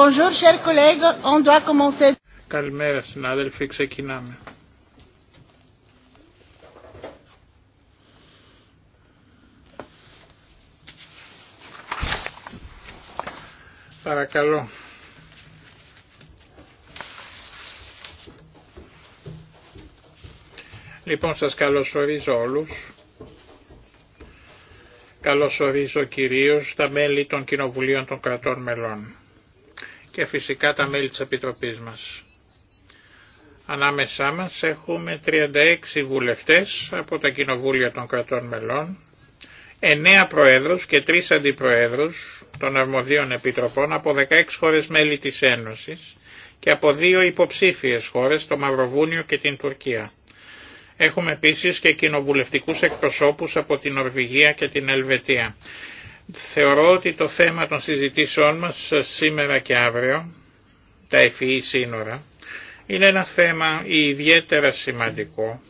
Bonjour, cher collègue. On doit commencer. Καλημέρα συνάδελφοι, ξεκινάμε. Παρακαλώ. Λοιπόν, σας καλωσορίζω όλους. Καλωσορίζω κυρίως τα μέλη των Κοινοβουλίων των Κρατών Μελών και φυσικά τα μέλη της Επιτροπής μας. Ανάμεσά μας έχουμε 36 βουλευτές από τα κοινοβούλια των κρατών μελών, 9 προέδρους και 3 αντιπροέδρους των αρμοδίων επιτροπών από 16 χώρες μέλη της Ένωσης και από 2 υποψήφιες χώρες, το Μαυροβούνιο και την Τουρκία. Έχουμε επίσης και κοινοβουλευτικούς εκπροσώπους από την Ορβηγία και την Ελβετία. Θεωρώ ότι το θέμα των συζητήσεών μας ε, σήμερα και αύριο, τα ευφυή e σύνορα, είναι ένα θέμα ιδιαίτερα σημαντικό,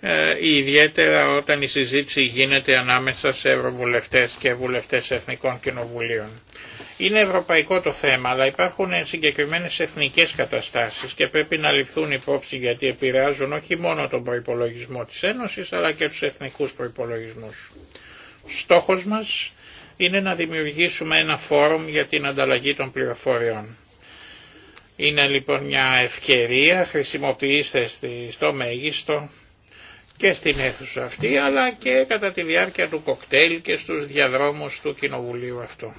ε, ιδιαίτερα όταν η συζήτηση γίνεται ανάμεσα σε ευρωβουλευτές και βουλευτές εθνικών κοινοβουλίων. Είναι ευρωπαϊκό το θέμα, αλλά υπάρχουν συγκεκριμένες εθνικές καταστάσεις και πρέπει να ληφθούν υπόψη γιατί επηρεάζουν όχι μόνο τον προϋπολογισμό της Ένωσης, αλλά και τους εθνικούς προϋπολογισμούς. Στόχος μας είναι να δημιουργήσουμε ένα φόρουμ για την ανταλλαγή των πληροφοριών. Είναι λοιπόν μια ευκαιρία, χρησιμοποιήστε στο μέγιστο και στην αίθουσα αυτή, αλλά και κατά τη διάρκεια του κοκτέιλ και στους διαδρόμους του κοινοβουλίου αυτού.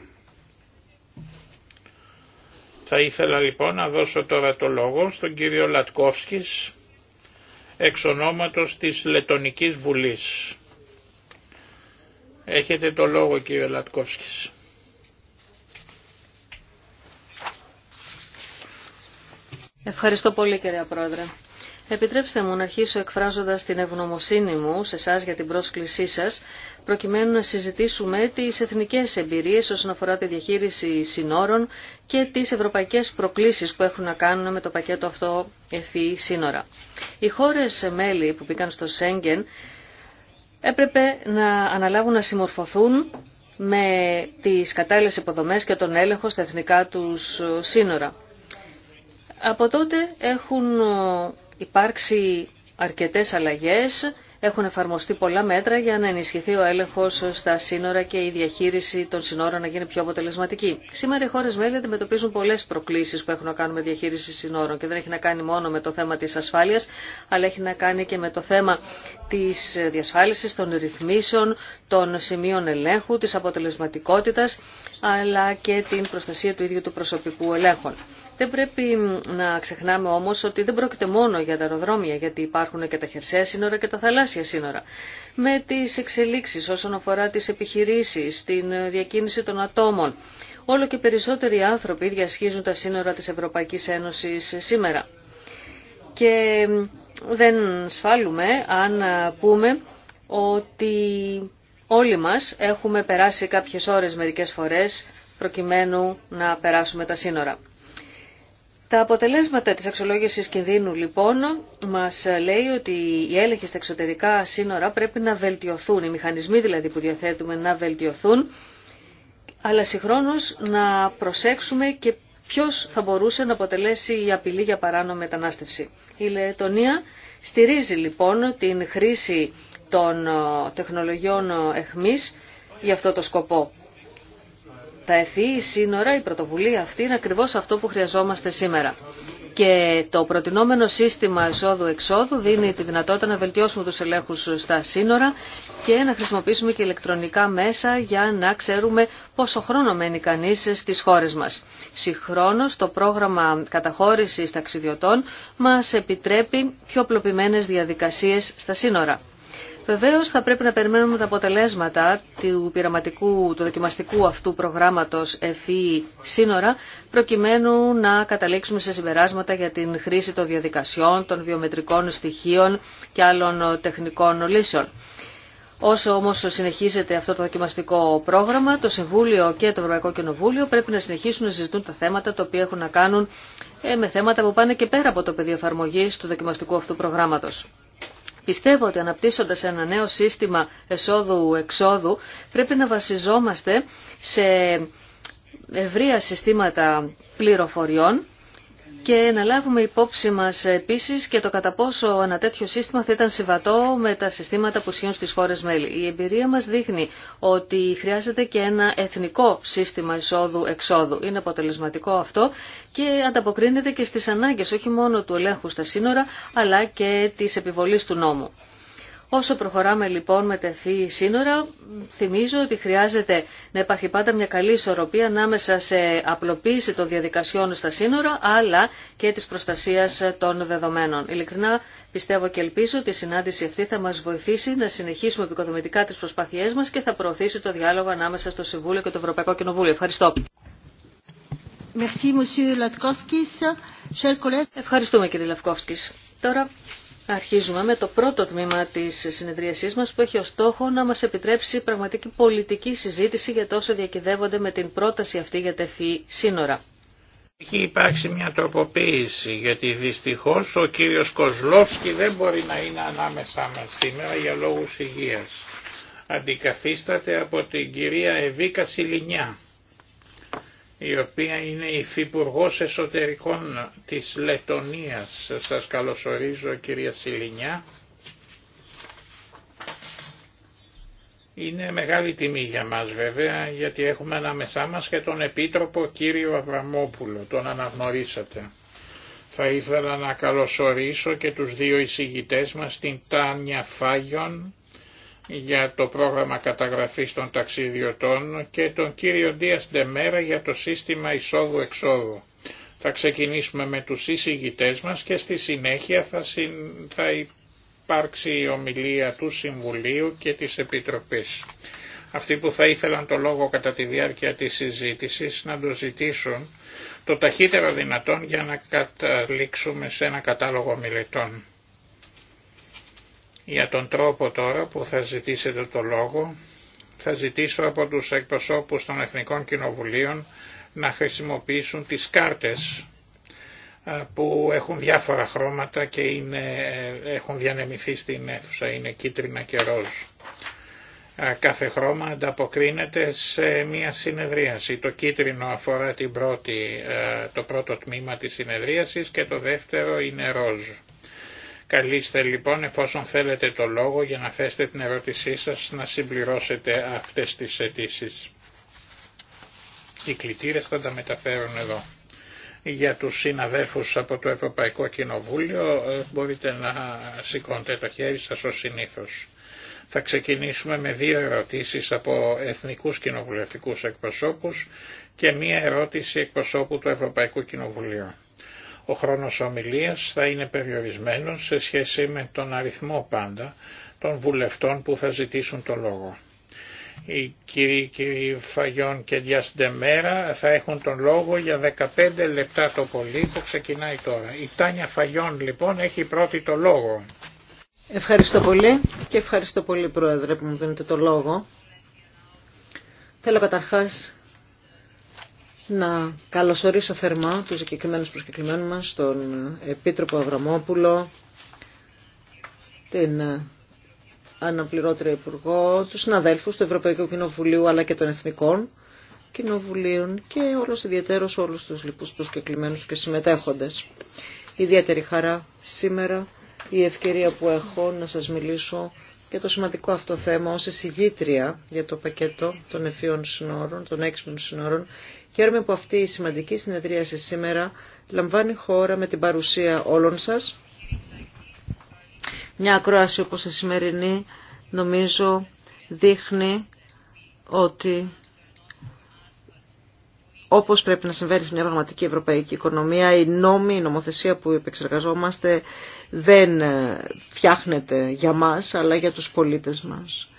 Θα ήθελα λοιπόν να δώσω τώρα το λόγο στον κύριο Λατκόφσκης, εξ ονόματος της Λετωνικής Βουλής. Έχετε το λόγο κύριε Λατκόφσκης. Ευχαριστώ πολύ κύριε Πρόεδρε. Επιτρέψτε μου να αρχίσω εκφράζοντας την ευγνωμοσύνη μου σε εσά για την πρόσκλησή σας, προκειμένου να συζητήσουμε τις εθνικές εμπειρίες όσον αφορά τη διαχείριση συνόρων και τις ευρωπαϊκές προκλήσεις που έχουν να κάνουν με το πακέτο αυτό ΕΦΗ σύνορα. Οι χώρες μέλη που μπήκαν στο Σέγγεν έπρεπε να αναλάβουν να συμμορφωθούν με τις κατάλληλες υποδομές και τον έλεγχο στα εθνικά τους σύνορα. Από τότε έχουν υπάρξει αρκετές αλλαγές έχουν εφαρμοστεί πολλά μέτρα για να ενισχυθεί ο έλεγχο στα σύνορα και η διαχείριση των σύνορων να γίνει πιο αποτελεσματική. Σήμερα οι χώρε μέλη αντιμετωπίζουν πολλέ προκλήσει που έχουν να κάνουν με διαχείριση σύνορων και δεν έχει να κάνει μόνο με το θέμα τη ασφάλεια, αλλά έχει να κάνει και με το θέμα τη διασφάλισης, των ρυθμίσεων, των σημείων ελέγχου, τη αποτελεσματικότητα, αλλά και την προστασία του ίδιου του προσωπικού ελέγχου. Δεν πρέπει να ξεχνάμε όμως ότι δεν πρόκειται μόνο για τα αεροδρόμια, γιατί υπάρχουν και τα χερσαία σύνορα και τα θαλάσσια σύνορα. Με τι εξελίξει όσον αφορά τι επιχειρήσεις, την διακίνηση των ατόμων, όλο και περισσότεροι άνθρωποι διασχίζουν τα σύνορα της Ευρωπαϊκής Ένωσης σήμερα. Και δεν σφάλουμε αν πούμε ότι όλοι μας έχουμε περάσει κάποιες ώρες μερικές φορές προκειμένου να περάσουμε τα σύνορα. Τα αποτελέσματα της αξιολόγησης κινδύνου λοιπόν μας λέει ότι οι έλεγχοι στα εξωτερικά σύνορα πρέπει να βελτιωθούν, οι μηχανισμοί δηλαδή που διαθέτουμε να βελτιωθούν, αλλά συγχρόνως να προσέξουμε και ποιος θα μπορούσε να αποτελέσει η απειλή για παράνομη μετανάστευση. Η Λετωνία στηρίζει λοιπόν την χρήση των τεχνολογιών εχμής για αυτό το σκοπό τα η σύνορα, η πρωτοβουλία αυτή είναι ακριβώς αυτό που χρειαζόμαστε σήμερα. Και το προτινόμενο σύστημα εισόδου-εξόδου δίνει τη δυνατότητα να βελτιώσουμε τους ελέγχους στα σύνορα και να χρησιμοποιήσουμε και ηλεκτρονικά μέσα για να ξέρουμε πόσο χρόνο μένει κανείς στις χώρες μας. Συγχρόνως το πρόγραμμα καταχώρησης ταξιδιωτών μας επιτρέπει πιο απλοποιημένες διαδικασίες στα σύνορα. Βεβαίω, θα πρέπει να περιμένουμε τα αποτελέσματα του πειραματικού, του δοκιμαστικού αυτού προγράμματο ΕΦΗ e σύνορα, προκειμένου να καταλήξουμε σε συμπεράσματα για την χρήση των διαδικασιών, των βιομετρικών στοιχείων και άλλων τεχνικών λύσεων. Όσο όμω συνεχίζεται αυτό το δοκιμαστικό πρόγραμμα, το Συμβούλιο και το Ευρωπαϊκό Κοινοβούλιο πρέπει να συνεχίσουν να συζητούν τα θέματα τα οποία έχουν να κάνουν ε, με θέματα που πάνε και πέρα από το πεδίο εφαρμογή του δοκιμαστικού αυτού προγράμματο. Πιστεύω ότι αναπτύσσοντας ένα νέο σύστημα εσόδου-εξόδου πρέπει να βασιζόμαστε σε ευρεία συστήματα πληροφοριών και να λάβουμε υπόψη μας επίσης και το κατά πόσο ένα τέτοιο σύστημα θα ήταν συμβατό με τα συστήματα που ισχύουν στις χώρες μέλη. Η εμπειρία μας δείχνει ότι χρειάζεται και ένα εθνικό σύστημα εισόδου-εξόδου. Είναι αποτελεσματικό αυτό και ανταποκρίνεται και στις ανάγκες όχι μόνο του ελέγχου στα σύνορα αλλά και της επιβολής του νόμου. Όσο προχωράμε λοιπόν με τα σύνορα, θυμίζω ότι χρειάζεται να υπάρχει πάντα μια καλή ισορροπία ανάμεσα σε απλοποίηση των διαδικασιών στα σύνορα, αλλά και της προστασίας των δεδομένων. Ειλικρινά πιστεύω και ελπίζω ότι η συνάντηση αυτή θα μας βοηθήσει να συνεχίσουμε επικοδομητικά τις προσπάθειές μας και θα προωθήσει το διάλογο ανάμεσα στο Συμβούλιο και το Ευρωπαϊκό Κοινοβούλιο. Ευχαριστώ. Ευχαριστούμε κύριε Λευκόφσκης. Τώρα Αρχίζουμε με το πρώτο τμήμα της συνεδρίασής μας που έχει ως στόχο να μας επιτρέψει πραγματική πολιτική συζήτηση για τόσο διακυδεύονται με την πρόταση αυτή για τεφή σύνορα. Έχει υπάρξει μια τροποποίηση γιατί δυστυχώς ο κύριος Κοσλόφσκι δεν μπορεί να είναι ανάμεσά μας σήμερα για λόγους υγείας. Αντικαθίσταται από την κυρία Εβίκα Σιλινιά η οποία είναι υφυπουργό Εσωτερικών της Λετωνίας. Σας καλωσορίζω κυρία Σιλινιά. Είναι μεγάλη τιμή για μας βέβαια, γιατί έχουμε ανάμεσά μας και τον Επίτροπο κύριο Αβραμόπουλο, τον αναγνωρίσατε. Θα ήθελα να καλωσορίσω και τους δύο εισηγητές μας, την Τάνια Φάγιον για το πρόγραμμα καταγραφής των ταξιδιωτών και τον κύριο Ντίας Ντεμέρα για το σύστημα εισόδου-εξόδου. Θα ξεκινήσουμε με τους εισηγητές μας και στη συνέχεια θα, θα υπάρξει η ομιλία του Συμβουλίου και της Επιτροπής. Αυτοί που θα ήθελαν το λόγο κατά τη διάρκεια της συζήτησης να το ζητήσουν το ταχύτερα δυνατόν για να καταλήξουμε σε ένα κατάλογο μιλητών. Για τον τρόπο τώρα που θα ζητήσετε το λόγο, θα ζητήσω από τους εκπροσώπους των Εθνικών Κοινοβουλίων να χρησιμοποιήσουν τις κάρτες που έχουν διάφορα χρώματα και είναι, ε, έχουν διανεμηθεί στην αίθουσα, είναι κίτρινα και ροζ. Κάθε χρώμα ανταποκρίνεται σε μία συνεδρίαση. Το κίτρινο αφορά την πρώτη, ε, το πρώτο τμήμα της συνεδρίασης και το δεύτερο είναι ροζ. Καλείστε λοιπόν εφόσον θέλετε το λόγο για να θέσετε την ερώτησή σας να συμπληρώσετε αυτές τις αιτήσει. Οι κλητήρες θα τα μεταφέρουν εδώ. Για τους συναδέλφους από το Ευρωπαϊκό Κοινοβούλιο ε, μπορείτε να σηκώνετε το χέρι σας ως συνήθως. Θα ξεκινήσουμε με δύο ερωτήσεις από εθνικούς κοινοβουλευτικούς εκπροσώπους και μία ερώτηση εκπροσώπου του Ευρωπαϊκού Κοινοβουλίου. Ο χρόνος ομιλίας θα είναι περιορισμένος σε σχέση με τον αριθμό πάντα των βουλευτών που θα ζητήσουν το λόγο. Οι κύριοι, κύριοι Φαγιόν και Μέρα θα έχουν τον λόγο για 15 λεπτά το πολύ που ξεκινάει τώρα. Η Τάνια Φαγιών λοιπόν έχει πρώτη το λόγο. Ευχαριστώ πολύ και ευχαριστώ πολύ Πρόεδρε που μου δίνετε το λόγο. Θέλω καταρχάς να καλωσορίσω θερμά του συγκεκριμένου προσκεκλημένους μας, τον Επίτροπο Αβραμόπουλο, την ε, Αναπληρώτρια Υπουργό, του συναδέλφου, του Ευρωπαϊκού Κοινοβουλίου αλλά και των Εθνικών Κοινοβουλίων και όλους ιδιαίτερο όλους τους λοιπούς προσκεκλημένους και συμμετέχοντες. Ιδιαίτερη χαρά σήμερα η ευκαιρία που έχω να σας μιλήσω για το σημαντικό αυτό θέμα ως εισηγήτρια για το πακέτο των ευφύων συνόρων, των έξυπνων συνόρων Χαίρομαι που αυτή η σημαντική συνεδρίαση σήμερα λαμβάνει χώρα με την παρουσία όλων σας. Μια ακρόαση όπως η σημερινή νομίζω δείχνει ότι όπως πρέπει να συμβαίνει σε μια πραγματική ευρωπαϊκή οικονομία, η νόμη, η νομοθεσία που επεξεργαζόμαστε δεν φτιάχνεται για μας, αλλά για τους πολίτες μας.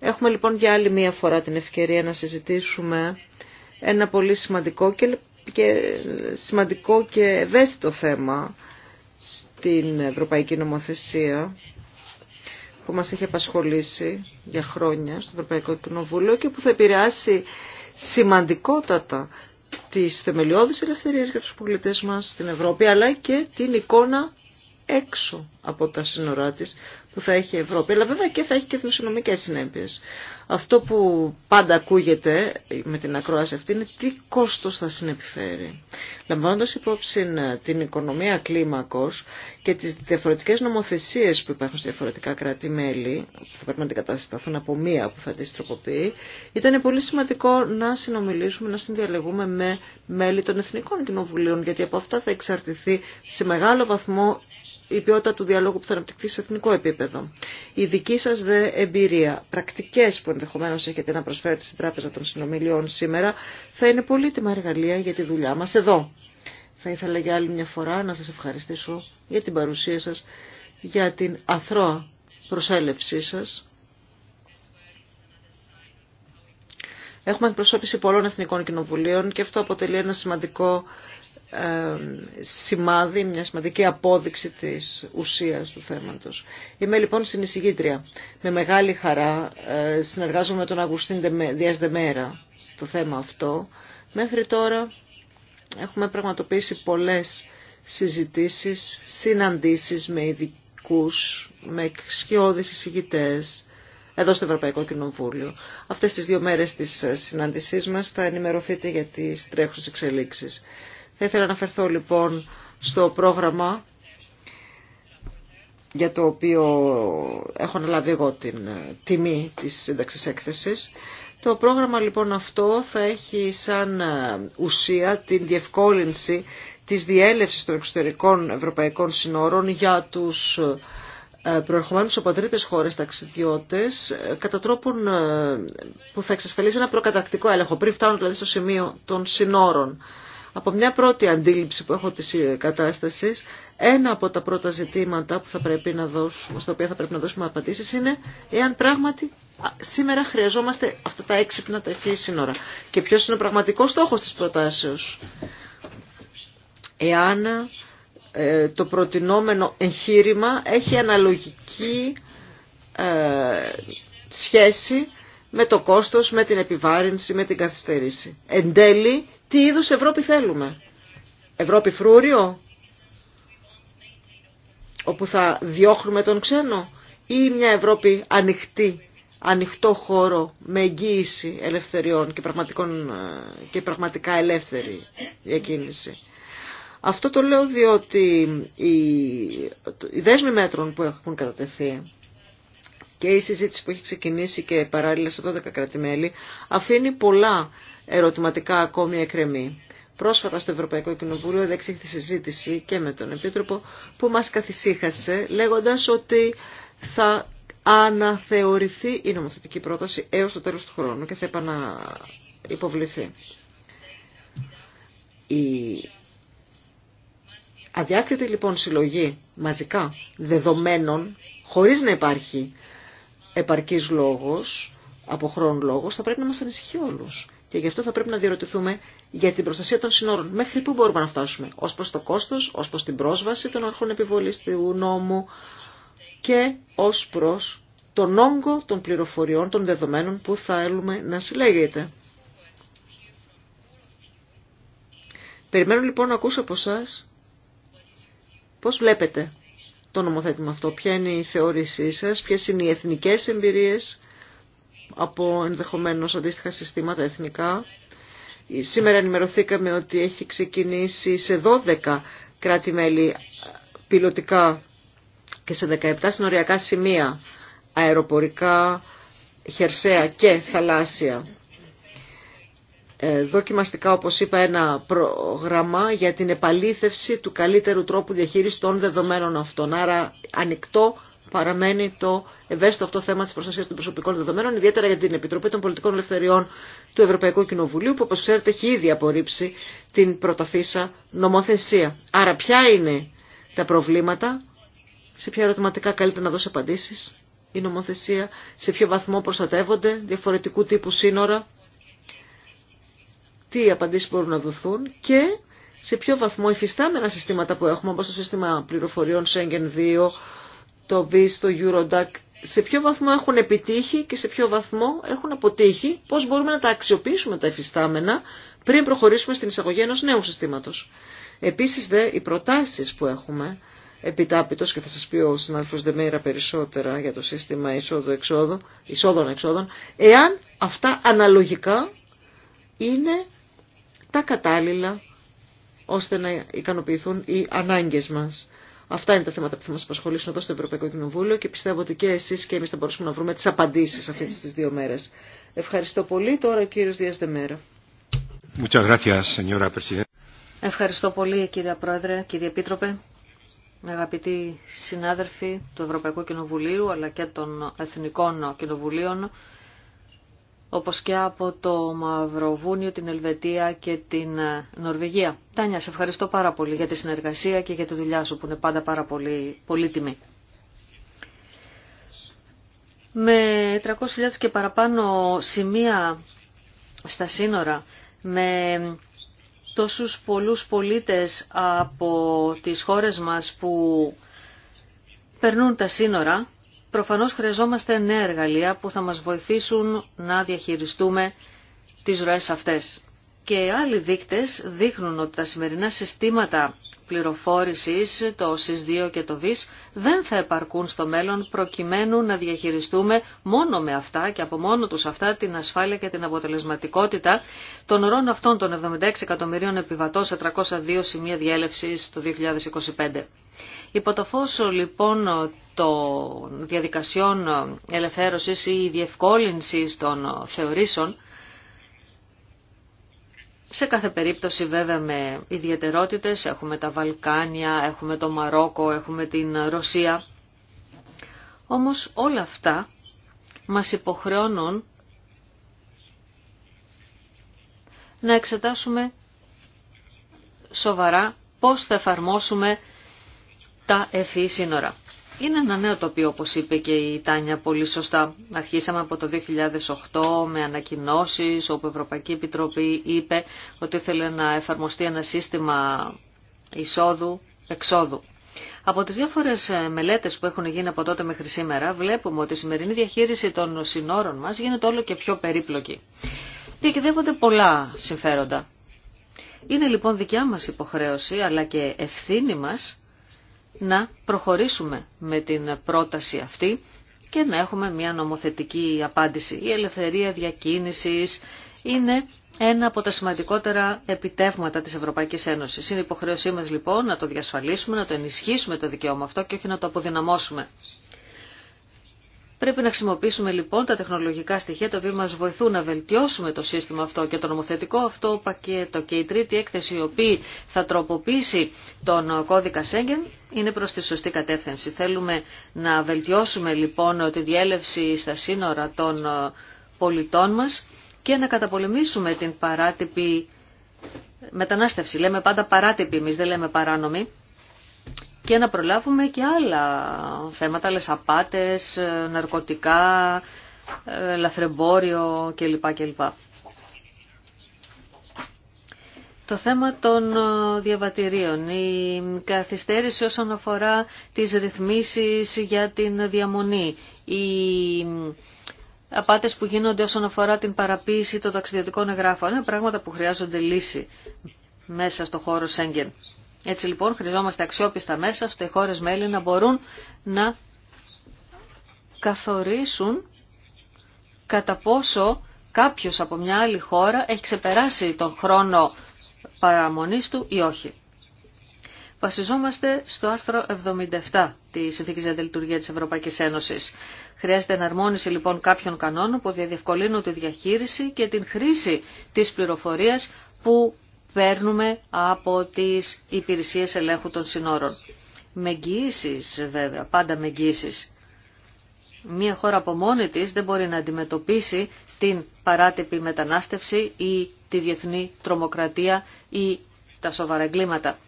Έχουμε λοιπόν για άλλη μία φορά την ευκαιρία να συζητήσουμε ένα πολύ σημαντικό και, σημαντικό και ευαίσθητο θέμα στην Ευρωπαϊκή Νομοθεσία που μας έχει απασχολήσει για χρόνια στο Ευρωπαϊκό Κοινοβούλιο και που θα επηρεάσει σημαντικότατα τις θεμελιώδεις ελευθερίες για τους πολίτες μας στην Ευρώπη αλλά και την εικόνα έξω από τα σύνορά της που θα έχει η Ευρώπη, αλλά βέβαια και θα έχει και δημοσιονομικές συνέπειε. Αυτό που πάντα ακούγεται με την ακρόαση αυτή είναι τι κόστος θα συνεπιφέρει. Λαμβάνοντας υπόψη την οικονομία κλίμακος και τις διαφορετικές νομοθεσίες που υπάρχουν σε διαφορετικά κράτη-μέλη, που θα πρέπει να αντικατασταθούν από μία που θα τις τροποποιεί, ήταν πολύ σημαντικό να συνομιλήσουμε, να συνδιαλεγούμε με μέλη των Εθνικών Κοινοβουλίων, γιατί από αυτά θα εξαρτηθεί σε μεγάλο βαθμό η ποιότητα του διαλόγου που θα αναπτυχθεί σε εθνικό επίπεδο. Η δική σα δε εμπειρία, πρακτικέ που ενδεχομένω έχετε να προσφέρετε στην Τράπεζα των Συνομιλιών σήμερα, θα είναι πολύτιμα εργαλεία για τη δουλειά μα εδώ. Θα ήθελα για άλλη μια φορά να σας ευχαριστήσω για την παρουσία σας, για την αθρώα προσέλευσή σα. Έχουμε εκπροσώπηση πολλών εθνικών κοινοβουλίων και αυτό αποτελεί ένα σημαντικό σημάδι, μια σημαντική απόδειξη της ουσίας του θέματος. Είμαι λοιπόν συνεισηγήτρια. Με μεγάλη χαρά ε, συνεργάζομαι με τον Αγουστίν Διασδεμέρα Δεμέρα το θέμα αυτό. Μέχρι τώρα έχουμε πραγματοποιήσει πολλές συζητήσεις, συναντήσεις με ειδικού, με σκιώδεις συζητητές εδώ στο Ευρωπαϊκό Κοινοβούλιο. Αυτές τις δύο μέρες της συνάντησής μας θα ενημερωθείτε για τις τρέχουσες εξελίξεις. Θα ήθελα να αναφερθώ λοιπόν στο πρόγραμμα για το οποίο έχω αναλάβει εγώ την ε, τιμή της σύνταξης έκθεσης. Το πρόγραμμα λοιπόν αυτό θα έχει σαν ε, ουσία την διευκόλυνση της διέλευσης των εξωτερικών ευρωπαϊκών συνόρων για τους ε, προερχομένους από τρίτες χώρες ταξιδιώτες κατά τρόπον που θα εξασφαλίζει ένα προκατακτικό έλεγχο πριν φτάνουν δηλαδή στο σημείο των συνόρων από μια πρώτη αντίληψη που έχω της κατάστασης, ένα από τα πρώτα ζητήματα που θα πρέπει να δώσουμε, στα οποία θα πρέπει να δώσουμε απαντήσει είναι εάν πράγματι σήμερα χρειαζόμαστε αυτά τα έξυπνα τα ευθύ σύνορα. Και ποιος είναι ο πραγματικός στόχος της προτάσεως. Εάν ε, το προτινόμενο εγχείρημα έχει αναλογική ε, σχέση με το κόστος, με την επιβάρυνση, με την καθυστερήση. Εν τέλει, τι είδους Ευρώπη θέλουμε. Ευρώπη φρούριο, όπου θα διώχνουμε τον ξένο ή μια Ευρώπη ανοιχτή, ανοιχτό χώρο με εγγύηση ελευθεριών και, πραγματικών, ε, και πραγματικά ελεύθερη διακίνηση. Αυτό το λέω διότι οι, οι δέσμοι μέτρων που έχουν κατατεθεί και η συζήτηση που έχει ξεκινήσει και παράλληλα σε 12 κρατημέλη αφήνει πολλά ερωτηματικά ακόμη εκκρεμεί. Πρόσφατα στο Ευρωπαϊκό Κοινοβούλιο τη συζήτηση και με τον Επίτροπο που μας καθησύχασε λέγοντας ότι θα αναθεωρηθεί η νομοθετική πρόταση έως το τέλος του χρόνου και θα επαναυποβληθεί. Η αδιάκριτη λοιπόν συλλογή μαζικά δεδομένων χωρίς να υπάρχει επαρκής λόγος, από χρόνο λόγος, θα πρέπει να μας ανησυχεί όλους. Και γι' αυτό θα πρέπει να διερωτηθούμε για την προστασία των συνόρων. Μέχρι πού μπορούμε να φτάσουμε. Ω προ το κόστο, ω προ την πρόσβαση των αρχών επιβολή του νόμου και ω προ τον όγκο των πληροφοριών, των δεδομένων που θα έλουμε να συλλέγεται. Περιμένω λοιπόν να ακούσω από εσά πώς βλέπετε το νομοθέτημα αυτό, ποια είναι η θεώρησή σας, ποιες είναι οι εθνικές εμπειρίες από ενδεχομένως αντίστοιχα συστήματα εθνικά. Σήμερα ενημερωθήκαμε ότι έχει ξεκινήσει σε 12 κράτη-μέλη πιλωτικά και σε 17 συνοριακά σημεία αεροπορικά, χερσαία και θαλάσσια. Ε, δοκιμαστικά, όπως είπα, ένα πρόγραμμα για την επαλήθευση του καλύτερου τρόπου διαχείρισης των δεδομένων αυτών. Άρα ανοιχτό παραμένει το ευαίσθητο αυτό θέμα τη προστασία των προσωπικών δεδομένων, ιδιαίτερα για την Επιτροπή των Πολιτικών Ελευθεριών του Ευρωπαϊκού Κοινοβουλίου, που όπω ξέρετε έχει ήδη απορρίψει την προταθήσα νομοθεσία. Άρα, ποια είναι τα προβλήματα, σε ποια ερωτηματικά καλύτερα να δώσει απαντήσει η νομοθεσία, σε ποιο βαθμό προστατεύονται διαφορετικού τύπου σύνορα, τι απαντήσει μπορούν να δοθούν και σε ποιο βαθμό υφιστάμενα συστήματα που έχουμε, όπως το σύστημα πληροφοριών Schengen το ΒΙΣ, το Eurodac, σε ποιο βαθμό έχουν επιτύχει και σε ποιο βαθμό έχουν αποτύχει, πώς μπορούμε να τα αξιοποιήσουμε τα εφιστάμενα πριν προχωρήσουμε στην εισαγωγή ενός νέου συστήματος. Επίσης, δε, οι προτάσεις που έχουμε, επιτάπητος και θα σας πει ο συνάδελφος Δεμέιρα περισσότερα για το συστημα εισόδων-εξόδων, εάν αυτά αναλογικά είναι τα κατάλληλα ώστε να ικανοποιηθούν οι ανάγκες μας. Αυτά είναι τα θέματα που θα μα απασχολήσουν εδώ στο Ευρωπαϊκό Κοινοβούλιο και πιστεύω ότι και εσείς και εμείς θα μπορούσαμε να βρούμε τις απαντήσεις αυτέ τι δύο μέρες. Ευχαριστώ πολύ. Τώρα ο κύριο Δία Δεμέρα. Ευχαριστώ πολύ κύριε Πρόεδρε, κύριε Επίτροπε, αγαπητοί συνάδελφοι του Ευρωπαϊκού Κοινοβουλίου αλλά και των Εθνικών Κοινοβουλίων όπως και από το Μαυροβούνιο, την Ελβετία και την ε, Νορβηγία. Τάνια, σε ευχαριστώ πάρα πολύ για τη συνεργασία και για τη δουλειά σου που είναι πάντα πάρα πολύ πολύτιμη. Με 300.000 και παραπάνω σημεία στα σύνορα, με τόσους πολλούς πολίτες από τις χώρες μας που περνούν τα σύνορα, Προφανώς χρειαζόμαστε νέα εργαλεία που θα μας βοηθήσουν να διαχειριστούμε τις ροές αυτές. Και άλλοι δείκτες δείχνουν ότι τα σημερινά συστήματα πληροφόρησης, το sis 2 και το ΒΙΣ, δεν θα επαρκούν στο μέλλον προκειμένου να διαχειριστούμε μόνο με αυτά και από μόνο τους αυτά την ασφάλεια και την αποτελεσματικότητα των ορών αυτών των 76 εκατομμυρίων επιβατών σε 302 σημεία διέλευσης το 2025. Υπό το φως λοιπόν των διαδικασιών ελευθέρωσης ή διευκόλυνσης των θεωρήσεων, σε κάθε περίπτωση βέβαια με ιδιαιτερότητες, έχουμε τα Βαλκάνια, έχουμε το Μαρόκο, έχουμε την Ρωσία. Όμως όλα αυτά μας υποχρεώνουν να εξετάσουμε σοβαρά πώς θα εφαρμόσουμε τα ευφύ σύνορα. Είναι ένα νέο τοπίο, όπως είπε και η Τάνια πολύ σωστά. Αρχίσαμε από το 2008 με ανακοινώσεις, όπου η Ευρωπαϊκή Επιτροπή είπε ότι ήθελε να εφαρμοστεί ένα σύστημα εισόδου-εξόδου. Από τις διάφορες μελέτες που έχουν γίνει από τότε μέχρι σήμερα, βλέπουμε ότι η σημερινή διαχείριση των συνόρων μας γίνεται όλο και πιο περίπλοκη. Διακυδεύονται πολλά συμφέροντα. Είναι λοιπόν δικιά μας υποχρέωση, αλλά και ευθύνη μας, να προχωρήσουμε με την πρόταση αυτή και να έχουμε μια νομοθετική απάντηση. Η ελευθερία διακίνησης είναι ένα από τα σημαντικότερα επιτεύγματα της Ευρωπαϊκής Ένωσης. Είναι υποχρέωσή μας λοιπόν να το διασφαλίσουμε, να το ενισχύσουμε το δικαίωμα αυτό και όχι να το αποδυναμώσουμε. Πρέπει να χρησιμοποιήσουμε λοιπόν τα τεχνολογικά στοιχεία τα οποία μας βοηθούν να βελτιώσουμε το σύστημα αυτό και το νομοθετικό αυτό πακέτο και η τρίτη έκθεση η οποία θα τροποποιήσει τον κώδικα Σέγγεν είναι προς τη σωστή κατεύθυνση. Θέλουμε να βελτιώσουμε λοιπόν τη διέλευση στα σύνορα των πολιτών μας και να καταπολεμήσουμε την παράτυπη μετανάστευση. Λέμε πάντα παράτυπη εμείς, δεν λέμε παράνομη και να προλάβουμε και άλλα θέματα, άλλες απάτες, ε, ναρκωτικά, ε, λαθρεμπόριο κλπ. κλπ. Το θέμα των ε, διαβατηρίων, η καθυστέρηση όσον αφορά τις ρυθμίσεις για την διαμονή, οι απάτες που γίνονται όσον αφορά την παραποίηση των ταξιδιωτικών εγγράφων. Είναι πράγματα που χρειάζονται λύση μέσα στο χώρο Σέγγεν. Έτσι λοιπόν χρειαζόμαστε αξιόπιστα μέσα ώστε οι χώρες μέλη να μπορούν να καθορίσουν κατά πόσο κάποιος από μια άλλη χώρα έχει ξεπεράσει τον χρόνο παραμονής του ή όχι. Βασιζόμαστε στο άρθρο 77 της Συνθήκης για τη Λειτουργία της Ευρωπαϊκής Ένωσης. Χρειάζεται εναρμόνιση λοιπόν κάποιων κανόνων που διαδιευκολύνουν τη διαχείριση και την χρήση της πληροφορίας που παίρνουμε από τις υπηρεσίες ελέγχου των συνόρων. Με εγγυήσεις βέβαια, πάντα με εγγύησει. Μία χώρα από μόνη της δεν μπορεί να αντιμετωπίσει την παράτυπη μετανάστευση ή τη διεθνή τρομοκρατία ή τα σοβαρά εγκλήματα.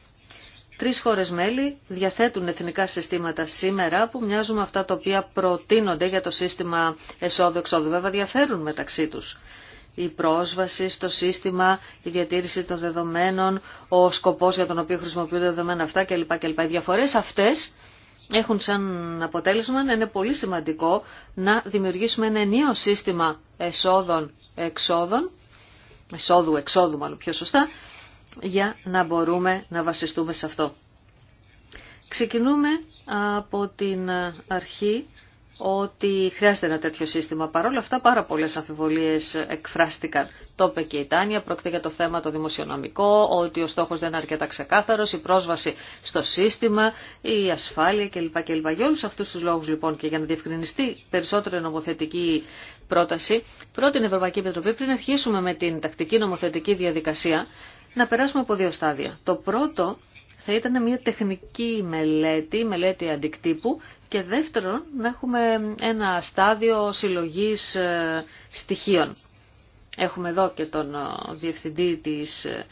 Τρεις χώρες μέλη διαθέτουν εθνικά συστήματα σήμερα που μοιάζουν αυτά τα οποία προτείνονται για το σύστημα εσόδου-εξόδου. Βέβαια διαφέρουν μεταξύ τους η πρόσβαση στο σύστημα, η διατήρηση των δεδομένων, ο σκοπός για τον οποίο χρησιμοποιούνται δεδομένα αυτά κλπ. κλπ. Οι διαφορές αυτές έχουν σαν αποτέλεσμα να είναι πολύ σημαντικό να δημιουργήσουμε ένα νέο σύστημα εσόδων-εξόδων, εσόδου-εξόδου μάλλον πιο σωστά, για να μπορούμε να βασιστούμε σε αυτό. Ξεκινούμε από την αρχή ότι χρειάζεται ένα τέτοιο σύστημα. Παρ' όλα αυτά πάρα πολλέ αμφιβολίες εκφράστηκαν. Το είπε και η Τάνια, πρόκειται για το θέμα το δημοσιονομικό, ότι ο στόχος δεν είναι αρκετά ξεκάθαρος, η πρόσβαση στο σύστημα, η ασφάλεια κλπ. κλπ. Για όλου αυτούς τους λόγους λοιπόν και για να διευκρινιστεί περισσότερο η νομοθετική πρόταση, πρώτη η Ευρωπαϊκή Επιτροπή πριν αρχίσουμε με την τακτική νομοθετική διαδικασία, να περάσουμε από δύο στάδια. Το πρώτο θα ήταν μια τεχνική μελέτη, μελέτη αντικτύπου και δεύτερον να έχουμε ένα στάδιο συλλογής ε, στοιχείων. Έχουμε εδώ και τον ε, Διευθυντή της ε,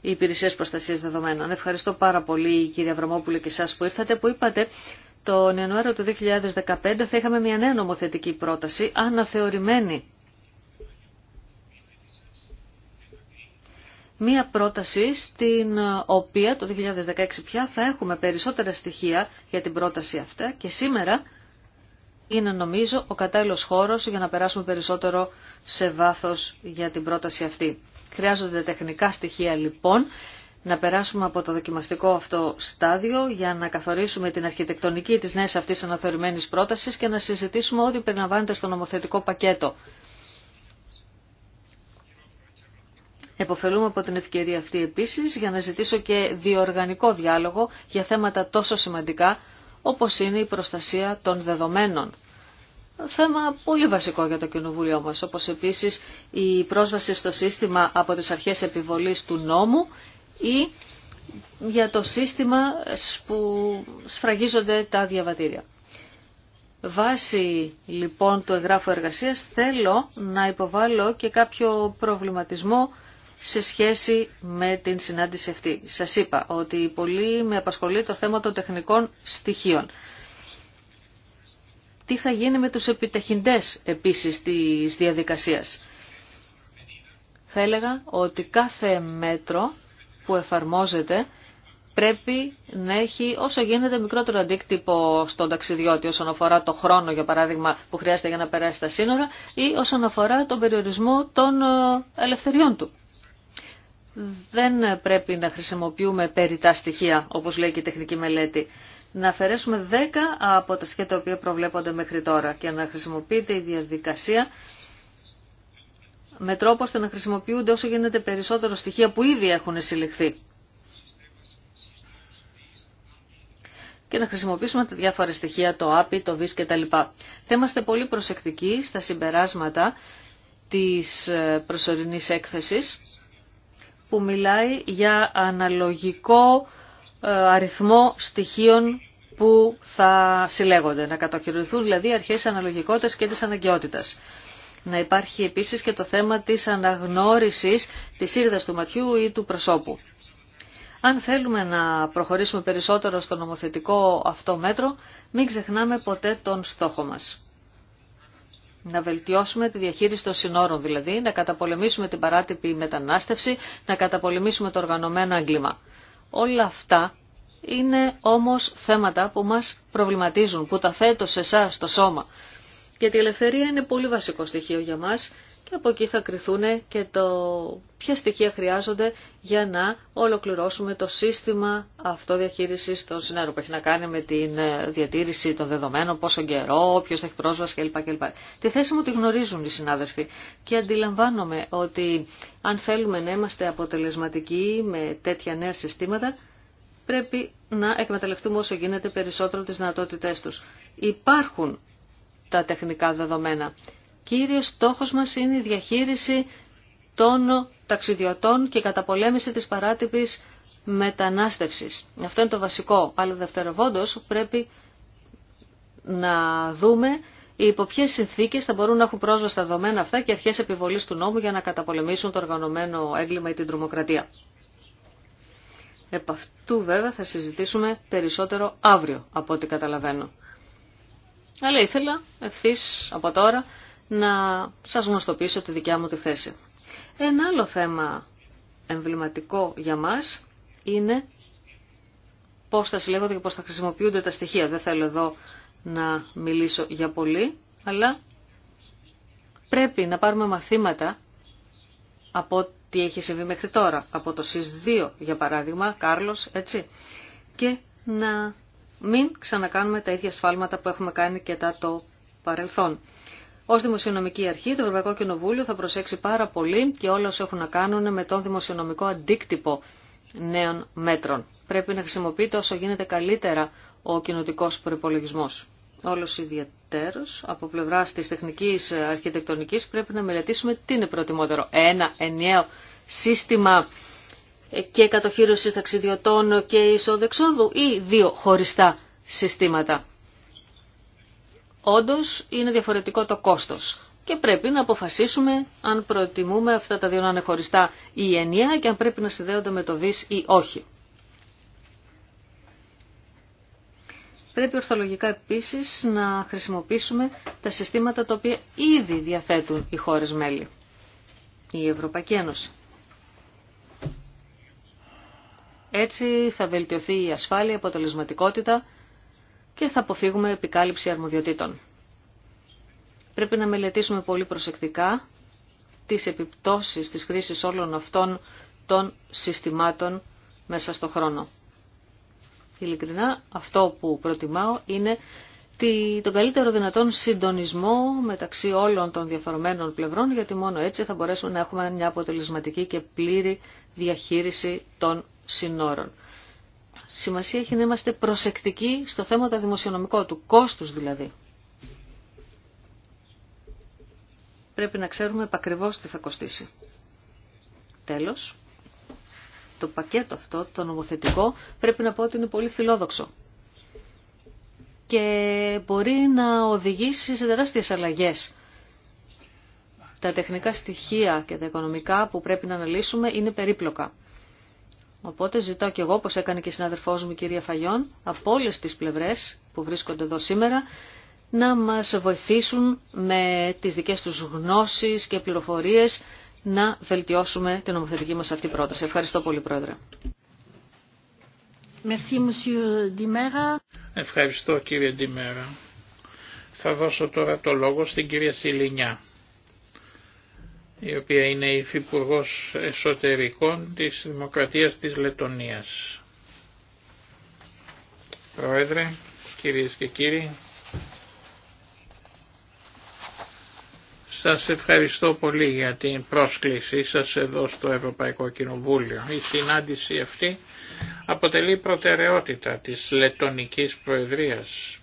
Υπηρεσίας Προστασίας Δεδομένων. Ευχαριστώ πάρα πολύ κύριε Αβραμόπουλε και εσάς που ήρθατε που είπατε τον Ιανουάριο του 2015 θα είχαμε μια νέα νομοθετική πρόταση αναθεωρημένη μία πρόταση στην οποία το 2016 πια θα έχουμε περισσότερα στοιχεία για την πρόταση αυτά και σήμερα είναι νομίζω ο κατάλληλος χώρος για να περάσουμε περισσότερο σε βάθος για την πρόταση αυτή. Χρειάζονται τεχνικά στοιχεία λοιπόν να περάσουμε από το δοκιμαστικό αυτό στάδιο για να καθορίσουμε την αρχιτεκτονική της νέας αυτής αναθεωρημένης πρότασης και να συζητήσουμε ό,τι περιλαμβάνεται στο νομοθετικό πακέτο. Εποφελούμε από την ευκαιρία αυτή επίσης για να ζητήσω και διοργανικό διάλογο για θέματα τόσο σημαντικά όπως είναι η προστασία των δεδομένων. Θέμα πολύ βασικό για το Κοινοβούλιο μας, όπως επίσης η πρόσβαση στο σύστημα από τις αρχές επιβολής του νόμου ή για το σύστημα που σφραγίζονται τα διαβατήρια. Βάσει λοιπόν του εγγράφου εργασίας θέλω να υποβάλω και κάποιο προβληματισμό σε σχέση με την συνάντηση αυτή. Σας είπα ότι πολύ με απασχολεί το θέμα των τεχνικών στοιχείων. Τι θα γίνει με τους επιτεχυντές επίσης της διαδικασίας. Θα έλεγα ότι κάθε μέτρο που εφαρμόζεται πρέπει να έχει όσο γίνεται μικρότερο αντίκτυπο στον ταξιδιώτη όσον αφορά το χρόνο, για παράδειγμα, που χρειάζεται για να περάσει τα σύνορα ή όσον αφορά τον περιορισμό των ε, ελευθεριών του δεν πρέπει να χρησιμοποιούμε τα στοιχεία, όπως λέει και η τεχνική μελέτη. Να αφαιρέσουμε 10 από τα στοιχεία τα οποία προβλέπονται μέχρι τώρα και να χρησιμοποιείται η διαδικασία με τρόπο ώστε να χρησιμοποιούνται όσο γίνεται περισσότερο στοιχεία που ήδη έχουν συλληφθεί. και να χρησιμοποιήσουμε τα διάφορα στοιχεία, το API, το VIS κτλ. Θα είμαστε πολύ προσεκτικοί στα συμπεράσματα της ε, προσωρινής έκθεσης που μιλάει για αναλογικό ε, αριθμό στοιχείων που θα συλλέγονται, να κατοχυρωθούν δηλαδή αρχές αναλογικότητας και της αναγκαιότητας. Να υπάρχει επίσης και το θέμα της αναγνώρισης της ήρδας του ματιού ή του προσώπου. Αν θέλουμε να προχωρήσουμε περισσότερο στο νομοθετικό αυτό μέτρο, μην ξεχνάμε ποτέ τον στόχο μας. Να βελτιώσουμε τη διαχείριση των συνόρων δηλαδή, να καταπολεμήσουμε την παράτυπη μετανάστευση, να καταπολεμήσουμε το οργανωμένο έγκλημα. Όλα αυτά είναι όμως θέματα που μας προβληματίζουν, που τα θέτω σε εσά στο σώμα. Γιατί η ελευθερία είναι πολύ βασικό στοιχείο για μας και από εκεί θα κρυθούν και το ποια στοιχεία χρειάζονται για να ολοκληρώσουμε το σύστημα αυτοδιαχείρισης των συνέρων που έχει να κάνει με τη ε, διατήρηση των δεδομένων, πόσο καιρό, ποιο θα έχει πρόσβαση κλπ. Τη θέση μου τη γνωρίζουν οι συνάδελφοι και αντιλαμβάνομαι ότι αν θέλουμε να είμαστε αποτελεσματικοί με τέτοια νέα συστήματα, πρέπει να εκμεταλλευτούμε όσο γίνεται περισσότερο τις δυνατότητές τους. Υπάρχουν τα τεχνικά δεδομένα κύριος στόχος μας είναι η διαχείριση των ταξιδιωτών και η καταπολέμηση της παράτυπης μετανάστευσης. Αυτό είναι το βασικό. Αλλά δευτεροβόντως πρέπει να δούμε υπό ποιε συνθήκε θα μπορούν να έχουν πρόσβαση στα δεδομένα αυτά και αρχέ επιβολή του νόμου για να καταπολεμήσουν το οργανωμένο έγκλημα ή την τρομοκρατία. Επ' αυτού βέβαια θα συζητήσουμε περισσότερο αύριο από ό,τι καταλαβαίνω. Αλλά ήθελα ευθύ από τώρα να σας γνωστοποιήσω τη δικιά μου τη θέση. Ένα άλλο θέμα εμβληματικό για μας είναι πώς θα συλλέγονται και πώς θα χρησιμοποιούνται τα στοιχεία. Δεν θέλω εδώ να μιλήσω για πολύ, αλλά πρέπει να πάρουμε μαθήματα από τι έχει συμβεί μέχρι τώρα. Από το ΣΥΣ2, για παράδειγμα, Κάρλος, έτσι. Και να μην ξανακάνουμε τα ίδια σφάλματα που έχουμε κάνει και τα το παρελθόν. Ω Δημοσιονομική Αρχή, το Ευρωπαϊκό Κοινοβούλιο θα προσέξει πάρα πολύ και όλα όσα έχουν να κάνουν με τον δημοσιονομικό αντίκτυπο νέων μέτρων. Πρέπει να χρησιμοποιείται όσο γίνεται καλύτερα ο κοινοτικό προπολογισμό. Όλο ιδιαίτερο από πλευρά τη τεχνική αρχιτεκτονική πρέπει να μελετήσουμε τι είναι προτιμότερο. Ένα ενιαίο σύστημα και κατοχύρωση ταξιδιωτών και εισόδου-εξόδου ή δύο χωριστά συστήματα όντως είναι διαφορετικό το κόστος. Και πρέπει να αποφασίσουμε αν προτιμούμε αυτά τα δύο να είναι χωριστά ή ενιαία και αν πρέπει να συνδέονται με το ΒΙΣ ή όχι. Πρέπει ορθολογικά επίσης να χρησιμοποιήσουμε τα συστήματα τα οποία ήδη διαθέτουν οι χώρες μέλη. Η Ευρωπαϊκή Ένωση. Έτσι θα βελτιωθεί η ασφάλεια, η αποτελεσματικότητα και θα αποφύγουμε επικάλυψη αρμοδιοτήτων. Πρέπει να μελετήσουμε πολύ προσεκτικά τις επιπτώσεις της χρήσης όλων αυτών των συστημάτων μέσα στο χρόνο. Ειλικρινά, αυτό που προτιμάω είναι τον καλύτερο δυνατόν συντονισμό μεταξύ όλων των διαφορεμένων πλευρών, γιατί μόνο έτσι θα μπορέσουμε να έχουμε μια αποτελεσματική και πλήρη διαχείριση των συνόρων σημασία έχει να είμαστε προσεκτικοί στο θέμα το δημοσιονομικό του, κόστους δηλαδή. Πρέπει να ξέρουμε επακριβώς τι θα κοστίσει. Τέλος, το πακέτο αυτό, το νομοθετικό, πρέπει να πω ότι είναι πολύ φιλόδοξο. Και μπορεί να οδηγήσει σε τεράστιες αλλαγές. Τα τεχνικά στοιχεία και τα οικονομικά που πρέπει να αναλύσουμε είναι περίπλοκα. Οπότε ζητώ και εγώ, όπως έκανε και η συναδελφός μου η κυρία Φαγιόν, από όλες τις πλευρές που βρίσκονται εδώ σήμερα, να μας βοηθήσουν με τις δικές τους γνώσεις και πληροφορίες να βελτιώσουμε την νομοθετική μας αυτή πρόταση. Ευχαριστώ πολύ, Πρόεδρε. Ευχαριστώ, κύριε Ντιμέρα. Θα δώσω τώρα το λόγο στην κυρία Σιλινιά η οποία είναι η υφυπουργό εσωτερικών της Δημοκρατίας της Λετωνίας. Πρόεδρε, κυρίες και κύριοι, Σας ευχαριστώ πολύ για την πρόσκλησή σας εδώ στο Ευρωπαϊκό Κοινοβούλιο. Η συνάντηση αυτή αποτελεί προτεραιότητα της Λετωνικής Προεδρίας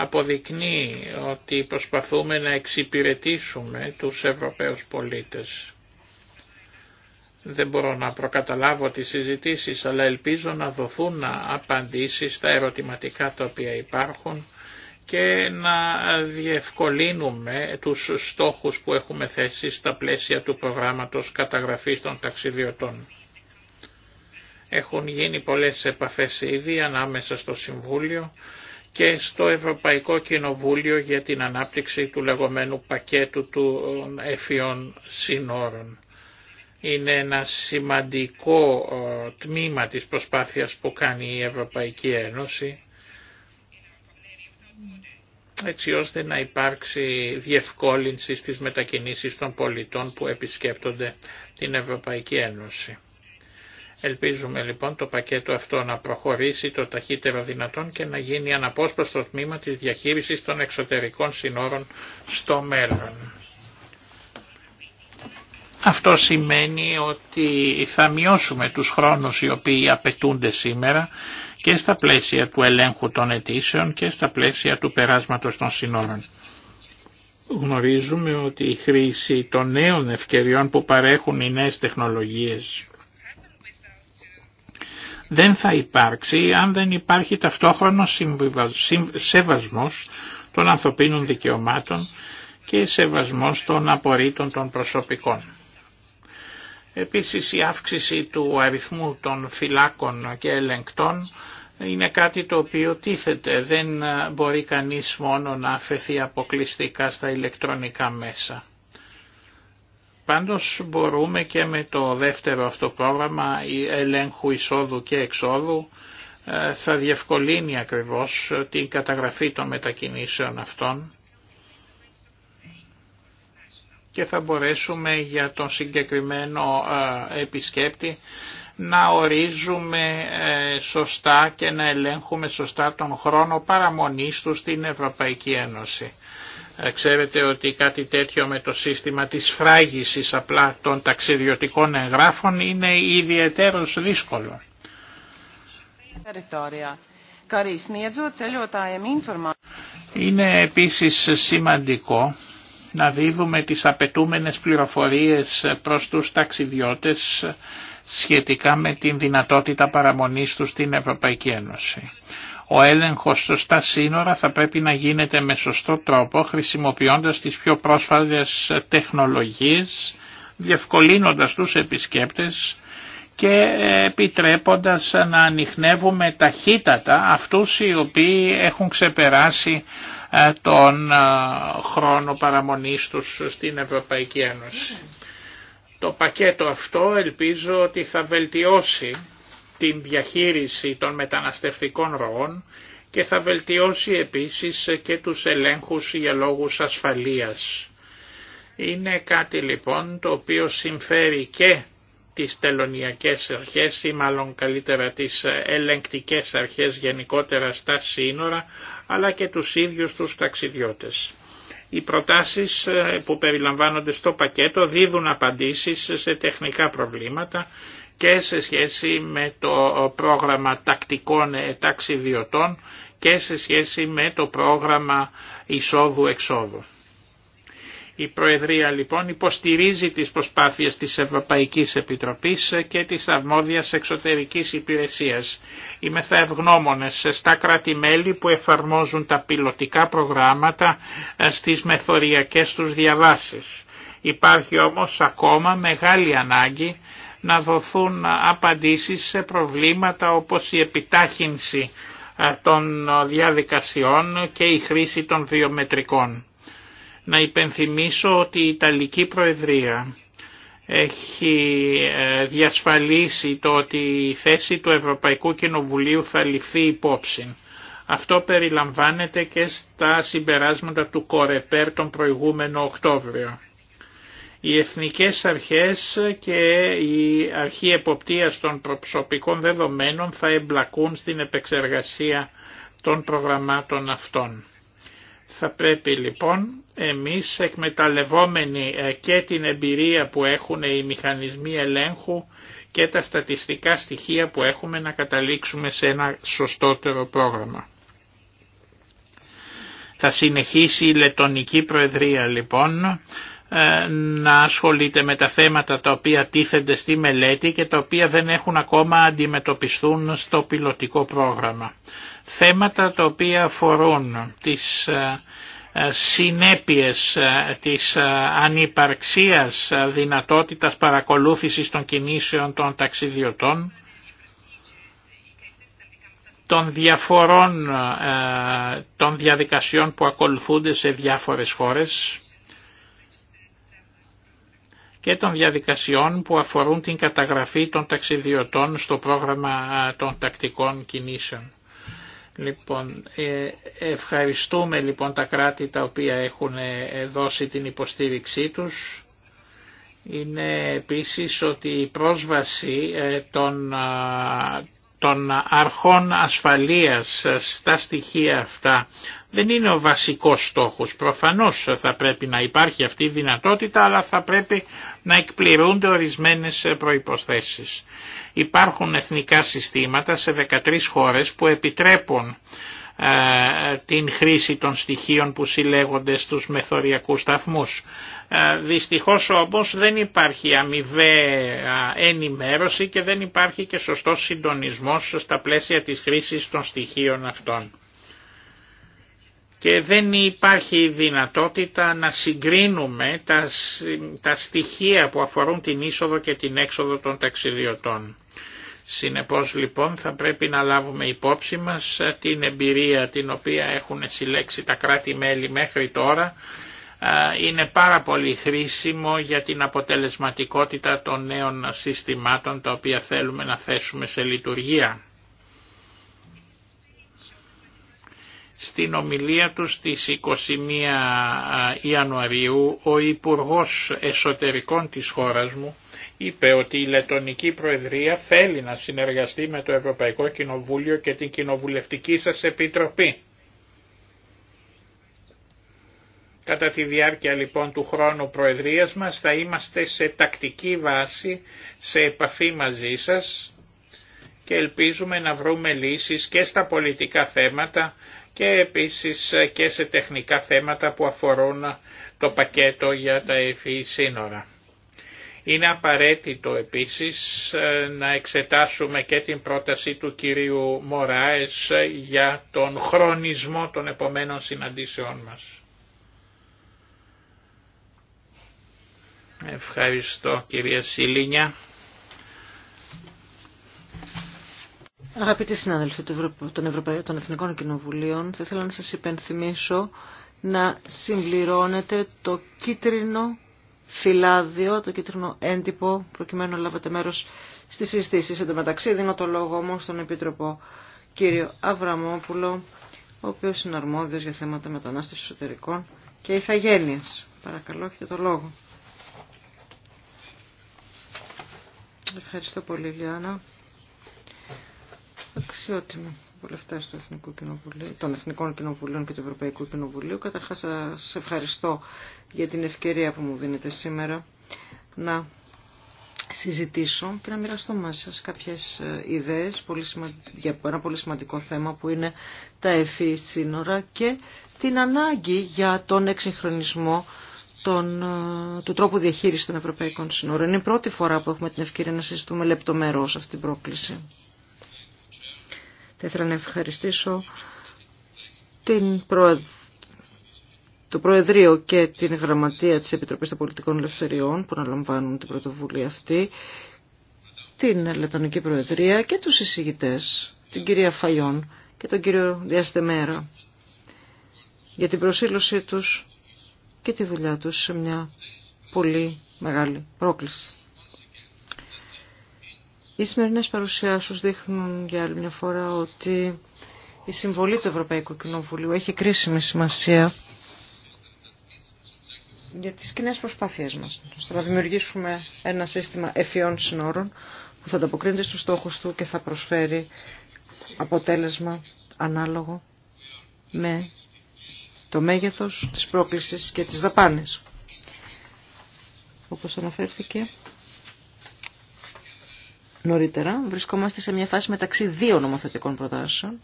αποδεικνύει ότι προσπαθούμε να εξυπηρετήσουμε τους Ευρωπαίους πολίτες. Δεν μπορώ να προκαταλάβω τις συζητήσεις, αλλά ελπίζω να δοθούν απαντήσεις στα ερωτηματικά τα οποία υπάρχουν και να διευκολύνουμε τους στόχους που έχουμε θέσει στα πλαίσια του προγράμματος καταγραφής των ταξιδιωτών. Έχουν γίνει πολλές επαφές ήδη ανάμεσα στο Συμβούλιο, και στο Ευρωπαϊκό Κοινοβούλιο για την ανάπτυξη του λεγόμενου πακέτου των εφιών συνόρων. Είναι ένα σημαντικό ε, τμήμα της προσπάθειας που κάνει η Ευρωπαϊκή Ένωση έτσι ώστε να υπάρξει διευκόλυνση στις μετακινήσεις των πολιτών που επισκέπτονται την Ευρωπαϊκή Ένωση. Ελπίζουμε λοιπόν το πακέτο αυτό να προχωρήσει το ταχύτερο δυνατόν και να γίνει αναπόσπαστο τμήμα της διαχείρισης των εξωτερικών συνόρων στο μέλλον. Αυτό σημαίνει ότι θα μειώσουμε τους χρόνους οι οποίοι απαιτούνται σήμερα και στα πλαίσια του ελέγχου των αιτήσεων και στα πλαίσια του περάσματος των συνόρων. Γνωρίζουμε ότι η χρήση των νέων ευκαιριών που παρέχουν οι νέες τεχνολογίες δεν θα υπάρξει αν δεν υπάρχει ταυτόχρονο σεβασμός των ανθρωπίνων δικαιωμάτων και σεβασμός των απορρίτων των προσωπικών. Επίσης η αύξηση του αριθμού των φυλάκων και ελεγκτών είναι κάτι το οποίο τίθεται. Δεν μπορεί κανείς μόνο να αφαιθεί αποκλειστικά στα ηλεκτρονικά μέσα. Πάντως μπορούμε και με το δεύτερο αυτό πρόγραμμα ελέγχου εισόδου και εξόδου ε, θα διευκολύνει ακριβώς ε, την καταγραφή των μετακινήσεων αυτών και θα μπορέσουμε για τον συγκεκριμένο ε, επισκέπτη να ορίζουμε σωστά και να ελέγχουμε σωστά τον χρόνο παραμονής του στην Ευρωπαϊκή Ένωση. Ε, ξέρετε ότι κάτι τέτοιο με το σύστημα της φράγησης απλά των ταξιδιωτικών εγγράφων είναι ιδιαίτερος δύσκολο. Είναι επίσης σημαντικό να δίδουμε τις απαιτούμενες πληροφορίες προς τους ταξιδιώτες σχετικά με την δυνατότητα παραμονής τους στην Ευρωπαϊκή Ένωση. Ο έλεγχος στα σύνορα θα πρέπει να γίνεται με σωστό τρόπο χρησιμοποιώντας τις πιο πρόσφατες τεχνολογίες, διευκολύνοντας τους επισκέπτες και επιτρέποντας να ανοιχνεύουμε ταχύτατα αυτούς οι οποίοι έχουν ξεπεράσει ε, τον ε, χρόνο παραμονής τους στην Ευρωπαϊκή Ένωση. Το πακέτο αυτό ελπίζω ότι θα βελτιώσει την διαχείριση των μεταναστευτικών ροών και θα βελτιώσει επίσης και τους ελέγχους για λόγους ασφαλείας. Είναι κάτι λοιπόν το οποίο συμφέρει και τις τελωνιακές αρχές ή μάλλον καλύτερα τις ελεγκτικές αρχές γενικότερα στα σύνορα αλλά και τους ίδιους τους ταξιδιώτες. Οι προτάσεις ε, που περιλαμβάνονται στο πακέτο δίδουν απαντήσεις σε τεχνικά προβλήματα και σε σχέση με το πρόγραμμα τακτικών ε, ταξιδιωτών και σε σχέση με το πρόγραμμα εισόδου-εξόδου. Η Προεδρία λοιπόν υποστηρίζει τις προσπάθειες της Ευρωπαϊκής Επιτροπής και της Αρμόδιας Εξωτερικής Υπηρεσίας. Είμαι θα ευγνώμονες στα κράτη-μέλη που εφαρμόζουν τα πιλωτικά προγράμματα ε, στις μεθοριακές τους διαβάσεις. Υπάρχει όμως ακόμα μεγάλη ανάγκη να δοθούν απαντήσεις σε προβλήματα όπως η επιτάχυνση ε, των ε, διαδικασιών και η χρήση των βιομετρικών. Να υπενθυμίσω ότι η Ιταλική Προεδρία έχει ε, διασφαλίσει το ότι η θέση του Ευρωπαϊκού Κοινοβουλίου θα ληφθεί υπόψη. Αυτό περιλαμβάνεται και στα συμπεράσματα του Κορεπέρ τον προηγούμενο Οκτώβριο. Οι εθνικές αρχές και η αρχή εποπτείας των προσωπικών δεδομένων θα εμπλακούν στην επεξεργασία των προγραμμάτων αυτών. Θα πρέπει λοιπόν εμείς εκμεταλλευόμενοι ε, και την εμπειρία που έχουν οι μηχανισμοί ελέγχου και τα στατιστικά στοιχεία που έχουμε να καταλήξουμε σε ένα σωστότερο πρόγραμμα. Θα συνεχίσει η Λετωνική Προεδρία λοιπόν ε, να ασχολείται με τα θέματα τα οποία τίθενται στη μελέτη και τα οποία δεν έχουν ακόμα αντιμετωπιστούν στο πιλωτικό πρόγραμμα. Θέματα τα οποία αφορούν τις ε, ε, συνέπειες της ανυπαρξίας δυνατότητας παρακολούθησης των κινήσεων των ταξιδιωτών, των διαφορών των διαδικασιών που ακολουθούνται σε διάφορες χώρες, και των διαδικασιών που αφορούν την καταγραφή των ταξιδιωτών στο πρόγραμμα των τακτικών κινήσεων. Λοιπόν, ε, ευχαριστούμε λοιπόν τα κράτη τα οποία έχουν ε, δώσει την υποστήριξή τους. Είναι επίσης ότι η πρόσβαση ε, των, των αρχών ασφαλείας στα στοιχεία αυτά δεν είναι ο βασικός στόχος. Προφανώς θα πρέπει να υπάρχει αυτή η δυνατότητα αλλά θα πρέπει να εκπληρούνται ορισμένες προϋποθέσεις. Υπάρχουν εθνικά συστήματα σε 13 χώρες που επιτρέπουν ε, την χρήση των στοιχείων που συλλέγονται στους μεθοριακούς σταθμούς. Ε, δυστυχώς όμως δεν υπάρχει αμοιβαία ενημέρωση και δεν υπάρχει και σωστός συντονισμός στα πλαίσια της χρήσης των στοιχείων αυτών και δεν υπάρχει δυνατότητα να συγκρίνουμε τα, τα στοιχεία που αφορούν την είσοδο και την έξοδο των ταξιδιωτών. Συνεπώς λοιπόν θα πρέπει να λάβουμε υπόψη μας ε, την εμπειρία την οποία έχουν συλλέξει τα κράτη-μέλη μέχρι τώρα. Ε, είναι πάρα πολύ χρήσιμο για την αποτελεσματικότητα των νέων συστημάτων τα οποία θέλουμε να θέσουμε σε λειτουργία. Στην ομιλία του στις 21 Ιανουαρίου ο Υπουργός Εσωτερικών της χώρας μου είπε ότι η Λετωνική Προεδρία θέλει να συνεργαστεί με το Ευρωπαϊκό Κοινοβούλιο και την Κοινοβουλευτική σας Επιτροπή. Κατά τη διάρκεια λοιπόν του χρόνου Προεδρίας μας θα είμαστε σε τακτική βάση, σε επαφή μαζί σας και ελπίζουμε να βρούμε λύσεις και στα πολιτικά θέματα και επίσης και σε τεχνικά θέματα που αφορούν το πακέτο για τα ΕΦΗ σύνορα. Είναι απαραίτητο επίσης ε, να εξετάσουμε και την πρόταση του κυρίου Μωράες ε, για τον χρονισμό των επομένων συναντήσεών μας. Ευχαριστώ κυρία Σιλίνια. Αγαπητοί συνάδελφοι των, Ευρωπαϊ... των Εθνικών Κοινοβουλίων, θα ήθελα να σας υπενθυμίσω να συμπληρώνετε το κίτρινο φυλάδιο, το κίτρινο έντυπο, προκειμένου να λάβετε μέρος στις συζητήσεις. Εν τω μεταξύ δίνω το λόγο όμω στον Επίτροπο κύριο Αβραμόπουλο, ο οποίος είναι αρμόδιος για θέματα μετανάστευσης εσωτερικών και ηθαγένειας. Παρακαλώ, έχετε το λόγο. Ευχαριστώ πολύ, Λιάννα αξιότιμα βουλευτέ των Εθνικών Κοινοβουλίων και του Ευρωπαϊκού Κοινοβουλίου. Καταρχά, σα ευχαριστώ για την ευκαιρία που μου δίνετε σήμερα να συζητήσω και να μοιραστώ μαζί σας κάποιες ε, ιδέες για ένα πολύ σημαντικό θέμα που είναι τα ΕΦΗ σύνορα και την ανάγκη για τον εξυγχρονισμό τον, ε, του τρόπου διαχείρισης των ευρωπαϊκών σύνορων. Είναι η πρώτη φορά που έχουμε την ευκαιρία να συζητούμε λεπτομερώς αυτή την πρόκληση. Θα ήθελα να ευχαριστήσω την το Προεδρείο και την Γραμματεία της Επιτροπής των Πολιτικών Ελευθεριών που αναλαμβάνουν την πρωτοβουλία αυτή, την Λετωνική Προεδρία και τους εισηγητές, την κυρία Φαϊόν και τον κύριο Διαστεμέρα για την προσήλωσή τους και τη δουλειά τους σε μια πολύ μεγάλη πρόκληση. Οι σημερινέ παρουσιάσει δείχνουν για άλλη μια φορά ότι η συμβολή του Ευρωπαϊκού Κοινοβουλίου έχει κρίσιμη σημασία για τις κοινέ προσπάθειές μας, Θα να δημιουργήσουμε ένα σύστημα εφιών συνόρων που θα ανταποκρίνεται στους στόχους του και θα προσφέρει αποτέλεσμα ανάλογο με το μέγεθος της πρόκλησης και της δαπάνης. Όπως αναφέρθηκε, νωρίτερα. Βρισκόμαστε σε μια φάση μεταξύ δύο νομοθετικών προτάσεων.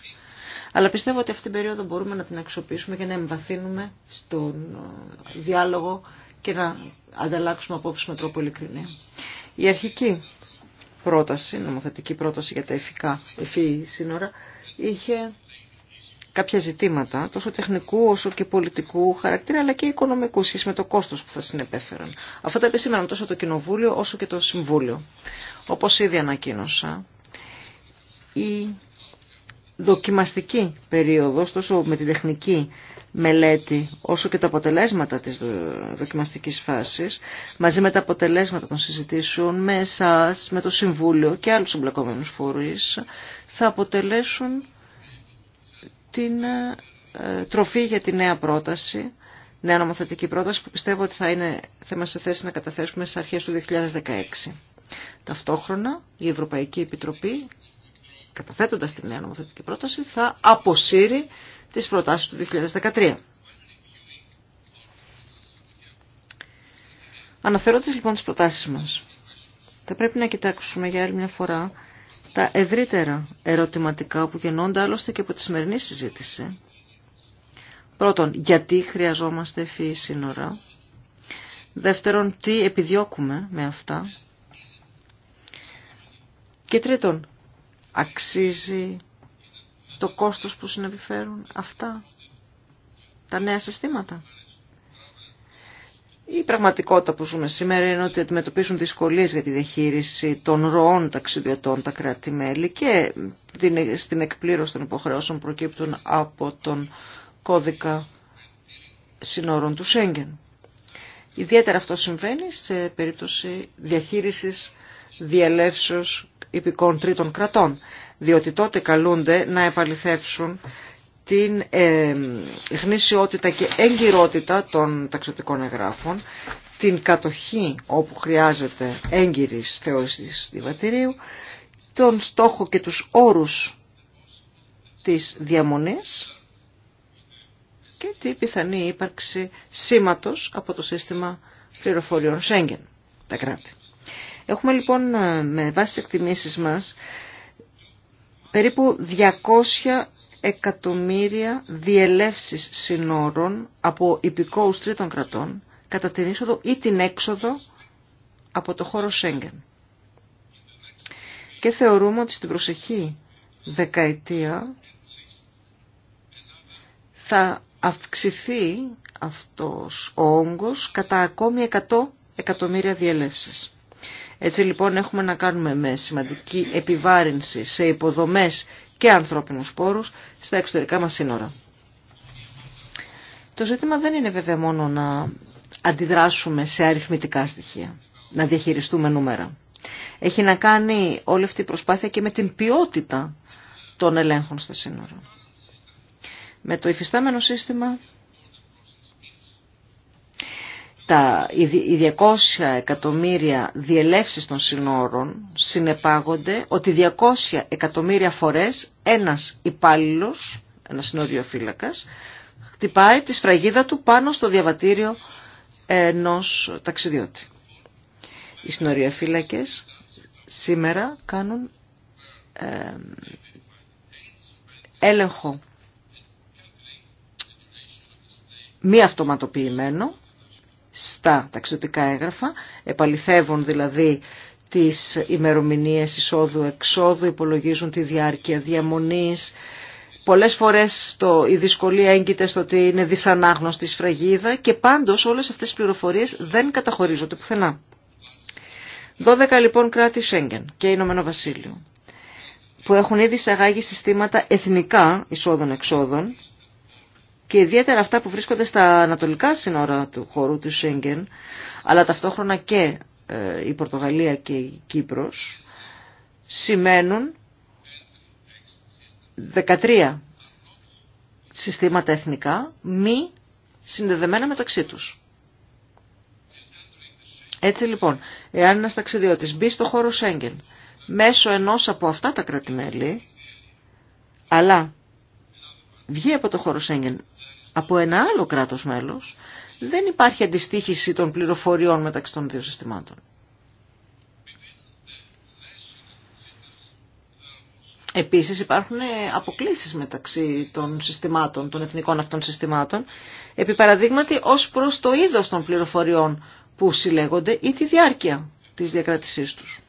Αλλά πιστεύω ότι αυτή την περίοδο μπορούμε να την αξιοποιήσουμε και να εμβαθύνουμε στον ε, διάλογο και να ανταλλάξουμε απόψεις με τρόπο ειλικρινή. Η αρχική πρόταση, νομοθετική πρόταση για τα εφικά, εφή σύνορα, είχε κάποια ζητήματα, τόσο τεχνικού όσο και πολιτικού χαρακτήρα, αλλά και οικονομικού σχέση με το κόστος που θα συνεπέφεραν. Αυτά τα επισήμαναν τόσο το Κοινοβούλιο όσο και το Συμβούλιο. Όπως ήδη ανακοίνωσα, η δοκιμαστική περίοδος, τόσο με την τεχνική μελέτη, όσο και τα αποτελέσματα της δοκιμαστικής φάσης, μαζί με τα αποτελέσματα των συζητήσεων με εσάς, με το Συμβούλιο και άλλους εμπλεκόμενους φορείς, θα αποτελέσουν την ε, τροφή για τη νέα πρόταση, νέα νομοθετική πρόταση που πιστεύω ότι θα, είναι, θα σε θέση να καταθέσουμε στις αρχές του 2016. Ταυτόχρονα η Ευρωπαϊκή Επιτροπή, καταθέτοντας τη νέα νομοθετική πρόταση, θα αποσύρει τις προτάσεις του 2013. Αναφέροντας λοιπόν τις προτάσεις μας, θα πρέπει να κοιτάξουμε για άλλη μια φορά τα ευρύτερα ερωτηματικά που γεννώνται άλλωστε και από τη σημερινή συζήτηση. Πρώτον, γιατί χρειαζόμαστε ευφυή σύνορα. Δεύτερον, τι επιδιώκουμε με αυτά. Και τρίτον, αξίζει το κόστος που συνεπιφέρουν αυτά τα νέα συστήματα. Η πραγματικότητα που ζούμε σήμερα είναι ότι αντιμετωπίζουν δυσκολίες για τη διαχείριση των ροών ταξιδιωτών τα κράτη-μέλη και στην εκπλήρωση των υποχρεώσεων προκύπτουν από τον κώδικα συνόρων του Σέγγεν. Ιδιαίτερα αυτό συμβαίνει σε περίπτωση διαχείρισης διαλέψεως υπηκών τρίτων κρατών, διότι τότε καλούνται να επαληθεύσουν την ε, γνησιότητα και εγκυρότητα των ταξιωτικών εγγράφων, την κατοχή όπου χρειάζεται έγκυρης θεώρησης διαβατηρίου, τον στόχο και τους όρους της διαμονής και την πιθανή ύπαρξη σήματος από το σύστημα πληροφοριών Σέγγεν, τα κράτη. Έχουμε λοιπόν ε, με βάση εκτιμήσεις μας περίπου 200 εκατομμύρια διελεύσεις συνόρων από υπηκόους τρίτων κρατών κατά την είσοδο ή την έξοδο από το χώρο Σέγγεν. Και θεωρούμε ότι στην προσεχή δεκαετία θα αυξηθεί αυτός ο όγκος κατά ακόμη 100 εκατομμύρια διελεύσεις. Έτσι λοιπόν έχουμε να κάνουμε με σημαντική επιβάρυνση σε υποδομές και ανθρώπινους πόρους στα εξωτερικά μας σύνορα. Το ζήτημα δεν είναι βέβαια μόνο να αντιδράσουμε σε αριθμητικά στοιχεία, να διαχειριστούμε νούμερα. Έχει να κάνει όλη αυτή η προσπάθεια και με την ποιότητα των ελέγχων στα σύνορα. Με το υφιστάμενο σύστημα τα, οι 200 εκατομμύρια διελεύσεις των συνόρων συνεπάγονται ότι 200 εκατομμύρια φορές ένας υπάλληλο, ένας συνοριοφύλακας, χτυπάει τη σφραγίδα του πάνω στο διαβατήριο ενός ταξιδιώτη. Οι συνοριοφύλακες σήμερα κάνουν ε, έλεγχο μη αυτοματοποιημένο στα ταξιδιωτικά έγγραφα, επαληθεύουν δηλαδή τις ημερομηνίες εισόδου-εξόδου, υπολογίζουν τη διάρκεια διαμονής. Πολλές φορές το, η δυσκολία έγκυται στο ότι είναι δυσανάγνωστη σφραγίδα και πάντως όλες αυτές τις πληροφορίες δεν καταχωρίζονται πουθενά. 12 λοιπόν κράτη Σέγγεν και Ηνωμένο Βασίλειο που έχουν ήδη εισαγάγει συστήματα εθνικά εισόδων-εξόδων και ιδιαίτερα αυτά που βρίσκονται στα ανατολικά σύνορα του χώρου του Σέγγεν, αλλά ταυτόχρονα και ε, η Πορτογαλία και η Κύπρος, σημαίνουν 13 συστήματα εθνικά μη συνδεδεμένα μεταξύ τους. Έτσι λοιπόν, εάν ένας ταξιδιώτης μπει στο χώρο Σέγγεν μέσω ενός από αυτά τα κρατημέλη, αλλά βγει από το χώρο Σέγγεν από ένα άλλο κράτος μέλος, δεν υπάρχει αντιστοίχηση των πληροφοριών μεταξύ των δύο συστημάτων. Επίσης υπάρχουν ε, αποκλήσεις μεταξύ των συστημάτων, των εθνικών αυτών συστημάτων, επί παραδείγματι ως προς το είδος των πληροφοριών που συλλέγονται ή τη διάρκεια της διακράτησής τους.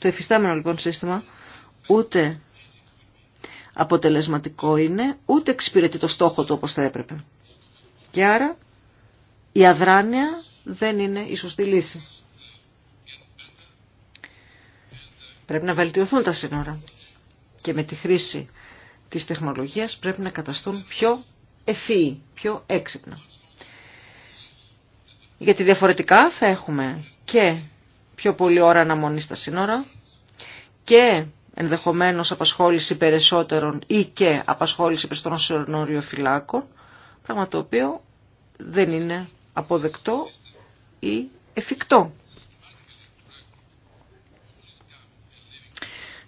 Το εφιστάμενο λοιπόν σύστημα ούτε αποτελεσματικό είναι, ούτε εξυπηρετεί το στόχο του όπως θα έπρεπε. Και άρα η αδράνεια δεν είναι η σωστή λύση. Πρέπει να βελτιωθούν τα σύνορα και με τη χρήση της τεχνολογίας πρέπει να καταστούν πιο ευφύοι, πιο έξυπνα. Γιατί διαφορετικά θα έχουμε και πιο πολύ ώρα αναμονή στα σύνορα και ενδεχομένως απασχόληση περισσότερων ή και απασχόληση περισσότερων συνοριοφυλάκων, πράγμα το οποίο δεν είναι αποδεκτό ή εφικτό.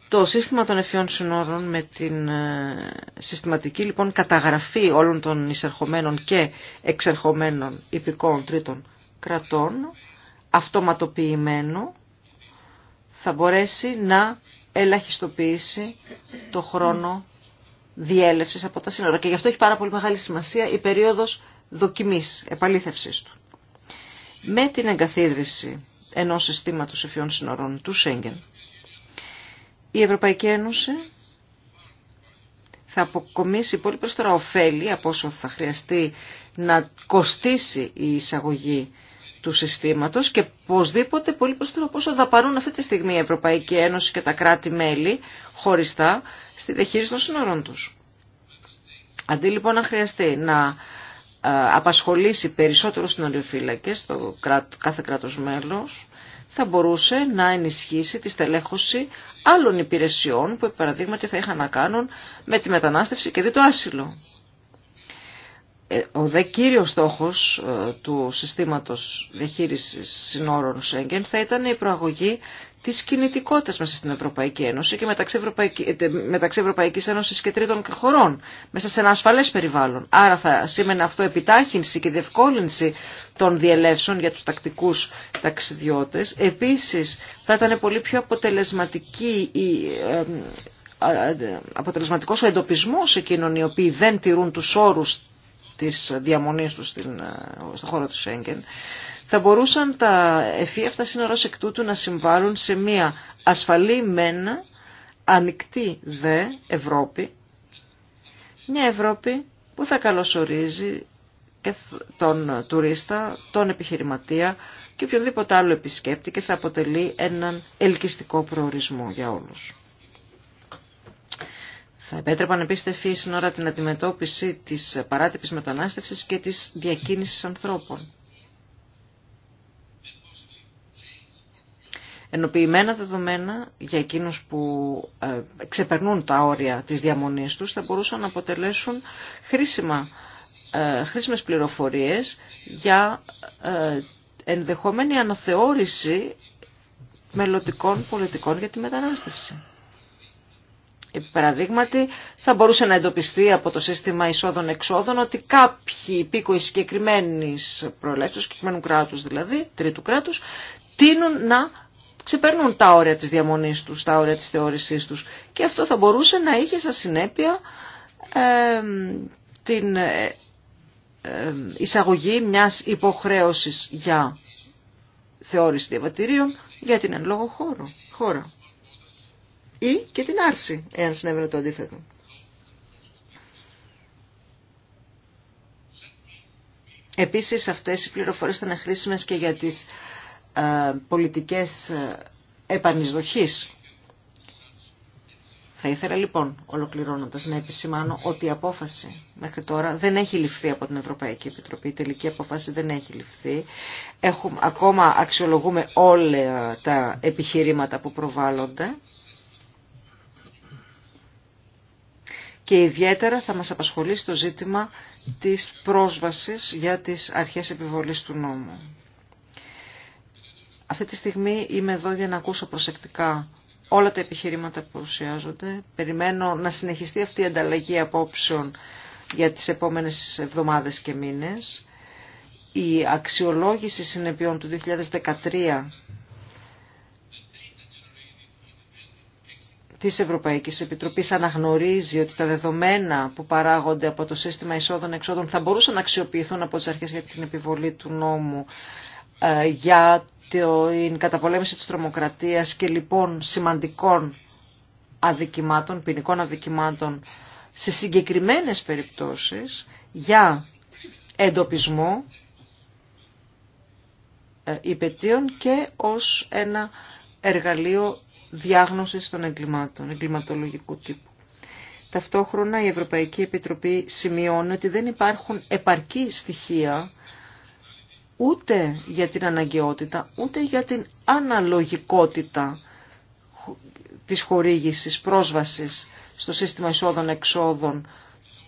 Το σύστημα των ευφυών συνόρων με την ε, συστηματική λοιπόν καταγραφή όλων των εισερχομένων και εξερχομένων υπηκών τρίτων κρατών, αυτοματοποιημένο, θα μπορέσει να ελαχιστοποιήσει το χρόνο διέλευση από τα σύνορα. Και γι' αυτό έχει πάρα πολύ μεγάλη σημασία η περίοδος δοκιμής, επαλήθευσή του. Με την εγκαθίδρυση ενός συστήματος ευφυών σύνορων του Σέγγεν, η Ευρωπαϊκή Ένωση θα αποκομίσει πολύ περισσότερα ωφέλη από όσο θα χρειαστεί να κοστίσει η εισαγωγή του συστήματος και οπωσδήποτε πολύ προσθέτω πόσο δαπανούν αυτή τη στιγμή η Ευρωπαϊκή Ένωση και τα κράτη-μέλη χωριστά στη διαχείριση των σύνορων τους. Αντί λοιπόν να χρειαστεί να ε, απασχολήσει περισσότερο συνοριοφύλακες το κάθε κράτος μέλος, θα μπορούσε να ενισχύσει τη στελέχωση άλλων υπηρεσιών που, παραδείγματι, θα είχαν να κάνουν με τη μετανάστευση και δι' το άσυλο. Ε, ο δε κύριος στόχος ε, του συστήματος διαχείρισης συνόρων Σέγγεν θα ήταν η προαγωγή της κινητικότητας μέσα στην Ευρωπαϊκή Ένωση και μεταξύ, Ευρωπαϊκή, ε, μεταξύ Ευρωπαϊκής Ένωσης και τρίτων χωρών, μέσα σε ένα ασφαλές περιβάλλον. Άρα θα σήμαινε αυτό επιτάχυνση και διευκόλυνση των διελεύσεων για τους τακτικούς ταξιδιώτες. Επίσης θα ήταν πολύ πιο αποτελεσματική η, αποτελεσματικός ο εντοπισμός εκείνων οι οποίοι δεν τηρούν τους όρους της διαμονής τους στην, ε, στον χώρο του Σέγγεν, θα μπορούσαν τα ευφύ αυτά σύνορα εκ τούτου να συμβάλλουν σε μια ασφαλή μεν, ανοιχτή δε Ευρώπη, μια Ευρώπη που θα καλωσορίζει και τον τουρίστα, τον επιχειρηματία και οποιονδήποτε άλλο επισκέπτη και θα αποτελεί έναν ελκυστικό προορισμό για όλους. Θα επέτρεπαν επίση ώρα την αντιμετώπιση της παράτυπης μετανάστευσης και της διακίνησης ανθρώπων. ενοποιημένα δεδομένα για εκείνους που ε, ξεπερνούν τα όρια της διαμονής τους θα μπορούσαν να αποτελέσουν χρήσιμα, ε, χρήσιμες πληροφορίες για ε, ενδεχόμενη αναθεώρηση μελλοντικών πολιτικών για τη μετανάστευση. Παραδείγματι, θα μπορούσε να εντοπιστεί από το σύστημα εισόδων-εξόδων ότι κάποιοι υπήκοοι συγκεκριμένη προελεύσεω, συγκεκριμένου κράτου δηλαδή, τρίτου κράτου, τείνουν να ξεπερνούν τα όρια της διαμονής τους, τα όρια της θεώρησής τους. Και αυτό θα μπορούσε να είχε σαν συνέπεια την ε, εισαγωγή μιας υποχρέωσης για θεώρηση διαβατηρίων για την εν λόγω χώρα ή και την άρση, εάν συνέβαινε το αντίθετο. Επίσης αυτές οι πληροφορίες είναι χρήσιμες και για τις ε, πολιτικές ε, επανεισδοχής. Θα ήθελα λοιπόν, ολοκληρώνοντας, να επισημάνω ότι η απόφαση μέχρι τώρα δεν έχει ληφθεί από την Ευρωπαϊκή Επιτροπή. Η τελική απόφαση δεν έχει ληφθεί. Έχουμε, ακόμα αξιολογούμε όλα τα επιχειρήματα που προβάλλονται. και ιδιαίτερα θα μας απασχολήσει το ζήτημα της πρόσβασης για τις αρχές επιβολής του νόμου. Αυτή τη στιγμή είμαι εδώ για να ακούσω προσεκτικά όλα τα επιχειρήματα που παρουσιάζονται. Περιμένω να συνεχιστεί αυτή η ανταλλαγή απόψεων για τις επόμενες εβδομάδες και μήνες. Η αξιολόγηση συνεπειών του 2013 της Ευρωπαϊκής Επιτροπής αναγνωρίζει ότι τα δεδομένα που παράγονται από το σύστημα εισόδων-εξόδων θα μπορούσαν να αξιοποιηθούν από τις αρχές για την επιβολή του νόμου ε, για την καταπολέμηση της τρομοκρατίας και λοιπόν σημαντικών αδικημάτων, ποινικών αδικημάτων σε συγκεκριμένες περιπτώσεις για εντοπισμό ε, υπετίων και ως ένα εργαλείο διάγνωσης των εγκλημάτων, εγκληματολογικού τύπου. Ταυτόχρονα η Ευρωπαϊκή Επιτροπή σημειώνει ότι δεν υπάρχουν επαρκή στοιχεία ούτε για την αναγκαιότητα, ούτε για την αναλογικότητα της χορήγησης πρόσβασης στο σύστημα εισόδων-εξόδων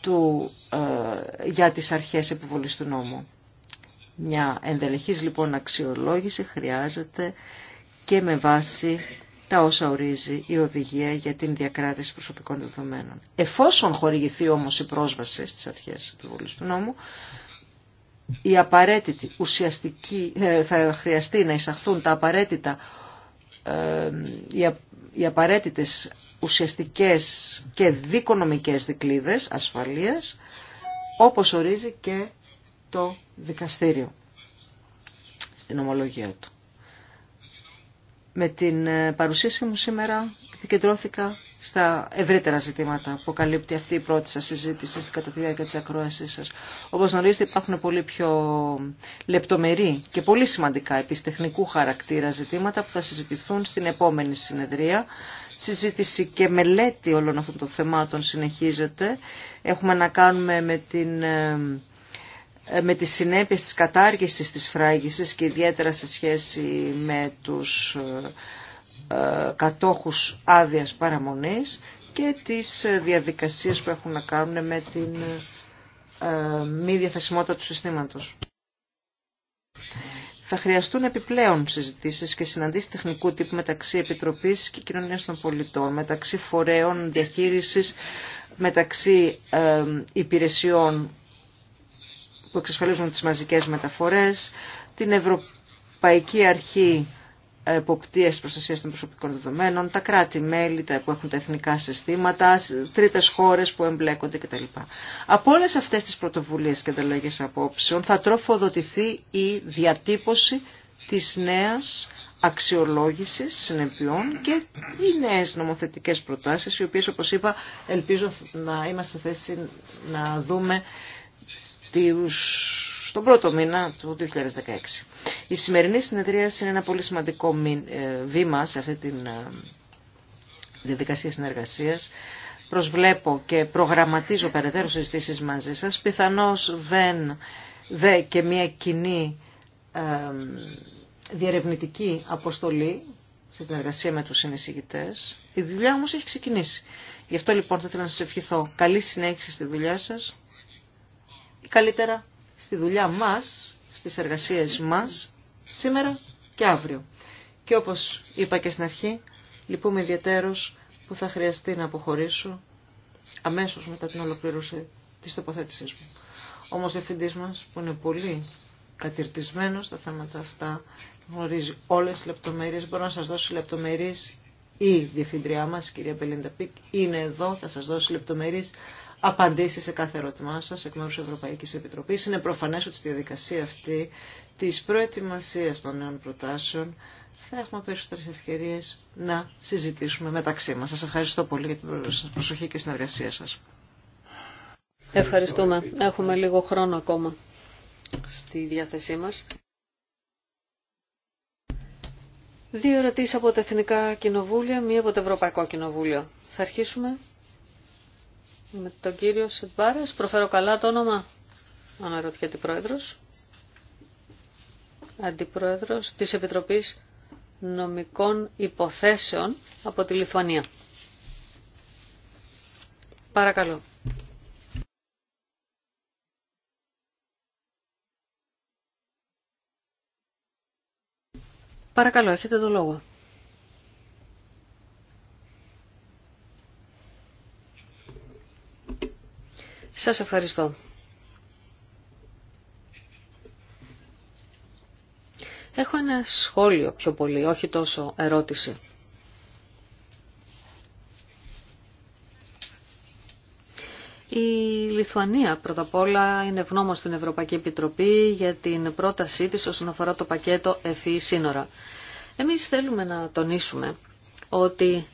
του, ε, για τις αρχές επιβολής του νόμου. Μια ενδελεχής λοιπόν αξιολόγηση χρειάζεται και με βάση τα όσα ορίζει η οδηγία για την διακράτηση προσωπικών δεδομένων. Εφόσον χορηγηθεί όμως η πρόσβαση στις αρχές επιβολής του νόμου, η απαραίτητη, ουσιαστική, ε, θα χρειαστεί να εισαχθούν τα απαραίτητα, ε, οι απαραίτητες ουσιαστικές και δικονομικές δικλίδες ασφαλείας, όπως ορίζει και το δικαστήριο στην ομολογία του με την ε, παρουσίαση μου σήμερα επικεντρώθηκα στα ευρύτερα ζητήματα που καλύπτει αυτή η πρώτη σας συζήτηση κατά τη διάρκεια της ακρόασής σας. Όπως γνωρίζετε υπάρχουν πολύ πιο λεπτομερή και πολύ σημαντικά επιστεχνικού χαρακτήρα ζητήματα που θα συζητηθούν στην επόμενη συνεδρία. Συζήτηση και μελέτη όλων αυτών των θεμάτων συνεχίζεται. Έχουμε να κάνουμε με την ε, ε, με τις συνέπειες της κατάργησης της φράγησης και ιδιαίτερα σε σχέση με τους ε, ε, κατόχους άδειας παραμονής και τις διαδικασίες που έχουν να κάνουν με την μη διαθεσιμότητα του συστήματος. Θα χρειαστούν επιπλέον συζητήσει και συναντήσει τεχνικού τύπου μεταξύ Επιτροπή και Κοινωνία των Πολιτών, μεταξύ φορέων διαχείριση, μεταξύ υπηρεσιών που εξασφαλίζουν τις μαζικές μεταφορές, την Ευρωπαϊκή Αρχή Εποπτείας Προστασίας των Προσωπικών Δεδομένων, τα κράτη-μέλη που έχουν τα εθνικά συστήματα, τρίτες χώρες που εμπλέκονται κτλ. Από όλες αυτές τις πρωτοβουλίες και ανταλλαγές απόψεων θα τροφοδοτηθεί η διατύπωση της νέας αξιολόγησης συνεπειών και οι νέε νομοθετικές προτάσεις, οι οποίες όπως είπα ελπίζω να είμαστε θέση να δούμε στον πρώτο μήνα του 2016. Η σημερινή συνεδρία είναι ένα πολύ σημαντικό ε, βήμα σε αυτή τη ε, διαδικασία συνεργασίας. Προσβλέπω και προγραμματίζω περαιτέρω συζητήσεις μαζί σας. Πιθανώς δεν δε και μια κοινή ε, διερευνητική αποστολή σε συνεργασία με τους συνεισηγητές. Η δουλειά όμως έχει ξεκινήσει. Γι' αυτό λοιπόν θα ήθελα να σας ευχηθώ καλή συνέχιση στη δουλειά σας καλύτερα στη δουλειά μας, στις εργασίες μας, σήμερα και αύριο. Και όπως είπα και στην αρχή, λυπούμε ιδιαίτερος που θα χρειαστεί να αποχωρήσω αμέσως μετά την ολοκλήρωση της τοποθέτησή μου. Όμως ο διευθυντής μας που είναι πολύ κατηρτισμένος στα θέματα αυτά, γνωρίζει όλες τις λεπτομέρειες, μπορώ να σας δώσω λεπτομέρειες η διευθυντριά μας, κυρία Μπελίντα Πικ, είναι εδώ, θα σας δώσει λεπτομέρειες απαντήσει σε κάθε ερώτημά σα εκ μέρου Ευρωπαϊκή Ευρωπαϊκής Είναι προφανέ ότι στη διαδικασία αυτή τη προετοιμασία των νέων προτάσεων θα έχουμε περισσότερε ευκαιρίε να συζητήσουμε μεταξύ μα. Σα ευχαριστώ πολύ για την προσοχή και συνεργασία σας. Ευχαριστούμε. Έχουμε λίγο χρόνο ακόμα στη διάθεσή μας. Δύο ερωτήσει από τα Εθνικά Κοινοβούλια, μία από το Ευρωπαϊκό Κοινοβούλιο. Θα αρχίσουμε με τον κύριο Σιμπάρες, προφέρω καλά το όνομα, αναρωτιέται πρόεδρος, αντιπρόεδρος της Επιτροπής Νομικών Υποθέσεων από τη Λιθουανία. Παρακαλώ. Παρακαλώ, έχετε το λόγο. Σας ευχαριστώ. Έχω ένα σχόλιο πιο πολύ, όχι τόσο ερώτηση. Η Λιθουανία πρώτα απ' όλα είναι ευγνώμων στην Ευρωπαϊκή Επιτροπή για την πρότασή της όσον αφορά το πακέτο ΕΦΗ σύνορα. Εμείς θέλουμε να τονίσουμε ότι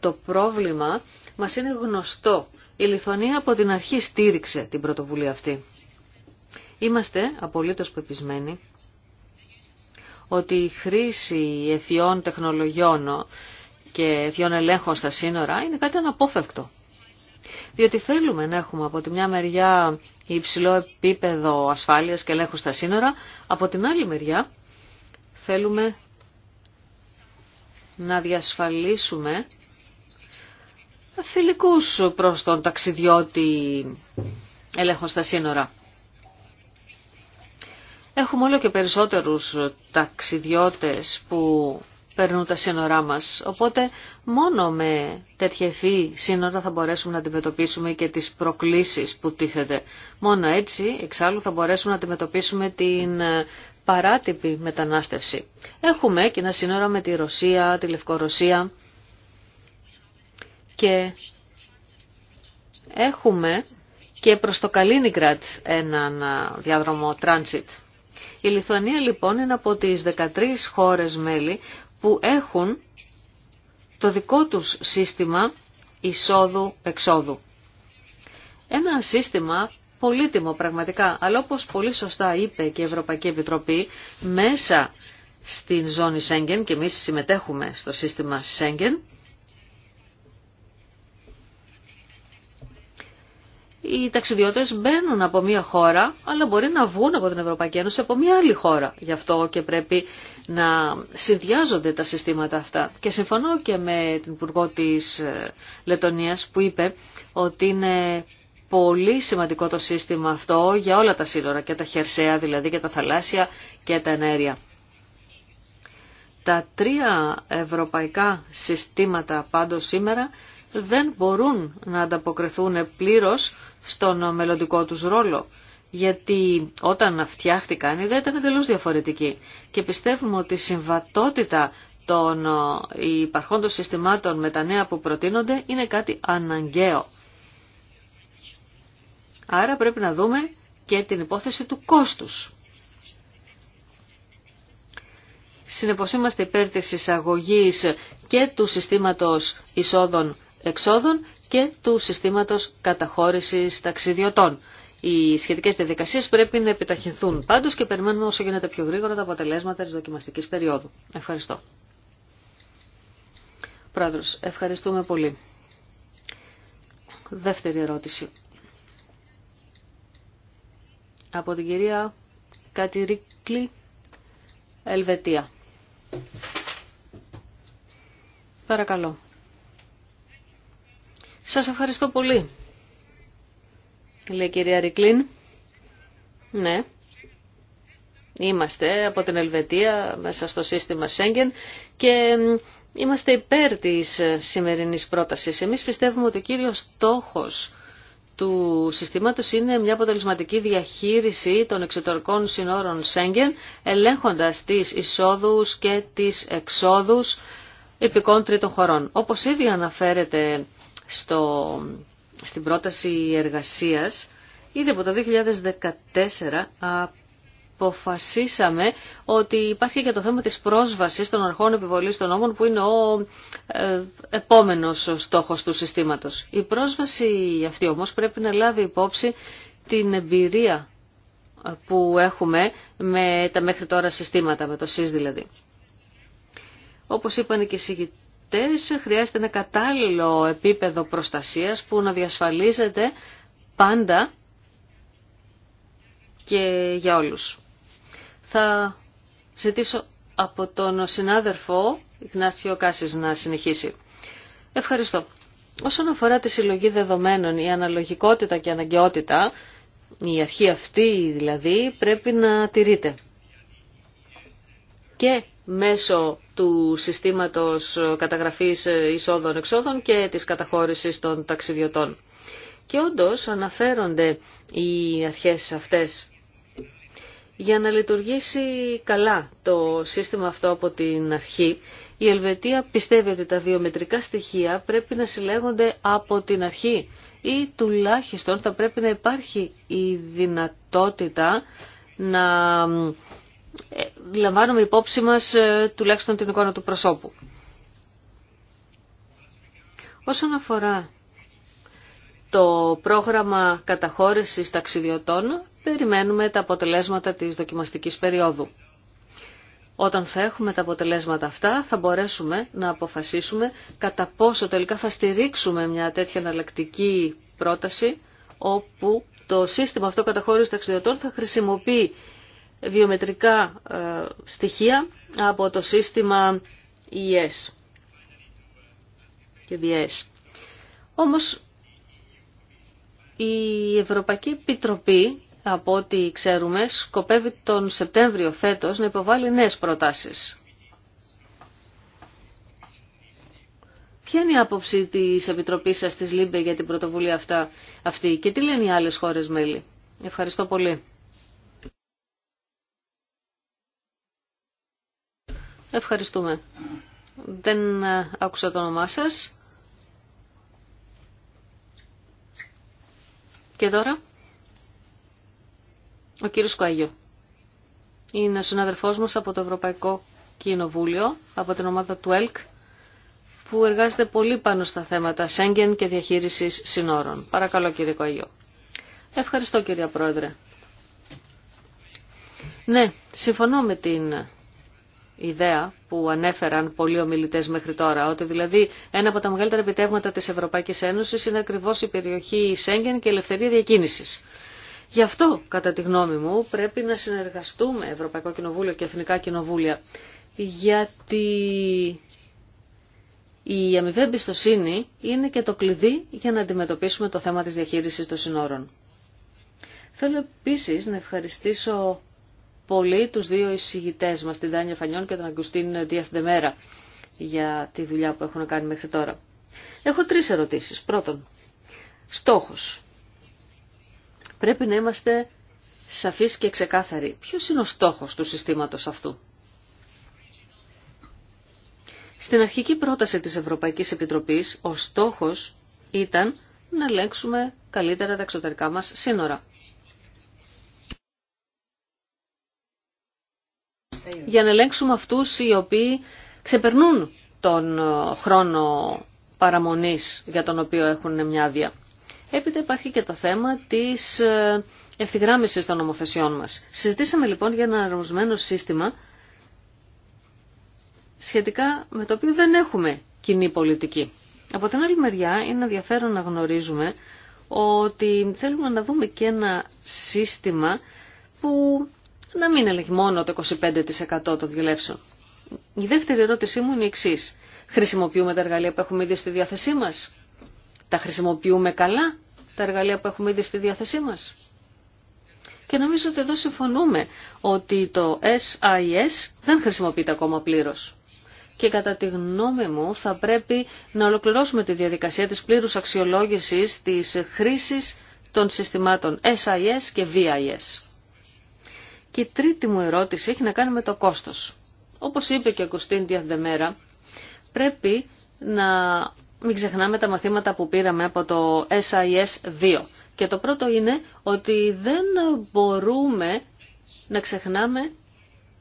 το πρόβλημα μας είναι γνωστό. Η Λιθωνία από την αρχή στήριξε την πρωτοβουλία αυτή. Είμαστε απολύτως πεπισμένοι ότι η χρήση εφιών τεχνολογιών και εφιών ελέγχων στα σύνορα είναι κάτι αναπόφευκτο. Διότι θέλουμε να έχουμε από τη μια μεριά υψηλό επίπεδο ασφάλειας και ελέγχου στα σύνορα, από την άλλη μεριά θέλουμε να διασφαλίσουμε φιλικούς προς τον ταξιδιώτη ελέγχο στα σύνορα. Έχουμε όλο και περισσότερους ταξιδιώτες που περνούν τα σύνορά μας. Οπότε μόνο με τέτοια ευφύ σύνορα θα μπορέσουμε να αντιμετωπίσουμε και τις προκλήσεις που τίθεται. Μόνο έτσι, εξάλλου, θα μπορέσουμε να αντιμετωπίσουμε την παράτυπη μετανάστευση. Έχουμε ένα σύνορα με τη Ρωσία, τη Λευκορωσία και έχουμε και προς το Καλίνιγκρατ έναν διάδρομο transit. Η Λιθουανία λοιπόν είναι από τις 13 χώρες μέλη που έχουν το δικό τους σύστημα εισόδου-εξόδου. Ένα σύστημα πολύτιμο πραγματικά, αλλά όπως πολύ σωστά είπε και η Ευρωπαϊκή Επιτροπή, μέσα στην ζώνη Σέγγεν, και εμείς συμμετέχουμε στο σύστημα Σέγγεν, οι ταξιδιώτες μπαίνουν από μία χώρα, αλλά μπορεί να βγουν από την Ευρωπαϊκή Ένωση από μία άλλη χώρα. Γι' αυτό και πρέπει να συνδυάζονται τα συστήματα αυτά. Και συμφωνώ και με την Υπουργό της ε, Λετωνίας που είπε ότι είναι πολύ σημαντικό το σύστημα αυτό για όλα τα σύνορα, και τα χερσαία δηλαδή, και τα θαλάσσια και τα ενέργεια. Τα τρία ευρωπαϊκά συστήματα πάντως σήμερα δεν μπορούν να ανταποκριθούν πλήρως στον μελλοντικό τους ρόλο. Γιατί όταν φτιάχτηκαν η ιδέα ήταν εντελώ διαφορετική. Και πιστεύουμε ότι η συμβατότητα των ε, υπαρχών των συστημάτων με τα νέα που προτείνονται είναι κάτι αναγκαίο. Άρα πρέπει να δούμε και την υπόθεση του κόστους. Συνεπώς είμαστε υπέρ της εισαγωγής και του συστήματος εισόδων εξόδων και του συστήματος καταχώρησης ταξιδιωτών. Οι σχετικές διαδικασίες πρέπει να επιταχυνθούν πάντως και περιμένουμε όσο γίνεται πιο γρήγορα τα αποτελέσματα της δοκιμαστικής περίοδου. Ευχαριστώ. Πρόεδρος, ευχαριστούμε πολύ. Δεύτερη ερώτηση. Από την κυρία Κατηρίκλη Ελβετία. Παρακαλώ. Σας ευχαριστώ πολύ. Λέει η κυρία Ρικλίν. Ναι. Είμαστε από την Ελβετία μέσα στο σύστημα Σέγγεν και είμαστε υπέρ της σημερινής πρότασης. Εμείς πιστεύουμε ότι ο κύριος στόχος του συστήματος είναι μια αποτελεσματική διαχείριση των εξωτερικών συνόρων Σέγγεν, ελέγχοντας τις εισόδους και τις εξόδους υπηκών χωρών. Όπως ήδη αναφέρεται στο, στην πρόταση εργασίας, ήδη από το 2014 αποφασίσαμε ότι υπάρχει και το θέμα της πρόσβασης των αρχών επιβολής των νόμων που είναι ο ε, επόμενος στόχος του συστήματος. Η πρόσβαση αυτή όμως πρέπει να λάβει υπόψη την εμπειρία που έχουμε με τα μέχρι τώρα συστήματα, με το ΣΥΣ δηλαδή. Όπως είπαν και οι χρειάζεται ένα κατάλληλο επίπεδο προστασίας που να διασφαλίζεται πάντα και για όλους. Θα ζητήσω από τον συνάδελφο Ιγνάσιο Κάσης να συνεχίσει. Ευχαριστώ. Όσον αφορά τη συλλογή δεδομένων, η αναλογικότητα και η αναγκαιότητα, η αρχή αυτή δηλαδή, πρέπει να τηρείται και μέσω του συστήματος καταγραφής εισόδων-εξόδων και της καταχώρησης των ταξιδιωτών. Και όντως αναφέρονται οι αρχές αυτές. Για να λειτουργήσει καλά το σύστημα αυτό από την αρχή, η Ελβετία πιστεύει ότι τα βιομετρικά στοιχεία πρέπει να συλλέγονται από την αρχή ή τουλάχιστον θα πρέπει να υπάρχει η δυνατότητα να ε, λαμβάνουμε υπόψη μας ε, τουλάχιστον την εικόνα του προσώπου. Όσον αφορά το πρόγραμμα καταχώρησης ταξιδιωτών, περιμένουμε τα αποτελέσματα της δοκιμαστικής περίοδου. Όταν θα έχουμε τα αποτελέσματα αυτά, θα μπορέσουμε να αποφασίσουμε κατά πόσο τελικά θα στηρίξουμε μια τέτοια αναλλακτική πρόταση, όπου το σύστημα αυτό καταχώρησης ταξιδιωτών θα χρησιμοποιεί βιομετρικά ε, στοιχεία από το σύστημα ΙΕΣ e και Όμως η Ευρωπαϊκή Επιτροπή, από ό,τι ξέρουμε, σκοπεύει τον Σεπτέμβριο φέτος να υποβάλει νέες προτάσεις. Ποια είναι η άποψη της Επιτροπής σας της ΛΥΜΠΕ για την πρωτοβουλία αυτά, αυτή και τι λένε οι άλλες χώρες μέλη. Ευχαριστώ πολύ. Ευχαριστούμε. Δεν ε, άκουσα το όνομά σας. Και τώρα, ο κύριος Κουαγιό. Είναι συναδελφός μας από το Ευρωπαϊκό Κοινοβούλιο, από την ομάδα του ΕΛΚ, που εργάζεται πολύ πάνω στα θέματα Σέγγεν και διαχείρισης συνόρων. Παρακαλώ κύριε Κουαγιό. Ευχαριστώ κύριε Πρόεδρε. Ναι, συμφωνώ με την ιδέα που ανέφεραν πολλοί ομιλητέ μέχρι τώρα, ότι δηλαδή ένα από τα μεγαλύτερα επιτεύγματα της Ευρωπαϊκής Ένωσης είναι ακριβώ η περιοχή Σέγγεν και η ελευθερία διακίνηση. Γι' αυτό, κατά τη γνώμη μου, πρέπει να συνεργαστούμε Ευρωπαϊκό Κοινοβούλιο και Εθνικά Κοινοβούλια, γιατί η αμοιβή εμπιστοσύνη είναι και το κλειδί για να αντιμετωπίσουμε το θέμα της διαχείρισης των συνόρων. Θέλω επίσης να ευχαριστήσω πολύ τους δύο εισηγητές μας, την Τάνια Φανιών και τον Αγκουστίν Διαθντεμέρα, για τη δουλειά που έχουν κάνει μέχρι τώρα. Έχω τρεις ερωτήσεις. Πρώτον, στόχος. Πρέπει να είμαστε σαφείς και ξεκάθαροι. Ποιος είναι ο στόχος του συστήματος αυτού. Στην αρχική πρόταση της Ευρωπαϊκής Επιτροπής, ο στόχος ήταν να ελέγξουμε καλύτερα τα εξωτερικά μας σύνορα. για να ελέγξουμε αυτούς οι οποίοι ξεπερνούν τον ε, χρόνο παραμονής για τον οποίο έχουν μια άδεια. Έπειτα υπάρχει και το θέμα της ε, ευθυγράμμισης των νομοθεσιών μας. Συζητήσαμε λοιπόν για ένα αρμοσμένο σύστημα σχετικά με το οποίο δεν έχουμε κοινή πολιτική. Από την άλλη μεριά είναι ενδιαφέρον να γνωρίζουμε ότι θέλουμε να δούμε και ένα σύστημα που να μην ελέγχει μόνο το 25% των δουλεύσεων. Η δεύτερη ερώτησή μου είναι η εξή. Χρησιμοποιούμε τα εργαλεία που έχουμε ήδη στη διάθεσή μα. Τα χρησιμοποιούμε καλά τα εργαλεία που έχουμε ήδη στη διάθεσή μα. Και νομίζω ότι εδώ συμφωνούμε ότι το SIS δεν χρησιμοποιείται ακόμα πλήρως. Και κατά τη γνώμη μου θα πρέπει να ολοκληρώσουμε τη διαδικασία της πλήρους αξιολόγησης της χρήσης των συστημάτων SIS και VIS. Και η τρίτη μου ερώτηση έχει να κάνει με το κόστος. Όπως είπε και ο Κωστίν δεμέρα, πρέπει να μην ξεχνάμε τα μαθήματα που πήραμε από το SIS 2. Και το πρώτο είναι ότι δεν μπορούμε να ξεχνάμε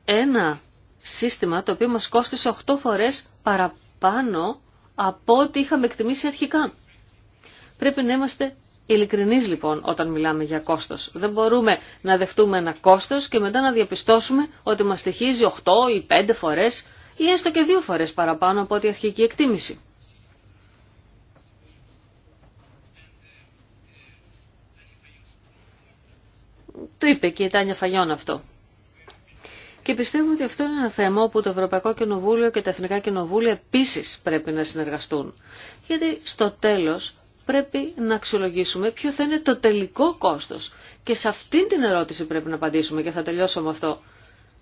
ένα σύστημα το οποίο μας κόστησε 8 φορές παραπάνω από ό,τι είχαμε εκτιμήσει αρχικά. Πρέπει να είμαστε Ειλικρινεί λοιπόν όταν μιλάμε για κόστος. Δεν μπορούμε να δεχτούμε ένα κόστος και μετά να διαπιστώσουμε ότι μας στοιχίζει 8 ή 5 φορές ή έστω και 2 φορές παραπάνω από ό,τι αρχική εκτίμηση. Το είπε και η Τάνια Φαγιών αυτό. Και πιστεύω ότι αυτό είναι ένα θέμα όπου το Ευρωπαϊκό Κοινοβούλιο και τα Εθνικά Κοινοβούλια επίση πρέπει να συνεργαστούν. Γιατί στο τέλος πρέπει να αξιολογήσουμε ποιο θα είναι το τελικό κόστος. Και σε αυτήν την ερώτηση πρέπει να απαντήσουμε και θα τελειώσω με αυτό.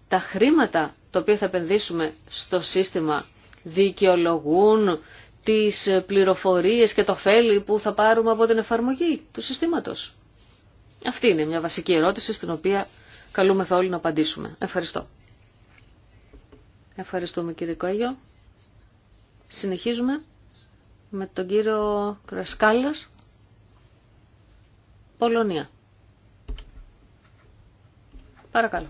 Τα χρήματα τα οποία θα επενδύσουμε στο σύστημα δικαιολογούν τις πληροφορίες και το φέλη που θα πάρουμε από την εφαρμογή του συστήματος. Αυτή είναι μια βασική ερώτηση στην οποία καλούμε όλοι να απαντήσουμε. Ευχαριστώ. Ευχαριστούμε κύριε Κόγιο. Συνεχίζουμε με τον κύριο Κρασκάλος, Πολωνία. Παρακαλώ.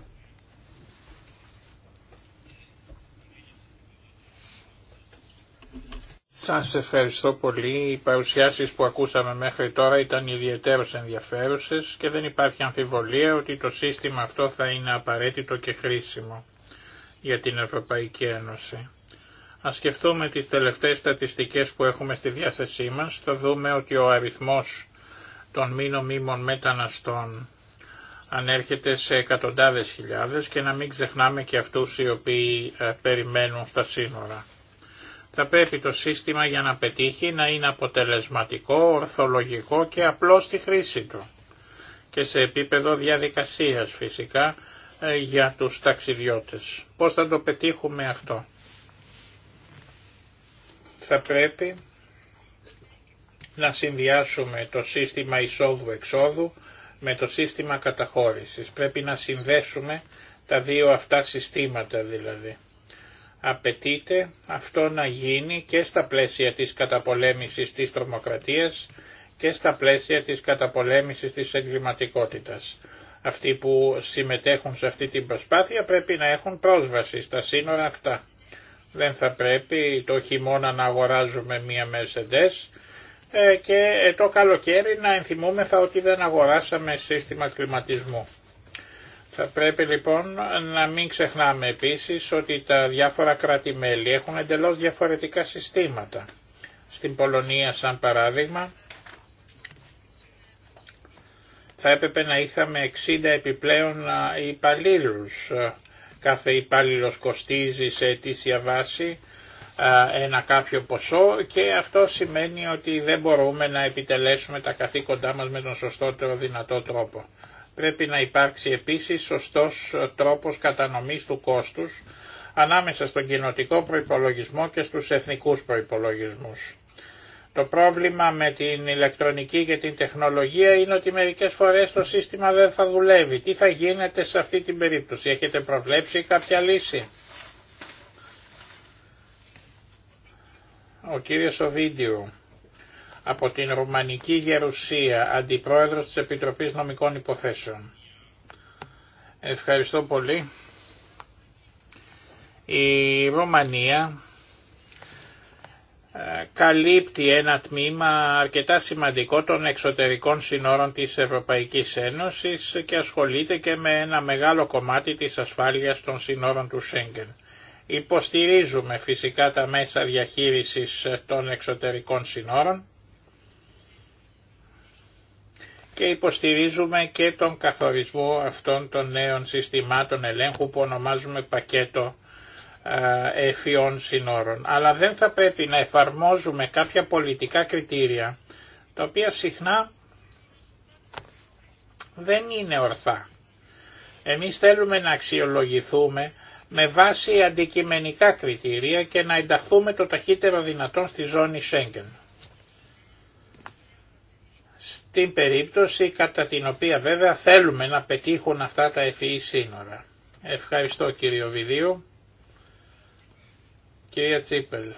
Σας ευχαριστώ πολύ. Οι παρουσιάσεις που ακούσαμε μέχρι τώρα ήταν ιδιαίτερως ενδιαφέρουσες και δεν υπάρχει αμφιβολία ότι το σύστημα αυτό θα είναι απαραίτητο και χρήσιμο για την Ευρωπαϊκή Ένωση. Ας σκεφτούμε τις τελευταίες στατιστικές που έχουμε στη διάθεσή μας, θα δούμε ότι ο αριθμός των μη νομίμων μεταναστών ανέρχεται σε εκατοντάδες χιλιάδες και να μην ξεχνάμε και αυτούς οι οποίοι ε, περιμένουν στα σύνορα. Θα πρέπει το σύστημα για να πετύχει να είναι αποτελεσματικό, ορθολογικό και απλό στη χρήση του. Και σε επίπεδο διαδικασίας φυσικά ε, για τους ταξιδιώτες. Πώς θα το πετύχουμε αυτό θα πρέπει να συνδυάσουμε το σύστημα εισόδου-εξόδου με το σύστημα καταχώρησης. Πρέπει να συνδέσουμε τα δύο αυτά συστήματα δηλαδή. Απαιτείται αυτό να γίνει και στα πλαίσια της καταπολέμησης της τρομοκρατίας και στα πλαίσια της καταπολέμησης της εγκληματικότητας. Αυτοί που συμμετέχουν σε αυτή την προσπάθεια πρέπει να έχουν πρόσβαση στα σύνορα αυτά. Δεν θα πρέπει το χειμώνα να αγοράζουμε μία Mercedes ε, και ε, το καλοκαίρι να ενθυμούμεθα ότι δεν αγοράσαμε σύστημα κλιματισμού. Θα πρέπει λοιπόν να μην ξεχνάμε επίσης ότι τα διάφορα κράτη-μέλη έχουν εντελώς διαφορετικά συστήματα. Στην Πολωνία σαν παράδειγμα θα έπρεπε να είχαμε 60 επιπλέον ε, υπαλλήλους κάθε υπάλληλο κοστίζει σε αιτήσια βάση ένα κάποιο ποσό και αυτό σημαίνει ότι δεν μπορούμε να επιτελέσουμε τα καθήκοντά μας με τον σωστότερο δυνατό τρόπο. Πρέπει να υπάρξει επίσης σωστός τρόπος κατανομής του κόστους ανάμεσα στον κοινοτικό προϋπολογισμό και στους εθνικούς προϋπολογισμούς. Το πρόβλημα με την ηλεκτρονική και την τεχνολογία είναι ότι μερικές φορές το σύστημα δεν θα δουλεύει. Τι θα γίνεται σε αυτή την περίπτωση, έχετε προβλέψει κάποια λύση. Ο κύριος Οβίντιου από την Ρουμανική Γερουσία, Αντιπρόεδρος της Επιτροπής Νομικών Υποθέσεων. Ευχαριστώ πολύ. Η Ρουμανία ε, καλύπτει ένα τμήμα αρκετά σημαντικό των εξωτερικών συνόρων της Ευρωπαϊκής Ένωσης και ασχολείται και με ένα μεγάλο κομμάτι της ασφάλειας των συνόρων του Σέγγεν. Υποστηρίζουμε φυσικά τα μέσα διαχείρισης των εξωτερικών συνόρων και υποστηρίζουμε και τον καθορισμό αυτών των νέων συστημάτων ελέγχου που ονομάζουμε πακέτο εφιών συνόρων. Αλλά δεν θα πρέπει να εφαρμόζουμε κάποια πολιτικά κριτήρια τα οποία συχνά δεν είναι ορθά. Εμείς θέλουμε να αξιολογηθούμε με βάση αντικειμενικά κριτήρια και να ενταχθούμε το ταχύτερο δυνατόν στη ζώνη Σέγγεν. Στην περίπτωση κατά την οποία βέβαια θέλουμε να πετύχουν αυτά τα ευφυή σύνορα. Ευχαριστώ κύριο Βιδίου. Κυρία Τσίπελ,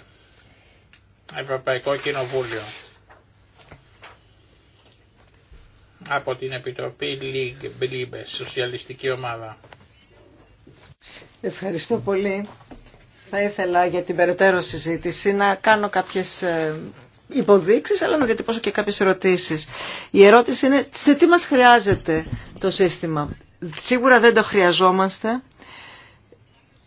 Ευρωπαϊκό Κοινοβούλιο. Από την Επιτροπή Λίγκ Μπλίμπε, Σοσιαλιστική Ομάδα. Ευχαριστώ πολύ. Θα ήθελα για την περαιτέρω συζήτηση να κάνω κάποιες ε, υποδείξεις αλλά να διατυπώσω και κάποιες ερωτήσεις. Η ερώτηση είναι σε τι μας χρειάζεται το σύστημα. Σίγουρα δεν το χρειαζόμαστε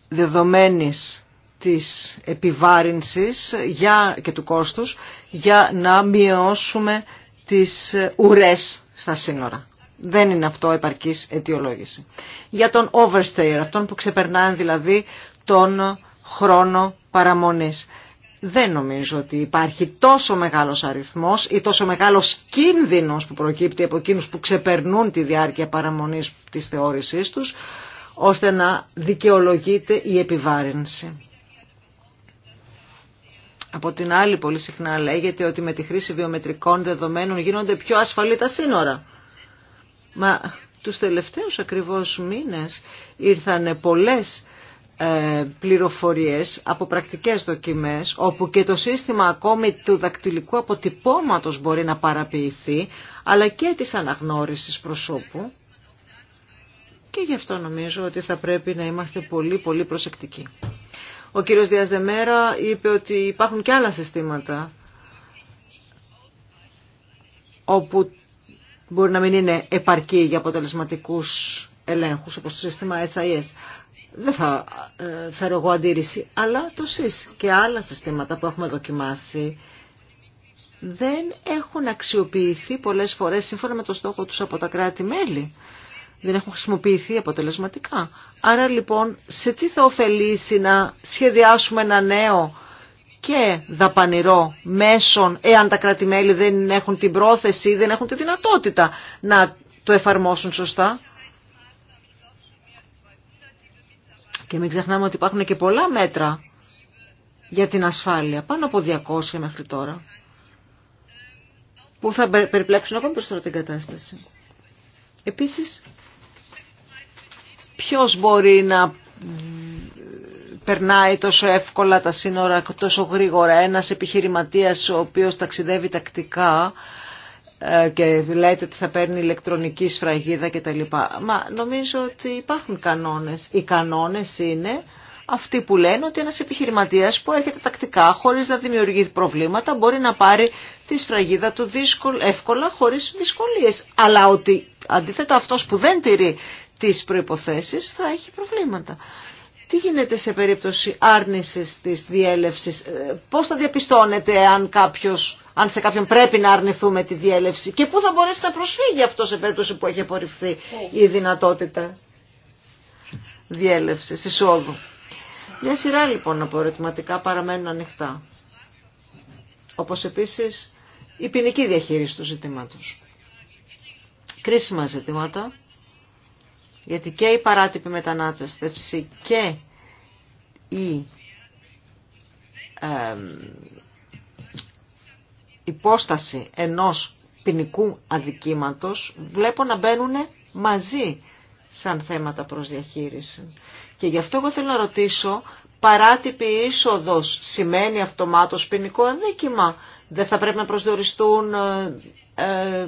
δεδομένης της επιβάρυνσης για, και του κόστους για να μειώσουμε τις ουρές στα σύνορα. Δεν είναι αυτό επαρκής αιτιολόγηση. Για τον overstayer, αυτόν που ξεπερνάει δηλαδή τον χρόνο παραμονής. Δεν νομίζω ότι υπάρχει τόσο μεγάλος αριθμός ή τόσο μεγάλος κίνδυνος που προκύπτει από εκείνους που ξεπερνούν τη διάρκεια παραμονής της θεώρησής τους, ώστε να δικαιολογείται η επιβάρυνση. Από την άλλη πολύ συχνά λέγεται ότι με τη χρήση βιομετρικών δεδομένων γίνονται πιο ασφαλή τα σύνορα. Μα τους τελευταίους ακριβώς μήνες ήρθαν πολλές ε, πληροφορίες από πρακτικές δοκιμές όπου και το σύστημα ακόμη του δακτυλικού αποτυπώματος μπορεί να παραποιηθεί αλλά και της αναγνώρισης προσώπου και γι' αυτό νομίζω ότι θα πρέπει να είμαστε πολύ πολύ προσεκτικοί. Ο κύριος Διασδεμέρα είπε ότι υπάρχουν και άλλα συστήματα όπου μπορεί να μην είναι επαρκή για αποτελεσματικούς ελέγχους όπως το σύστημα SIS. Δεν θα ε, φέρω εγώ αντίρρηση, αλλά το ΣΥΣ και άλλα συστήματα που έχουμε δοκιμάσει δεν έχουν αξιοποιηθεί πολλές φορές σύμφωνα με το στόχο τους από τα κράτη-μέλη δεν έχουν χρησιμοποιηθεί αποτελεσματικά. Άρα λοιπόν σε τι θα ωφελήσει να σχεδιάσουμε ένα νέο και δαπανηρό μέσον εάν τα κρατη δεν έχουν την πρόθεση ή δεν έχουν τη δυνατότητα να το εφαρμόσουν σωστά. Και μην ξεχνάμε ότι υπάρχουν και πολλά μέτρα για την ασφάλεια, πάνω από 200 μέχρι τώρα, που θα περιπλέξουν ακόμη τώρα την κατάσταση. Επίσης, Ποιος μπορεί να περνάει τόσο εύκολα τα σύνορα, τόσο γρήγορα. Ένας επιχειρηματίας ο οποίος ταξιδεύει τακτικά ε, και λέει ότι θα παίρνει ηλεκτρονική σφραγίδα κτλ. Μα νομίζω ότι υπάρχουν κανόνες. Οι κανόνες είναι αυτοί που λένε ότι ένας επιχειρηματίας που έρχεται τακτικά χωρίς να δημιουργεί προβλήματα μπορεί να πάρει τη σφραγίδα του εύκολα χωρίς δυσκολίες. Αλλά ότι αντίθετα αυτός που δεν τηρεί τις προϋποθέσεις θα έχει προβλήματα. Τι γίνεται σε περίπτωση άρνησης της διέλευσης, ε, πώς θα διαπιστώνετε αν, κάποιος, αν σε κάποιον πρέπει να αρνηθούμε τη διέλευση και πού θα μπορέσει να προσφύγει αυτό σε περίπτωση που έχει απορριφθεί η δυνατότητα διέλευσης, εισόδου. Μια σειρά λοιπόν από παραμένουν ανοιχτά. Όπως επίσης η ποινική διαχείριση του ζητήματος. Κρίσιμα ζητήματα γιατί και η παράτυπη μετανάστευση και η υπόσταση ενός ποινικού αδικήματος βλέπω να μπαίνουν μαζί σαν θέματα προς διαχείριση. Και γι' αυτό εγώ θέλω να ρωτήσω, παράτυπη είσοδος σημαίνει αυτομάτως ποινικό αδίκημα δεν θα πρέπει να προσδιοριστούν ε, ε,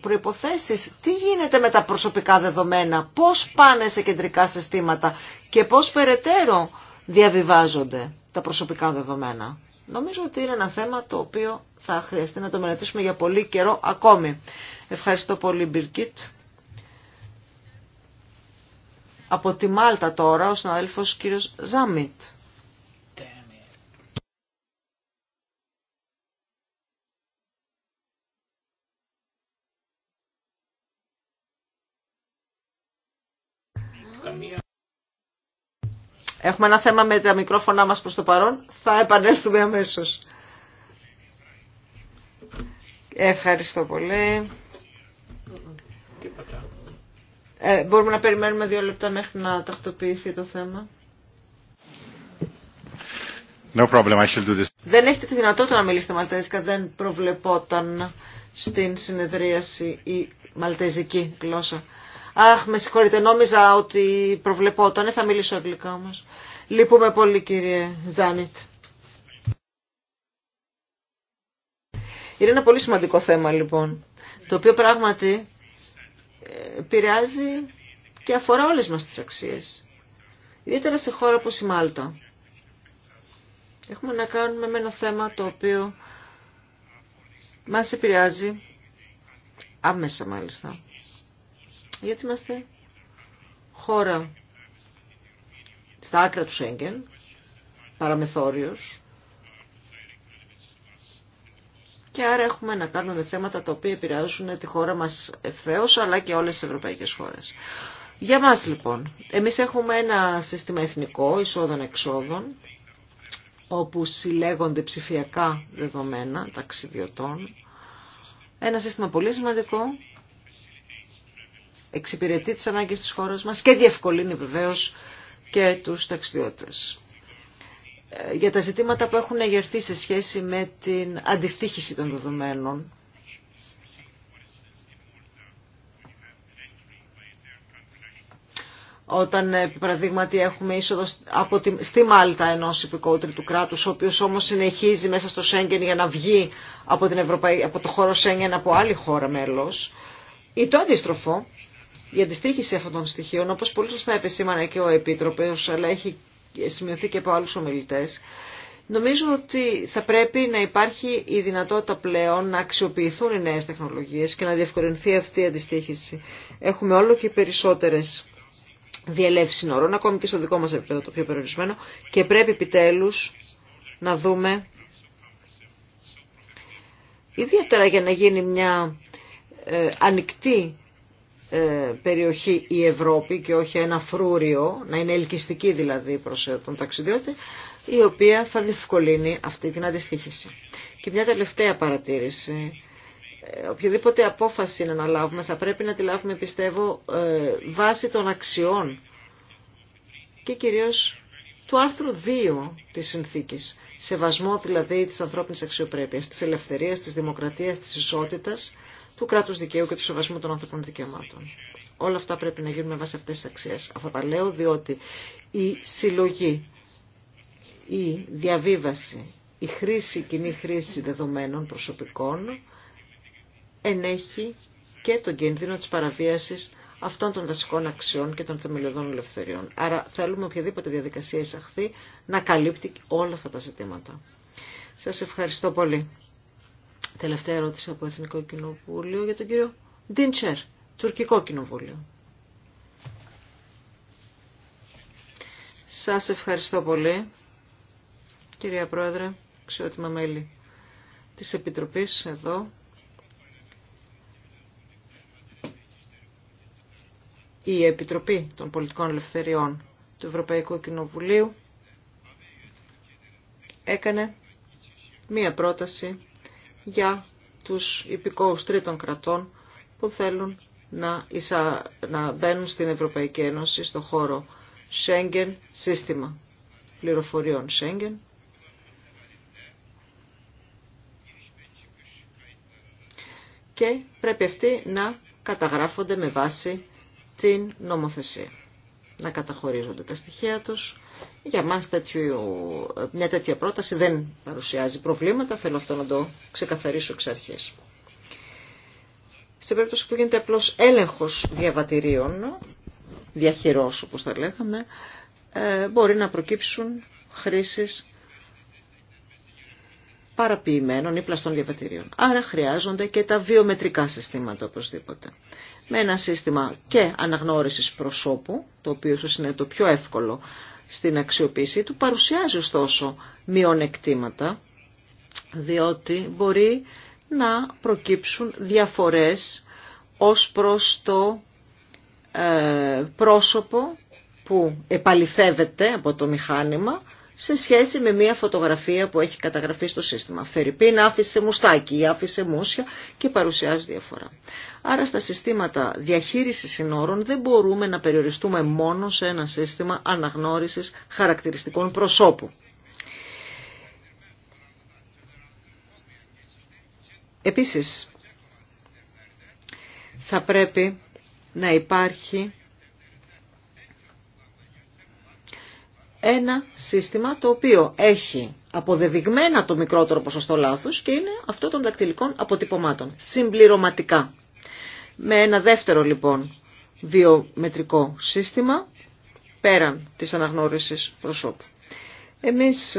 προϋποθέσεις. Τι γίνεται με τα προσωπικά δεδομένα, πώς πάνε σε κεντρικά συστήματα και πώς περαιτέρω διαβιβάζονται τα προσωπικά δεδομένα. Νομίζω ότι είναι ένα θέμα το οποίο θα χρειαστεί να το μελετήσουμε για πολύ καιρό ακόμη. Ευχαριστώ πολύ Μπιρκίτ. Από τη Μάλτα τώρα ο συναδέλφος κύριος Ζάμιτ. Έχουμε ένα θέμα με τα μικρόφωνά μας προς το παρόν. Θα επανέλθουμε αμέσως. Ευχαριστώ πολύ. Ε, μπορούμε να περιμένουμε δύο λεπτά μέχρι να τακτοποιηθεί το θέμα. Δεν έχετε τη δυνατότητα να μιλήσετε μαλτέζικα, δεν προβλεπόταν στην συνεδρίαση η μαλτέζικη γλώσσα. Αχ, με συγχωρείτε, νόμιζα ότι προβλεπόταν. Θα μιλήσω αγγλικά όμω. Λυπούμε πολύ κύριε Ζάνιτ. Είναι ένα πολύ σημαντικό θέμα λοιπόν, το οποίο πράγματι ε, επηρεάζει και αφορά όλες μας τις αξίες. Ιδιαίτερα σε χώρα όπως η Μάλτα. Έχουμε να κάνουμε με ένα θέμα το οποίο μας επηρεάζει άμεσα μάλιστα γιατί είμαστε χώρα στα άκρα του Σέγγεν, παραμεθόριος, και άρα έχουμε να κάνουμε θέματα τα οποία επηρεάζουν τη χώρα μας ευθέως, αλλά και όλες τις ευρωπαϊκές χώρες. Για μας λοιπόν, εμείς έχουμε ένα σύστημα εθνικό εισόδων-εξόδων, όπου συλλέγονται ψηφιακά δεδομένα ταξιδιωτών, ένα σύστημα πολύ σημαντικό, εξυπηρετεί τις ανάγκες της χώρας μας και διευκολύνει βεβαίως και τους ταξιδιώτες. Ε, για τα ζητήματα που έχουν εγερθεί σε σχέση με την αντιστήχηση των δεδομένων, όταν ε, παραδείγματι έχουμε είσοδο από τη, στη Μάλτα ενός του κράτους, ο οποίος όμως συνεχίζει μέσα στο Σέγγεν για να βγει από, την Ευρωπαϊ... από το χώρο Σέγγεν από άλλη χώρα μέλος, ή το αντίστροφο, η αντιστοίχηση αυτών των στοιχείων, όπως πολύ σωστά επεσήμανε και ο Επίτροπος, αλλά έχει σημειωθεί και από άλλους ομιλητές, Νομίζω ότι θα πρέπει να υπάρχει η δυνατότητα πλέον να αξιοποιηθούν οι νέες τεχνολογίες και να διευκολυνθεί αυτή η αντιστοίχηση. Έχουμε όλο και περισσότερες διελεύσεις σύνορων, ακόμη και στο δικό μας επίπεδο το πιο περιορισμένο, και πρέπει επιτέλους να δούμε, ιδιαίτερα για να γίνει μια ε, ανοιχτή ε, περιοχή η Ευρώπη και όχι ένα φρούριο, να είναι ελκυστική δηλαδή προς ε, τον ταξιδιώτη, η οποία θα διευκολύνει αυτή την αντιστοίχηση. Και μια τελευταία παρατήρηση. Ε, οποιαδήποτε απόφαση να αναλάβουμε θα πρέπει να τη λάβουμε, πιστεύω, βάσει των αξιών και κυρίως του άρθρου 2 της συνθήκης. Σεβασμό δηλαδή της ανθρώπινης αξιοπρέπειας, της ελευθερίας, της δημοκρατίας, της ισότητας, του κράτους δικαίου και του σεβασμού των ανθρώπων δικαιωμάτων. Όλα αυτά πρέπει να γίνουν με βάση αυτές τις αξίες. Αυτά τα λέω διότι η συλλογή, η διαβίβαση, η χρήση, η κοινή χρήση δεδομένων προσωπικών ενέχει και τον κίνδυνο της παραβίασης αυτών των βασικών αξιών και των θεμελιωδών ελευθεριών. Άρα θέλουμε οποιαδήποτε διαδικασία εισαχθεί να καλύπτει όλα αυτά τα ζητήματα. Σας ευχαριστώ πολύ. Τελευταία ερώτηση από Εθνικό Κοινοβούλιο για τον κύριο Ντίντσερ, Τουρκικό Κοινοβούλιο. Σας ευχαριστώ πολύ, κυρία Πρόεδρε, αξιότιμα μέλη της Επιτροπής εδώ. Η Επιτροπή των Πολιτικών Ελευθεριών του Ευρωπαϊκού Κοινοβουλίου έκανε μία πρόταση για τους υπηκόους τρίτων κρατών που θέλουν να, εισα... να μπαίνουν στην Ευρωπαϊκή Ένωση στο χώρο Schengen σύστημα πληροφοριών Schengen και πρέπει αυτοί να καταγράφονται με βάση την νομοθεσία. Να καταχωρίζονται τα στοιχεία τους για μας μια τέτοια πρόταση δεν παρουσιάζει προβλήματα, θέλω αυτό να το ξεκαθαρίσω εξ αρχής. Σε περίπτωση που γίνεται απλώς έλεγχος διαβατηρίων, διαχειρός όπως θα λέγαμε, ε, μπορεί να προκύψουν χρήσεις παραποιημένων ή πλαστών διαβατηρίων. Άρα χρειάζονται και τα βιομετρικά συστήματα οπωσδήποτε. Με ένα σύστημα και αναγνώρισης προσώπου, το οποίο ίσως είναι το πιο εύκολο στην αξιοποίησή του, παρουσιάζει ωστόσο μειονεκτήματα, διότι μπορεί να προκύψουν διαφορές ως προς το ε, πρόσωπο που επαληθεύεται από το μηχάνημα σε σχέση με μια φωτογραφία που έχει καταγραφεί στο σύστημα. Φερρυπίν άφησε μουστάκι ή άφησε μουσια και παρουσιάζει διαφορά. Άρα στα συστήματα διαχείρισης συνόρων δεν μπορούμε να περιοριστούμε μόνο σε ένα σύστημα αναγνώρισης χαρακτηριστικών προσώπου. Επίσης, θα πρέπει να υπάρχει ένα σύστημα το οποίο έχει αποδεδειγμένα το μικρότερο ποσοστό λάθους και είναι αυτό των δακτυλικών αποτυπωμάτων, συμπληρωματικά. Με ένα δεύτερο λοιπόν βιομετρικό σύστημα πέραν της αναγνώρισης προσώπου. Εμείς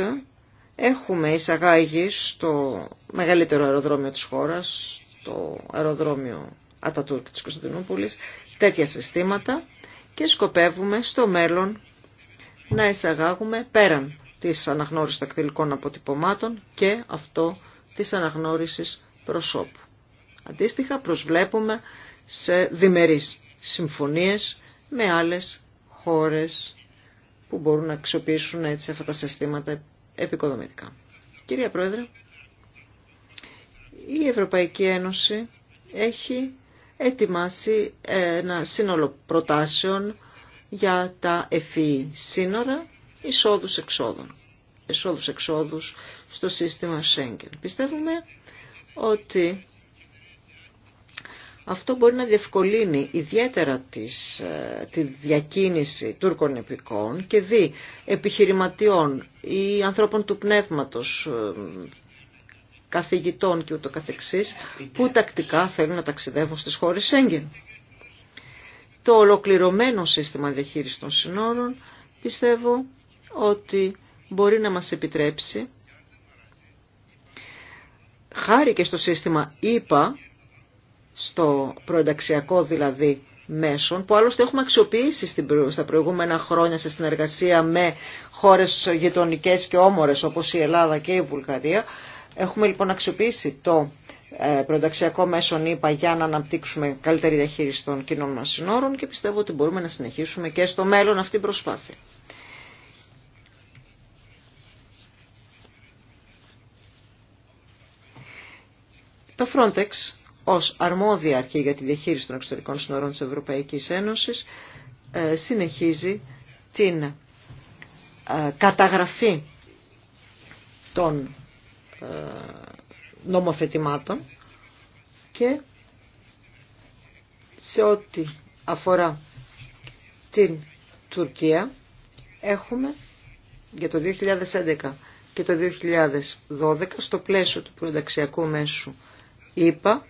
έχουμε εισαγάγει στο μεγαλύτερο αεροδρόμιο της χώρας, το αεροδρόμιο Ατατούρκ της Κωνσταντινούπολης, τέτοια συστήματα και σκοπεύουμε στο μέλλον να εισαγάγουμε πέραν της αναγνώρισης τακτιλικών αποτυπωμάτων και αυτό της αναγνώρισης προσώπου. Αντίστοιχα προσβλέπουμε σε διμερείς συμφωνίες με άλλες χώρες που μπορούν να αξιοποιήσουν έτσι αυτά τα συστήματα επικοδομητικά. Κυρία Πρόεδρε, η Ευρωπαϊκή Ένωση έχει ετοιμάσει ένα σύνολο προτάσεων για τα εφη σύνορα εισόδους εξόδων, εισόδους εξόδους στο σύστημα Schengen. Πιστεύουμε ότι αυτό μπορεί να διευκολύνει ιδιαίτερα ε, τη διακίνηση Τούρκων επικών και δι επιχειρηματιών ή ανθρώπων του πνεύματος, ε, καθηγητών και ούτω καθεξής, που τακτικά θέλουν να ταξιδεύουν στις χώρες Σέγγεν το ολοκληρωμένο σύστημα διαχείρισης των συνόρων πιστεύω ότι μπορεί να μας επιτρέψει χάρη και στο σύστημα ΙΠΑ, στο προενταξιακό δηλαδή μέσον, που άλλωστε έχουμε αξιοποιήσει στα προηγούμενα χρόνια σε συνεργασία με χώρες γειτονικέ και όμορες όπως η Ελλάδα και η Βουλγαρία. Έχουμε λοιπόν αξιοποιήσει το ε, προταξιακό μέσον είπα για να αναπτύξουμε καλύτερη διαχείριση των κοινών μας συνόρων και πιστεύω ότι μπορούμε να συνεχίσουμε και στο μέλλον αυτή την προσπάθεια. Το Frontex ως αρμόδια αρχή για τη διαχείριση των εξωτερικών συνορών της Ευρωπαϊκής Ένωσης ε, συνεχίζει την ε, καταγραφή των νομοθετημάτων και σε ό,τι αφορά την Τουρκία έχουμε για το 2011 και το 2012 στο πλαίσιο του προενταξιακού μέσου είπα,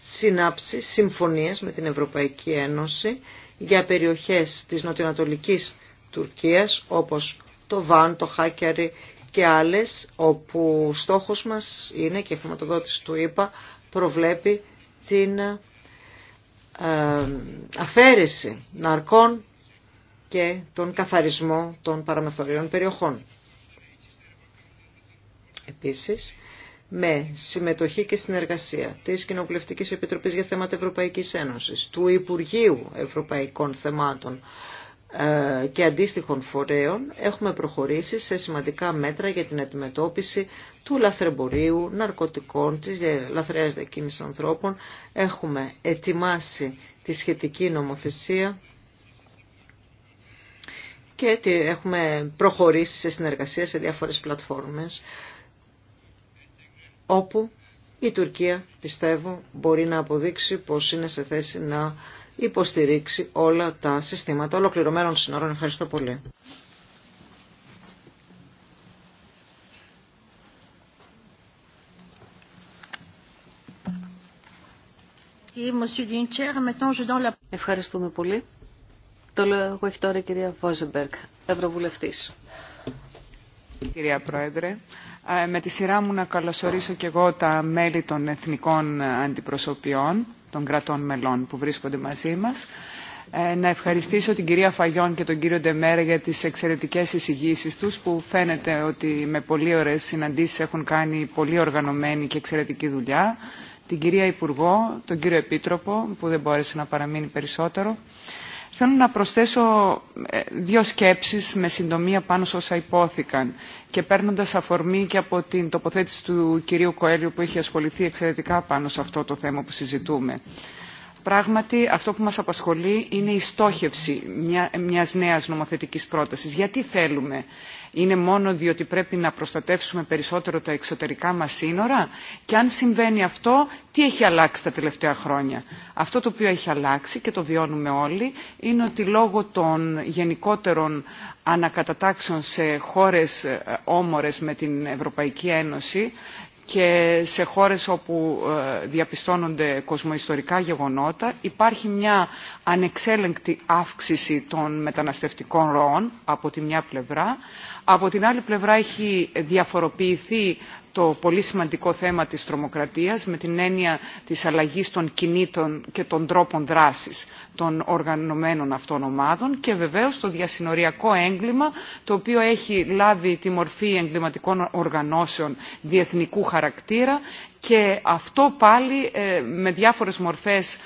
συνάψει συμφωνίες με την Ευρωπαϊκή Ένωση για περιοχές της νοτιοανατολικής Τουρκίας όπως το Βαν, το Χάκιαρι και άλλες όπου στόχος μας είναι και η χρηματοδότηση του ΕΠΑ προβλέπει την ε, αφαίρεση ναρκών και τον καθαρισμό των παραμεθοριών περιοχών. Επίσης, με συμμετοχή και συνεργασία της Κοινοβουλευτικής Επιτροπής για θέματα Ευρωπαϊκής Ένωσης, του Υπουργείου Ευρωπαϊκών Θεμάτων, ε, και αντίστοιχων φορέων έχουμε προχωρήσει σε σημαντικά μέτρα για την αντιμετώπιση του λαθρεμπορίου, ναρκωτικών, της λαθρέας διακίνησης ανθρώπων. Έχουμε ετοιμάσει τη σχετική νομοθεσία και έχουμε προχωρήσει σε συνεργασία σε διάφορες πλατφόρμες όπου η Τουρκία πιστεύω μπορεί να αποδείξει πως είναι σε θέση να υποστηρίξει όλα τα συστήματα ολοκληρωμένων σύνορων. Ευχαριστώ πολύ. Ευχαριστούμε πολύ. Το λόγο έχει τώρα η κυρία Βόζεμπεργκ, Ευρωβουλευτής. Κυρία Πρόεδρε, ε, με τη σειρά μου να καλωσορίσω και εγώ τα μέλη των εθνικών ε, αντιπροσωπιών, των κρατών μελών που βρίσκονται μαζί μας. Ε, να ευχαριστήσω την κυρία Φαγιόν και τον κύριο Ντεμέρα για τις εξαιρετικές εισηγήσεις τους που φαίνεται ότι με πολύ ωραίες συναντήσεις έχουν κάνει πολύ οργανωμένη και εξαιρετική δουλειά. Την κυρία Υπουργό, τον κύριο Επίτροπο που δεν μπόρεσε να παραμείνει περισσότερο Θέλω να προσθέσω ε, δύο σκέψεις με συντομία πάνω σε όσα υπόθηκαν και παίρνοντας αφορμή και από την τοποθέτηση του κυρίου Κοέλιου που είχε ασχοληθεί εξαιρετικά πάνω σε αυτό το θέμα που συζητούμε. Πράγματι, αυτό που μας απασχολεί είναι η στόχευση μιας νέας νομοθετικής πρότασης. Γιατί θέλουμε είναι μόνο διότι πρέπει να προστατεύσουμε περισσότερο τα εξωτερικά μας σύνορα και αν συμβαίνει αυτό τι έχει αλλάξει τα τελευταία χρόνια. Αυτό το οποίο έχει αλλάξει και το βιώνουμε όλοι είναι ότι λόγω των γενικότερων ανακατατάξεων σε χώρες ε, όμορες με την Ευρωπαϊκή Ένωση και σε χώρες όπου ε, διαπιστώνονται κοσμοϊστορικά γεγονότα υπάρχει μια ανεξέλεγκτη αύξηση των μεταναστευτικών ροών από τη μια πλευρά. Από την άλλη πλευρά έχει διαφοροποιηθεί το πολύ σημαντικό θέμα της τρομοκρατίας με την έννοια της αλλαγής των κινήτων και των τρόπων δράσης των οργανωμένων αυτών ομάδων και βεβαίως το διασυνοριακό έγκλημα το οποίο έχει λάβει τη μορφή εγκληματικών οργανώσεων διεθνικού χαρακτήρα και αυτό πάλι ε, με διάφορες μορφές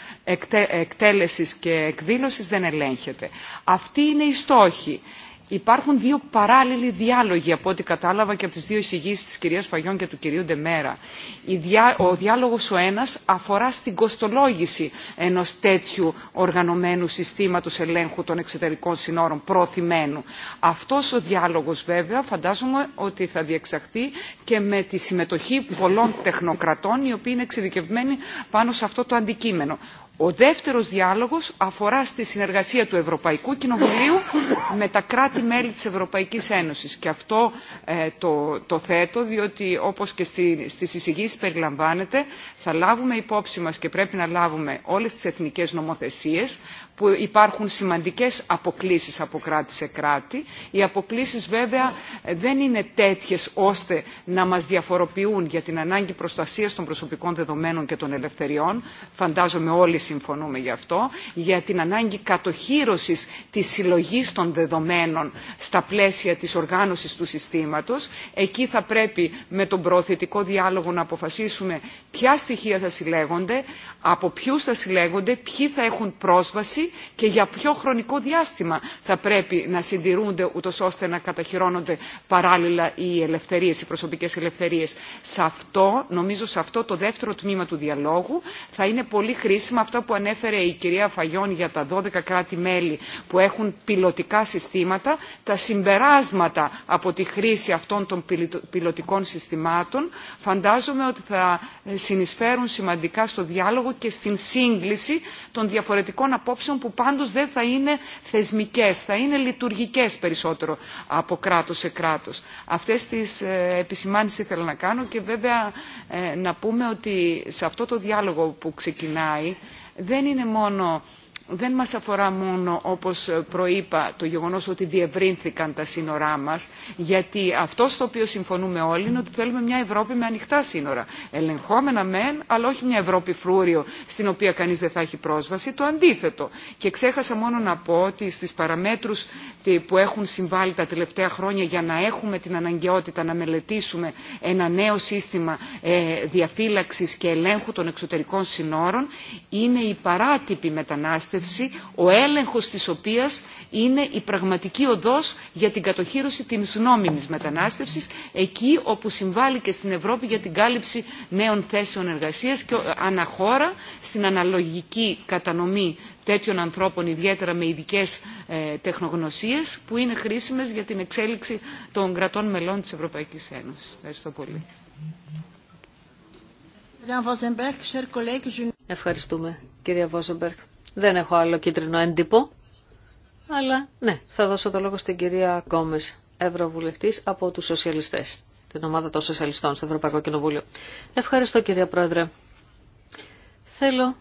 εκτέλεσης και εκδήλωσης δεν ελέγχεται. Αυτή είναι η στόχη υπάρχουν δύο παράλληλοι διάλογοι από ό,τι κατάλαβα και από τις δύο εισηγήσεις της κυρίας Φαγιών και του κυρίου Ντεμέρα. Ο διάλογος ο ένας αφορά στην κοστολόγηση ενός τέτοιου οργανωμένου συστήματος ελέγχου των εξωτερικών συνόρων προωθημένου. Αυτός ο διάλογος βέβαια φαντάζομαι ότι θα διεξαχθεί και με τη συμμετοχή πολλών τεχνοκρατών οι οποίοι είναι εξειδικευμένοι πάνω σε αυτό το αντικείμενο. Ο δεύτερος διάλογος αφορά στη συνεργασία του Ευρωπαϊκού Κοινοβουλίου με τα κράτη-μέλη της Ευρωπαϊκής Ένωσης. Και αυτό ε, το, το θέτω, διότι όπως και στη, στις εισηγήσεις περιλαμβάνεται, θα λάβουμε υπόψη μας και πρέπει να λάβουμε όλες τις εθνικές νομοθεσίες που υπάρχουν σημαντικές αποκλίσεις από κράτη σε κράτη. Οι αποκλίσεις βέβαια δεν είναι τέτοιες ώστε να μας διαφοροποιούν για την ανάγκη προστασίας των προσωπικών δεδομένων και των ελευθεριών. Φαντάζομαι όλοι συμφωνούμε γι' αυτό. Για την ανάγκη κατοχύρωσης της συλλογής των δεδομένων στα πλαίσια της οργάνωσης του συστήματος. Εκεί θα πρέπει με τον προωθητικό διάλογο να αποφασίσουμε ποια στοιχεία θα συλλέγονται, από ποιους θα συλλέγονται, ποιοι θα έχουν πρόσβαση και για ποιο χρονικό διάστημα θα πρέπει να συντηρούνται ούτω ώστε να καταχειρώνονται παράλληλα οι ελευθερίε, οι προσωπικέ ελευθερίε. Σε αυτό, νομίζω σε αυτό το δεύτερο τμήμα του διαλόγου θα είναι πολύ χρήσιμα αυτά που ανέφερε η κυρία Φαγιόν για τα 12 κράτη-μέλη που έχουν πιλωτικά συστήματα, τα συμπεράσματα από τη χρήση αυτών των πιλωτικών συστημάτων φαντάζομαι ότι θα συνεισφέρουν σημαντικά στο διάλογο και στην σύγκληση των διαφορετικών απόψεων που πάντως δεν θα είναι θεσμικές, θα είναι λειτουργικές περισσότερο από κράτος σε κράτος. Αυτές τις ε, επισημάνσεις ήθελα να κάνω και βέβαια ε, να πούμε ότι σε αυτό το διάλογο που ξεκινάει δεν είναι μόνο δεν μας αφορά μόνο όπως προείπα το γεγονός ότι διευρύνθηκαν τα σύνορά μας γιατί αυτό στο οποίο συμφωνούμε όλοι είναι ότι θέλουμε μια Ευρώπη με ανοιχτά σύνορα ελεγχόμενα μεν αλλά όχι μια Ευρώπη φρούριο στην οποία κανείς δεν θα έχει πρόσβαση το αντίθετο και ξέχασα μόνο να πω ότι στις παραμέτρους που έχουν συμβάλει τα τελευταία χρόνια για να έχουμε την αναγκαιότητα να μελετήσουμε ένα νέο σύστημα ε, διαφύλαξης και ελέγχου των εξωτερικών συνόρων είναι η παράτυπη μετανάστευση ο έλεγχος της οποίας είναι η πραγματική οδός για την κατοχήρωση της νόμιμης μετανάστευσης, εκεί όπου συμβάλλει και στην Ευρώπη για την κάλυψη νέων θέσεων εργασίας και ε, αναχώρα στην αναλογική κατανομή τέτοιων ανθρώπων, ιδιαίτερα με ειδικέ ε, τεχνογνωσίες, που είναι χρήσιμες για την εξέλιξη των κρατών μελών της Ευρωπαϊκής Ένωσης. Ευχαριστώ πολύ. Ευχαριστούμε, δεν έχω άλλο κίτρινο έντυπο, αλλά ναι, θα δώσω το λόγο στην κυρία Κόμες, Ευρωβουλευτής από τους Σοσιαλιστές, την ομάδα των Σοσιαλιστών στο Ευρωπαϊκό Κοινοβούλιο. Ευχαριστώ κυρία Πρόεδρε. Θέλω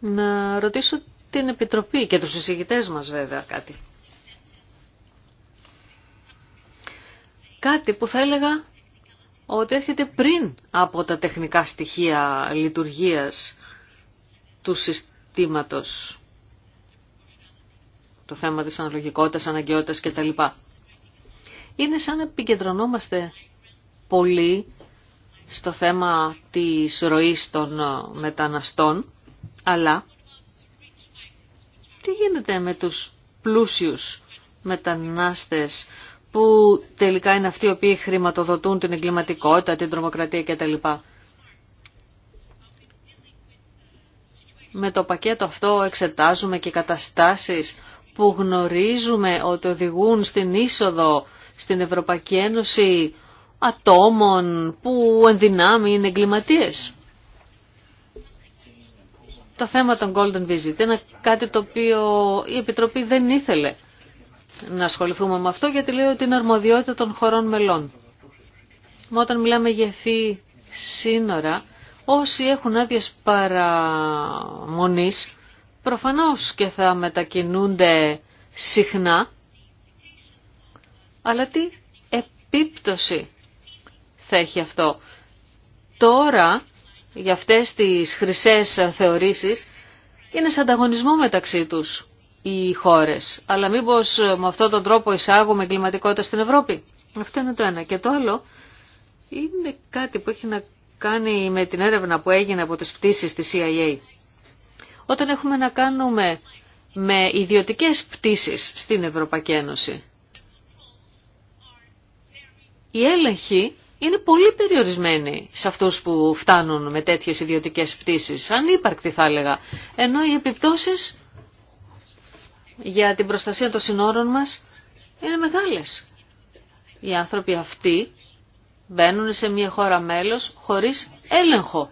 να ρωτήσω την Επιτροπή και τους εισηγητές μας βέβαια κάτι. Κάτι που θα έλεγα ότι έρχεται πριν από τα τεχνικά στοιχεία λειτουργίας του συστήματος το θέμα της αναλογικότητας, αναγκαιότητας κτλ. Είναι σαν να επικεντρωνόμαστε πολύ στο θέμα της ροής των μεταναστών, αλλά τι γίνεται με τους πλούσιους μετανάστες που τελικά είναι αυτοί οι οποίοι χρηματοδοτούν την εγκληματικότητα, την τρομοκρατία κτλ. με το πακέτο αυτό εξετάζουμε και καταστάσεις που γνωρίζουμε ότι οδηγούν στην είσοδο στην Ευρωπαϊκή Ένωση ατόμων που ενδυνάμει είναι εγκληματίες. Το θέμα των Golden Visit είναι κάτι το οποίο η Επιτροπή δεν ήθελε να ασχοληθούμε με αυτό γιατί λέει ότι είναι αρμοδιότητα των χωρών μελών. Μα όταν μιλάμε για ευφύ σύνορα, Όσοι έχουν άδειε παραμονής, προφανώς και θα μετακινούνται συχνά, αλλά τι επίπτωση θα έχει αυτό. Τώρα, για αυτές τις χρυσές θεωρήσεις, είναι σε ανταγωνισμό μεταξύ τους οι χώρες. Αλλά μήπως με αυτόν τον τρόπο εισάγουμε εγκληματικότητα στην Ευρώπη. Αυτό είναι το ένα. Και το άλλο είναι κάτι που έχει να κάνει με την έρευνα που έγινε από τις πτήσεις της CIA. Όταν έχουμε να κάνουμε με ιδιωτικές πτήσεις στην Ευρωπαϊκή Ένωση, οι έλεγχοι είναι πολύ περιορισμένοι σε αυτούς που φτάνουν με τέτοιες ιδιωτικές πτήσεις, ανύπαρκτη θα έλεγα, ενώ οι επιπτώσεις για την προστασία των συνόρων μας είναι μεγάλες. Οι άνθρωποι αυτοί μπαίνουν σε μια χώρα μέλος χωρίς έλεγχο.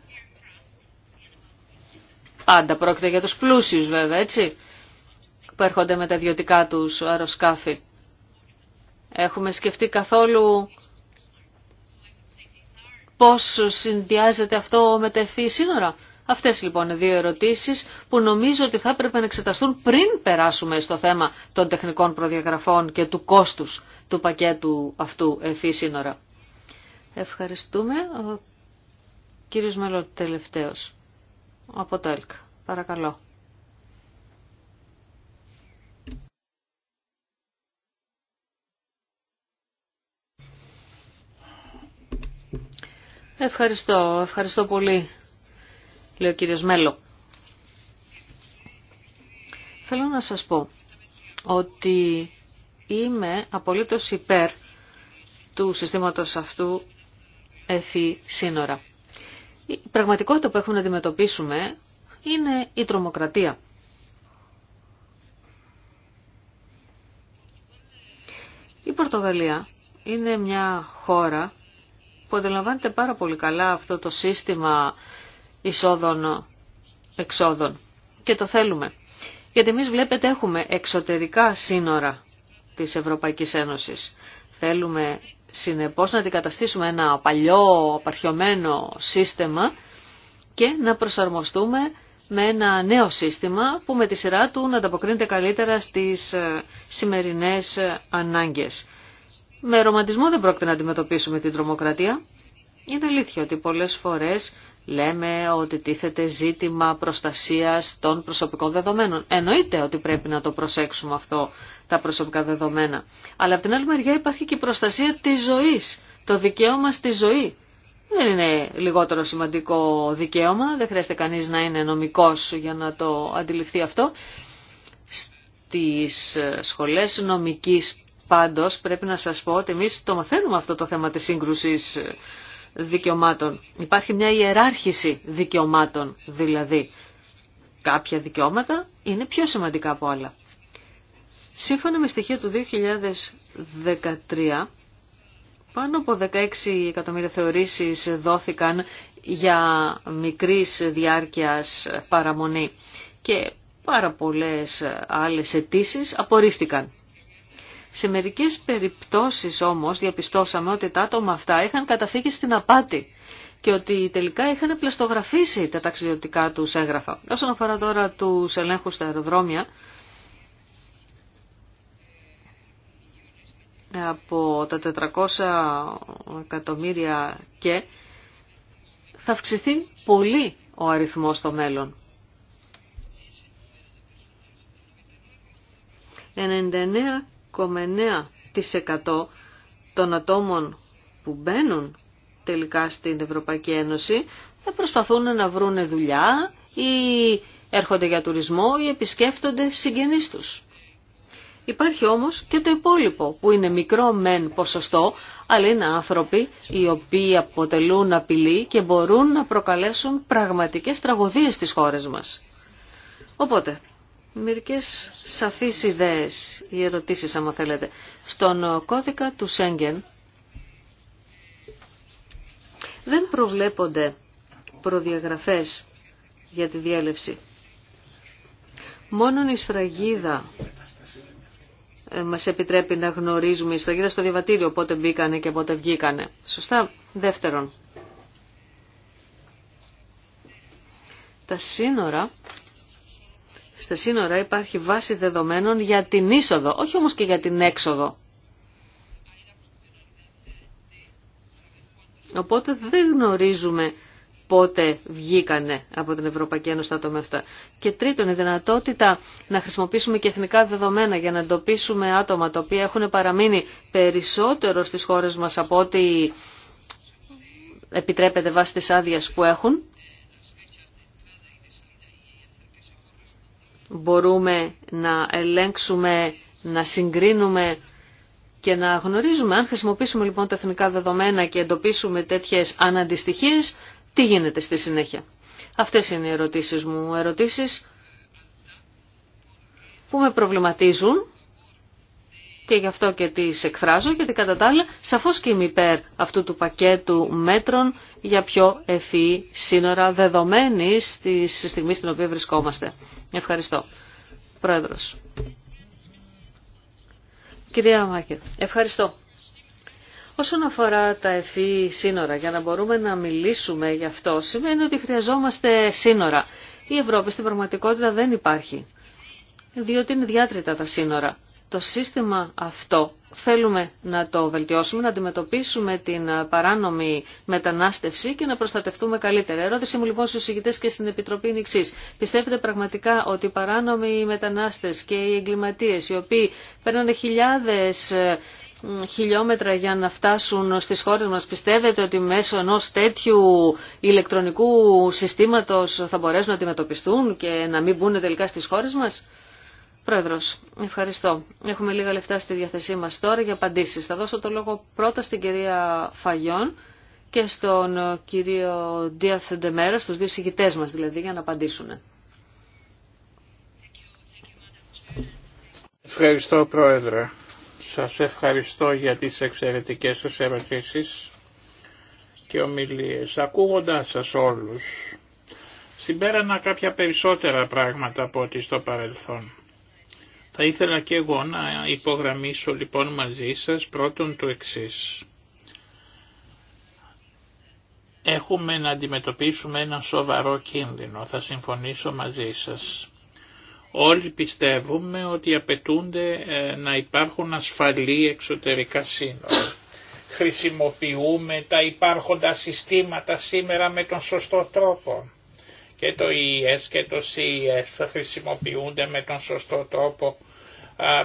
Πάντα πρόκειται για τους πλούσιους βέβαια, έτσι, που έρχονται με τα ιδιωτικά τους αεροσκάφη. Έχουμε σκεφτεί καθόλου πώς συνδυάζεται αυτό με τα ευφύ σύνορα. Αυτές λοιπόν είναι δύο ερωτήσεις που νομίζω ότι θα έπρεπε να εξεταστούν πριν περάσουμε στο θέμα των τεχνικών προδιαγραφών και του κόστους του πακέτου αυτού ευφύ σύνορα. Ευχαριστούμε. Ο κύριος Μελό τελευταίος από το ΕΛΚ. Παρακαλώ. Ευχαριστώ, ευχαριστώ πολύ, λέει ο κύριος Μέλο. Θέλω να σας πω ότι είμαι απολύτως υπέρ του συστήματος αυτού έφη σύνορα. Η πραγματικότητα που έχουμε να αντιμετωπίσουμε είναι η τρομοκρατία. Η Πορτογαλία είναι μια χώρα που αντιλαμβάνεται πάρα πολύ καλά αυτό το σύστημα εισόδων-εξόδων και το θέλουμε. Γιατί εμείς βλέπετε έχουμε εξωτερικά σύνορα της Ευρωπαϊκής Ένωσης. Θέλουμε Συνεπώς να αντικαταστήσουμε ένα παλιό απαρχιωμένο σύστημα και να προσαρμοστούμε με ένα νέο σύστημα που με τη σειρά του να ανταποκρίνεται καλύτερα στις ε, σημερινές ε, ανάγκες. Με ρομαντισμό δεν πρόκειται να αντιμετωπίσουμε την τρομοκρατία. Είναι αλήθεια ότι πολλές φορές λέμε ότι τίθεται ζήτημα προστασίας των προσωπικών δεδομένων. Εννοείται ότι πρέπει να το προσέξουμε αυτό τα προσωπικά δεδομένα. Αλλά από την άλλη μεριά υπάρχει και η προστασία της ζωής, το δικαίωμα στη ζωή. Δεν είναι λιγότερο σημαντικό δικαίωμα, δεν χρειάζεται κανείς να είναι νομικός για να το αντιληφθεί αυτό. Στις σχολές νομικής πάντως πρέπει να σας πω ότι εμείς το μαθαίνουμε αυτό το θέμα της σύγκρουσης δικαιωμάτων. Υπάρχει μια ιεράρχηση δικαιωμάτων, δηλαδή κάποια δικαιώματα είναι πιο σημαντικά από άλλα. Σύμφωνα με στοιχεία του 2013, πάνω από 16 εκατομμύρια θεωρήσεις δόθηκαν για μικρής διάρκειας παραμονή και πάρα πολλές άλλες αιτήσει απορρίφθηκαν. Σε μερικές περιπτώσεις όμως διαπιστώσαμε ότι τα άτομα αυτά είχαν καταφύγει στην απάτη και ότι τελικά είχαν πλαστογραφήσει τα ταξιδιωτικά τους έγγραφα. Όσον αφορά τώρα τους ελέγχους στα αεροδρόμια, από τα 400 εκατομμύρια και θα αυξηθεί πολύ ο αριθμός στο μέλλον. 0,9% των ατόμων που μπαίνουν τελικά στην Ευρωπαϊκή Ένωση ε, προσπαθούν να βρουν δουλειά ή έρχονται για τουρισμό ή επισκέφτονται συγγενείς τους. Υπάρχει όμως και το υπόλοιπο που είναι μικρό μεν ποσοστό, αλλά είναι άνθρωποι οι οποίοι αποτελούν απειλή και μπορούν να προκαλέσουν πραγματικές τραγωδίες στις χώρες μας. Οπότε, μερικές σαφείς ιδέες ή ερωτήσεις άμα θέλετε. Στον κώδικα του Σέγγεν δεν προβλέπονται προδιαγραφές για τη διέλευση. Μόνον η σφραγίδα ε, μας επιτρέπει να γνωρίζουμε η σφραγίδα στο διαβατήριο πότε μπήκανε και πότε βγήκανε. Σωστά. Δεύτερον, τα σύνορα στα σύνορα υπάρχει βάση δεδομένων για την είσοδο, όχι όμως και για την έξοδο. Οπότε δεν γνωρίζουμε πότε βγήκανε από την Ευρωπαϊκή Ένωση τα άτομα αυτά. Και τρίτον, η δυνατότητα να χρησιμοποιήσουμε και εθνικά δεδομένα για να εντοπίσουμε άτομα τα οποία έχουν παραμείνει περισσότερο στις χώρες μας από ό,τι επιτρέπεται βάσει της άδεια που έχουν. μπορούμε να ελέγξουμε, να συγκρίνουμε και να γνωρίζουμε. Αν χρησιμοποιήσουμε λοιπόν τα εθνικά δεδομένα και εντοπίσουμε τέτοιες αναντιστοιχίες, τι γίνεται στη συνέχεια. Αυτές είναι οι ερωτήσεις μου. Ερωτήσεις που με προβληματίζουν και γι' αυτό και τις εκφράζω, γιατί κατά τα άλλα σαφώς και είμαι υπέρ αυτού του πακέτου μέτρων για πιο ευφυή σύνορα δεδομένη στη στιγμή στην οποία βρισκόμαστε. Ευχαριστώ. Πρόεδρος. Κυρία Μάκερ, ευχαριστώ. Όσον αφορά τα ευφύ σύνορα, για να μπορούμε να μιλήσουμε γι' αυτό, σημαίνει ότι χρειαζόμαστε σύνορα. Η Ευρώπη στην πραγματικότητα δεν υπάρχει, διότι είναι διάτρητα τα σύνορα. Το σύστημα αυτό θέλουμε να το βελτιώσουμε, να αντιμετωπίσουμε την παράνομη μετανάστευση και να προστατευτούμε καλύτερα. Ερώτηση μου λοιπόν στους ηγητές και στην Επιτροπή είναι εξής. Πιστεύετε πραγματικά ότι οι παράνομοι μετανάστες και οι εγκληματίες οι οποίοι παίρνουν χιλιάδες ε, χιλιόμετρα για να φτάσουν στις χώρες μας. Πιστεύετε ότι μέσω ενός τέτοιου ηλεκτρονικού συστήματος θα μπορέσουν να αντιμετωπιστούν και να μην μπουν τελικά στις χώρες μας. Πρόεδρος, ευχαριστώ. Έχουμε λίγα λεφτά στη διάθεσή μας τώρα για απαντήσεις. Θα δώσω το λόγο πρώτα στην κυρία Φαγιόν και στον κύριο Δία Ντεμέρα, στους δύο συγκητές μας δηλαδή, για να απαντήσουν. Ευχαριστώ Πρόεδρε. Σας ευχαριστώ για τις εξαιρετικές σας ερωτήσεις και ομιλίες. Ακούγοντάς σας όλους, συμπέρανα κάποια περισσότερα πράγματα από ό,τι στο παρελθόν. Θα ήθελα και εγώ να υπογραμμίσω λοιπόν μαζί σας πρώτον το εξής. Έχουμε να αντιμετωπίσουμε ένα σοβαρό κίνδυνο, θα συμφωνήσω μαζί σας. Όλοι πιστεύουμε ότι απαιτούνται ε, να υπάρχουν ασφαλή εξωτερικά σύνορα. Χρησιμοποιούμε τα υπάρχοντα συστήματα σήμερα με τον σωστό τρόπο και το EES και το CES χρησιμοποιούνται με τον σωστό τρόπο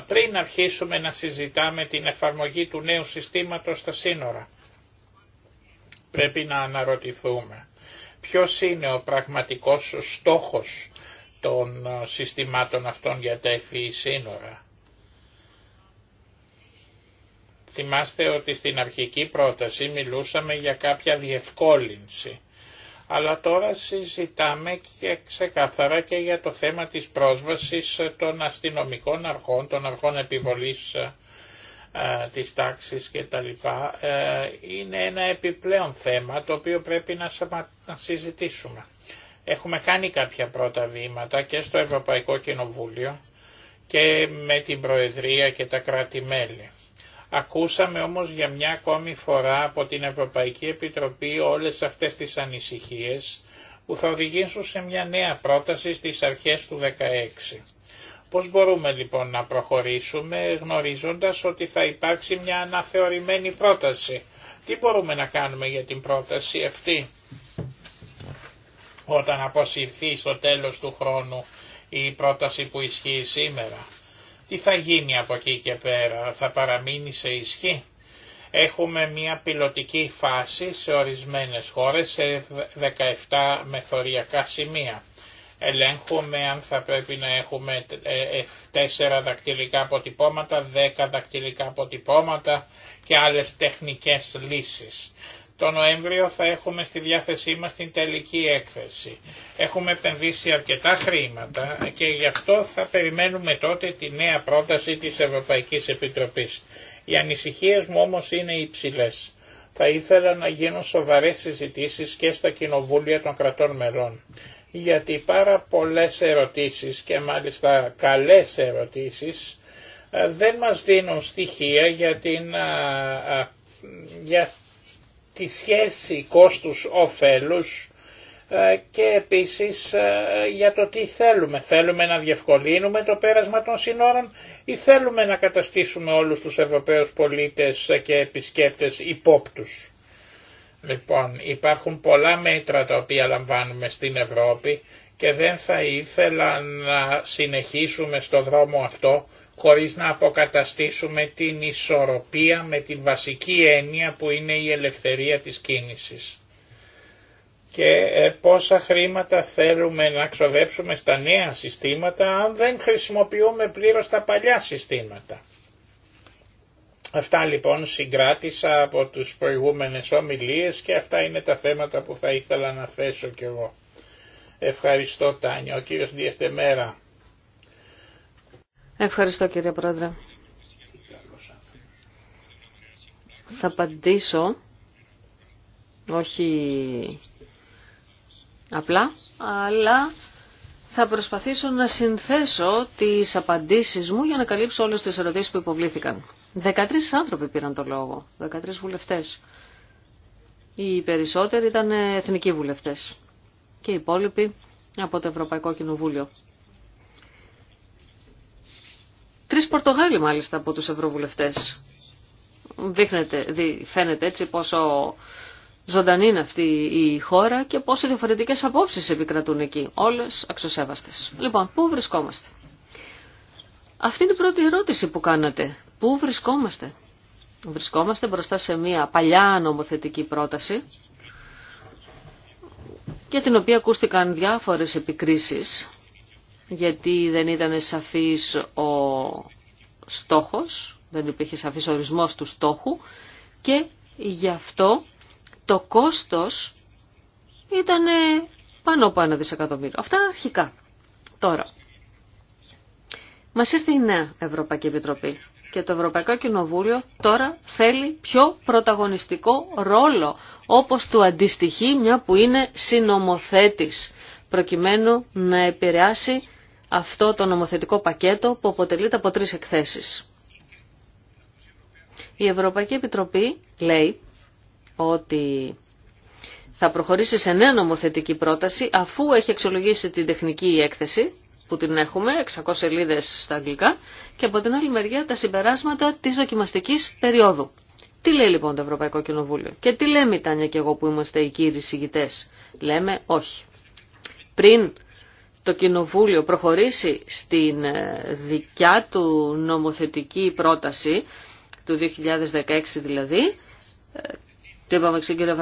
πριν αρχίσουμε να συζητάμε την εφαρμογή του νέου συστήματος στα σύνορα. Πρέπει να αναρωτηθούμε ποιος είναι ο πραγματικός στόχος των συστημάτων αυτών για τα ευφυή e σύνορα. Θυμάστε ότι στην αρχική πρόταση μιλούσαμε για κάποια διευκόλυνση αλλά τώρα συζητάμε και ξεκάθαρα και για το θέμα της πρόσβασης των αστυνομικών αρχών, των αρχών επιβολής ε, ε, της τάξης και τα λοιπά, ε, είναι ένα επιπλέον θέμα το οποίο πρέπει να συζητήσουμε. Έχουμε κάνει κάποια πρώτα βήματα και στο Ευρωπαϊκό Κοινοβούλιο και με την Προεδρία και τα κράτη-μέλη. Ακούσαμε όμως για μια ακόμη φορά από την Ευρωπαϊκή Επιτροπή όλες αυτές τις ανησυχίες που θα οδηγήσουν σε μια νέα πρόταση στις αρχές του 2016. Πώς μπορούμε λοιπόν να προχωρήσουμε γνωρίζοντας ότι θα υπάρξει μια αναθεωρημένη πρόταση. Τι μπορούμε να κάνουμε για την πρόταση αυτή όταν αποσυρθεί στο τέλος του χρόνου η πρόταση που ισχύει σήμερα. Τι θα γίνει από εκεί και πέρα, θα παραμείνει σε ισχύ. Έχουμε μια πιλωτική φάση σε ορισμένες χώρες, σε 17 μεθοριακά σημεία. Ελέγχουμε αν θα πρέπει να έχουμε 4 ε, ε, δακτυλικά αποτυπώματα, 10 δακτυλικά αποτυπώματα και άλλες τεχνικές λύσεις. Το Νοέμβριο θα έχουμε στη διάθεσή μας την τελική έκθεση. Έχουμε επενδύσει αρκετά χρήματα και γι' αυτό θα περιμένουμε τότε τη νέα πρόταση της Ευρωπαϊκής Επιτροπής. Οι ανησυχίες μου όμως είναι υψηλέ. Θα ήθελα να γίνουν σοβαρές συζητήσεις και στα κοινοβούλια των κρατών μελών. Γιατί πάρα πολλές ερωτήσεις και μάλιστα καλές ερωτήσεις ε, δεν μας δίνουν στοιχεία για την ε, ε, τη σχέση κόστους-οφέλους ε, και επίσης ε, για το τι θέλουμε. Θέλουμε να διευκολύνουμε το πέρασμα των συνόρων ή θέλουμε να καταστήσουμε όλους τους Ευρωπαίους πολίτες ε, και επισκέπτες υπόπτους. Λοιπόν, υπάρχουν πολλά μέτρα τα οποία λαμβάνουμε στην Ευρώπη και δεν θα ήθελα να συνεχίσουμε στο δρόμο αυτό χωρίς να αποκαταστήσουμε την ισορροπία με την βασική έννοια που είναι η ελευθερία της κίνησης. Και ε, πόσα χρήματα θέλουμε να ξοδέψουμε στα νέα συστήματα αν δεν χρησιμοποιούμε πλήρως τα παλιά συστήματα. Αυτά λοιπόν συγκράτησα από τους προηγούμενες ομιλίες και αυτά είναι τα θέματα που θα ήθελα να θέσω κι εγώ. Ευχαριστώ Τάνιο. Ο κύριος Διεστεμέρα. Ευχαριστώ κύριε Πρόεδρε. Θα απαντήσω, όχι απλά, αλλά θα προσπαθήσω να συνθέσω τις απαντήσεις μου για να καλύψω όλες τις ερωτήσεις που υποβλήθηκαν. 13 άνθρωποι πήραν το λόγο, 13 βουλευτές. Οι περισσότεροι ήταν εθνικοί βουλευτές και οι υπόλοιποι από το Ευρωπαϊκό Κοινοβούλιο. Τρεις Πορτογάλοι μάλιστα από τους ευρωβουλευτές. Δείχνεται, δι, φαίνεται έτσι πόσο ζωντανή είναι αυτή η χώρα και πόσο διαφορετικές απόψεις επικρατούν εκεί. Όλες αξιοσέβαστες. Λοιπόν, πού βρισκόμαστε. Αυτή είναι η πρώτη ερώτηση που κάνατε. Πού βρισκόμαστε. Βρισκόμαστε μπροστά σε μια παλιά νομοθετική πρόταση για την οποία ακούστηκαν διάφορες επικρίσεις γιατί δεν ήταν σαφής ο στόχος, δεν υπήρχε σαφής ορισμός του στόχου και γι' αυτό το κόστος ήταν πάνω από ένα δισεκατομμύριο. Αυτά αρχικά. Τώρα, μας ήρθε η νέα Ευρωπαϊκή Επιτροπή και το Ευρωπαϊκό Κοινοβούλιο τώρα θέλει πιο πρωταγωνιστικό ρόλο, όπως του αντιστοιχεί μια που είναι συνομοθέτης, προκειμένου να επηρεάσει αυτό το νομοθετικό πακέτο που αποτελείται από τρεις εκθέσεις. Η Ευρωπαϊκή Επιτροπή λέει ότι θα προχωρήσει σε νέα νομοθετική πρόταση αφού έχει εξολογήσει την τεχνική έκθεση που την έχουμε, 600 σελίδες στα αγγλικά, και από την άλλη μεριά τα συμπεράσματα της δοκιμαστικής περίοδου. Τι λέει λοιπόν το Ευρωπαϊκό Κοινοβούλιο και τι λέμε η Τάνια και εγώ που είμαστε οι κύριοι συγητές. Λέμε όχι. Πριν το Κοινοβούλιο προχωρήσει στην ε, δικιά του νομοθετική πρόταση, του 2016 δηλαδή, ε, το είπαμε στον κύριο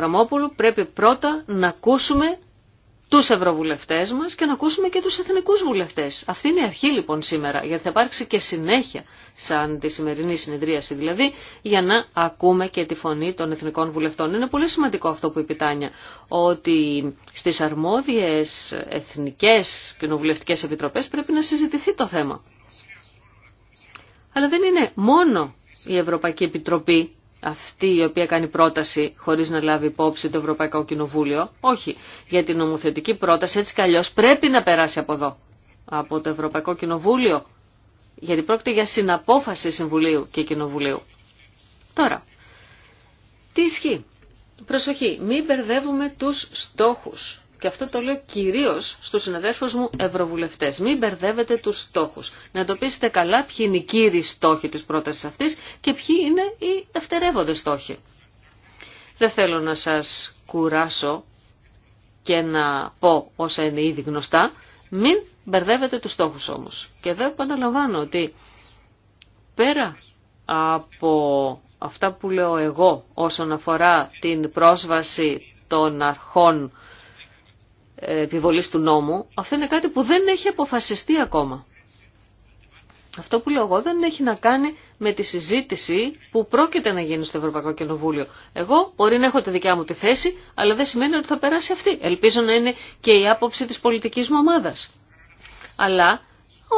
πρέπει πρώτα να ακούσουμε τους ευρωβουλευτές μας και να ακούσουμε και τους εθνικούς βουλευτές. Αυτή είναι η αρχή λοιπόν σήμερα, γιατί θα υπάρξει και συνέχεια, σαν τη σημερινή συνεδρίαση δηλαδή, για να ακούμε και τη φωνή των εθνικών βουλευτών. Είναι πολύ σημαντικό αυτό που είπε η Τάνια, ότι στις αρμόδιες εθνικές κοινοβουλευτικές επιτροπές πρέπει να συζητηθεί το θέμα. Αλλά δεν είναι μόνο η Ευρωπαϊκή Επιτροπή αυτή η οποία κάνει πρόταση χωρίς να λάβει υπόψη το Ευρωπαϊκό Κοινοβούλιο. Όχι, για την νομοθετική πρόταση έτσι αλλιώς πρέπει να περάσει από εδώ, από το Ευρωπαϊκό Κοινοβούλιο, γιατί πρόκειται για συναπόφαση Συμβουλίου και Κοινοβουλίου. Τώρα, τι ισχύει. Προσοχή, μην μπερδεύουμε τους στόχους. Και αυτό το λέω κυρίως στους συναδέλφους μου ευρωβουλευτές. Μην μπερδεύετε τους στόχους. Να εντοπίσετε καλά ποιοι είναι οι κύριοι στόχοι της πρόταση αυτής και ποιοι είναι οι δευτερεύοντε στόχοι. Δεν θέλω να σας κουράσω και να πω όσα είναι ήδη γνωστά. Μην μπερδεύετε τους στόχους όμω. Και εδώ επαναλαμβάνω ότι πέρα από αυτά που λέω εγώ όσον αφορά την πρόσβαση των αρχών επιβολής του νόμου, αυτό είναι κάτι που δεν έχει αποφασιστεί ακόμα. Αυτό που λέω εγώ δεν έχει να κάνει με τη συζήτηση που πρόκειται να γίνει στο Ευρωπαϊκό Κοινοβούλιο. Εγώ μπορεί να έχω τη δικιά μου τη θέση, αλλά δεν σημαίνει ότι θα περάσει αυτή. Ελπίζω να είναι και η άποψη της πολιτικής μου ομάδας. Αλλά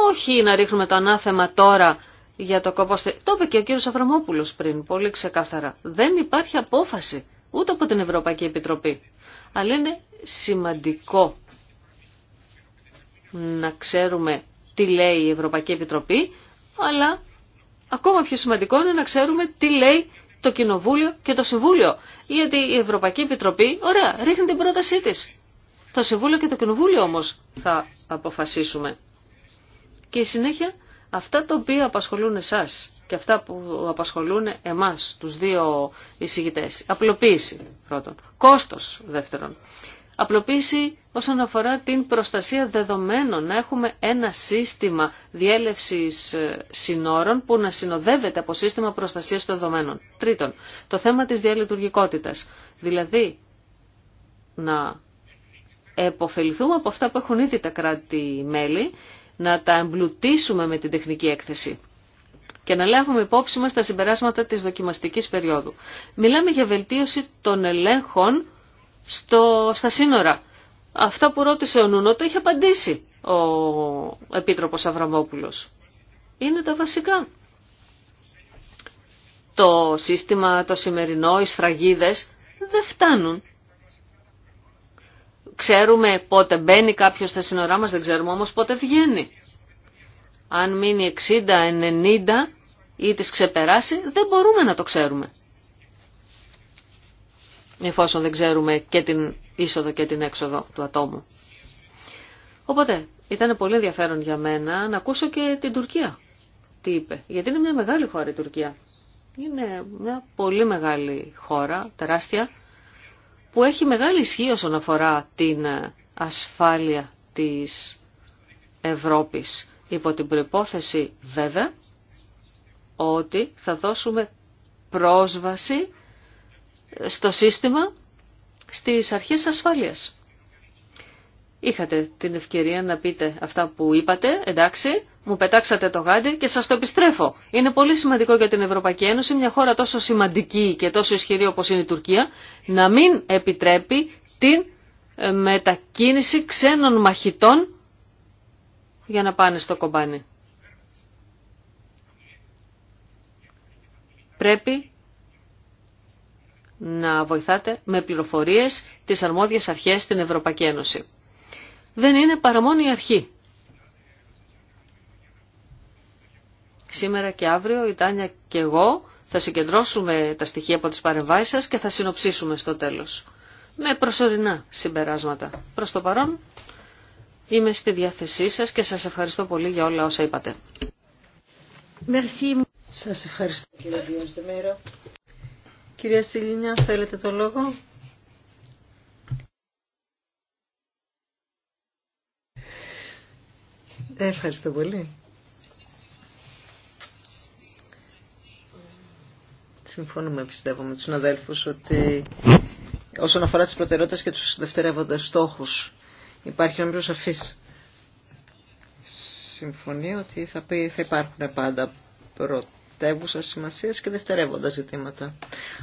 όχι να ρίχνουμε το ανάθεμα τώρα για το κόπο. Το είπε και ο κύριος Αφραμόπουλος πριν, πολύ ξεκάθαρα. Δεν υπάρχει απόφαση, ούτε από την Ευρωπαϊκή Επιτροπή. Αλλά είναι σημαντικό να ξέρουμε τι λέει η Ευρωπαϊκή Επιτροπή, αλλά ακόμα πιο σημαντικό είναι να ξέρουμε τι λέει το Κοινοβούλιο και το Συμβούλιο. Γιατί η Ευρωπαϊκή Επιτροπή, ωραία, ρίχνει την πρότασή της. Το Συμβούλιο και το Κοινοβούλιο όμως θα αποφασίσουμε. Και η συνέχεια, αυτά τα οποία απασχολούν εσάς και αυτά που απασχολούν εμάς, τους δύο εισηγητές. Απλοποίηση πρώτον, κόστος δεύτερον. Απλοποίηση όσον αφορά την προστασία δεδομένων, να έχουμε ένα σύστημα διέλευσης ε, συνόρων που να συνοδεύεται από σύστημα προστασίας των δεδομένων. Τρίτον, το θέμα της διαλειτουργικότητας, δηλαδή να εποφεληθούμε από αυτά που έχουν ήδη τα κράτη-μέλη, να τα εμπλουτίσουμε με την τεχνική έκθεση και να λάβουμε υπόψη μας τα συμπεράσματα της δοκιμαστικής περίοδου. Μιλάμε για βελτίωση των ελέγχων στο, στα σύνορα. Αυτά που ρώτησε ο Νούνο το είχε απαντήσει ο Επίτροπος Αβραμόπουλος. Είναι τα βασικά. Το σύστημα, το σημερινό, οι σφραγίδες δεν φτάνουν. Ξέρουμε πότε μπαίνει κάποιος στα σύνορά μας, δεν ξέρουμε όμως πότε βγαίνει. Αν μείνει 60, 90 ή τις ξεπεράσει, δεν μπορούμε να το ξέρουμε εφόσον δεν ξέρουμε και την είσοδο και την έξοδο του ατόμου. Οπότε, ήταν πολύ ενδιαφέρον για μένα να ακούσω και την Τουρκία. Τι είπε. Γιατί είναι μια μεγάλη χώρα η Τουρκία. Είναι μια πολύ μεγάλη χώρα, τεράστια, που έχει μεγάλη ισχύ όσον αφορά την ε, ασφάλεια της Ευρώπης. Υπό την προϋπόθεση βέβαια ότι θα δώσουμε πρόσβαση στο σύστημα στις αρχές ασφάλειας. Είχατε την ευκαιρία να πείτε αυτά που είπατε, εντάξει, μου πετάξατε το γάντι και σας το επιστρέφω. Είναι πολύ σημαντικό για την Ευρωπαϊκή Ένωση, μια χώρα τόσο σημαντική και τόσο ισχυρή όπως είναι η Τουρκία, να μην επιτρέπει την ε, μετακίνηση ξένων μαχητών για να πάνε στο κομπάνι. Πρέπει να βοηθάτε με πληροφορίες τις αρμόδιες αρχές στην Ευρωπαϊκή Ένωση. Δεν είναι παρά μόνο η αρχή. Σήμερα και αύριο η Τάνια και εγώ θα συγκεντρώσουμε τα στοιχεία από τις παρεμβάσεις σας και θα συνοψίσουμε στο τέλος. Με προσωρινά συμπεράσματα. Προς το παρόν είμαι στη διάθεσή σας και σας ευχαριστώ πολύ για όλα όσα είπατε. Σας ευχαριστώ Κυρία Σιλίνια, θέλετε το λόγο. Ευχαριστώ πολύ. Συμφωνούμε, πιστεύω, με τους αδέλφους ότι όσον αφορά τις προτεραιότητες και τους δευτερεύοντες στόχους υπάρχει όμως σαφής συμφωνία ότι θα, πει, θα υπάρχουν πάντα πρώτα πρωτεύουσα σημασία και δευτερεύοντα ζητήματα.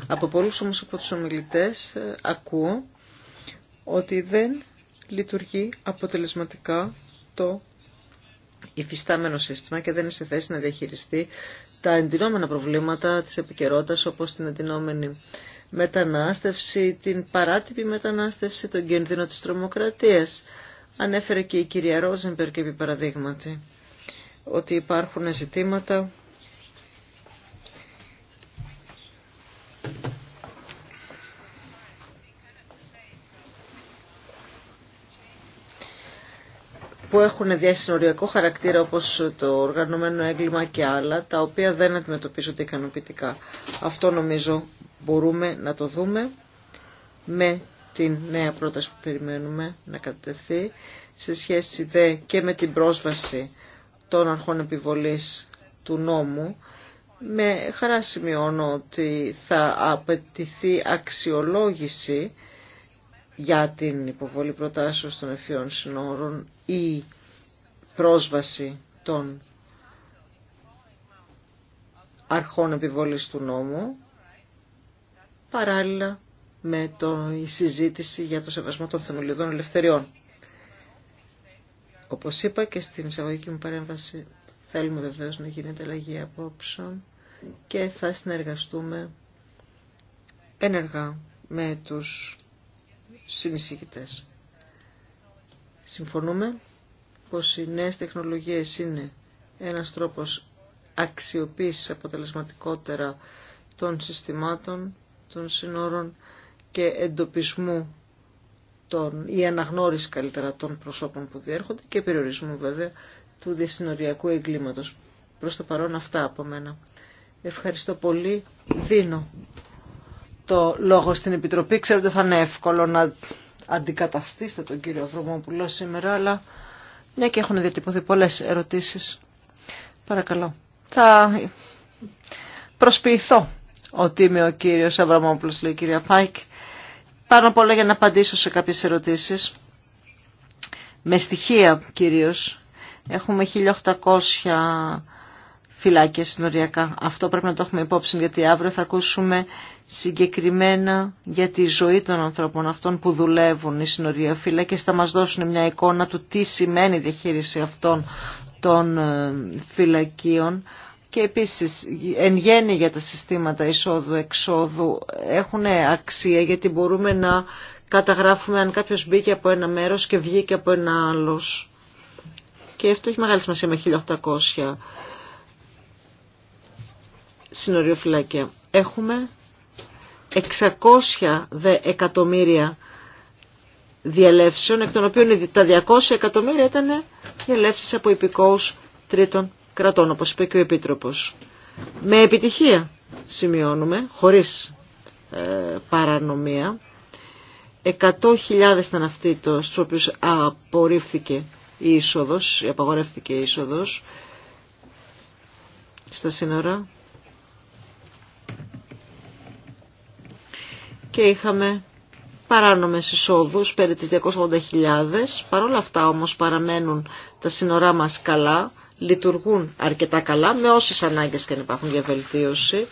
Από πολλού όμω από του ομιλητέ ε, ακούω ότι δεν λειτουργεί αποτελεσματικά το υφιστάμενο σύστημα και δεν είναι σε θέση να διαχειριστεί τα εντυνόμενα προβλήματα της επικαιρότητα όπως την εντυνόμενη μετανάστευση, την παράτυπη μετανάστευση, τον κίνδυνο της τρομοκρατίας. Ανέφερε και η κυρία Ρόζενπερ και επί ότι υπάρχουν ζητήματα που έχουν διασυνοριακό χαρακτήρα όπως το οργανωμένο έγκλημα και άλλα, τα οποία δεν αντιμετωπίζονται ικανοποιητικά. Αυτό νομίζω μπορούμε να το δούμε με την νέα πρόταση που περιμένουμε να κατευθεί σε σχέση δε και με την πρόσβαση των αρχών επιβολής του νόμου. Με χαρά σημειώνω ότι θα απαιτηθεί αξιολόγηση για την υποβολή προτάσεως των ευφυών συνόρων ή πρόσβαση των αρχών επιβολής του νόμου παράλληλα με το, η συζήτηση για το σεβασμό των θεμελιωδών ελευθεριών. Όπως είπα και στην εισαγωγική μου παρέμβαση θέλουμε βεβαίως να γίνεται αλλαγή απόψεων και θα συνεργαστούμε ενεργά με τους συνεισηγητές. Συμφωνούμε πως οι νέες τεχνολογίες είναι ένας τρόπος αξιοποίησης αποτελεσματικότερα των συστημάτων, των συνόρων και εντοπισμού των, ή αναγνώριση καλύτερα των προσώπων που διέρχονται και περιορισμού βέβαια του διασυνοριακού εγκλήματος. Προς το παρόν αυτά από μένα. Ευχαριστώ πολύ. Δίνω το λόγο στην Επιτροπή. Ξέρω ότι θα είναι εύκολο να αντικαταστήσετε τον κύριο Βρωμόπουλο σήμερα, αλλά μια και έχουν διατυπωθεί πολλές ερωτήσεις. Παρακαλώ. Θα προσποιηθώ ότι είμαι ο κύριο Αβραμόπουλος, λέει η κυρία Φάικ. Πάνω απ' όλα για να απαντήσω σε κάποιες ερωτήσεις. Με στοιχεία κυρίω Έχουμε 1800 φυλάκια συνοριακά. Αυτό πρέπει να το έχουμε υπόψη γιατί αύριο θα ακούσουμε συγκεκριμένα για τη ζωή των ανθρώπων αυτών που δουλεύουν οι συνοριοφύλακες θα μας δώσουν μια εικόνα του τι σημαίνει η διαχείριση αυτών των ε, φυλακίων και επίσης εν γέννη για τα συστήματα εισόδου-εξόδου έχουν αξία γιατί μπορούμε να καταγράφουμε αν κάποιος μπήκε από ένα μέρος και βγήκε από ένα άλλος. Και αυτό έχει μεγάλη σημασία με 1800 συνοριοφυλάκια. Έχουμε 600 δε εκατομμύρια διαλέψεων, εκ των οποίων τα 200 εκατομμύρια ήταν διαλέψεις από υπηκόους τρίτων κρατών, όπως είπε και ο Επίτροπος. Με επιτυχία σημειώνουμε, χωρίς ε, παρανομία, 100.000 ήταν αυτοί το, στους οποίους απορρίφθηκε η είσοδος, η η είσοδος στα σύνορα και είχαμε παράνομες εισόδους περί τις 280.000. Παρ' όλα αυτά όμως παραμένουν τα σύνορά μας καλά, λειτουργούν αρκετά καλά με όσες ανάγκες και αν υπάρχουν για βελτίωση.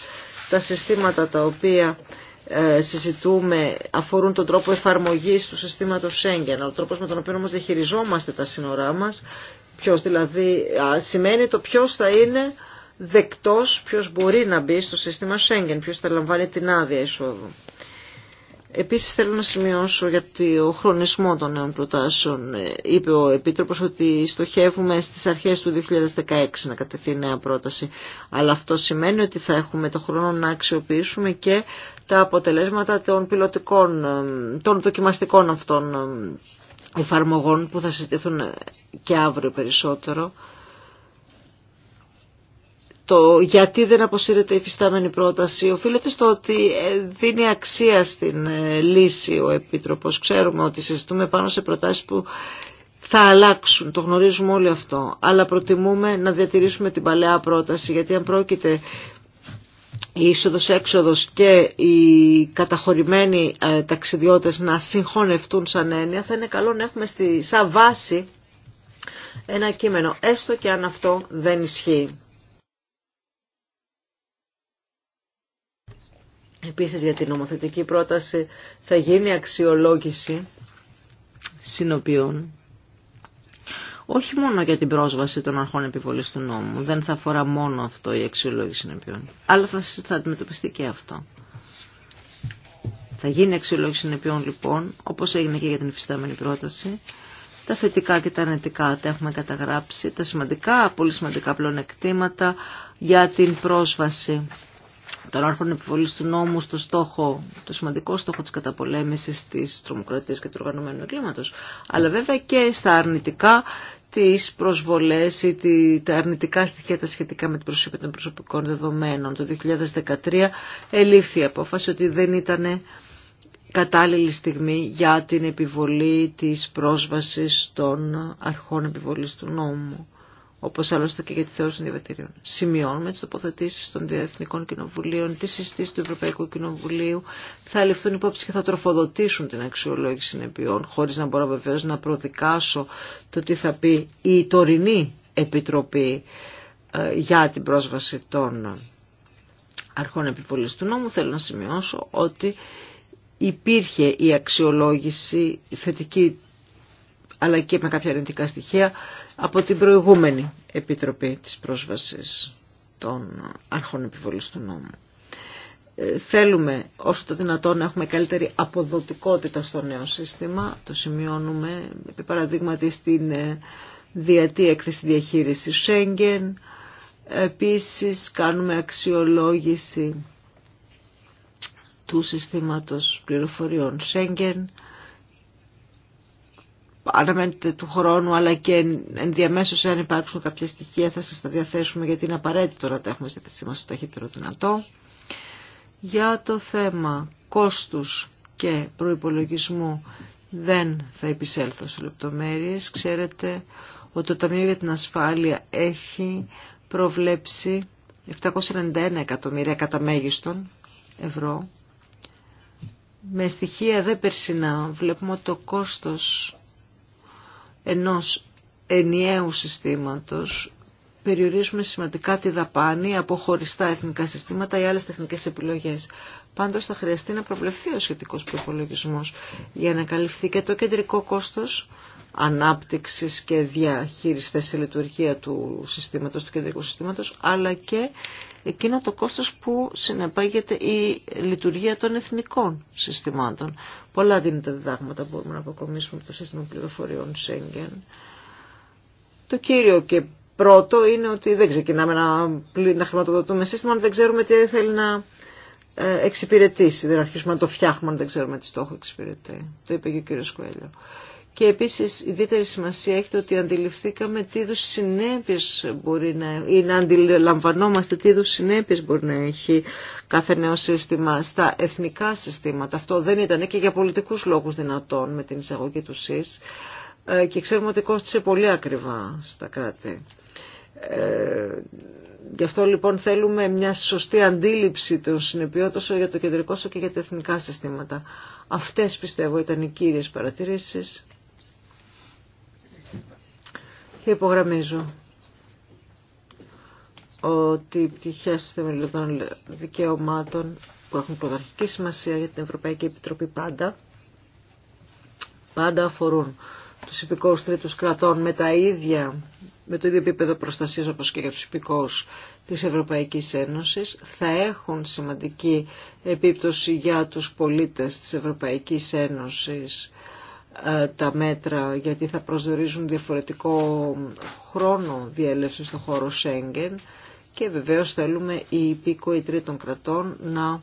Τα συστήματα τα οποία ε, συζητούμε αφορούν τον τρόπο εφαρμογής του συστήματος Schengen. ο τρόπος με τον οποίο όμως διαχειριζόμαστε τα σύνορά μας, ποιος δηλαδή, σημαίνει το ποιος θα είναι δεκτός, ποιος μπορεί να μπει στο σύστημα Schengen, ποιος θα λαμβάνει την άδεια εισόδου. Επίσης θέλω να σημειώσω γιατί ο χρονισμό των νέων προτάσεων. Είπε ο Επίτροπος ότι στοχεύουμε στις αρχές του 2016 να κατεθεί νέα πρόταση. Αλλά αυτό σημαίνει ότι θα έχουμε το χρόνο να αξιοποιήσουμε και τα αποτελέσματα των πιλωτικών, των δοκιμαστικών αυτών εφαρμογών που θα συζητηθούν και αύριο περισσότερο το γιατί δεν αποσύρεται η φυστάμενη πρόταση οφείλεται στο ότι ε, δίνει αξία στην ε, λύση ο Επίτροπος. Ξέρουμε ότι συζητούμε πάνω σε προτάσεις που θα αλλάξουν, το γνωρίζουμε όλοι αυτό, αλλά προτιμούμε να διατηρήσουμε την παλαιά πρόταση, γιατί αν πρόκειται η είσοδος-έξοδος και οι καταχωρημένοι ε, ταξιδιώτες να συγχωνευτούν σαν έννοια, θα είναι καλό να έχουμε στη, σαν βάση ένα κείμενο, έστω και αν αυτό δεν ισχύει. Επίσης για την νομοθετική πρόταση θα γίνει αξιολόγηση συνοποιών όχι μόνο για την πρόσβαση των αρχών επιβολής του νόμου. Δεν θα αφορά μόνο αυτό η αξιολόγηση συνοποιών, Αλλά θα, θα αντιμετωπιστεί και αυτό. Θα γίνει αξιολόγηση συνοποιών, λοιπόν, όπως έγινε και για την υφιστάμενη πρόταση. Τα θετικά και τα αρνητικά τα έχουμε καταγράψει. Τα σημαντικά, πολύ σημαντικά πλονεκτήματα για την πρόσβαση των αρχών επιβολή του νόμου στο στόχο, το σημαντικό στόχο της καταπολέμησης της τρομοκρατίας και του οργανωμένου εγκλήματος, αλλά βέβαια και στα αρνητικά της προσβολές ή τα αρνητικά στοιχεία τα σχετικά με την προσοχή των προσωπικών δεδομένων. Το 2013 ελήφθη η απόφαση ότι δεν ήταν κατάλληλη στιγμή για την επιβολή της πρόσβασης των αρχών επιβολής του νόμου όπως άλλωστε και για τη θεώρηση των διαβατηρίων. Σημειώνουμε τι τοποθετήσει των Διεθνικών Κοινοβουλίων, τις συστήσεις του Ευρωπαϊκού Κοινοβουλίου, θα ληφθούν υπόψη και θα τροφοδοτήσουν την αξιολόγηση συνεπειών, χωρίς να μπορώ βεβαίω να προδικάσω το τι θα πει η τωρινή Επιτροπή ε, για την πρόσβαση των αρχών επιβολής του νόμου. Θέλω να σημειώσω ότι υπήρχε η αξιολόγηση θετική αλλά και με κάποια αρνητικά στοιχεία από την προηγούμενη Επιτροπή της Πρόσβασης των Αρχών Επιβολής του Νόμου. Ε, θέλουμε όσο το δυνατόν να έχουμε καλύτερη αποδοτικότητα στο νέο σύστημα. Το σημειώνουμε, επί παραδείγματι, στην ε, διατή έκθεση διαχείριση Schengen. Επίσης, κάνουμε αξιολόγηση του συστήματος πληροφοριών Schengen αναμένεται του χρόνου αλλά και ενδιαμέσως αν υπάρξουν κάποια στοιχεία θα σας τα διαθέσουμε γιατί είναι απαραίτητο να τα έχουμε στη θέση μας το ταχύτερο δυνατό. Για το θέμα κόστους και προϋπολογισμού δεν θα επισέλθω σε λεπτομέρειες. Ξέρετε ότι το Ταμείο για την Ασφάλεια έχει προβλέψει 791 εκατομμύρια κατά μέγιστον ευρώ. Με στοιχεία δεν περσινά βλέπουμε ότι το κόστος ενός ενιαίου συστήματος περιορίσουμε σημαντικά τη δαπάνη από χωριστά εθνικά συστήματα ή άλλες τεχνικές επιλογές. Πάντως θα χρειαστεί να προβλεφθεί ο σχετικός προπολογισμό για να καλυφθεί και το κεντρικό κόστος ανάπτυξης και διαχείρισης σε λειτουργία του συστήματος, του κεντρικού συστήματος, αλλά και εκείνο το κόστος που συνεπάγεται η λειτουργία των εθνικών συστημάτων. Πολλά δίνεται διδάγματα που μπορούμε να αποκομίσουμε από το σύστημα πληροφοριών Σέγγεν. Το κύριο και Πρώτο είναι ότι δεν ξεκινάμε να, να χρηματοδοτούμε σύστημα αν δεν ξέρουμε τι θέλει να ε, εξυπηρετήσει. Δεν αρχίσουμε να το φτιάχνουμε αν δεν ξέρουμε τι στόχο εξυπηρετεί. Το είπε και ο κύριος Κουέλιο. Και επίσης ιδιαίτερη σημασία έχει το ότι αντιληφθήκαμε τι είδου συνέπειε μπορεί να ή να αντιλαμβανόμαστε τι είδους συνέπειες μπορεί να έχει κάθε νέο σύστημα στα εθνικά συστήματα. Αυτό δεν ήταν και για πολιτικούς λόγους δυνατόν με την εισαγωγή του ΣΥΣ. Ε, και ξέρουμε ότι κόστησε πολύ ακριβά στα κράτη. Ε, γι' αυτό λοιπόν θέλουμε μια σωστή αντίληψη των συνεπειών τόσο για το κεντρικό όσο και για τα εθνικά συστήματα. Αυτές πιστεύω ήταν οι κύριες παρατηρήσεις. Και υπογραμμίζω ότι οι πτυχές θεμελιωδών δικαιωμάτων που έχουν πρωταρχική σημασία για την Ευρωπαϊκή Επιτροπή πάντα, πάντα αφορούν τους υπηκόους τρίτους κρατών με τα ίδια, με το ίδιο επίπεδο προστασίας όπως και για τους υπηκόους της Ευρωπαϊκής Ένωσης, θα έχουν σημαντική επίπτωση για τους πολίτες της Ευρωπαϊκής Ένωσης ε, τα μέτρα γιατί θα προσδιορίζουν διαφορετικό χρόνο διέλευση στο χώρο Σέγγεν και βεβαίως θέλουμε οι υπήκοοι τρίτων κρατών να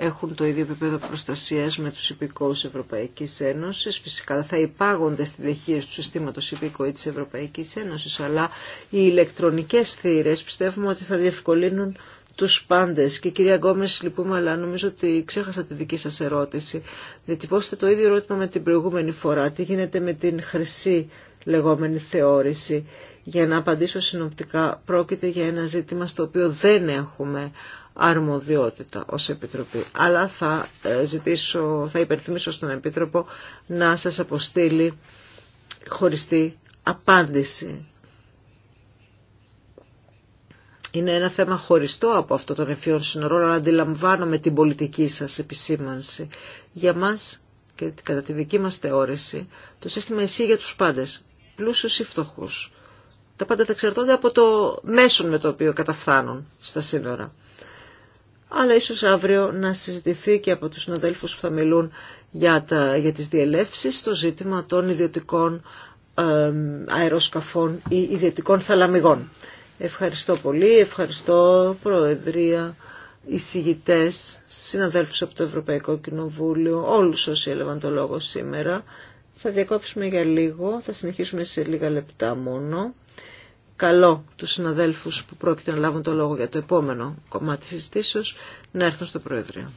έχουν το ίδιο επίπεδο προστασίας με τους υπηκόους Ευρωπαϊκής Ένωσης. Φυσικά θα υπάγονται στη διαχείριση του συστήματος υπηκοή της Ευρωπαϊκής Ένωσης, αλλά οι ηλεκτρονικές θύρες πιστεύουμε ότι θα διευκολύνουν τους πάντες. Και κυρία Γκόμες, λυπούμε, αλλά νομίζω ότι ξέχασα τη δική σας ερώτηση. Διατυπώστε το ίδιο ερώτημα με την προηγούμενη φορά. Τι γίνεται με την χρυσή λεγόμενη θεώρηση. Για να απαντήσω συνοπτικά, πρόκειται για ένα ζήτημα στο οποίο δεν έχουμε αρμοδιότητα ως Επιτροπή. Αλλά θα ε, ζητήσω, θα υπερθυμίσω στον Επίτροπο να σας αποστείλει χωριστή απάντηση. Είναι ένα θέμα χωριστό από αυτό των ευφύων συνορών, αλλά αντιλαμβάνομαι την πολιτική σας επισήμανση. Για μας και κατά τη δική μας θεώρηση, το σύστημα ισχύει για τους πάντες, πλούσιους ή φτωχούς. Τα πάντα τα εξαρτώνται από το μέσον με το οποίο καταφθάνουν στα σύνορα. Αλλά ίσως αύριο να συζητηθεί και από τους συναδέλφους που θα μιλούν για, τα, για τις διελεύσεις το ζήτημα των ιδιωτικών αεροσκαφών ή ιδιωτικών θαλαμιγών. Ευχαριστώ πολύ, ευχαριστώ Προεδρία, εισηγητές, συναδέλφους από το Ευρωπαϊκό Κοινοβούλιο, όλους όσοι έλεγαν το λόγο σήμερα. Θα διακόψουμε για λίγο, θα συνεχίσουμε σε λίγα λεπτά μόνο καλό τους συναδέλφους που πρόκειται να λάβουν το λόγο για το επόμενο κομμάτι της συζητήσεως να έρθουν στο Προεδρείο.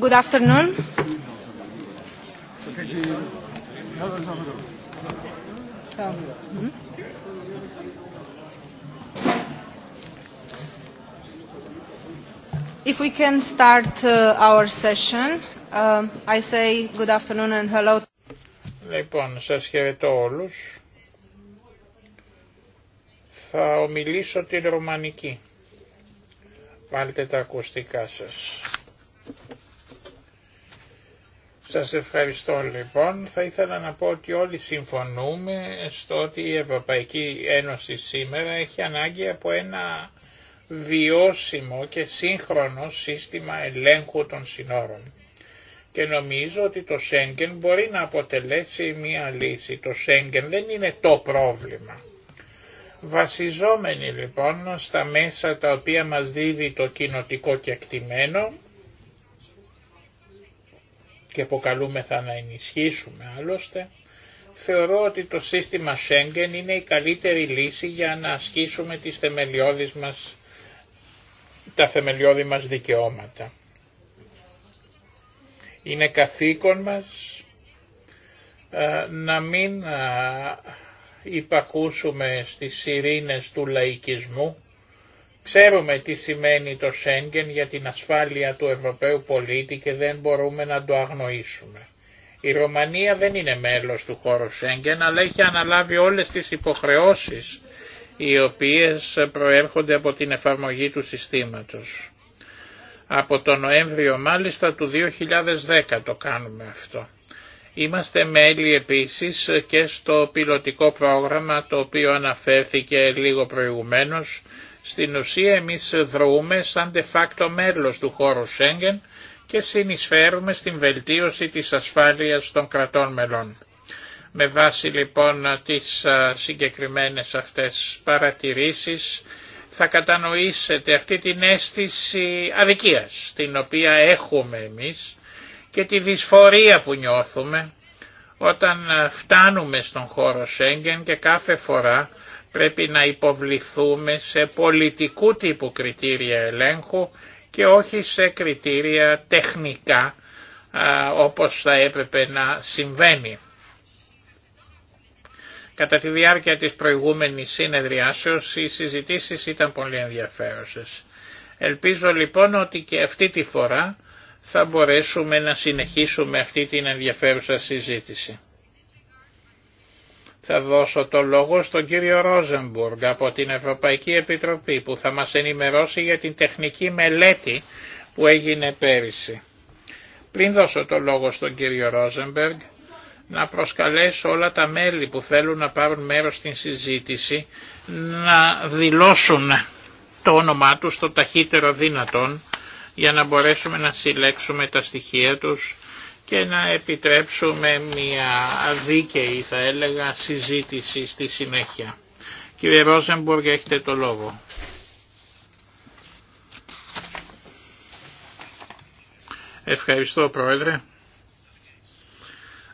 Good afternoon. Um, if we can start uh, our session, uh, I say good afternoon and hello. Λοιπόν, σας χαιρετώ όλους. Θα ομιλήσω την ρωμανική. Βάλτε τα ακουστικά σας. Σας ευχαριστώ λοιπόν. Θα ήθελα να πω ότι όλοι συμφωνούμε στο ότι η Ευρωπαϊκή Ένωση σήμερα έχει ανάγκη από ένα βιώσιμο και σύγχρονο σύστημα ελέγχου των συνόρων. Και νομίζω ότι το Σέγγεν μπορεί να αποτελέσει μία λύση. Το Σέγγεν δεν είναι το πρόβλημα. Βασιζόμενοι λοιπόν στα μέσα τα οποία μας δίδει το κοινοτικό κεκτημένο, και αποκαλούμεθα να ενισχύσουμε άλλωστε, θεωρώ ότι το σύστημα Schengen είναι η καλύτερη λύση για να ασκήσουμε τις θεμελιώδεις μας, τα θεμελιώδη μας δικαιώματα. Είναι καθήκον μας ε, να μην ε, υπακούσουμε στις σιρήνες του λαϊκισμού Ξέρουμε τι σημαίνει το Σέγγεν για την ασφάλεια του Ευρωπαίου πολίτη και δεν μπορούμε να το αγνοήσουμε. Η Ρωμανία δεν είναι μέλος του χώρου Σέγγεν αλλά έχει αναλάβει όλες τις υποχρεώσεις οι οποίες προέρχονται από την εφαρμογή του συστήματος. Από τον Νοέμβριο μάλιστα του 2010 το κάνουμε αυτό. Είμαστε μέλη επίσης και στο πιλωτικό πρόγραμμα το οποίο αναφέρθηκε λίγο προηγουμένως στην ουσία εμείς δρούμε σαν de facto μέλος του χώρου Σέγγεν και συνεισφέρουμε στην βελτίωση της ασφάλειας των κρατών μελών. Με βάση λοιπόν τις συγκεκριμένες αυτές παρατηρήσεις θα κατανοήσετε αυτή την αίσθηση αδικίας την οποία έχουμε εμείς και τη δυσφορία που νιώθουμε όταν φτάνουμε στον χώρο Σέγγεν και κάθε φορά Πρέπει να υποβληθούμε σε πολιτικού τύπου κριτήρια ελέγχου και όχι σε κριτήρια τεχνικά όπως θα έπρεπε να συμβαίνει. Κατά τη διάρκεια της προηγούμενης συνεδριάσεως οι συζητήσεις ήταν πολύ ενδιαφέρουσες. Ελπίζω λοιπόν ότι και αυτή τη φορά θα μπορέσουμε να συνεχίσουμε αυτή την ενδιαφέρουσα συζήτηση. Θα δώσω το λόγο στον κύριο Ρόζενμπουργκ από την Ευρωπαϊκή Επιτροπή που θα μας ενημερώσει για την τεχνική μελέτη που έγινε πέρυσι. Πριν δώσω το λόγο στον κύριο Ρόζενμπεργκ, να προσκαλέσω όλα τα μέλη που θέλουν να πάρουν μέρος στην συζήτηση να δηλώσουν το όνομά τους το ταχύτερο δυνατόν για να μπορέσουμε να συλλέξουμε τα στοιχεία τους και να επιτρέψουμε μια δίκαιη θα έλεγα συζήτηση στη συνέχεια. Κύριε Ρόζεμπουργκ έχετε το λόγο. Ευχαριστώ Πρόεδρε.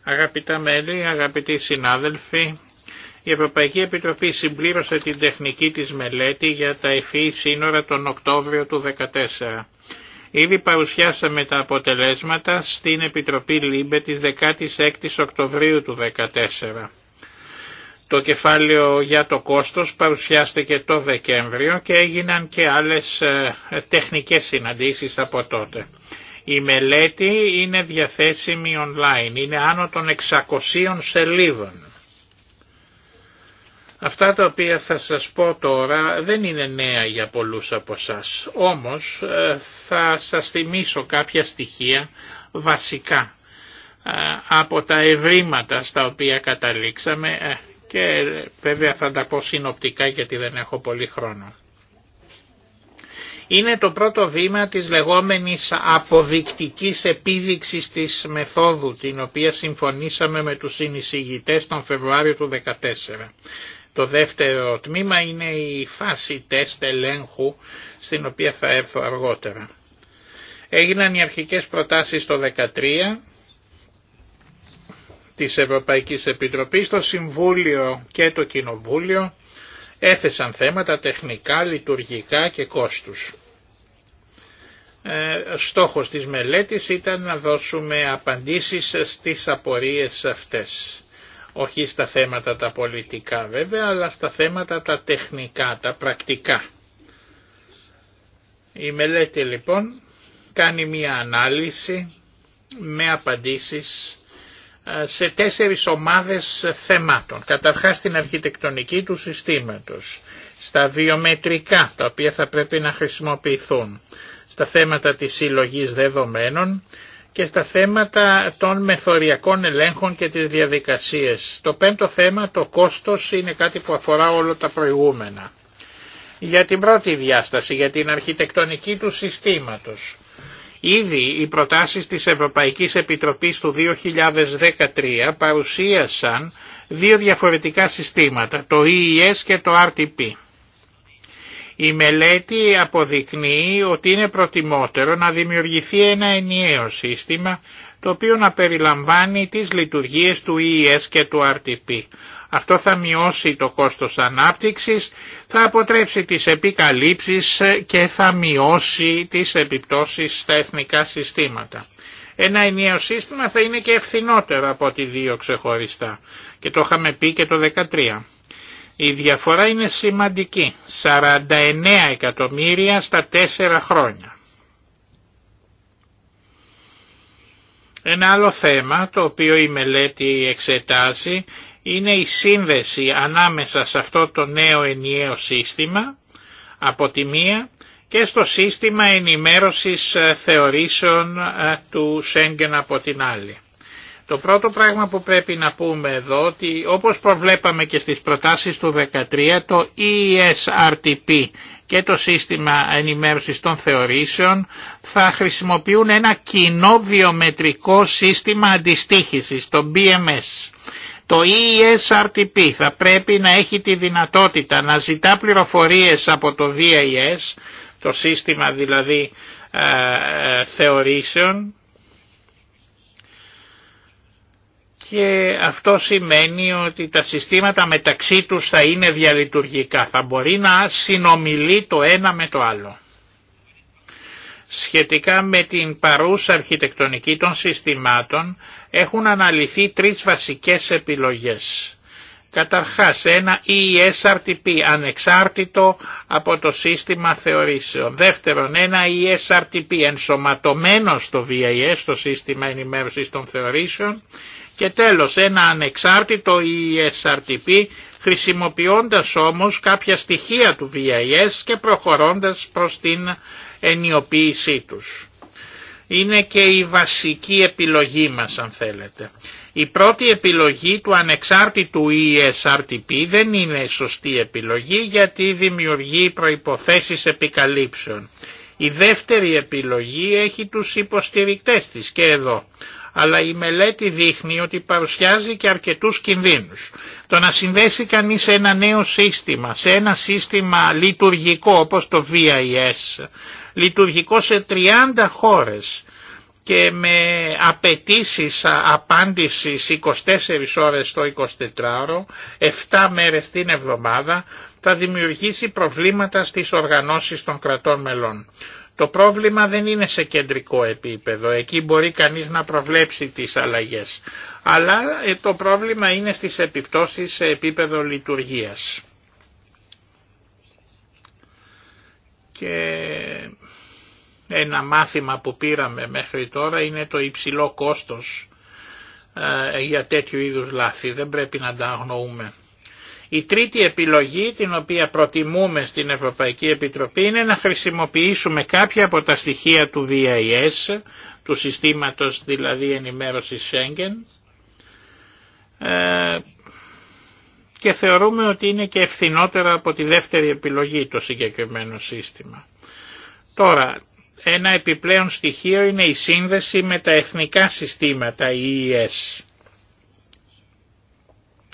Αγαπητά μέλη, αγαπητοί συνάδελφοι, η Ευρωπαϊκή Επιτροπή συμπλήρωσε την τεχνική της μελέτη για τα ευφύ σύνορα τον Οκτώβριο του 2014. Ήδη παρουσιάσαμε τα αποτελέσματα στην Επιτροπή ΛΥΜΠΕ της 16ης Οκτωβρίου του 2014. Το κεφάλαιο για το κόστος παρουσιάστηκε το Δεκέμβριο και έγιναν και άλλες ε, τεχνικές συναντήσεις από τότε. Η μελέτη είναι διαθέσιμη online, είναι άνω των 600 σελίδων. Αυτά τα οποία θα σας πω τώρα δεν είναι νέα για πολλούς από σας, όμως ε, θα σας θυμίσω κάποια στοιχεία βασικά ε, από τα ευρήματα στα οποία καταλήξαμε ε, και βέβαια θα τα πω συνοπτικά γιατί δεν έχω πολύ χρόνο. Είναι το πρώτο βήμα της λεγόμενης αποδεικτικής επίδειξης της μεθόδου την οποία συμφωνήσαμε με τους συνεισηγητές τον Φεβρουάριο του 2014. Το δεύτερο τμήμα είναι η φάση τεστ ελέγχου στην οποία θα έρθω αργότερα. Έγιναν οι αρχικές προτάσεις το 2013 της Ευρωπαϊκής Επιτροπής, το Συμβούλιο και το Κοινοβούλιο έθεσαν θέματα τεχνικά, λειτουργικά και κόστους. Ε, στόχος της μελέτης ήταν να δώσουμε απαντήσεις στις απορίες αυτές όχι στα θέματα τα πολιτικά βέβαια, αλλά στα θέματα τα τεχνικά, τα πρακτικά. Η μελέτη λοιπόν κάνει μία ανάλυση με απαντήσεις ε, σε τέσσερις ομάδες θεμάτων. Καταρχάς στην αρχιτεκτονική του συστήματος, στα βιομετρικά τα οποία θα πρέπει να χρησιμοποιηθούν, στα θέματα της συλλογή δεδομένων, και στα θέματα των μεθοριακών ελέγχων και τις διαδικασίες. Το πέμπτο θέμα, το κόστος, είναι κάτι που αφορά όλα τα προηγούμενα. Για την πρώτη διάσταση, για την αρχιτεκτονική του συστήματος. Ήδη οι προτάσεις της Ευρωπαϊκής Επιτροπής του 2013 παρουσίασαν δύο διαφορετικά συστήματα, το EES και το RTP. Η μελέτη αποδεικνύει ότι είναι προτιμότερο να δημιουργηθεί ένα ενιαίο σύστημα το οποίο να περιλαμβάνει τις λειτουργίες του EES και του RTP. Αυτό θα μειώσει το κόστος ανάπτυξης, θα αποτρέψει τις επικαλύψεις και θα μειώσει τις επιπτώσεις στα εθνικά συστήματα. Ένα ενιαίο σύστημα θα είναι και ευθυνότερο από ό,τι δύο ξεχωριστά και το είχαμε πει και το 2013. Η διαφορά είναι σημαντική, 49 εκατομμύρια στα 4 χρόνια. Ένα άλλο θέμα το οποίο η μελέτη εξετάζει είναι η σύνδεση ανάμεσα σε αυτό το νέο ενιαίο σύστημα από τη μία και στο σύστημα ενημέρωσης ε, θεωρήσεων ε, του Σέγγεν από την άλλη. Το πρώτο πράγμα που πρέπει να πούμε εδώ ότι όπως προβλέπαμε και στις προτάσεις του 13 το ESRTP και το σύστημα ενημέρωσης των θεωρήσεων θα χρησιμοποιούν ένα κοινό βιομετρικό σύστημα αντιστήχησης, το BMS. Το ESRTP θα πρέπει να έχει τη δυνατότητα να ζητά πληροφορίες από το VIS, το σύστημα δηλαδή ε, ε θεωρήσεων, και αυτό σημαίνει ότι τα συστήματα μεταξύ τους θα είναι διαλειτουργικά, θα μπορεί να συνομιλεί το ένα με το άλλο. Σχετικά με την παρούσα αρχιτεκτονική των συστημάτων έχουν αναλυθεί τρεις βασικές επιλογές. Καταρχάς ένα ESRTP ανεξάρτητο από το σύστημα θεωρήσεων. Δεύτερον ένα ESRTP ενσωματωμένο στο VIS, το σύστημα ενημέρωσης των θεωρήσεων και τέλος ένα ανεξάρτητο ESRTP χρησιμοποιώντας όμως κάποια στοιχεία του VIS και προχωρώντας προς την ενιοποίησή τους. Είναι και η βασική επιλογή μας αν θέλετε. Η πρώτη επιλογή του ανεξάρτητου ESRTP δεν είναι η σωστή επιλογή γιατί δημιουργεί προϋποθέσεις επικαλύψεων. Η δεύτερη επιλογή έχει τους υποστηρικτές της και εδώ αλλά η μελέτη δείχνει ότι παρουσιάζει και αρκετούς κινδύνους. Το να συνδέσει κανείς ένα νέο σύστημα, σε ένα σύστημα λειτουργικό όπως το VIS, λειτουργικό σε 30 χώρες και με απαιτήσει απάντησης 24 ώρες το 24ωρο, 7 μέρες την εβδομάδα, θα δημιουργήσει προβλήματα στις οργανώσεις των κρατών μελών. Το πρόβλημα δεν είναι σε κεντρικό επίπεδο, εκεί μπορεί κανείς να προβλέψει τις αλλαγές. Αλλά ε, το πρόβλημα είναι στις επιπτώσεις σε επίπεδο λειτουργίας. Και ένα μάθημα που πήραμε μέχρι τώρα είναι το υψηλό κόστος ε, για τέτοιου είδους λάθη. Δεν πρέπει να τα αγνοούμε. Η τρίτη επιλογή την οποία προτιμούμε στην Ευρωπαϊκή Επιτροπή είναι να χρησιμοποιήσουμε κάποια από τα στοιχεία του VIS, του συστήματος δηλαδή ενημέρωσης Schengen ε, και θεωρούμε ότι είναι και ευθυνότερα από τη δεύτερη επιλογή το συγκεκριμένο σύστημα. Τώρα, ένα επιπλέον στοιχείο είναι η σύνδεση με τα εθνικά συστήματα ES.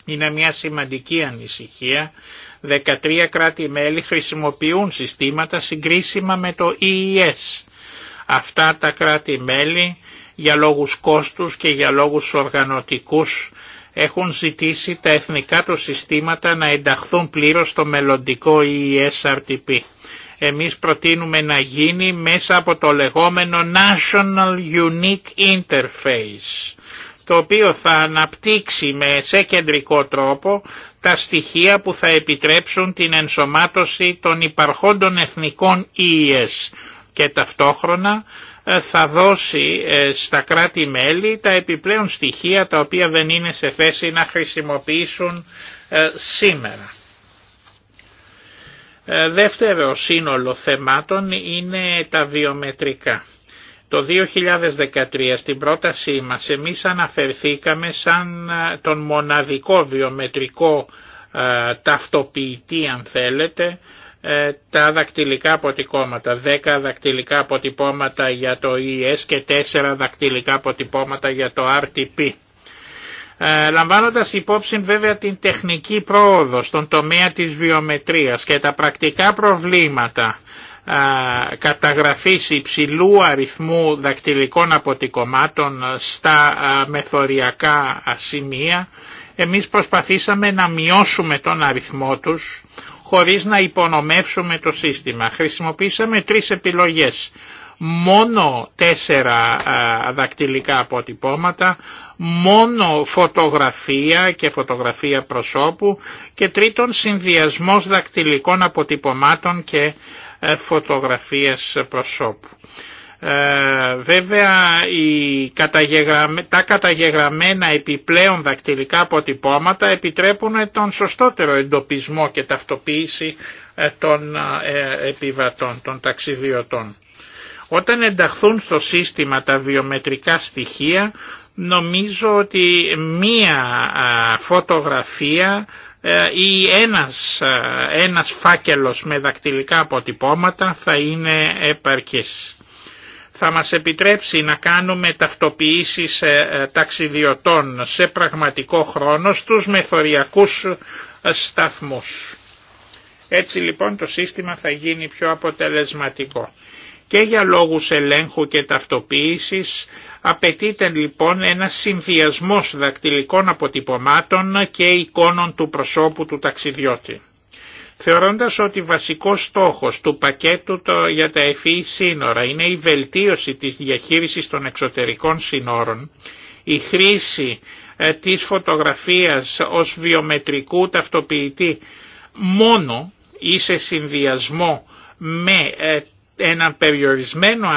Είναι μια σημαντική ανησυχία. 13 κράτη-μέλη χρησιμοποιούν συστήματα συγκρίσιμα με το EES. Αυτά τα κράτη-μέλη για λόγους κόστους και για λόγους οργανωτικούς έχουν ζητήσει τα εθνικά του συστήματα να ενταχθούν πλήρως στο μελλοντικό EES-RTP. Εμείς προτείνουμε να γίνει μέσα από το λεγόμενο National Unique Interface το οποίο θα αναπτύξει με σε κεντρικό τρόπο τα στοιχεία που θα επιτρέψουν την ενσωμάτωση των υπαρχόντων εθνικών ΙΕΣ και ταυτόχρονα ε, θα δώσει ε, στα κράτη-μέλη τα επιπλέον στοιχεία τα οποία δεν είναι σε θέση να χρησιμοποιήσουν ε, σήμερα. Δεύτερο σύνολο θεμάτων είναι τα βιομετρικά. Το 2013 στην πρότασή μας εμείς αναφερθήκαμε σαν ε, τον μοναδικό βιομετρικό ε, ταυτοποιητή αν θέλετε ε, τα δακτυλικά αποτυπώματα. 10 δακτυλικά αποτυπώματα για το ES και 4 δακτυλικά αποτυπώματα για το RTP. Ε, λαμβάνοντας υπόψη βέβαια την τεχνική πρόοδο στον τομέα της βιομετρίας και τα πρακτικά προβλήματα καταγραφής υψηλού αριθμού δακτυλικών αποτυπωμάτων στα μεθοριακά σημεία, εμείς προσπαθήσαμε να μειώσουμε τον αριθμό τους χωρίς να υπονομεύσουμε το σύστημα. Χρησιμοποίησαμε τρεις επιλογές. Μόνο τέσσερα δακτυλικά αποτυπώματα, μόνο φωτογραφία και φωτογραφία προσώπου και τρίτον συνδυασμός δακτυλικών αποτυπωμάτων και ε, φωτογραφίες προσώπου. Ε, βέβαια οι τα καταγεγραμμένα επιπλέον δακτυλικά αποτυπώματα επιτρέπουν τον σωστότερο εντοπισμό και ταυτοποίηση ε, των ε, επιβατών, των ταξιδιωτών. Όταν ενταχθούν στο σύστημα τα βιομετρικά στοιχεία νομίζω ότι μία φωτογραφία ε, ή ένας, ε, ένας φάκελος με δακτυλικά αποτυπώματα θα είναι επαρκής. Θα μας επιτρέψει να κάνουμε ταυτοποιήσεις ε, ταξιδιωτών σε πραγματικό χρόνο στους μεθοριακούς σταθμούς. Έτσι λοιπόν το σύστημα θα γίνει πιο αποτελεσματικό. Και για λόγους ελέγχου και ταυτοποίησης Απαιτείται λοιπόν ένα συνδυασμό δακτυλικών αποτυπωμάτων και εικόνων του προσώπου του ταξιδιώτη. Θεωρώντας ότι βασικός στόχος του πακέτου το για τα ευφυή σύνορα είναι η βελτίωση της διαχείρισης των εξωτερικών σύνορων, η χρήση ε, της φωτογραφίας ως βιομετρικού ταυτοποιητή μόνο ή σε συνδυασμό με ε, έναν περιορισμένο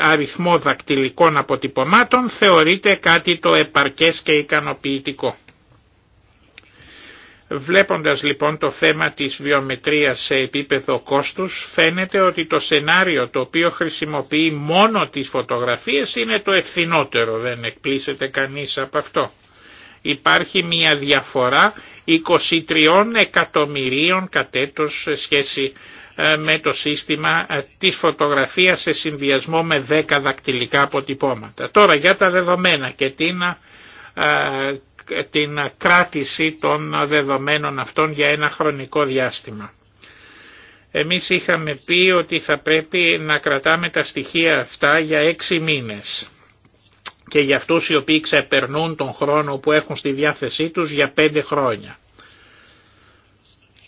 αριθμό δακτυλικών αποτυπωμάτων θεωρείται κάτι το επαρκές και ικανοποιητικό. Βλέποντας λοιπόν το θέμα της βιομετρίας σε επίπεδο κόστους, φαίνεται ότι το σενάριο το οποίο χρησιμοποιεί μόνο τις φωτογραφίες είναι το ευθυνότερο, δεν εκπλήσεται κανείς από αυτό. Υπάρχει μια διαφορά 23 εκατομμυρίων κατέτος σε σχέση ε, με το σύστημα ε, της φωτογραφίας σε συνδυασμό με 10 δακτυλικά αποτυπώματα. Τώρα για τα δεδομένα και την, ε, την κράτηση των δεδομένων αυτών για ένα χρονικό διάστημα. Εμείς είχαμε πει ότι θα πρέπει να κρατάμε τα στοιχεία αυτά για έξι μήνες και για αυτούς οι οποίοι ξεπερνούν τον χρόνο που έχουν στη διάθεσή τους για 5 χρόνια.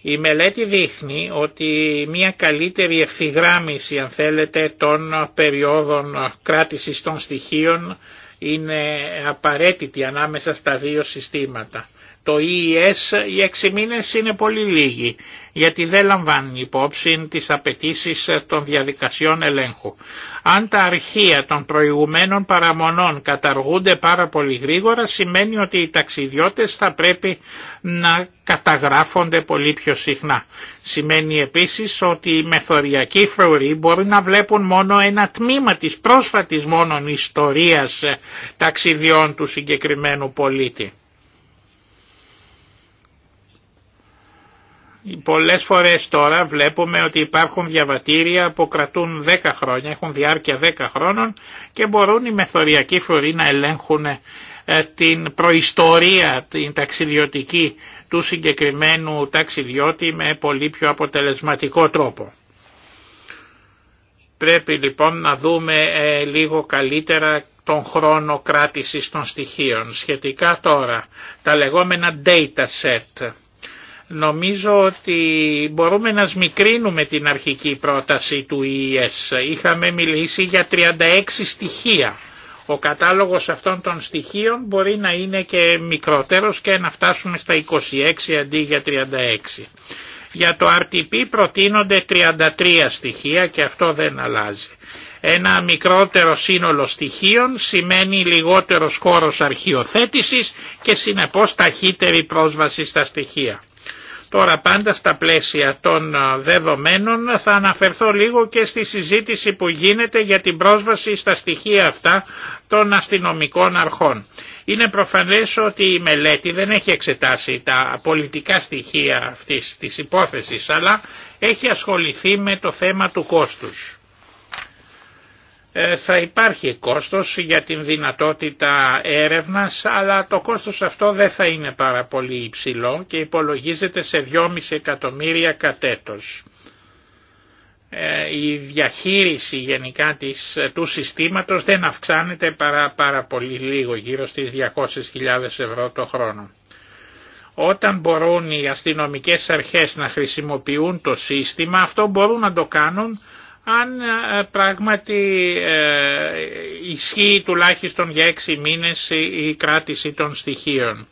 Η μελέτη δείχνει ότι μια καλύτερη ευθυγράμμιση αν θέλετε των περιόδων κράτησης των στοιχείων είναι απαραίτητη ανάμεσα στα δύο συστήματα το EES οι έξι μήνες είναι πολύ λίγοι, γιατί δεν λαμβάνουν υπόψη τις απαιτήσει των διαδικασιών ελέγχου. Αν τα αρχεία των προηγουμένων παραμονών καταργούνται πάρα πολύ γρήγορα, σημαίνει ότι οι ταξιδιώτες θα πρέπει να καταγράφονται πολύ πιο συχνά. Σημαίνει επίσης ότι οι μεθοριακοί φρουροί μπορεί να βλέπουν μόνο ένα τμήμα της πρόσφατης μόνον ιστορίας ταξιδιών του συγκεκριμένου πολίτη. Πολλές φορές τώρα βλέπουμε ότι υπάρχουν διαβατήρια που κρατούν 10 χρόνια, έχουν διάρκεια 10 χρόνων και μπορούν οι μεθοριακοί φορεί να ελέγχουν ε, την προϊστορία, την ταξιδιωτική του συγκεκριμένου ταξιδιώτη με πολύ πιο αποτελεσματικό τρόπο. Πρέπει λοιπόν να δούμε ε, λίγο καλύτερα τον χρόνο κράτησης των στοιχείων. Σχετικά τώρα τα λεγόμενα data set Νομίζω ότι μπορούμε να σμικρίνουμε την αρχική πρόταση του ΙΕΣ. E e Είχαμε μιλήσει για 36 στοιχεία. Ο κατάλογος αυτών των στοιχείων μπορεί να είναι και μικρότερος και να φτάσουμε στα 26 αντί για 36. Για το RTP προτείνονται 33 στοιχεία και αυτό δεν αλλάζει. Ένα μικρότερο σύνολο στοιχείων σημαίνει λιγότερος χώρος αρχιοθέτησης και συνεπώς ταχύτερη πρόσβαση στα στοιχεία. Τώρα πάντα στα πλαίσια των δεδομένων θα αναφερθώ λίγο και στη συζήτηση που γίνεται για την πρόσβαση στα στοιχεία αυτά των αστυνομικών αρχών. Είναι προφανές ότι η μελέτη δεν έχει εξετάσει τα πολιτικά στοιχεία αυτής της υπόθεσης αλλά έχει ασχοληθεί με το θέμα του κόστους. Ε, θα υπάρχει κόστος για την δυνατότητα έρευνας, αλλά το κόστος αυτό δεν θα είναι πάρα πολύ υψηλό και υπολογίζεται σε 2,5 εκατομμύρια κατέτος. Ε, η διαχείριση γενικά της, του συστήματος δεν αυξάνεται παρά πάρα πολύ λίγο, γύρω στις 200.000 ευρώ το χρόνο. Όταν μπορούν οι αστυνομικές αρχές να χρησιμοποιούν το σύστημα, αυτό μπορούν να το κάνουν αν ε, πράγματι ε, ισχύει τουλάχιστον για έξι μήνες η κράτηση των στοιχείων.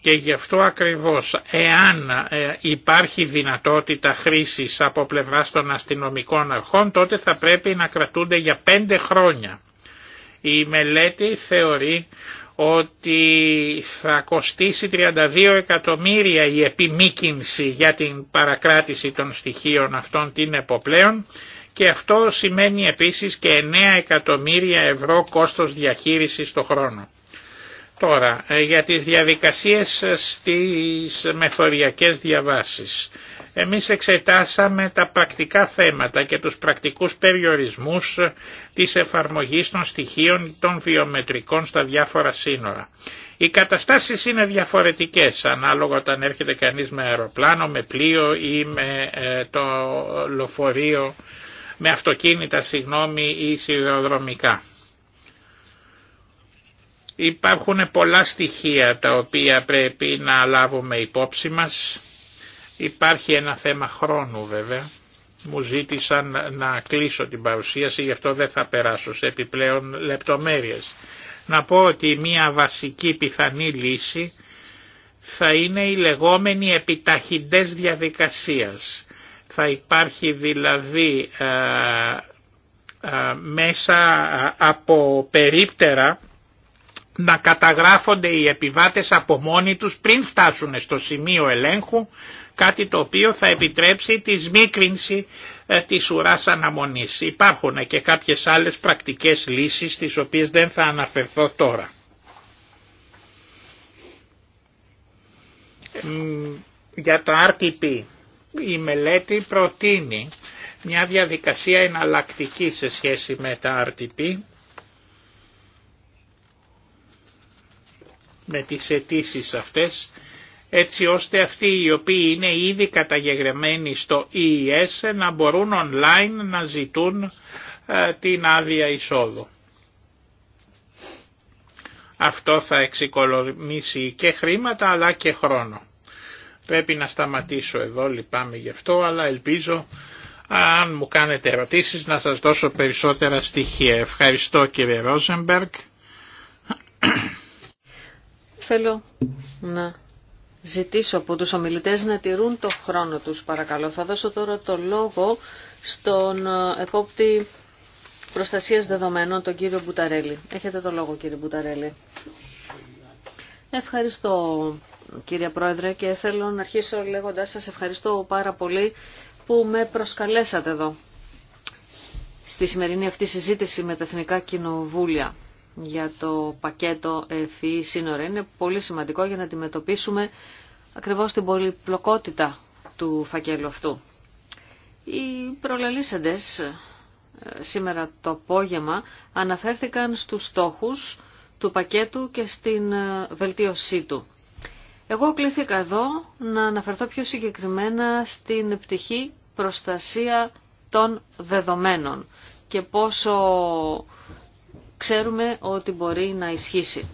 Και γι' αυτό ακριβώς, εάν ε, υπάρχει δυνατότητα χρήσης από πλευράς των αστυνομικών αρχών, τότε θα πρέπει να κρατούνται για πέντε χρόνια. Η μελέτη θεωρεί ότι θα κοστίσει 32 εκατομμύρια η επιμήκυνση για την παρακράτηση των στοιχείων αυτών την εποπλέον και αυτό σημαίνει επίσης και 9 εκατομμύρια ευρώ κόστος διαχείρισης το χρόνο. Τώρα, ε, για τις διαδικασίες στις μεθοριακές διαβάσεις. Εμείς εξετάσαμε τα πρακτικά θέματα και τους πρακτικούς περιορισμούς της εφαρμογής των στοιχείων των βιομετρικών στα διάφορα σύνορα. Οι καταστάσεις είναι διαφορετικές ανάλογα όταν έρχεται κανείς με αεροπλάνο, με πλοίο ή με ε, το λοφορείο, με αυτοκίνητα συγγνώμη ή σιδηροδρομικά. Υπάρχουν πολλά στοιχεία τα οποία πρέπει να λάβουμε υπόψη μας Υπάρχει ένα θέμα χρόνου βέβαια. Μου ζήτησαν να κλείσω την παρουσίαση, γι' αυτό δεν θα περάσω σε επιπλέον λεπτομέρειες. Να πω ότι μία βασική πιθανή λύση θα είναι η λεγόμενη επιταχυντές διαδικασίας. Θα υπάρχει δηλαδή ε, ε, μέσα ε, από περίπτερα να καταγράφονται οι επιβάτες από μόνοι τους πριν φτάσουν στο σημείο ελέγχου κάτι το οποίο θα επιτρέψει τη σμίκρινση ε, της ουράς αναμονής. Υπάρχουν και κάποιες άλλες πρακτικές λύσεις τις οποίες δεν θα αναφερθώ τώρα. Για τα RTP η μελέτη προτείνει μια διαδικασία εναλλακτική σε σχέση με τα RTP με τις αιτήσει αυτές έτσι ώστε αυτοί οι οποίοι είναι ήδη καταγεγραμμένοι στο EES να μπορούν online να ζητούν ε, την άδεια εισόδου. Αυτό θα εξοικονομήσει και χρήματα αλλά και χρόνο. Πρέπει να σταματήσω εδώ, λυπάμαι γι' αυτό, αλλά ελπίζω αν μου κάνετε ερωτήσεις να σας δώσω περισσότερα στοιχεία. Ευχαριστώ κύριε Ρόζενμπεργκ. Θέλω να ζητήσω από τους ομιλητές να τηρούν το χρόνο τους παρακαλώ. Θα δώσω τώρα το λόγο στον ε, επόπτη προστασίας δεδομένων, τον κύριο Μπουταρέλη. Έχετε το λόγο κύριε Μπουταρέλη. Ευχαριστώ κύριε Πρόεδρε και θέλω να αρχίσω λέγοντας σας ευχαριστώ πάρα πολύ που με προσκαλέσατε εδώ στη σημερινή αυτή συζήτηση με τα Εθνικά Κοινοβούλια για το πακέτο ΕΦΗ σύνορα. Είναι πολύ σημαντικό για να αντιμετωπίσουμε ακριβώς την πολυπλοκότητα του φακέλου αυτού. Οι προλαλήσαντες ε, σήμερα το απόγευμα αναφέρθηκαν στους στόχους του πακέτου και στην ε, βελτίωσή του. Εγώ κληθήκα εδώ να αναφερθώ πιο συγκεκριμένα στην πτυχή προστασία των δεδομένων και πόσο ξέρουμε ότι μπορεί να ισχύσει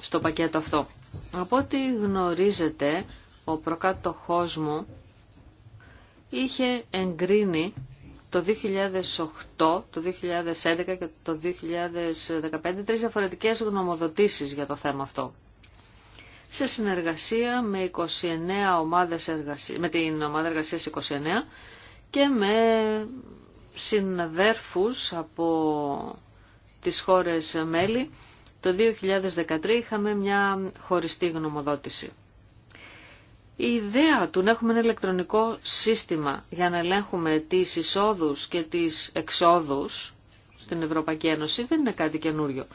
στο πακέτο αυτό. Από ό,τι γνωρίζετε, ο προκάτοχός μου είχε εγκρίνει το 2008, το 2011 και το 2015 τρεις διαφορετικές γνωμοδοτήσεις για το θέμα αυτό. Σε συνεργασία με, 29 ομάδες εργασίας, με την ομάδα εργασίας 29 και με συναδέρφους από τις χώρες μέλη, το 2013 είχαμε μια χωριστή γνωμοδότηση. Η ιδέα του να έχουμε ένα ηλεκτρονικό σύστημα για να ελέγχουμε τις εισόδους και τις εξόδους στην Ευρωπαϊκή Ένωση δεν είναι κάτι καινούριο.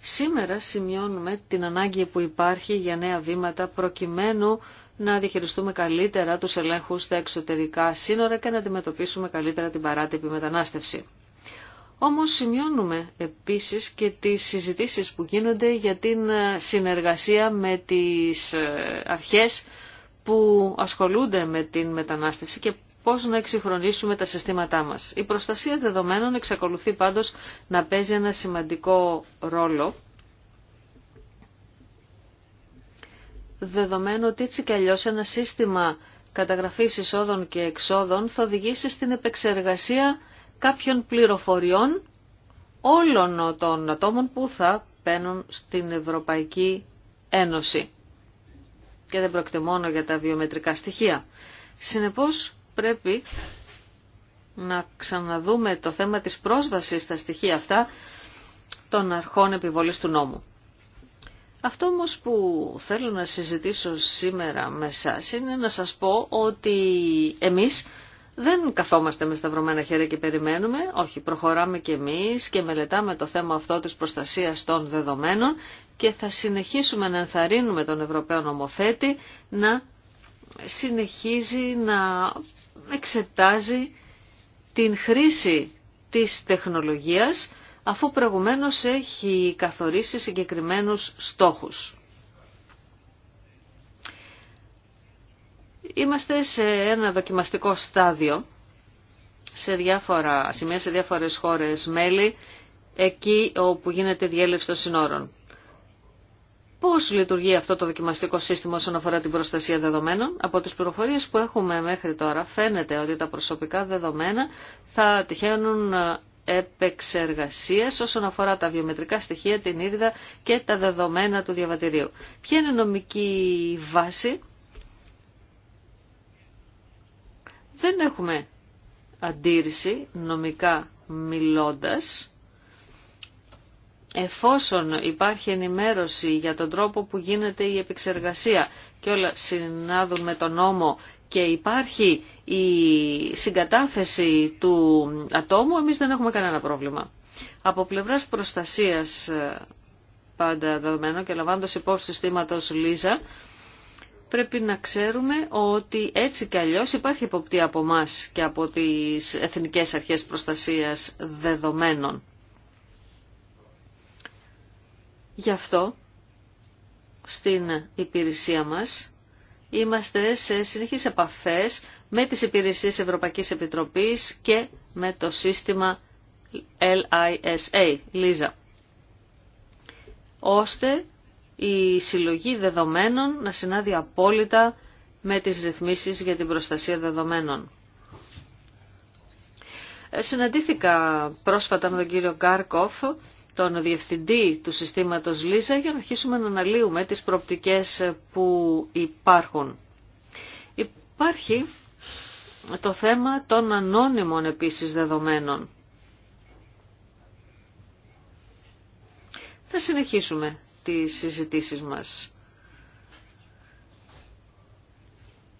Σήμερα σημειώνουμε την ανάγκη που υπάρχει για νέα βήματα προκειμένου να διαχειριστούμε καλύτερα τους ελέγχους στα εξωτερικά σύνορα και να αντιμετωπίσουμε καλύτερα την παράτυπη μετανάστευση. Όμως σημειώνουμε επίσης και τις συζητήσεις που γίνονται για την ε, συνεργασία με τις ε, αρχές που ασχολούνται με την μετανάστευση και πώς να εξυγχρονίσουμε τα συστήματά μας. Η προστασία δεδομένων εξακολουθεί πάντως να παίζει ένα σημαντικό ρόλο δεδομένου ότι έτσι κι αλλιώς ένα σύστημα καταγραφής εισόδων και εξόδων θα οδηγήσει στην επεξεργασία κάποιων πληροφοριών όλων των ατόμων που θα μπαίνουν στην Ευρωπαϊκή Ένωση. Και δεν πρόκειται μόνο για τα βιομετρικά στοιχεία. Συνεπώς πρέπει να ξαναδούμε το θέμα της πρόσβασης στα στοιχεία αυτά των αρχών επιβολής του νόμου. Αυτό όμω που θέλω να συζητήσω σήμερα με σας είναι να σας πω ότι εμείς δεν καθόμαστε με σταυρωμένα χέρια και περιμένουμε, όχι, προχωράμε και εμείς και μελετάμε το θέμα αυτό της προστασίας των δεδομένων και θα συνεχίσουμε να ενθαρρύνουμε τον Ευρωπαίο Νομοθέτη να συνεχίζει να εξετάζει την χρήση της τεχνολογίας αφού προηγουμένως έχει καθορίσει συγκεκριμένους στόχους. Είμαστε σε ένα δοκιμαστικό στάδιο σε διάφορα σημεία, σε διάφορες χώρες μέλη, εκεί όπου γίνεται διέλευση των συνόρων. Πώς λειτουργεί αυτό το δοκιμαστικό σύστημα όσον αφορά την προστασία δεδομένων. Από τις πληροφορίες που έχουμε μέχρι τώρα φαίνεται ότι τα προσωπικά δεδομένα θα τυχαίνουν ε, επεξεργασίες όσον αφορά τα βιομετρικά στοιχεία, την ίδια και τα δεδομένα του διαβατηρίου. Ποια είναι η νομική βάση Δεν έχουμε αντίρρηση νομικά μιλώντας εφόσον υπάρχει ενημέρωση για τον τρόπο που γίνεται η επεξεργασία και όλα συνάδουν με τον νόμο και υπάρχει η συγκατάθεση του ατόμου, εμείς δεν έχουμε κανένα πρόβλημα. Από πλευράς προστασίας πάντα δεδομένο και λαμβάνοντας υπόψη συστήματος Λίζα, πρέπει να ξέρουμε ότι έτσι κι αλλιώς υπάρχει υποπτή από εμά και από τις Εθνικές Αρχές Προστασίας Δεδομένων. Γι' αυτό στην υπηρεσία μας είμαστε σε συνεχείς επαφές με τις υπηρεσίες Ευρωπαϊκής Επιτροπής και με το σύστημα LISA, LISA ώστε η συλλογή δεδομένων να συνάδει απόλυτα με τις ρυθμίσεις για την προστασία δεδομένων. Ε, συναντήθηκα πρόσφατα με τον κύριο Γκάρκοφ, τον διευθυντή του συστήματος Λίζα, για να αρχίσουμε να αναλύουμε τις προπτικές που υπάρχουν. Υπάρχει το θέμα των ανώνυμων επίσης δεδομένων. Θα συνεχίσουμε τις συζητήσεις μας.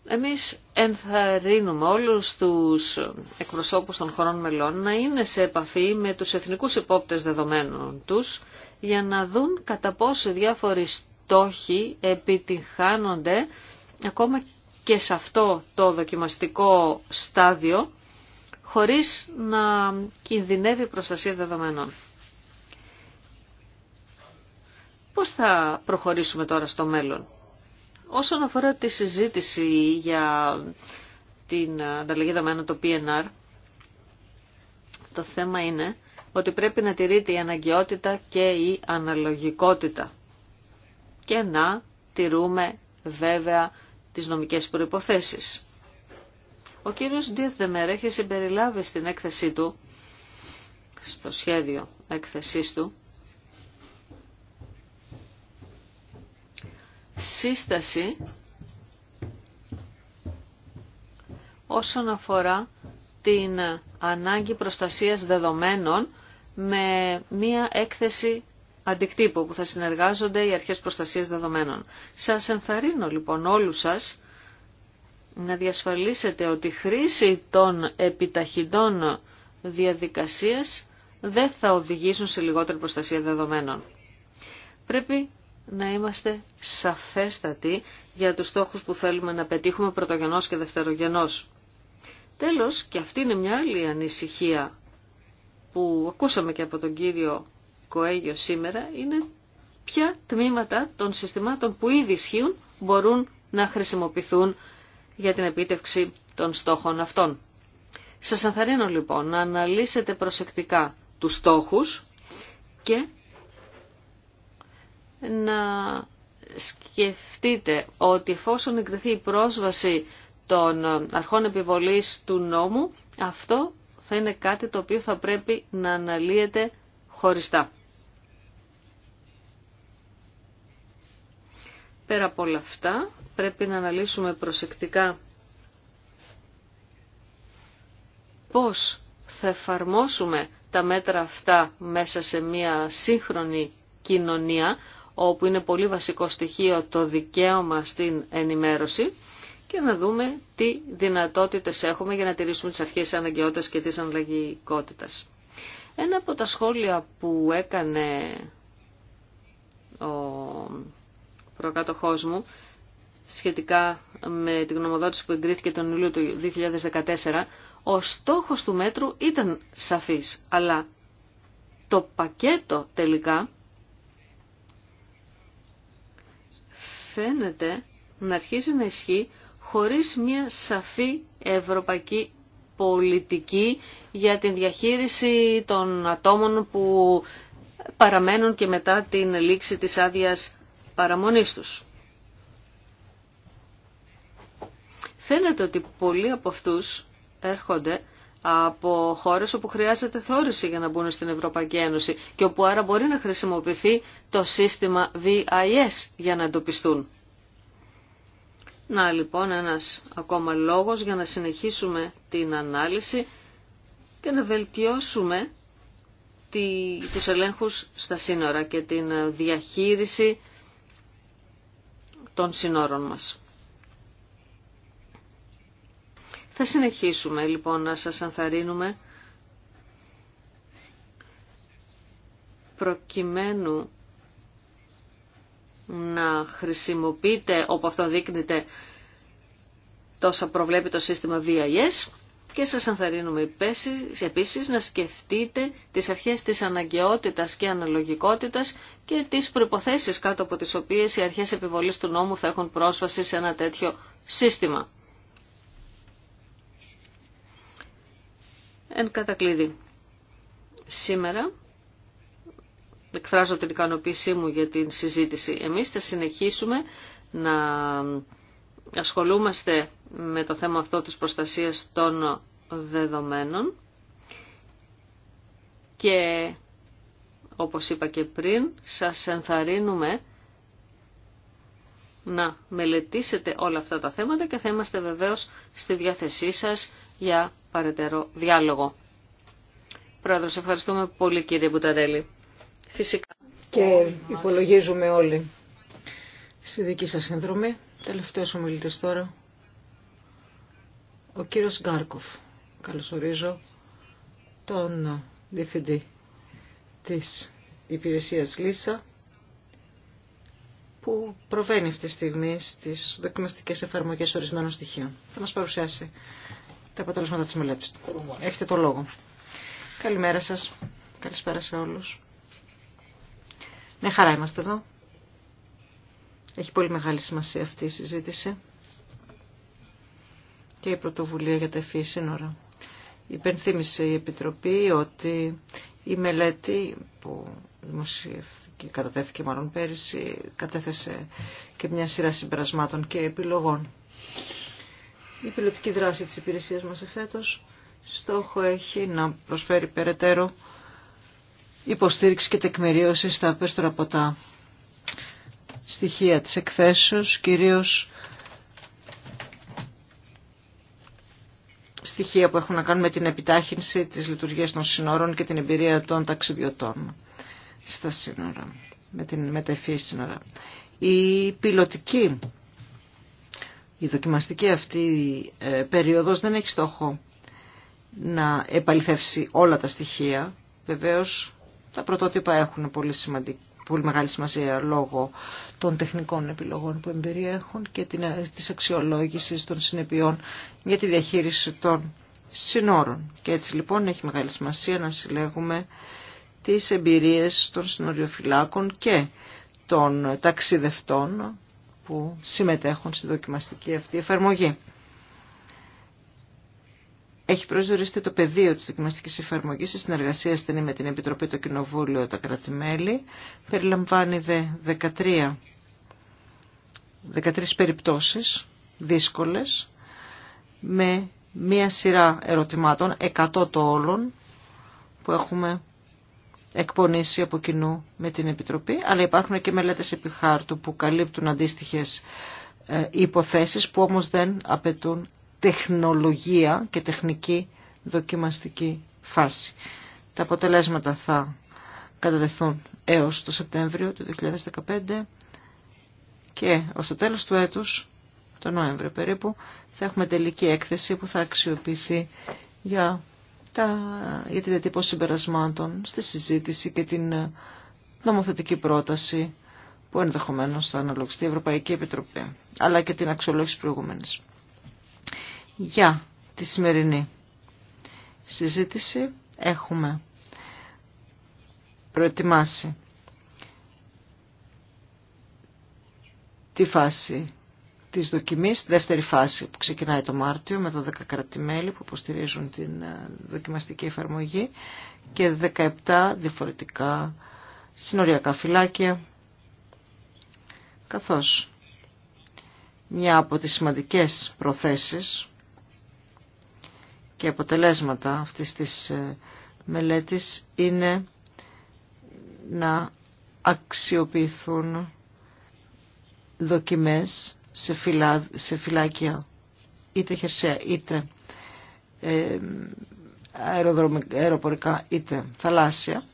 Εμείς ενθαρρύνουμε όλους τους εκπροσώπους των χωρών μελών να είναι σε επαφή με τους εθνικούς υπόπτες δεδομένων τους για να δουν κατά πόσο διάφοροι στόχοι επιτυγχάνονται ακόμα και σε αυτό το δοκιμαστικό στάδιο χωρίς να κινδυνεύει η προστασία δεδομένων. Πώς θα προχωρήσουμε τώρα στο μέλλον. Όσον αφορά τη συζήτηση για την ανταλλαγή δεδομένων το PNR, το θέμα είναι ότι πρέπει να τηρείται η αναγκαιότητα και η αναλογικότητα και να τηρούμε βέβαια τις νομικές προϋποθέσεις. Ο κύριος Ντίθ Δεμέρ έχει συμπεριλάβει στην έκθεσή του, στο σχέδιο έκθεσής του, σύσταση όσον αφορά την ανάγκη προστασίας δεδομένων με μία έκθεση αντικτύπου που θα συνεργάζονται οι αρχές προστασίας δεδομένων. Σας ενθαρρύνω λοιπόν όλους σας να διασφαλίσετε ότι η χρήση των επιταχυντών διαδικασίας δεν θα οδηγήσουν σε λιγότερη προστασία δεδομένων. Πρέπει να είμαστε σαφέστατοι για τους στόχους που θέλουμε να πετύχουμε πρωτογενός και δευτερογενός. Τέλος, και αυτή είναι μια άλλη ανησυχία που ακούσαμε και από τον κύριο Κοέγιο σήμερα, είναι ποια τμήματα των συστημάτων που ήδη ισχύουν μπορούν να χρησιμοποιηθούν για την επίτευξη των στόχων αυτών. Σας ανθαρρύνω λοιπόν να αναλύσετε προσεκτικά τους στόχους και να σκεφτείτε ότι εφόσον εγκριθεί η πρόσβαση των αρχών επιβολής του νόμου, αυτό θα είναι κάτι το οποίο θα πρέπει να αναλύεται χωριστά. Πέρα από όλα αυτά, πρέπει να αναλύσουμε προσεκτικά πώς θα εφαρμόσουμε τα μέτρα αυτά μέσα σε μια σύγχρονη κοινωνία, όπου είναι πολύ βασικό στοιχείο το δικαίωμα στην ενημέρωση και να δούμε τι δυνατότητες έχουμε για να τηρήσουμε τις αρχές της αναγκαιότητας και της αναλλαγικότητας. Ένα από τα σχόλια που έκανε ο προκάτοχός μου σχετικά με την γνωμοδότηση που εγκρίθηκε τον Ιούλιο του 2014, ο στόχος του μέτρου ήταν σαφής, αλλά το πακέτο τελικά φαίνεται να αρχίζει να ισχύει χωρίς μια σαφή ευρωπαϊκή πολιτική για την διαχείριση των ατόμων που παραμένουν και μετά την λήξη της άδειας παραμονής τους. Φαίνεται ότι πολλοί από αυτούς έρχονται από χώρες όπου χρειάζεται θεώρηση για να μπουν στην Ευρωπαϊκή Ένωση και όπου άρα μπορεί να χρησιμοποιηθεί το σύστημα VIS για να εντοπιστούν. Να λοιπόν ένας ακόμα λόγος για να συνεχίσουμε την ανάλυση και να βελτιώσουμε τη, τους ελέγχους στα σύνορα και την διαχείριση των σύνορων μας. Θα συνεχίσουμε λοιπόν να σας ανθαρρύνουμε προκειμένου να χρησιμοποιείτε όπου αυτό δείκνεται τόσα προβλέπει το σύστημα VIS και σας ανθαρρύνουμε επίσης να σκεφτείτε τις αρχές της αναγκαιότητας και αναλογικότητας και τις προϋποθέσεις κάτω από τις οποίες οι αρχές επιβολής του νόμου θα έχουν πρόσβαση σε ένα τέτοιο σύστημα. Εν κατακλείδη, σήμερα εκφράζω την ικανοποίησή μου για την συζήτηση. Εμείς θα συνεχίσουμε να ασχολούμαστε με το θέμα αυτό της προστασίας των δεδομένων και όπως είπα και πριν σας ενθαρρύνουμε να μελετήσετε όλα αυτά τα θέματα και θα είμαστε βεβαίως στη διάθεσή σας για παρετέρω διάλογο. Πρόεδρος, ευχαριστούμε πολύ κύριε Μπουταρέλη. Φυσικά. Και υπολογίζουμε όλοι στη δική σας συνδρομή. Τελευταίος ομιλητής τώρα, ο κύριος Γκάρκοφ. Καλωσορίζω τον διευθυντή της υπηρεσίας Λίσα που προβαίνει αυτή τη στιγμή στις δοκιμαστικές εφαρμογές ορισμένων στοιχείων. Θα μας παρουσιάσει τα αποτελέσματα της μελέτης του. Έχετε το λόγο. Καλημέρα σας. Καλησπέρα σε όλους. Με χαρά είμαστε εδώ. Έχει πολύ μεγάλη σημασία αυτή η συζήτηση και η πρωτοβουλία για τα εφή e σύνορα. Υπενθύμησε η Επιτροπή ότι η μελέτη που δημοσιεύθηκε, κατατέθηκε μάλλον πέρυσι, κατέθεσε και μια σειρά συμπερασμάτων και επιλογών. Η πιλωτική δράση της υπηρεσίας μας εφέτος στόχο έχει να προσφέρει περαιτέρω υποστήριξη και τεκμηρίωση στα απέστωρα τα Στοιχεία της εκθέσεως, κυρίως στοιχεία που έχουν να κάνουν με την επιτάχυνση της λειτουργίας των σύνορων και την εμπειρία των ταξιδιωτών στα σύνορα, με την μεταφύση σύνορα. Η πιλωτική η δοκιμαστική αυτή ε, περίοδος δεν έχει στόχο να επαληθεύσει όλα τα στοιχεία. Βεβαίως τα πρωτότυπα έχουν πολύ, μεγάλη σημασία λόγω των τεχνικών επιλογών που εμπεριέχουν και ε, της αξιολόγησης των συνεπειών για τη διαχείριση των συνόρων. Και έτσι λοιπόν έχει μεγάλη σημασία να συλλέγουμε τις εμπειρίες των συνοριοφυλάκων και των ταξιδευτών που συμμετέχουν στη δοκιμαστική αυτή εφαρμογή. Έχει προσδιοριστεί το πεδίο της δοκιμαστικής εφαρμογής σε συνεργασία στενή με την Επιτροπή, το Κοινοβούλιο, τα κρατημέλη. Περιλαμβάνει δε 13, 13 περιπτώσεις δύσκολες με μία σειρά ερωτημάτων, 100 το όλων, που έχουμε εκπονήσει από κοινού με την Επιτροπή, αλλά υπάρχουν και μελέτες επί χάρτου που καλύπτουν αντίστοιχες ε, υποθέσεις που όμως δεν απαιτούν τεχνολογία και τεχνική δοκιμαστική φάση. Τα αποτελέσματα θα κατατεθούν έως το Σεπτέμβριο του 2015 και ως το τέλος του έτους, το Νοέμβριο περίπου, θα έχουμε τελική έκθεση που θα αξιοποιηθεί για τα, για τη διατύπωση συμπερασμάτων στη συζήτηση και την ε, νομοθετική πρόταση που ενδεχομένως θα αναλογιστεί η Ευρωπαϊκή Επιτροπή, αλλά και την αξιολόγηση προηγούμενης. Για τη σημερινή συζήτηση έχουμε προετοιμάσει τη φάση της δοκιμής, δεύτερη φάση που ξεκινάει το Μάρτιο με 12 κρατημέλη που υποστηρίζουν την ε, δοκιμαστική εφαρμογή και 17 διαφορετικά συνοριακά φυλάκια καθώς μια από τις σημαντικές προθέσεις και αποτελέσματα αυτής της ε, μελέτης είναι να αξιοποιηθούν δοκιμές σε, σε φυλάκια, είτε χερσαία, είτε ε, αεροπορικά, είτε θαλάσσια.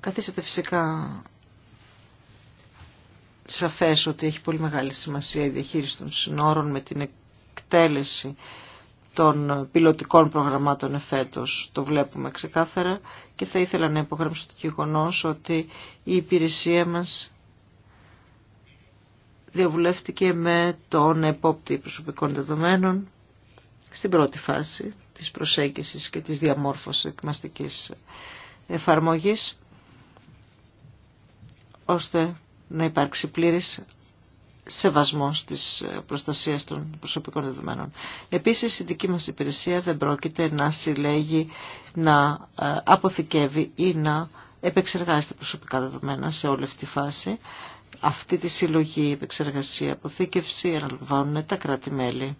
Καθίσατε φυσικά σαφές ότι έχει πολύ μεγάλη σημασία η διαχείριση των συνόρων με την εκτέλεση των πιλωτικών προγραμμάτων εφέτος. Το βλέπουμε ξεκάθαρα και θα ήθελα να υπογραμμίσω το γεγονό ότι η υπηρεσία μας διαβουλεύτηκε με τον επόπτη προσωπικών δεδομένων στην πρώτη φάση της προσέγγισης και της διαμόρφωσης εκμαστικής εφαρμογής ώστε να υπάρξει πλήρης σεβασμό της ε, προστασίας των προσωπικών δεδομένων. Επίσης η δική μας υπηρεσία δεν πρόκειται να συλλέγει, να ε, αποθηκεύει ή να επεξεργάζεται προσωπικά δεδομένα σε όλη αυτή τη φάση. Αυτή τη συλλογή, επεξεργασία, αποθήκευση αναλαμβάνουν τα κράτη-μέλη.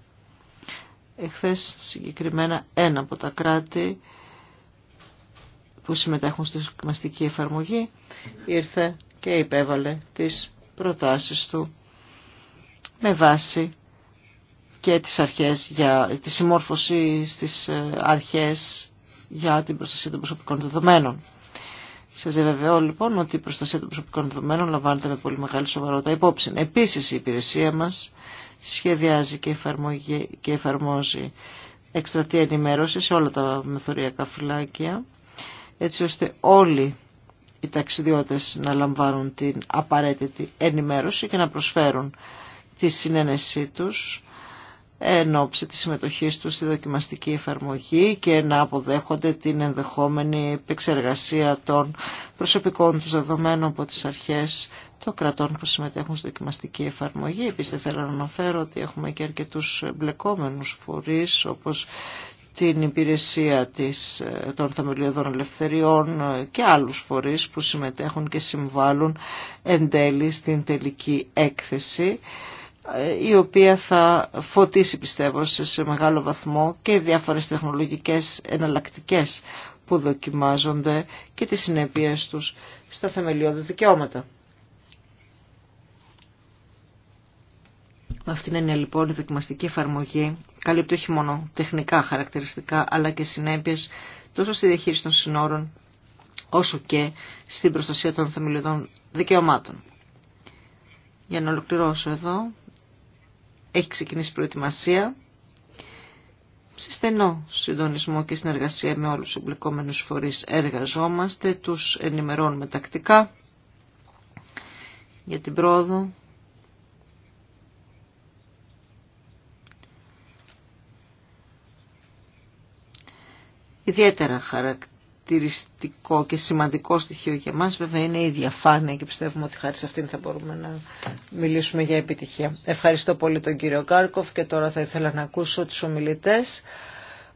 Εχθές συγκεκριμένα ένα από τα κράτη που συμμετέχουν στη δοκιμαστική εφαρμογή ήρθε και υπέβαλε τις προτάσεις του με βάση και τις αρχές για τη συμμόρφωση στις ε, αρχές για την προστασία των προσωπικών δεδομένων. Σα διαβεβαιώ λοιπόν ότι η προστασία των προσωπικών δεδομένων λαμβάνεται με πολύ μεγάλη σοβαρότητα υπόψη. Επίση η υπηρεσία μα σχεδιάζει και, εφαρμόζει εκστρατεία ενημέρωση σε όλα τα μεθοριακά φυλάκια, έτσι ώστε όλοι οι ταξιδιώτε να λαμβάνουν την απαραίτητη ενημέρωση και να προσφέρουν τη συνένεσή τους εν ώψη της συμμετοχής τους στη δοκιμαστική εφαρμογή και να αποδέχονται την ενδεχόμενη επεξεργασία των προσωπικών τους δεδομένων από τις αρχές των κρατών που συμμετέχουν στη δοκιμαστική εφαρμογή. Επίσης θέλω να αναφέρω ότι έχουμε και αρκετούς μπλεκόμενους φορείς όπως την υπηρεσία της, των θεμελιωδών ελευθεριών και άλλους φορείς που συμμετέχουν και συμβάλλουν εν τέλει στην τελική έκθεση η οποία θα φωτίσει πιστεύω σε μεγάλο βαθμό και διάφορες τεχνολογικές εναλλακτικές που δοκιμάζονται και τις συνέπειες τους στα θεμελιώδη δικαιώματα. Με αυτήν είναι λοιπόν η δοκιμαστική εφαρμογή καλύπτει όχι μόνο τεχνικά χαρακτηριστικά αλλά και συνέπειες τόσο στη διαχείριση των συνόρων όσο και στην προστασία των θεμελιωδών δικαιωμάτων. Για να ολοκληρώσω εδώ, έχει ξεκινήσει προετοιμασία σε στενό συντονισμό και συνεργασία με όλους τους εμπλεκόμενους φορείς εργαζόμαστε, τους ενημερώνουμε τακτικά για την πρόοδο. Ιδιαίτερα χαρακτηριστικά χαρακτηριστικό και σημαντικό στοιχείο για μας βέβαια είναι η διαφάνεια και πιστεύουμε ότι χάρη σε αυτήν θα μπορούμε να μιλήσουμε για επιτυχία. Ευχαριστώ πολύ τον κύριο Κάρκοφ και τώρα θα ήθελα να ακούσω τους ομιλητές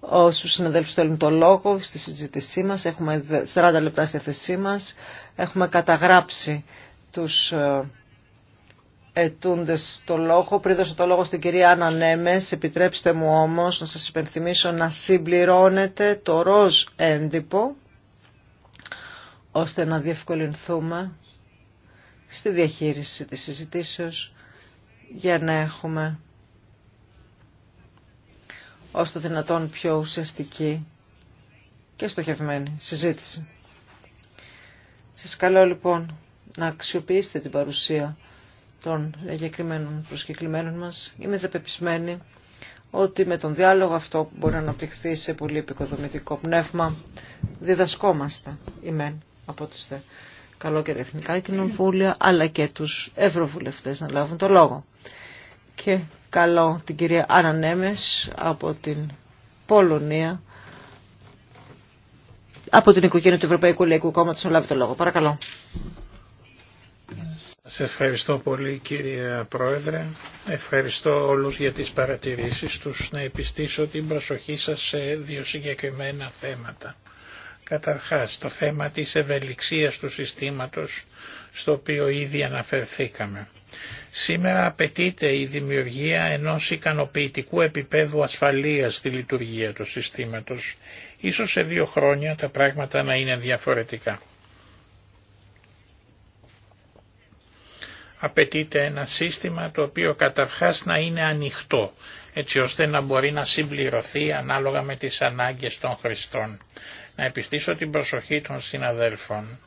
όσους συναδέλφους θέλουν το λόγο στη συζήτησή μας. Έχουμε 40 λεπτά στη θέσή μας. Έχουμε καταγράψει τους ε, ετούντε το λόγο. Πριν δώσω το λόγο στην κυρία Άννα Νέμες, επιτρέψτε μου όμως να σας υπενθυμίσω να συμπληρώνετε το ροζ έντυπο ώστε να διευκολυνθούμε στη διαχείριση της συζητήσεως για να έχουμε ως το δυνατόν πιο ουσιαστική και στοχευμένη συζήτηση. Σας καλώ λοιπόν να αξιοποιήσετε την παρουσία των εγκεκριμένων προσκεκλημένων μας. Είμαι δεπεπισμένη ότι με τον διάλογο αυτό που μπορεί να αναπτυχθεί σε πολύ επικοδομητικό πνεύμα διδασκόμαστε ημέν από ό,τι καλό και τα εθνικά κοινοβούλια, αλλά και τους ευρωβουλευτές να λάβουν το λόγο. Και καλό την κυρία Ανανέμες από την Πολωνία, από την οικογένεια του Ευρωπαϊκού Λαϊκού Κόμματος να λάβει το λόγο. Παρακαλώ. Σας ευχαριστώ πολύ κύριε Πρόεδρε. Ευχαριστώ όλους για τις παρατηρήσεις τους. Να επιστήσω την προσοχή σας σε δύο συγκεκριμένα θέματα. Καταρχάς, το θέμα της ευελιξίας του συστήματος στο οποίο ήδη αναφερθήκαμε. Σήμερα απαιτείται η δημιουργία ενός ικανοποιητικού επίπεδου ασφαλείας στη λειτουργία του συστήματος. Ίσως σε δύο χρόνια τα πράγματα να είναι διαφορετικά. Απαιτείται ένα σύστημα το οποίο καταρχάς να είναι ανοιχτό, έτσι ώστε να μπορεί να συμπληρωθεί ανάλογα με τις ανάγκες των χρηστών να επιστήσω την προσοχή των συναδέλφων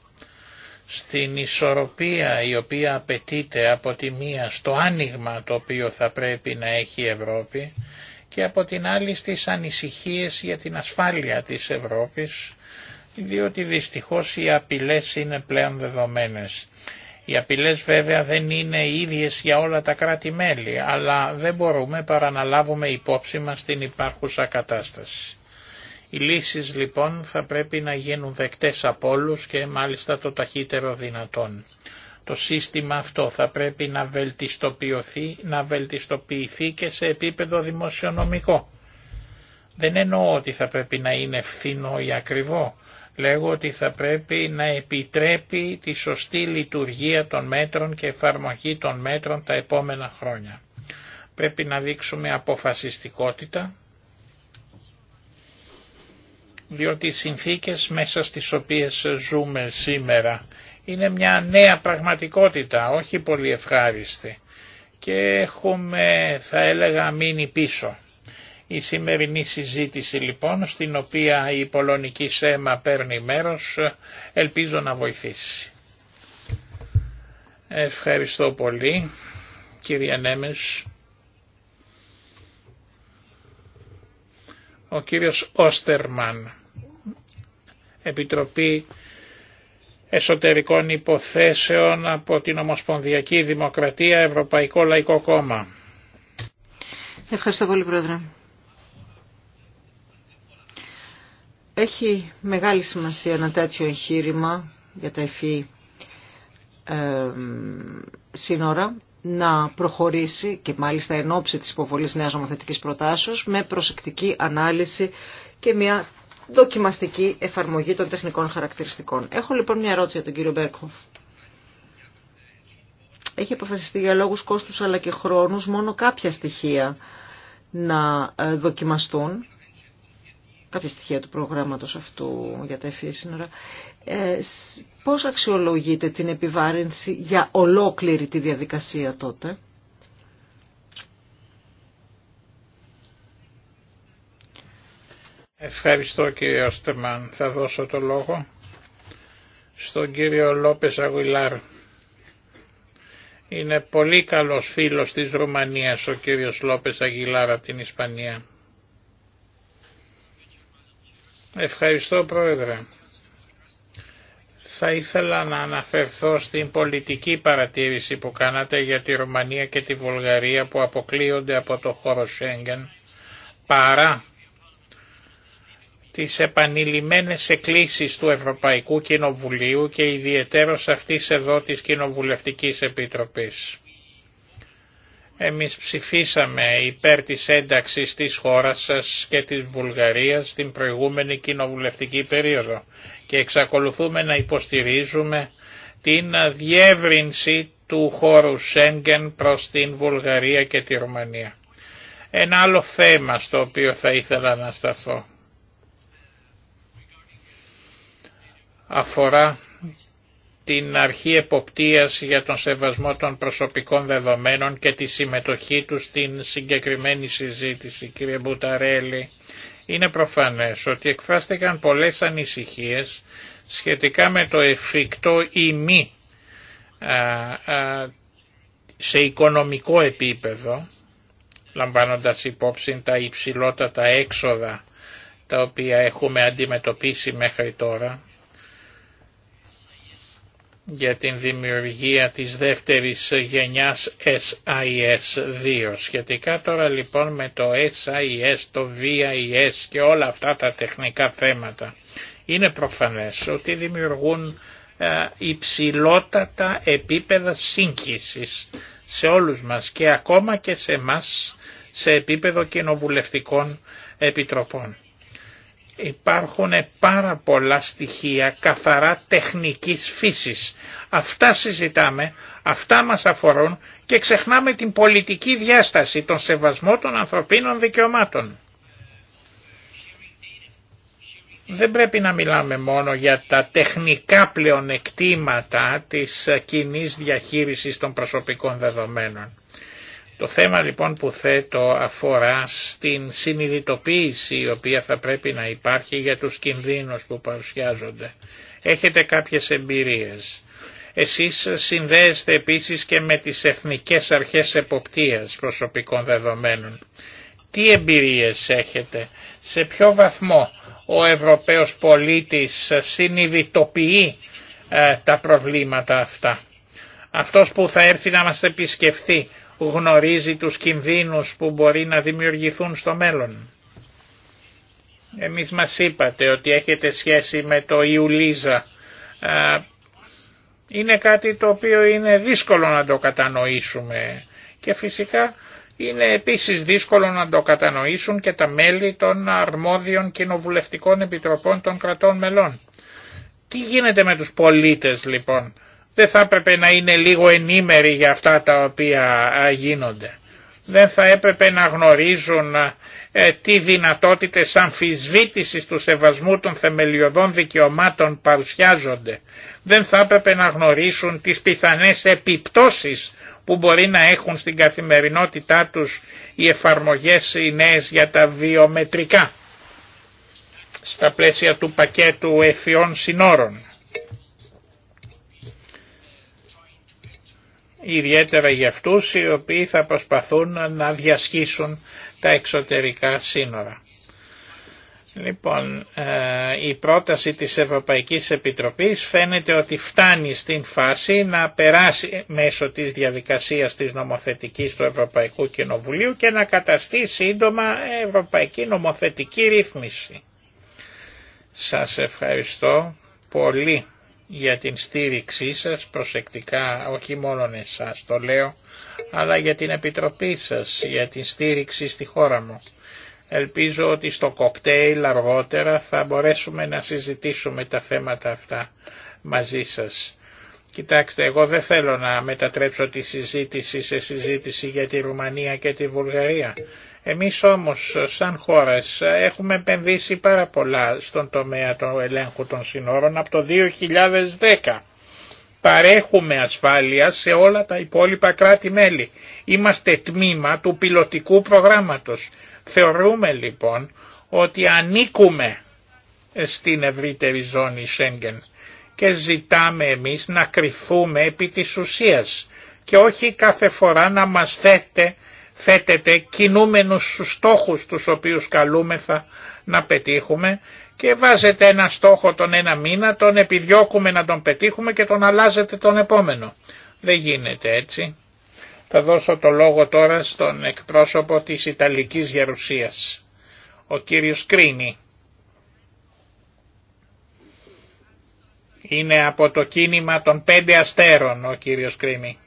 στην ισορροπία η οποία απαιτείται από τη μία στο άνοιγμα το οποίο θα πρέπει να έχει η Ευρώπη και από την άλλη στις ανησυχίες για την ασφάλεια της Ευρώπης διότι δυστυχώς οι απειλές είναι πλέον δεδομένες. Οι απειλές βέβαια δεν είναι οι ίδιες για όλα τα κράτη-μέλη, αλλά δεν μπορούμε παρά να λάβουμε υπόψη μας την υπάρχουσα κατάσταση. Οι λύσεις λοιπόν θα πρέπει να γίνουν δεκτές από όλους και μάλιστα το ταχύτερο δυνατόν. Το σύστημα αυτό θα πρέπει να βελτιστοποιηθεί, να βελτιστοποιηθεί και σε επίπεδο δημοσιονομικό. Δεν εννοώ ότι θα πρέπει να είναι φθηνό ή ακριβό. Λέγω ότι θα πρέπει να επιτρέπει τη σωστή λειτουργία των μέτρων και εφαρμογή των μέτρων τα επόμενα χρόνια. Πρέπει να δείξουμε αποφασιστικότητα διότι οι συνθήκες μέσα στις οποίες ζούμε σήμερα είναι μια νέα πραγματικότητα, όχι πολύ ευχάριστη και έχουμε θα έλεγα μείνει πίσω. Η σημερινή συζήτηση λοιπόν στην οποία η Πολωνική ΣΕΜΑ παίρνει μέρος ελπίζω να βοηθήσει. Ευχαριστώ πολύ κύριε Νέμες. Ο κύριος Όστερμαν. Επιτροπή Εσωτερικών Υποθέσεων από την Ομοσπονδιακή Δημοκρατία Ευρωπαϊκό Λαϊκό Κόμμα. Ευχαριστώ πολύ Πρόεδρε. Έχει μεγάλη σημασία ένα τέτοιο εγχείρημα για τα εφή ε, σύνορα να προχωρήσει και μάλιστα εν ώψη της υποβολής νέας νομοθετικής προτάσεως με προσεκτική ανάλυση και μια δοκιμαστική εφαρμογή των τεχνικών χαρακτηριστικών. Έχω λοιπόν μια ερώτηση για τον κύριο Μπέρκοφ. Έχει αποφασιστεί για λόγους κόστους αλλά και χρόνους μόνο κάποια στοιχεία να ε, δοκιμαστούν κάποια στοιχεία του προγράμματος αυτού για τα ευφύη e σύνορα. Ε, πώς αξιολογείτε την επιβάρυνση για ολόκληρη τη διαδικασία τότε. Ευχαριστώ κύριε Όστεμαν. Θα δώσω το λόγο στον κύριο Λόπες Αγουιλάρ. Είναι πολύ καλός φίλος της Ρουμανίας ο κύριος Λόπες Αγγιλάρ από την Ισπανία. Ευχαριστώ Πρόεδρε. Θα ήθελα να αναφερθώ στην πολιτική παρατήρηση που κάνατε για τη Ρουμανία και τη Βουλγαρία που αποκλείονται από το χώρο Σέγγεν παρά τις επανειλημμένες εκκλήσεις του Ευρωπαϊκού Κοινοβουλίου και ιδιαιτέρως αυτής εδώ της Κοινοβουλευτικής Επιτροπής. Εμείς ψηφίσαμε υπέρ της ένταξης της χώρας σας και της Βουλγαρίας στην προηγούμενη κοινοβουλευτική περίοδο και εξακολουθούμε να υποστηρίζουμε την διεύρυνση του χώρου Σέγγεν προς την Βουλγαρία και τη Ρουμανία. Ένα άλλο θέμα στο οποίο θα ήθελα να σταθώ αφορά την αρχή εποπτείας για τον σεβασμό των προσωπικών δεδομένων και τη συμμετοχή του στην συγκεκριμένη συζήτηση. Κύριε Μπουταρέλη, είναι προφανές ότι εκφράστηκαν πολλές ανησυχίες σχετικά με το εφικτό ή μη σε οικονομικό επίπεδο, λαμβάνοντας υπόψη τα υψηλότατα έξοδα τα οποία έχουμε αντιμετωπίσει μέχρι τώρα, για την δημιουργία της δεύτερης γενιάς SIS2. Σχετικά τώρα λοιπόν με το SIS, το VIS και όλα αυτά τα τεχνικά θέματα είναι προφανές ότι δημιουργούν ε, υψηλότατα επίπεδα σύγχυσης σε όλους μας και ακόμα και σε μας σε επίπεδο κοινοβουλευτικών επιτροπών. Υπάρχουν πάρα πολλά στοιχεία καθαρά τεχνικής φύσης. Αυτά συζητάμε, αυτά μας αφορούν και ξεχνάμε την πολιτική διάσταση, τον σεβασμό των ανθρωπίνων δικαιωμάτων. Δεν πρέπει να μιλάμε μόνο για τα τεχνικά πλεονεκτήματα της κοινή διαχείρισης των προσωπικών δεδομένων. Το θέμα λοιπόν που θέτω αφορά στην συνειδητοποίηση η οποία θα πρέπει να υπάρχει για τους κινδύνους που παρουσιάζονται. Έχετε κάποιες εμπειρίες. Εσείς συνδέεστε επίσης και με τις εθνικές αρχές εποπτείας προσωπικών δεδομένων. Τι εμπειρίες έχετε, σε ποιο βαθμό ο Ευρωπαίος πολίτης συνειδητοποιεί ε, τα προβλήματα αυτά. Αυτός που θα έρθει να μας επισκεφθεί γνωρίζει τους κινδύνους που μπορεί να δημιουργηθούν στο μέλλον. Εμείς μας είπατε ότι έχετε σχέση με το Ιουλίζα. Είναι κάτι το οποίο είναι δύσκολο να το κατανοήσουμε και φυσικά είναι επίσης δύσκολο να το κατανοήσουν και τα μέλη των αρμόδιων κοινοβουλευτικών επιτροπών των κρατών μελών. Τι γίνεται με τους πολίτες λοιπόν δεν θα έπρεπε να είναι λίγο ενήμεροι για αυτά τα οποία γίνονται. Δεν θα έπρεπε να γνωρίζουν ε, τι δυνατότητες αμφισβήτησης του σεβασμού των θεμελιωδών δικαιωμάτων παρουσιάζονται. Δεν θα έπρεπε να γνωρίσουν τις πιθανές επιπτώσεις που μπορεί να έχουν στην καθημερινότητά τους οι εφαρμογές οι νέες για τα βιομετρικά στα πλαίσια του πακέτου εφιών συνόρων. ιδιαίτερα για αυτούς οι οποίοι θα προσπαθούν να διασχίσουν τα εξωτερικά σύνορα. Λοιπόν, ε, η πρόταση της Ευρωπαϊκής Επιτροπής φαίνεται ότι φτάνει στην φάση να περάσει μέσω της διαδικασίας της νομοθετικής του Ευρωπαϊκού Κοινοβουλίου και να καταστεί σύντομα ευρωπαϊκή νομοθετική ρύθμιση. Σας ευχαριστώ πολύ για την στήριξή σας προσεκτικά, όχι μόνο εσάς το λέω, αλλά για την επιτροπή σας, για την στήριξη στη χώρα μου. Ελπίζω ότι στο κοκτέιλ αργότερα θα μπορέσουμε να συζητήσουμε τα θέματα αυτά μαζί σας. Κοιτάξτε, εγώ δεν θέλω να μετατρέψω τη συζήτηση σε συζήτηση για τη Ρουμανία και τη Βουλγαρία. Εμείς όμως σαν χώρες έχουμε επενδύσει πάρα πολλά στον τομέα του ελέγχου των συνόρων από το 2010. Παρέχουμε ασφάλεια σε όλα τα υπόλοιπα κράτη-μέλη. Είμαστε τμήμα του πιλωτικού προγράμματος. Θεωρούμε λοιπόν ότι ανήκουμε στην ευρύτερη ζώνη Σέγγεν και ζητάμε εμείς να κρυφούμε επί της ουσίας και όχι κάθε φορά να μας θέτε θέτεται κινούμενους στους στόχους τους οποίους καλούμεθα να πετύχουμε και βάζετε ένα στόχο τον ένα μήνα, τον επιδιώκουμε να τον πετύχουμε και τον αλλάζετε τον επόμενο. Δεν γίνεται έτσι. Θα δώσω το λόγο τώρα στον εκπρόσωπο της Ιταλικής Γερουσίας, ο κύριος Κρίνη. Είναι από το κίνημα των πέντε αστέρων ο κύριος Κρίνη.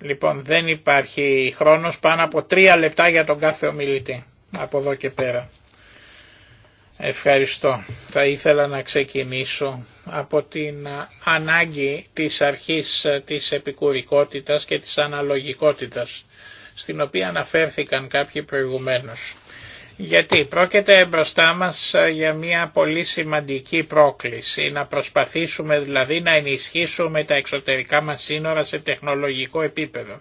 Λοιπόν, δεν υπάρχει χρόνος πάνω από τρία λεπτά για τον κάθε ομιλητή. Από εδώ και πέρα. Ευχαριστώ. Θα ήθελα να ξεκινήσω από την ανάγκη της αρχής της επικουρικότητας και της αναλογικότητας, στην οποία αναφέρθηκαν κάποιοι προηγουμένως. Γιατί πρόκειται μπροστά μας ε, για μια πολύ σημαντική πρόκληση, να προσπαθήσουμε δηλαδή να ενισχύσουμε τα εξωτερικά μας σύνορα σε τεχνολογικό επίπεδο.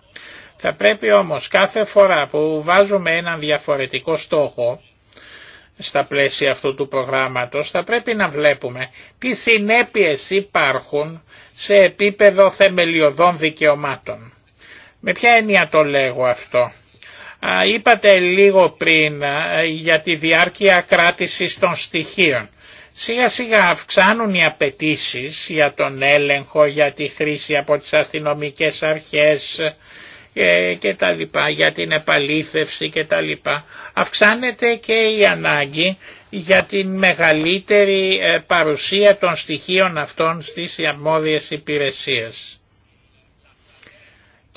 Θα πρέπει όμως κάθε φορά που βάζουμε έναν διαφορετικό στόχο, στα πλαίσια αυτού του προγράμματος θα πρέπει να βλέπουμε τι συνέπειες υπάρχουν σε επίπεδο θεμελιωδών δικαιωμάτων. Με ποια έννοια το λέγω αυτό. Είπατε λίγο πριν για τη διάρκεια κράτησης των στοιχείων. Σιγά σιγά αυξάνουν οι απαιτήσει για τον έλεγχο, για τη χρήση από τις αστυνομικές αρχές ε, και τα λοιπά, για την επαλήθευση και τα λοιπά. Αυξάνεται και η ανάγκη για την μεγαλύτερη ε, παρουσία των στοιχείων αυτών στις αρμόδιες υπηρεσίες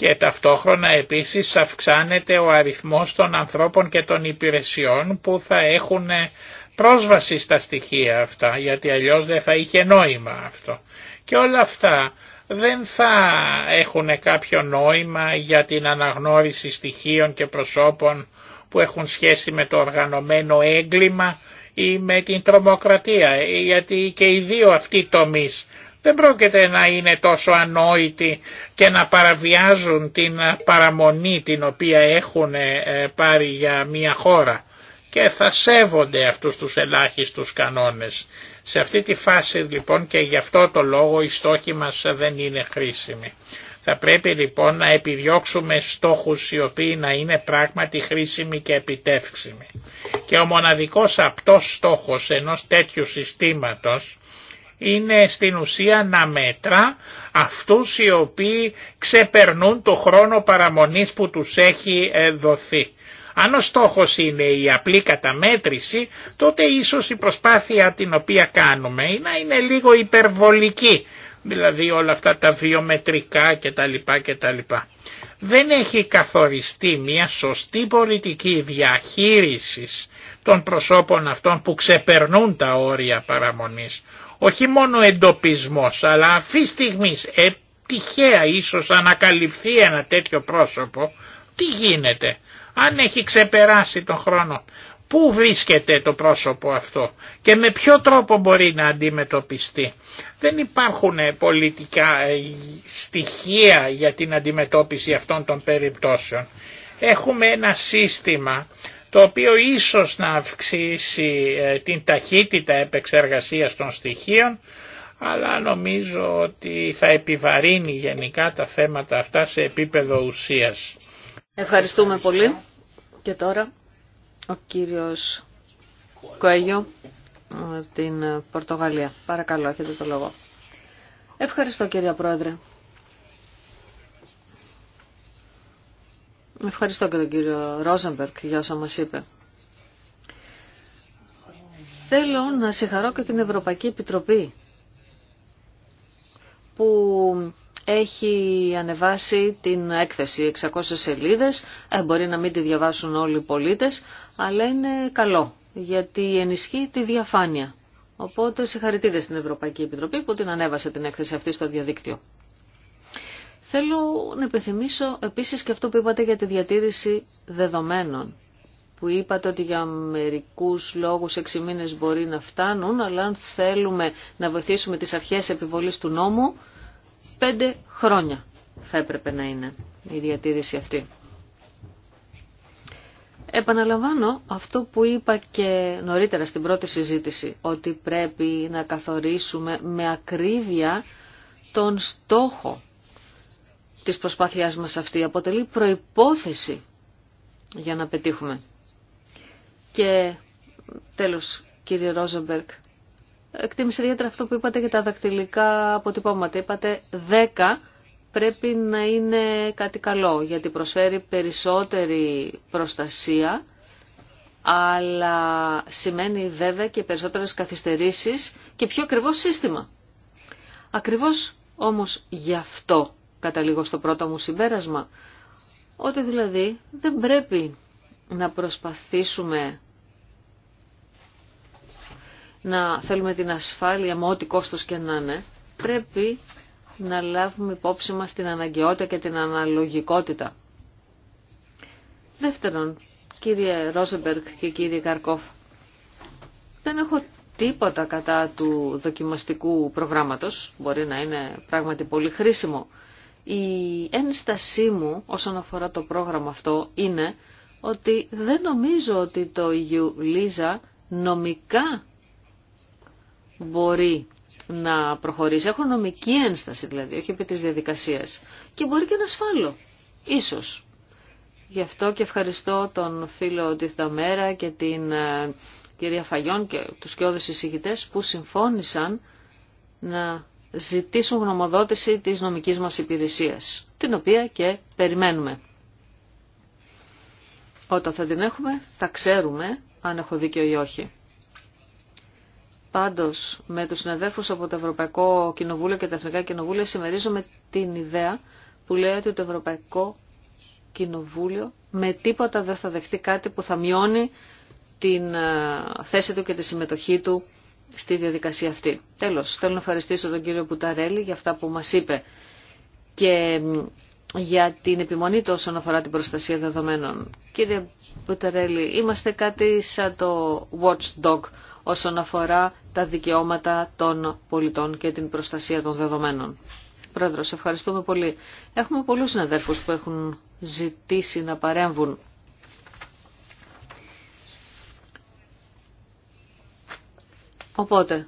και ταυτόχρονα επίσης αυξάνεται ο αριθμός των ανθρώπων και των υπηρεσιών που θα έχουν ε, πρόσβαση στα στοιχεία αυτά, γιατί αλλιώς δεν θα είχε νόημα αυτό. Και όλα αυτά δεν θα έχουν κάποιο νόημα για την αναγνώριση στοιχείων και προσώπων που έχουν σχέση με το οργανωμένο έγκλημα ή με την τρομοκρατία, ε, γιατί και οι δύο αυτοί τομείς δεν πρόκειται να είναι τόσο ανόητοι και να παραβιάζουν την παραμονή την οποία έχουν ε, πάρει για μια χώρα και θα σέβονται αυτούς τους ελάχιστους κανόνες. Σε αυτή τη φάση λοιπόν και γι' αυτό το λόγο οι στόχοι μας δεν είναι χρήσιμοι. Θα πρέπει λοιπόν να επιδιώξουμε στόχους οι οποίοι να είναι πράγματι χρήσιμοι και επιτεύξιμοι. Και ο μοναδικός απτός στόχος ενός τέτοιου συστήματος είναι στην ουσία να μέτρα αυτούς οι οποίοι ξεπερνούν το χρόνο παραμονής που τους έχει ε, δοθεί. Αν ο στόχος είναι η απλή καταμέτρηση, τότε ίσως η προσπάθεια την οποία κάνουμε να είναι λίγο υπερβολική, δηλαδή όλα αυτά τα βιομετρικά κτλ. κτλ. Δεν έχει καθοριστεί μια σωστή πολιτική διαχείρισης των προσώπων αυτών που ξεπερνούν τα όρια παραμονής όχι μόνο εντοπισμός, αλλά αυτή στιγμή ε, τυχαία ίσως ανακαλυφθεί ένα τέτοιο πρόσωπο, τι γίνεται, αν έχει ξεπεράσει τον χρόνο, πού βρίσκεται το πρόσωπο αυτό και με ποιο τρόπο μπορεί να αντιμετωπιστεί. Δεν υπάρχουν ε, πολιτικά ε, στοιχεία για την αντιμετώπιση αυτών των περιπτώσεων. Έχουμε ένα σύστημα το οποίο ίσως να αυξήσει ε, την ταχύτητα επεξεργασίας των στοιχείων, αλλά νομίζω ότι θα επιβαρύνει γενικά τα θέματα αυτά σε επίπεδο ουσίας. Ευχαριστούμε πολύ. Και τώρα ο κύριος Κοέγιο την Πορτογαλία. Παρακαλώ, έχετε το λόγο. Ευχαριστώ κύριε Πρόεδρε. Ευχαριστώ και τον κύριο Ρόζενμπερκ για όσα μας είπε. Θέλω να συγχαρώ και την Ευρωπαϊκή Επιτροπή που έχει ανεβάσει την έκθεση 600 σελίδες. Ε, μπορεί να μην τη διαβάσουν όλοι οι πολίτες, αλλά είναι καλό γιατί ενισχύει τη διαφάνεια. Οπότε συγχαρητήρια στην Ευρωπαϊκή Επιτροπή που την ανέβασε την έκθεση αυτή στο διαδίκτυο. Θέλω να επιθυμίσω επίσης και αυτό που είπατε για τη διατήρηση δεδομένων που είπατε ότι για μερικούς λόγους έξι μήνες μπορεί να φτάνουν, αλλά αν θέλουμε να βοηθήσουμε τις αρχές επιβολής του νόμου, πέντε χρόνια θα έπρεπε να είναι η διατήρηση αυτή. Επαναλαμβάνω αυτό που είπα και νωρίτερα στην πρώτη συζήτηση, ότι πρέπει να καθορίσουμε με ακρίβεια τον στόχο της προσπάθειάς μας αυτή. Αποτελεί προϋπόθεση για να πετύχουμε. Και τέλος, κύριε Ρόζεμπερκ εκτίμησε ιδιαίτερα αυτό που είπατε για τα δακτυλικά αποτυπώματα. Είπατε 10 πρέπει να είναι κάτι καλό, γιατί προσφέρει περισσότερη προστασία, αλλά σημαίνει βέβαια και περισσότερες καθυστερήσεις και πιο ακριβώς σύστημα. Ακριβώς όμως γι' αυτό καταλήγω στο πρώτο μου συμπέρασμα, ότι δηλαδή δεν πρέπει να προσπαθήσουμε να θέλουμε την ασφάλεια με ό,τι κόστος και να είναι, πρέπει να λάβουμε υπόψη μας την αναγκαιότητα και την αναλογικότητα. Δεύτερον, κύριε Ρόζεμπεργκ και κύριε Καρκόφ, δεν έχω τίποτα κατά του δοκιμαστικού προγράμματος, μπορεί να είναι πράγματι πολύ χρήσιμο, η ένστασή μου όσον αφορά το πρόγραμμα αυτό είναι ότι δεν νομίζω ότι το Ιουλίζα νομικά μπορεί να προχωρήσει. Έχω νομική ένσταση δηλαδή, όχι επί της διαδικασίας. Και μπορεί και να ασφάλω, ίσως. Γι' αυτό και ευχαριστώ τον φίλο Τιθαμέρα και την ε, κυρία Φαγιόν και τους κοιόδους εισηγητές που συμφώνησαν να ζητήσουν γνωμοδότηση της νομικής μας υπηρεσίας, την οποία και περιμένουμε. Όταν θα την έχουμε, θα ξέρουμε αν έχω δίκιο ή όχι. Πάντως, με τους συναδέλφους από το Ευρωπαϊκό Κοινοβούλιο και τα Εθνικά Κοινοβούλια συμμερίζομαι την ιδέα που λέει ότι το Ευρωπαϊκό Κοινοβούλιο με τίποτα δεν θα δεχτεί κάτι που θα μειώνει την ε, θέση του και τη συμμετοχή του στη διαδικασία αυτή. Τέλος, θέλω να ευχαριστήσω τον κύριο Πουταρέλη για αυτά που μας είπε και για την επιμονή του όσον αφορά την προστασία δεδομένων. Κύριε Πουταρέλη, είμαστε κάτι σαν το watchdog όσον αφορά τα δικαιώματα των πολιτών και την προστασία των δεδομένων. Πρόεδρος, ευχαριστούμε πολύ. Έχουμε πολλούς συναδέλφους που έχουν ζητήσει να παρέμβουν. Οπότε,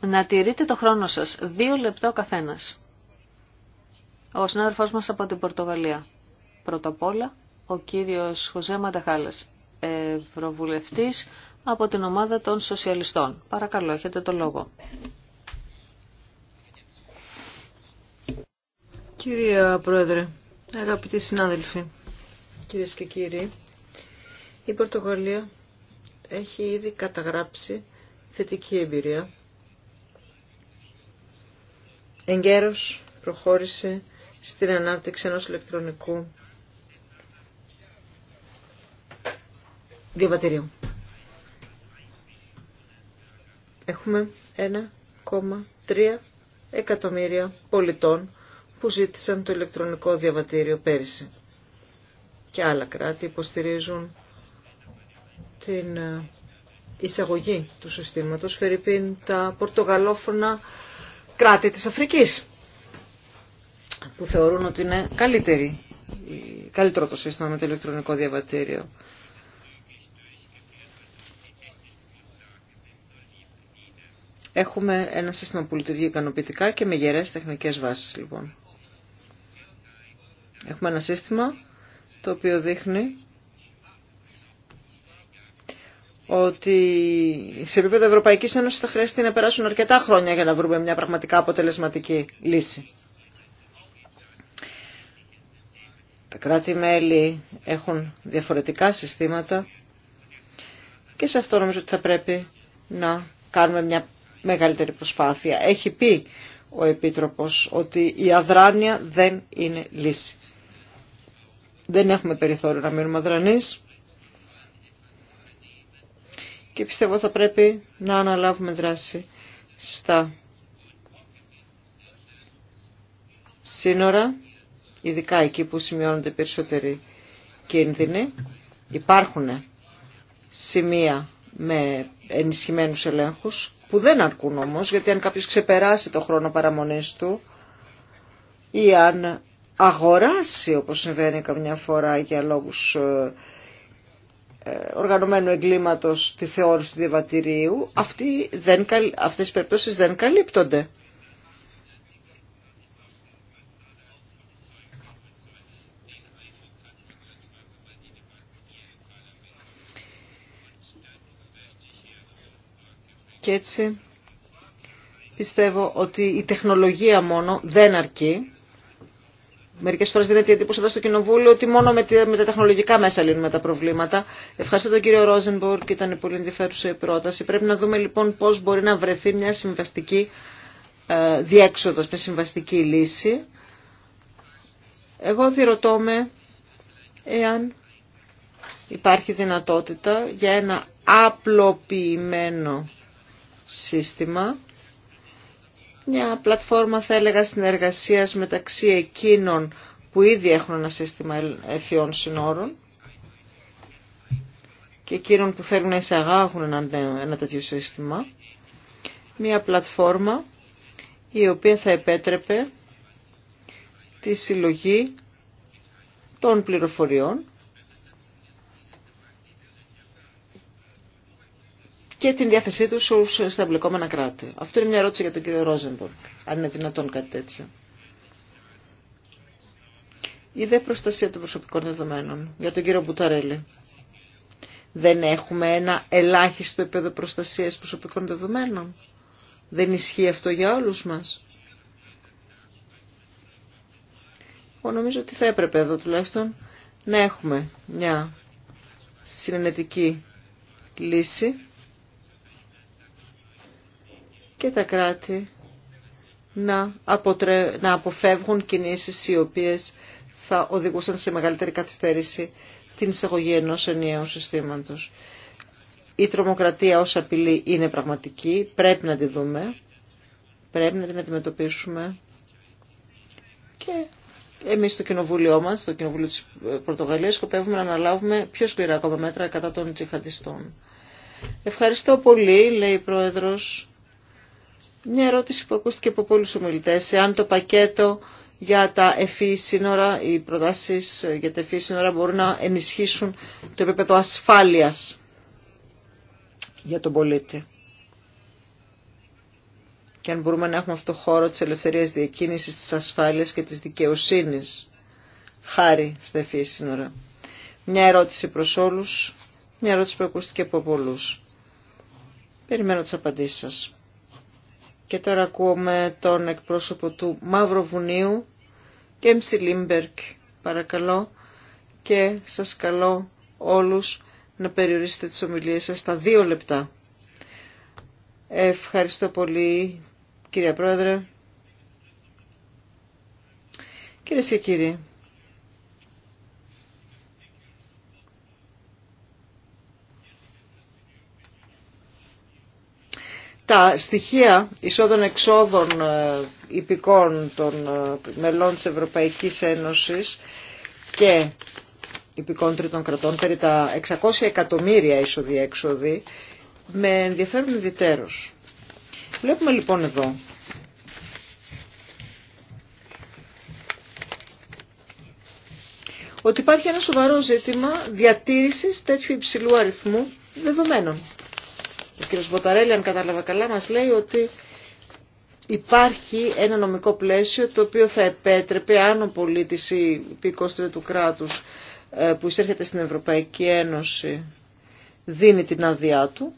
να τηρείτε το χρόνο σας. Δύο λεπτό καθένας. Ο συνάδελφός μας από την Πορτογαλία. Πρώτα απ' όλα, ο κύριος Χωζέ Μανταχάλας, ευρωβουλευτής από την ομάδα των σοσιαλιστών. Παρακαλώ, έχετε το λόγο. Κυρία Πρόεδρε, αγαπητοί συνάδελφοι, κυρίες και κύριοι, η Πορτογαλία έχει ήδη καταγράψει θετική εμπειρία. Εγκαίρως προχώρησε στην ανάπτυξη ενός ηλεκτρονικού διαβατηρίου. Έχουμε 1,3 εκατομμύρια πολιτών που ζήτησαν το ηλεκτρονικό διαβατήριο πέρυσι. Και άλλα κράτη υποστηρίζουν την ε, εισαγωγή του συστήματος φερειπίν τα πορτογαλόφωνα κράτη της Αφρικής που θεωρούν ότι είναι καλύτερη, καλύτερο το σύστημα με το ηλεκτρονικό διαβατήριο. Έχουμε ένα σύστημα που λειτουργεί ικανοποιητικά και με γερές τεχνικές βάσεις λοιπόν. Έχουμε ένα σύστημα το οποίο δείχνει ότι σε επίπεδο Ευρωπαϊκής Ένωσης θα χρειαστεί να περάσουν αρκετά χρόνια για να βρούμε μια πραγματικά αποτελεσματική λύση. Τα κράτη-μέλη έχουν διαφορετικά συστήματα και σε αυτό νομίζω ότι θα πρέπει να κάνουμε μια μεγαλύτερη προσπάθεια. Έχει πει ο Επίτροπος ότι η αδράνεια δεν είναι λύση. Δεν έχουμε περιθώριο να μείνουμε αδρανείς και πιστεύω θα πρέπει να αναλάβουμε δράση στα σύνορα, ειδικά εκεί που σημειώνονται περισσότεροι κίνδυνοι. Υπάρχουν σημεία με ενισχυμένους ελέγχους που δεν αρκούν όμως, γιατί αν κάποιος ξεπεράσει το χρόνο παραμονής του ή αν αγοράσει, όπως συμβαίνει καμιά φορά για λόγους ε, ε, οργανωμένου εγκλήματος τη θεώρηση του διαβατηρίου, αυτοί δεν, αυτές οι περιπτώσεις δεν καλύπτονται. Και έτσι πιστεύω ότι η τεχνολογία μόνο δεν αρκεί Μερικέ φορέ δίνεται η εντύπωση εδώ στο Κοινοβούλιο ότι μόνο με, με τα τεχνολογικά μέσα λύνουμε τα προβλήματα. Ευχαριστώ τον κύριο Ρόζενμπορκ, ήταν πολύ ενδιαφέρουσα η πρόταση. Πρέπει να δούμε λοιπόν πώ μπορεί να βρεθεί μια συμβαστική ε, διέξοδο, μια συμβαστική λύση. Εγώ διρωτώ με εάν υπάρχει δυνατότητα για ένα απλοποιημένο σύστημα μια πλατφόρμα θα έλεγα συνεργασίας μεταξύ εκείνων που ήδη έχουν ένα σύστημα εφιών συνόρων και εκείνων που θέλουν να εισαγάγουν ένα, ένα τέτοιο σύστημα. Μια πλατφόρμα η οποία θα επέτρεπε τη συλλογή των πληροφοριών και την διάθεσή του στα εμπλεκόμενα κράτη. Αυτό είναι μια ερώτηση για τον κύριο Ρόζενμπορ, αν είναι δυνατόν κάτι τέτοιο. Η δε προστασία των προσωπικών δεδομένων για τον κύριο Μπουταρέλη. Δεν έχουμε ένα ελάχιστο επίπεδο προστασίας προσωπικών δεδομένων. Δεν ισχύει αυτό για όλους μας. Εγώ νομίζω ότι θα έπρεπε εδώ τουλάχιστον να έχουμε μια συνενετική λύση και τα κράτη να, αποτρε... αποφεύγουν κινήσεις οι οποίες θα οδηγούσαν σε μεγαλύτερη καθυστέρηση την εισαγωγή ενός ενιαίου συστήματος. Η τρομοκρατία ως απειλή είναι πραγματική, πρέπει να τη δούμε, πρέπει να την αντιμετωπίσουμε και εμείς στο κοινοβούλιο μας, στο κοινοβούλιο της ε, Πορτογαλίας, σκοπεύουμε να αναλάβουμε πιο σκληρά ακόμα μέτρα κατά των τσιχαντιστών. Ευχαριστώ πολύ, λέει η Πρόεδρος. Μια ερώτηση που ακούστηκε από πολλούς ομιλητές, εάν το πακέτο για τα εφή e σύνορα, οι προτάσεις για τα εφή e σύνορα μπορούν να ενισχύσουν το επίπεδο ασφάλειας για τον πολίτη. Και αν μπορούμε να έχουμε αυτό το χώρο της ελευθερίας διακίνησης, της ασφάλειας και της δικαιοσύνης, χάρη στα εφή e σύνορα. Μια ερώτηση προς όλους, μια ερώτηση που ακούστηκε από πολλούς. Περιμένω τις απαντήσεις σας. Και τώρα με τον εκπρόσωπο του και Κέμψη Λίμπερκ, παρακαλώ, και σας καλώ όλους να περιορίσετε τις ομιλίες σας στα δύο λεπτά. Ευχαριστώ πολύ, κυρία Πρόεδρε. Κυρίε και κύριοι, τα στοιχεία εισόδων-εξόδων ε, υπηκών των ε, μελών της Ευρωπαϊκής Ένωσης και υπηκών τρίτων κρατών, περί τα 600 εκατομμύρια με ενδιαφέρουν ιδιαίτερως. Βλέπουμε λοιπόν εδώ ότι υπάρχει ένα σοβαρό ζήτημα διατήρησης τέτοιου υψηλού αριθμού δεδομένων. Ο κύριος Βοταρέλη, αν κατάλαβα καλά, μας λέει ότι υπάρχει ένα νομικό πλαίσιο το οποίο θα επέτρεπε αν ο πολίτης ή του κράτους ε, που εισέρχεται στην Ευρωπαϊκή Ένωση δίνει την άδειά του,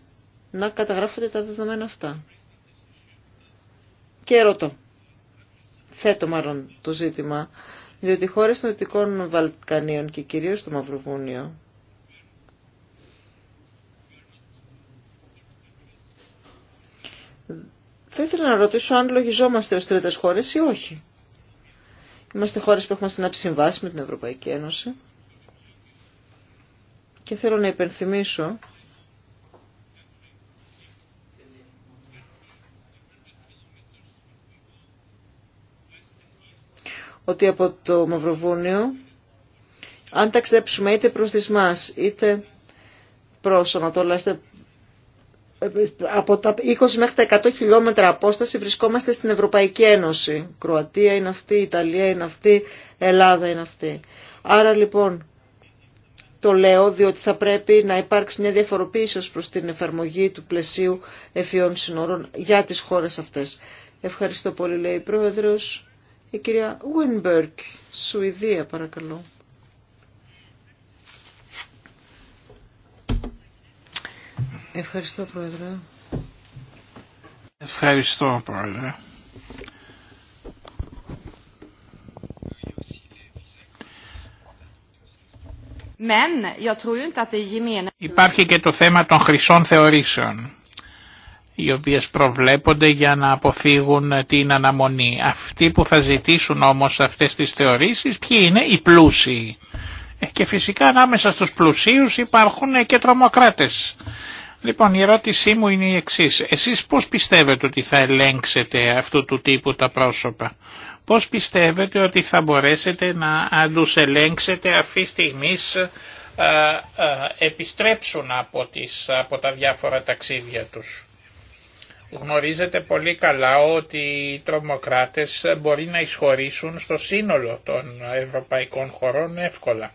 να καταγράφονται τα δεδομένα αυτά. Και ρωτώ, θέτω μάλλον το ζήτημα, διότι οι χώρες των Δυτικών Βαλκανίων και κυρίως το Μαυροβούνιο Θα ήθελα να ρωτήσω αν λογιζόμαστε ως τρίτες χώρες ή όχι. Είμαστε χώρες που έχουμε συνάψει συμβάσει με την Ευρωπαϊκή Ένωση. Και θέλω να υπενθυμίσω ότι από το Μαυροβούνιο αν ταξιδέψουμε είτε προς τις μας είτε προς Ανατολά από τα 20 μέχρι τα 100 χιλιόμετρα απόσταση βρισκόμαστε στην Ευρωπαϊκή Ένωση. Κροατία είναι αυτή, Ιταλία είναι αυτή, Ελλάδα είναι αυτή. Άρα λοιπόν το λέω διότι θα πρέπει να υπάρξει μια διαφοροποίηση ως προς την εφαρμογή του πλαισίου εφιών συνόρων για τις χώρες αυτές. Ευχαριστώ πολύ λέει η Πρόεδρος. Η κυρία Winberg, Σουηδία παρακαλώ. Ευχαριστώ Πρόεδρε. Ευχαριστώ Πρόεδρε. Υπάρχει και το θέμα των χρυσών θεωρήσεων, οι οποίες προβλέπονται για να αποφύγουν την αναμονή. Αυτοί που θα ζητήσουν όμως αυτές τις θεωρήσεις, ποιοι είναι οι πλούσιοι. Ε, και φυσικά ανάμεσα στους πλουσίους υπάρχουν και τρομοκράτες. Λοιπόν, η ερώτησή μου είναι η εξή. Εσείς πώς πιστεύετε ότι θα ελέγξετε αυτού του τύπου τα πρόσωπα. Πώς πιστεύετε ότι θα μπορέσετε να του ελέγξετε αυτή τη στιγμή επιστρέψουν από, τις, από τα διάφορα ταξίδια τους. Γνωρίζετε πολύ καλά ότι οι τρομοκράτες μπορεί να εισχωρήσουν στο σύνολο των ευρωπαϊκών χωρών εύκολα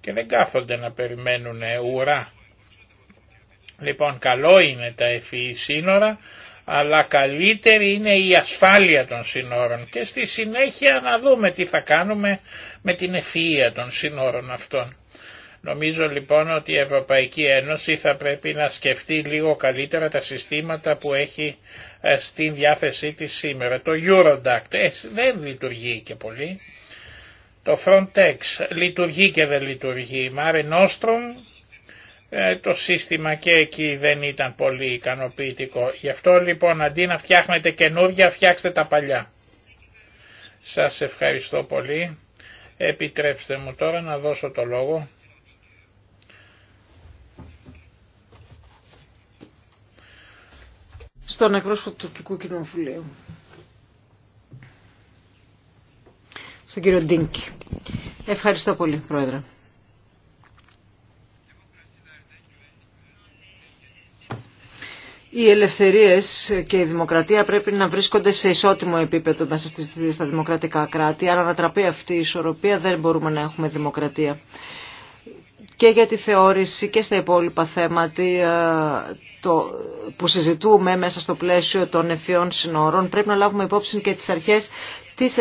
και δεν κάθονται να περιμένουν ουρά Λοιπόν καλό είναι τα ευφυή σύνορα, αλλά καλύτερη είναι η ασφάλεια των σύνορων και στη συνέχεια να δούμε τι θα κάνουμε με την ευφυΐα των σύνορων αυτών. Νομίζω λοιπόν ότι η Ευρωπαϊκή Ένωση θα πρέπει να σκεφτεί λίγο καλύτερα τα συστήματα που έχει ε, στην διάθεσή της σήμερα. Το Eurodact ε, δεν λειτουργεί και πολύ. Το Frontex λειτουργεί και δεν λειτουργεί. Mare Nostrum ε, το σύστημα και εκεί δεν ήταν πολύ ικανοποιητικό. Γι' αυτό λοιπόν αντί να φτιάχνετε καινούργια φτιάξτε τα παλιά. Σας ευχαριστώ πολύ. Επιτρέψτε μου τώρα να δώσω το λόγο. Στον εκπρόσωπο του Τουρκικού Κοινοβουλίου. Στον κύριο Ντίνκη. Ευχαριστώ πολύ, Πρόεδρε. οι ελευθερίες και η δημοκρατία πρέπει να βρίσκονται σε ισότιμο επίπεδο μέσα στα δημοκρατικά κράτη. Αν ανατραπεί αυτή η ισορροπία δεν μπορούμε να έχουμε δημοκρατία. Και για τη θεώρηση και στα υπόλοιπα θέματα ε, που συζητούμε μέσα στο πλαίσιο των ευφυών συνόρων πρέπει να λάβουμε υπόψη και τις αρχές της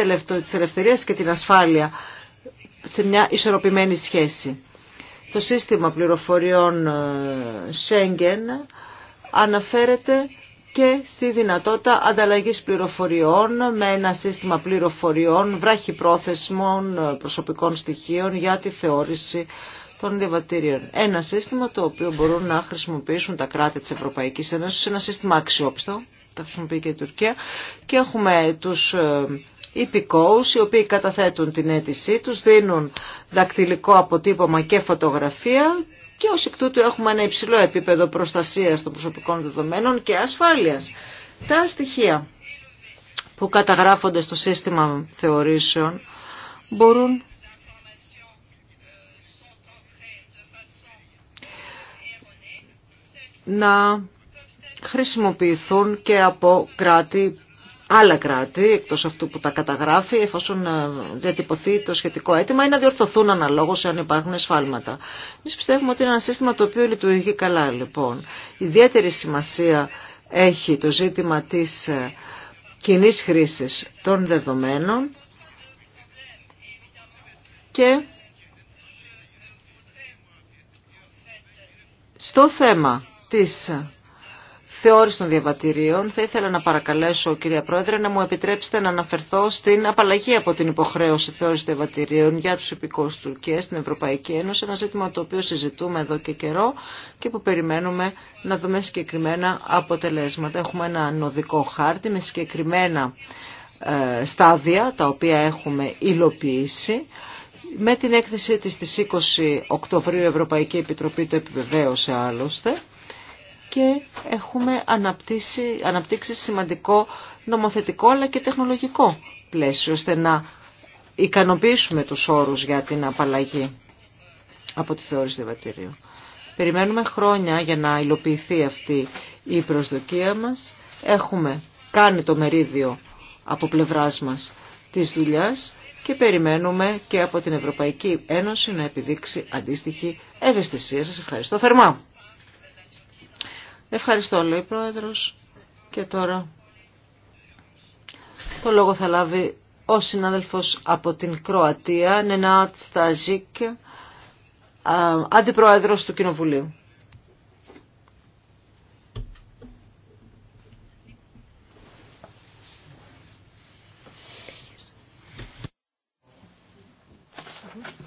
ελευθερίας και την ασφάλεια σε μια ισορροπημένη σχέση. Το σύστημα πληροφοριών ε, Schengen αναφέρεται και στη δυνατότητα ανταλλαγής πληροφοριών με ένα σύστημα πληροφοριών βράχυπρόθεσμων προσωπικών στοιχείων για τη θεώρηση των διαβατήριων. Ένα σύστημα το οποίο μπορούν να χρησιμοποιήσουν τα κράτη της Ευρωπαϊκής Ένωσης, ένα σύστημα αξιόπιστο, τα χρησιμοποιεί και η Τουρκία, και έχουμε τους ε, υπηκόους οι οποίοι καταθέτουν την αίτησή τους, δίνουν δακτυλικό αποτύπωμα και φωτογραφία και ως εκ τούτου έχουμε ένα υψηλό επίπεδο προστασίας των προσωπικών δεδομένων και ασφάλειας. Τα στοιχεία που καταγράφονται στο σύστημα θεωρήσεων μπορούν να χρησιμοποιηθούν και από κράτη άλλα κράτη, εκτός αυτού που τα καταγράφει, εφόσον ε, διατυπωθεί το σχετικό αίτημα, ή να διορθωθούν αναλόγως αν υπάρχουν εσφάλματα. Εμεί πιστεύουμε ότι είναι ένα σύστημα το οποίο λειτουργεί καλά, λοιπόν. Ιδιαίτερη σημασία έχει το ζήτημα της ε, κοινή χρήσης των δεδομένων και στο θέμα της θεώρηση των διαβατηρίων, θα ήθελα να παρακαλέσω, κυρία Πρόεδρε, να μου επιτρέψετε να αναφερθώ στην απαλλαγή από την υποχρέωση θεώρηση διαβατηρίων για του υπηκού Τουρκία στην Ευρωπαϊκή Ένωση, ένα ζήτημα το οποίο συζητούμε εδώ και καιρό και που περιμένουμε να δούμε συγκεκριμένα αποτελέσματα. Έχουμε ένα νοδικό χάρτη με συγκεκριμένα ε, στάδια τα οποία έχουμε υλοποιήσει. Με την έκθεσή της στις 20 Οκτωβρίου η Ευρωπαϊκή Επιτροπή το επιβεβαίωσε άλλωστε και έχουμε αναπτύξει, σημαντικό νομοθετικό αλλά και τεχνολογικό πλαίσιο ώστε να ικανοποιήσουμε τους όρους για την απαλλαγή από τη θεώρηση διαβατηρίου. Περιμένουμε χρόνια για να υλοποιηθεί αυτή η προσδοκία μας. Έχουμε κάνει το μερίδιο από πλευράς μας της δουλειάς και περιμένουμε και από την Ευρωπαϊκή Ένωση να επιδείξει αντίστοιχη ευαισθησία. Σας ευχαριστώ θερμά. Ευχαριστώ, λέει Πρόεδρος. Και τώρα το λόγο θα λάβει ο συνάδελφος από την Κροατία, Νενάτ Σταζίκ, αντιπρόεδρος του Κοινοβουλίου.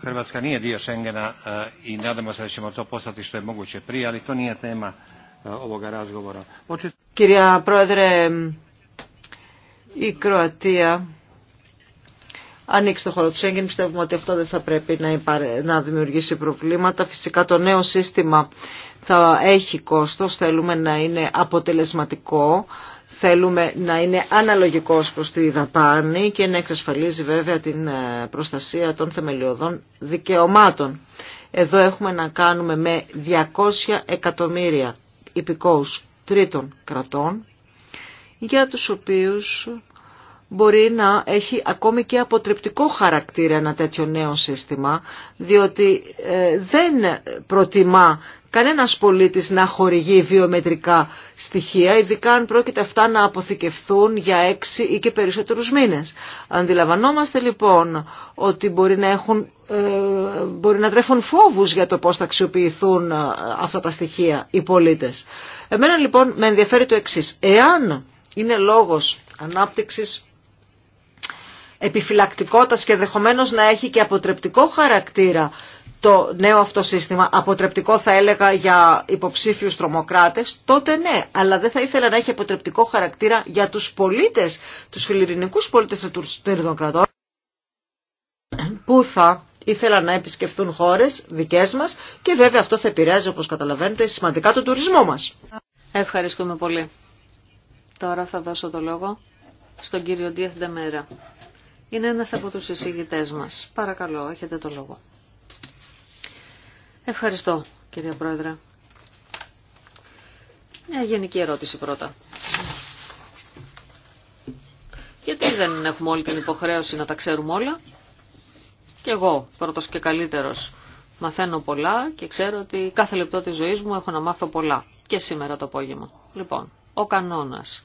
Hrvatska nije dio Schengena e, i nadamo se da ćemo to postati što je moguće prije, ali to nije tema ε, Κυρία Πρόεδρε, η Κροατία ανοίξει το χώρο του Σέγγεν. Πιστεύουμε ότι αυτό δεν θα πρέπει να, να δημιουργήσει προβλήματα. Φυσικά το νέο σύστημα θα έχει κόστος, θέλουμε να είναι αποτελεσματικό, θέλουμε να είναι αναλογικός προς τη δαπάνη και να εξασφαλίζει βέβαια την ε, προστασία των θεμελιωδών δικαιωμάτων. Εδώ έχουμε να κάνουμε με 200 εκατομμύρια υπηκόους τρίτων κρατών, για τους οποίους μπορεί να έχει ακόμη και αποτρεπτικό χαρακτήρα ένα τέτοιο νέο σύστημα, διότι ε, δεν προτιμά κανένας πολίτης να χορηγεί βιομετρικά στοιχεία, ειδικά αν πρόκειται αυτά να αποθηκευθούν για έξι ή και περισσότερους μήνες. Αντιλαμβανόμαστε λοιπόν ότι μπορεί να, έχουν, ε, μπορεί να τρέφουν φόβους για το πώς θα αξιοποιηθούν ε, αυτά τα στοιχεία οι πολίτες. Εμένα λοιπόν με ενδιαφέρει το εξής. Εάν είναι λόγος ανάπτυξης επιφυλακτικότητας και δεχομένως να έχει και αποτρεπτικό χαρακτήρα το νέο αυτό σύστημα αποτρεπτικό θα έλεγα για υποψήφιους τρομοκράτες, τότε ναι, αλλά δεν θα ήθελα να έχει αποτρεπτικό χαρακτήρα για τους πολίτες, τους φιλιρινικούς πολίτες των κρατών που θα ήθελαν να επισκεφθούν χώρες δικές μας και βέβαια αυτό θα επηρεάζει όπως καταλαβαίνετε σημαντικά τον τουρισμό μας. Ευχαριστούμε πολύ. Τώρα θα δώσω το λόγο στον κύριο Ντίαθ Ντεμέρα. Είναι ένας από τους εισηγητές μας. Παρακαλώ, έχετε το λόγο. Ευχαριστώ, κυρία Πρόεδρε. Μια γενική ερώτηση πρώτα. Γιατί δεν έχουμε όλη την υποχρέωση να τα ξέρουμε όλα. Και εγώ, πρώτος και καλύτερος, μαθαίνω πολλά και ξέρω ότι κάθε λεπτό της ζωής μου έχω να μάθω πολλά. Και σήμερα το απόγευμα. Λοιπόν, ο κανόνας.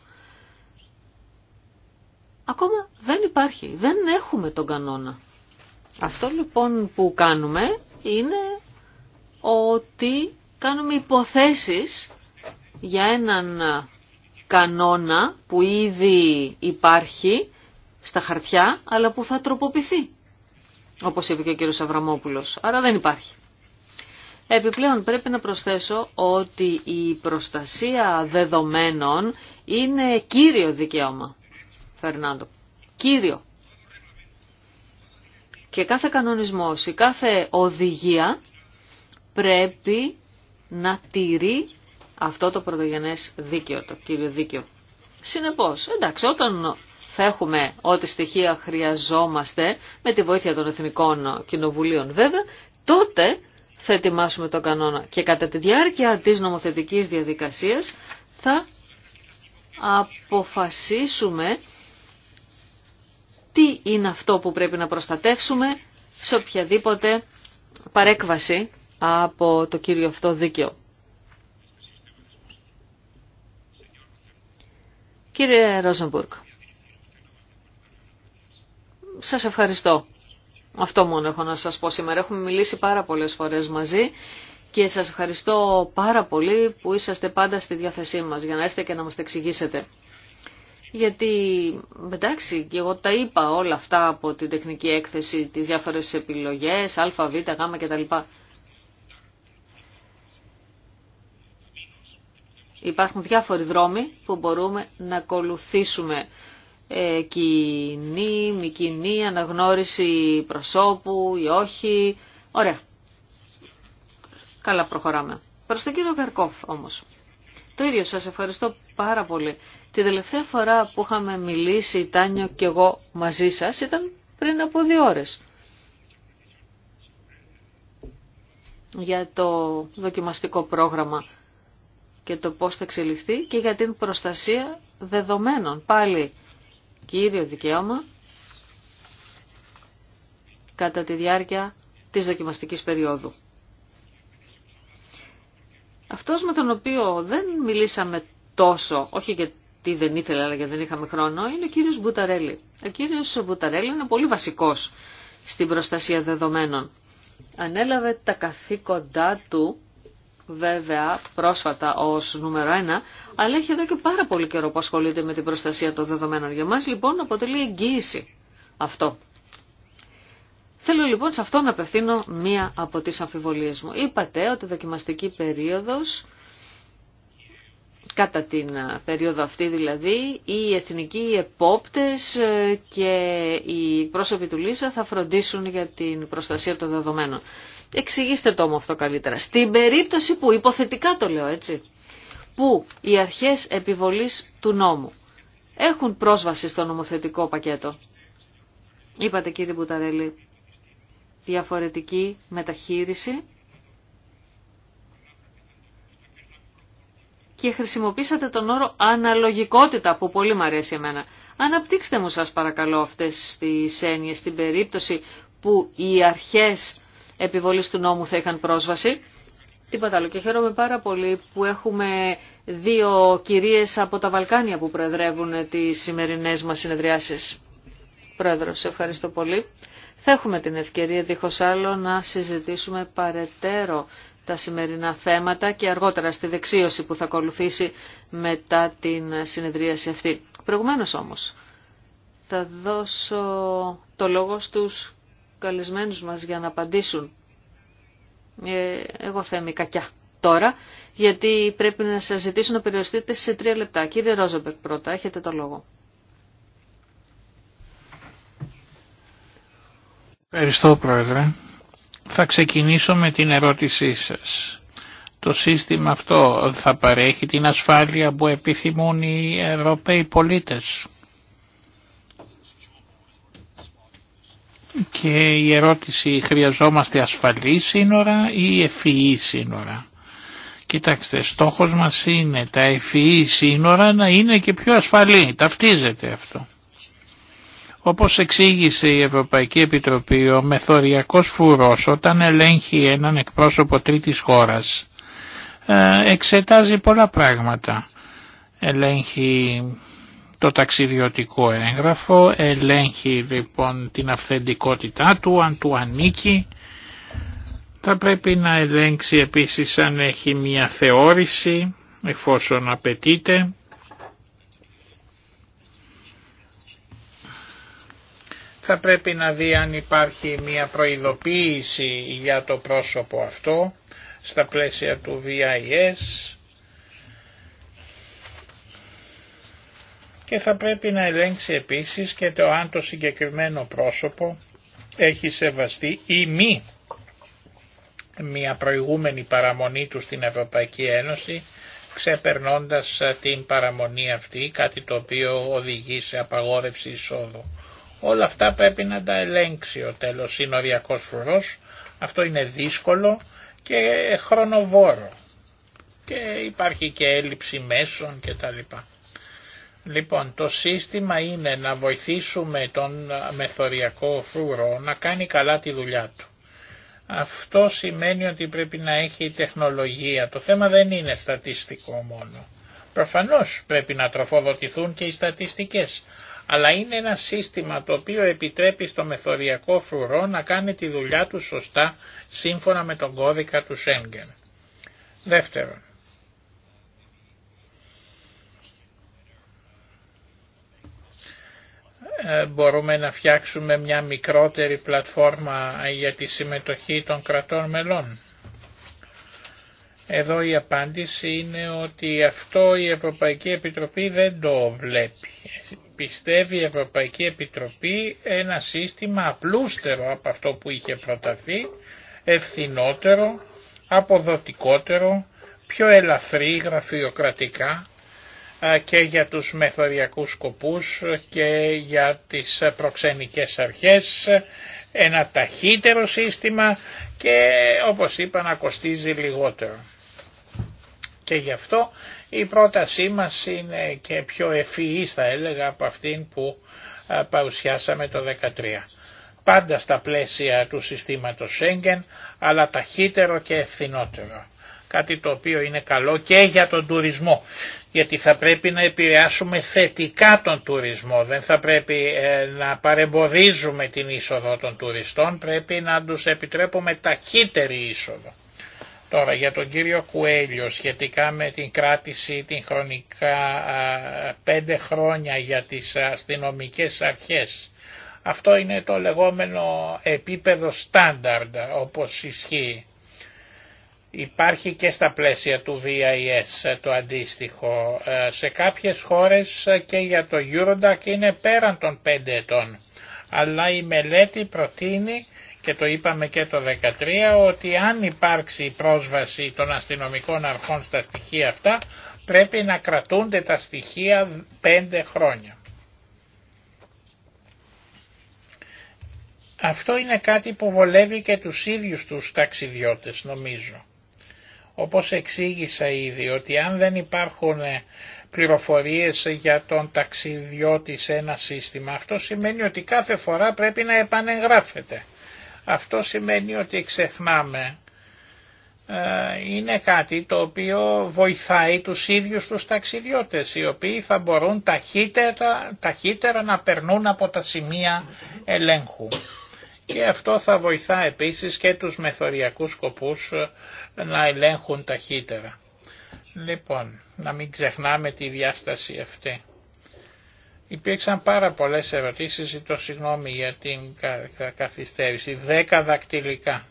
Ακόμα δεν υπάρχει, δεν έχουμε τον κανόνα. Αυτό λοιπόν που κάνουμε είναι ότι κάνουμε υποθέσεις για έναν κανόνα που ήδη υπάρχει στα χαρτιά, αλλά που θα τροποποιηθεί, όπως είπε και ο κύριος Αβραμόπουλος. Άρα δεν υπάρχει. Επιπλέον πρέπει να προσθέσω ότι η προστασία δεδομένων είναι κύριο δικαίωμα, Φερνάντο. Κύριο. Και κάθε κανονισμός ή κάθε οδηγία πρέπει να τηρεί αυτό το πρωτογενές δίκαιο, το κύριο δίκαιο. Συνεπώς, εντάξει, όταν θα έχουμε ό,τι στοιχεία χρειαζόμαστε, με τη βοήθεια των Εθνικών Κοινοβουλίων βέβαια, τότε θα ετοιμάσουμε το κανόνα. Και κατά τη διάρκεια της νομοθετικής διαδικασίας θα αποφασίσουμε τι είναι αυτό που πρέπει να προστατεύσουμε σε οποιαδήποτε παρέκβαση από το κύριο αυτό δίκαιο. Κύριε Ρόζενμπουργκ, σας ευχαριστώ. Αυτό μόνο έχω να σας πω σήμερα. Έχουμε μιλήσει πάρα πολλές φορές μαζί και σας ευχαριστώ πάρα πολύ που είσαστε πάντα στη διάθεσή μας για να έρθετε και να μας τα εξηγήσετε. Γιατί, εντάξει, και εγώ τα είπα όλα αυτά από την τεχνική έκθεση, τις διάφορες επιλογές, α, β, γ κτλ. Υπάρχουν διάφοροι δρόμοι που μπορούμε να ακολουθήσουμε. Ε, κοινή, μη κοινή, αναγνώριση προσώπου ή όχι. Ωραία. Καλά προχωράμε. Προς τον κύριο Καρκόφ όμως. Το ίδιο σας ευχαριστώ πάρα πολύ. Την τελευταία φορά που είχαμε μιλήσει η Τάνιο και εγώ μαζί σας ήταν πριν από δύο ώρες. Για το δοκιμαστικό πρόγραμμα και το πώς θα εξελιχθεί και για την προστασία δεδομένων. Πάλι κύριο δικαίωμα κατά τη διάρκεια της δοκιμαστικής περίοδου. Αυτός με τον οποίο δεν μιλήσαμε τόσο, όχι γιατί δεν ήθελα αλλά γιατί δεν είχαμε χρόνο, είναι ο κύριος Μπουταρέλη. Ο κύριος Μπουταρέλη είναι πολύ βασικός στην προστασία δεδομένων. Ανέλαβε τα καθήκοντά του βέβαια πρόσφατα ως νούμερο ένα, αλλά έχει εδώ και πάρα πολύ καιρό που ασχολείται με την προστασία των δεδομένων. Για μας λοιπόν αποτελεί εγγύηση αυτό. Θέλω λοιπόν σε αυτό να απευθύνω μία από τις αμφιβολίες μου. Είπατε ότι δοκιμαστική περίοδος, κατά την ε, περίοδο αυτή δηλαδή, οι εθνικοί επόπτες ε, και οι πρόσωποι του θα φροντίσουν για την προστασία των δεδομένων. Εξηγήστε το μου αυτό καλύτερα. Στην περίπτωση που, υποθετικά το λέω έτσι, που οι αρχές επιβολής του νόμου έχουν πρόσβαση στο νομοθετικό πακέτο. Είπατε κύριε Μπουταρέλη, διαφορετική μεταχείριση και χρησιμοποίησατε τον όρο αναλογικότητα που πολύ μου αρέσει εμένα. Αναπτύξτε μου σας παρακαλώ αυτές τις έννοιες στην περίπτωση που οι αρχές επιβολής του νόμου θα είχαν πρόσβαση. Τίποτα άλλο. Και χαίρομαι πάρα πολύ που έχουμε δύο κυρίες από τα Βαλκάνια που προεδρεύουν τις σημερινές μας συνεδριάσεις. σε ευχαριστώ πολύ. Θα έχουμε την ευκαιρία δίχως άλλο να συζητήσουμε παρετέρω τα σημερινά θέματα και αργότερα στη δεξίωση που θα ακολουθήσει μετά την συνεδρίαση αυτή. Προηγουμένως όμως θα δώσω το λόγο στους καλεσμένους μας για να απαντήσουν. Ε, εγώ θα κακιά τώρα, γιατί πρέπει να σας ζητήσω να περιοριστείτε σε τρία λεπτά. Κύριε Ρόζεμπερ πρώτα, έχετε το λόγο. Ευχαριστώ Πρόεδρε. Θα ξεκινήσω με την ερώτησή σας. Το σύστημα αυτό θα παρέχει την ασφάλεια που επιθυμούν οι Ευρωπαίοι πολίτες. Και η ερώτηση χρειαζόμαστε ασφαλή σύνορα ή ευφυή σύνορα. Κοιτάξτε, στόχος μας είναι τα ευφυή σύνορα να είναι και πιο ασφαλή. Ταυτίζεται αυτό. Όπως εξήγησε η Ευρωπαϊκή Επιτροπή, ο μεθοριακός φουρός όταν ελέγχει έναν εκπρόσωπο τρίτης χώρας ε, εξετάζει πολλά πράγματα. Ελέγχει το ταξιδιωτικό έγγραφο ελέγχει λοιπόν την αυθεντικότητά του, αν του ανήκει. Θα πρέπει να ελέγξει επίσης αν έχει μια θεώρηση εφόσον απαιτείται. Θα πρέπει να δει αν υπάρχει μια προειδοποίηση για το πρόσωπο αυτό στα πλαίσια του VIS και θα πρέπει να ελέγξει επίσης και το αν το συγκεκριμένο πρόσωπο έχει σεβαστεί ή μη μια προηγούμενη παραμονή του στην Ευρωπαϊκή Ένωση ξεπερνώντας ε, την παραμονή αυτή, κάτι το οποίο οδηγεί σε απαγόρευση εισόδου. Όλα αυτά πρέπει να τα ελέγξει ο τέλος συνοριακός φορός, αυτό είναι δύσκολο και χρονοβόρο και υπάρχει και έλλειψη μέσων κτλ. Λοιπόν, το σύστημα είναι να βοηθήσουμε τον ε, μεθοριακό φρουρό να κάνει καλά τη δουλειά του. Αυτό σημαίνει ότι πρέπει να έχει τεχνολογία. Το θέμα δεν είναι στατιστικό μόνο. Προφανώς πρέπει να τροφοδοτηθούν και οι στατιστικές. Αλλά είναι ένα σύστημα το οποίο επιτρέπει στο μεθοριακό φρουρό να κάνει τη δουλειά του σωστά σύμφωνα με τον κώδικα του Σέγγεν. Δεύτερον, Ε, μπορούμε να φτιάξουμε μια μικρότερη πλατφόρμα για τη συμμετοχή των κρατών μελών. Εδώ η απάντηση είναι ότι αυτό η Ευρωπαϊκή Επιτροπή δεν το βλέπει. Πιστεύει η Ευρωπαϊκή Επιτροπή ένα σύστημα απλούστερο από αυτό που είχε προταθεί, ευθυνότερο, αποδοτικότερο, πιο ελαφρύ γραφειοκρατικά και για τους μεθοδιακούς σκοπούς και για τις προξενικές αρχές, ένα ταχύτερο σύστημα και όπως είπα να κοστίζει λιγότερο. Και γι' αυτό η πρότασή μας είναι και πιο ευφυής θα έλεγα από αυτήν που παρουσιάσαμε το 2013. Πάντα στα πλαίσια του συστήματος Schengen αλλά ταχύτερο και ευθυνότερο κάτι το οποίο είναι καλό και για τον τουρισμό, γιατί θα πρέπει να επηρεάσουμε θετικά τον τουρισμό, δεν θα πρέπει ε, να παρεμποδίζουμε την είσοδο των τουριστών, πρέπει να τους επιτρέπουμε ταχύτερη είσοδο. Τώρα για τον κύριο Κουέλιο σχετικά με την κράτηση την χρονικά πέντε χρόνια για τις αστυνομικές αρχές. Αυτό είναι το λεγόμενο επίπεδο στάνταρντ όπως ισχύει. Υπάρχει και στα πλαίσια του VIS το αντίστοιχο. Ε, σε κάποιες χώρες ε, και για το Eurodac είναι πέραν των 5 ετών. Αλλά η μελέτη προτείνει και το είπαμε και το 2013 ότι αν υπάρξει πρόσβαση των αστυνομικών αρχών στα στοιχεία αυτά πρέπει να κρατούνται τα στοιχεία 5 χρόνια. Αυτό είναι κάτι που βολεύει και τους ίδιους τους ταξιδιώτες νομίζω. Όπως εξήγησα ήδη ότι αν δεν υπάρχουν ε, πληροφορίες για τον ταξιδιώτη σε ένα σύστημα αυτό σημαίνει ότι κάθε φορά πρέπει να επανεγγράφεται. Αυτό σημαίνει ότι ξεχνάμε ε, είναι κάτι το οποίο βοηθάει τους ίδιους τους ταξιδιώτες οι οποίοι θα μπορούν ταχύτερα, ταχύτερα να περνούν από τα σημεία ελέγχου και αυτό θα βοηθά επίσης και τους μεθοριακούς σκοπούς ε, να ελέγχουν ταχύτερα. Λοιπόν, να μην ξεχνάμε τη διάσταση αυτή. Υπήρξαν πάρα πολλές ερωτήσεις, ζητώ συγγνώμη για την καθυστέρηση. Δέκα δακτυλικά.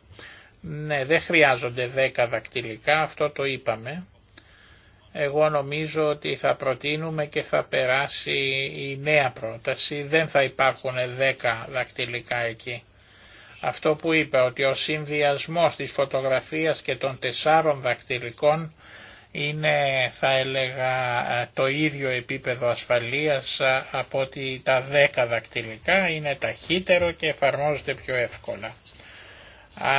Ναι, δεν χρειάζονται δέκα δακτυλικά, αυτό το είπαμε. Εγώ νομίζω ότι θα προτείνουμε και θα περάσει η νέα πρόταση, δεν θα υπάρχουν δέκα δακτυλικά εκεί αυτό που είπα ότι ο συνδυασμός της φωτογραφίας και των τεσσάρων δακτυλικών είναι θα έλεγα ε, το ίδιο επίπεδο ασφαλείας ε, από ότι τα δέκα δακτυλικά είναι ταχύτερο και εφαρμόζεται πιο εύκολα.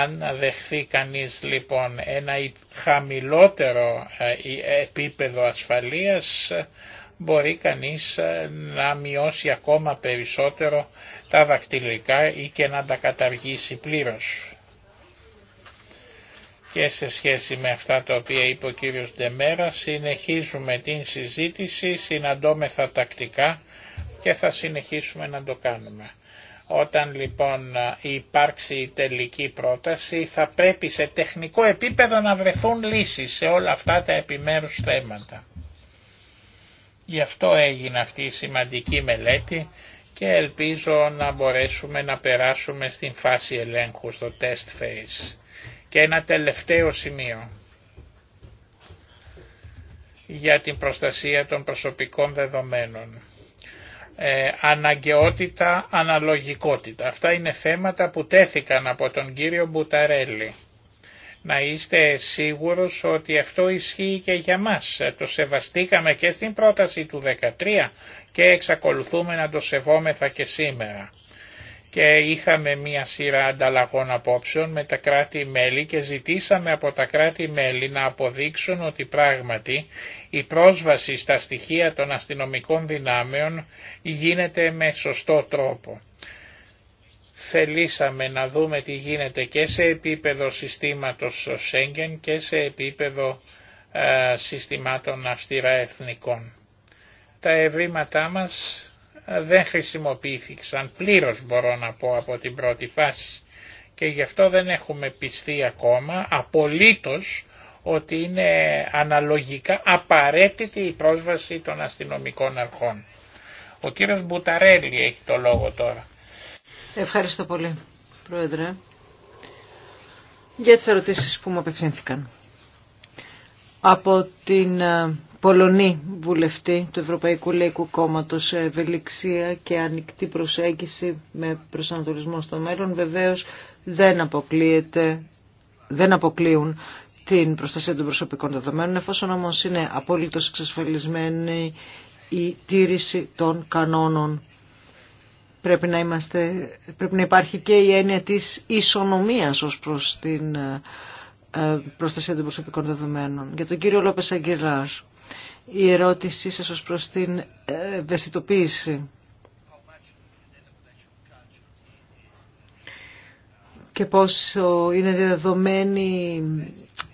Αν δεχθεί κανείς λοιπόν ένα χαμηλότερο ε, επίπεδο ασφαλείας μπορεί κανείς ε, να μειώσει ακόμα περισσότερο τα δακτυλικά ή και να τα καταργήσει πλήρως. Και σε σχέση με αυτά τα οποία είπε ο κύριος Ντεμέρα συνεχίζουμε την συζήτηση, συναντώμεθα τακτικά και θα συνεχίσουμε να το κάνουμε. Όταν λοιπόν ε, υπάρξει η τελική πρόταση θα πρέπει σε τεχνικό επίπεδο να βρεθούν λύσεις σε όλα αυτά τα επιμέρους θέματα. Γι' αυτό έγινε αυτή η σημαντική μελέτη και ελπίζω να μπορέσουμε να περάσουμε στην φάση ελέγχου, στο test phase. Και ένα τελευταίο σημείο για την προστασία των προσωπικών δεδομένων. Ε, αναγκαιότητα, αναλογικότητα. Αυτά είναι θέματα που τέθηκαν από τον κύριο Μπουταρέλη να είστε σίγουρος ότι αυτό ισχύει και για μας. Το σεβαστήκαμε και στην πρόταση του 13 και εξακολουθούμε να το σεβόμεθα και σήμερα. Και είχαμε μία σειρά ανταλλαγών απόψεων με τα κράτη-μέλη και ζητήσαμε από τα κράτη-μέλη να αποδείξουν ότι πράγματι η πρόσβαση στα στοιχεία των αστυνομικών δυνάμεων γίνεται με σωστό τρόπο θελήσαμε να δούμε τι γίνεται και σε επίπεδο συστήματος Σέγγεν και σε επίπεδο ε, συστημάτων αυστηρά εθνικών. Τα ευρήματά μας ε, δεν χρησιμοποιήθηκαν πλήρως μπορώ να πω από την πρώτη φάση και γι' αυτό δεν έχουμε πιστεί ακόμα απολύτως ότι είναι αναλογικά απαραίτητη η πρόσβαση των αστυνομικών αρχών. Ο κύριος Μπουταρέλη έχει το λόγο τώρα. Ευχαριστώ πολύ, Πρόεδρε, για τις ερωτήσεις που μου απευθύνθηκαν. Από την ε, Πολωνή βουλευτή του Ευρωπαϊκού Λαϊκού Κόμματος ε, ευελιξία και ανοιχτή προσέγγιση με προσανατολισμό στο μέλλον βεβαίως δεν, αποκλείεται, δεν αποκλείουν την προστασία των προσωπικών δεδομένων εφόσον όμως είναι απόλυτος εξασφαλισμένη η τήρηση των κανόνων Πρέπει να, είμαστε, πρέπει να υπάρχει και η έννοια της ισονομίας ως προς την ε, ε, προστασία των προσωπικών δεδομένων. Για τον κύριο Λόπες Αγγελάρ, η ερώτησή σας ως προς την ε, ευαισθητοποίηση. και πόσο είναι δεδομένη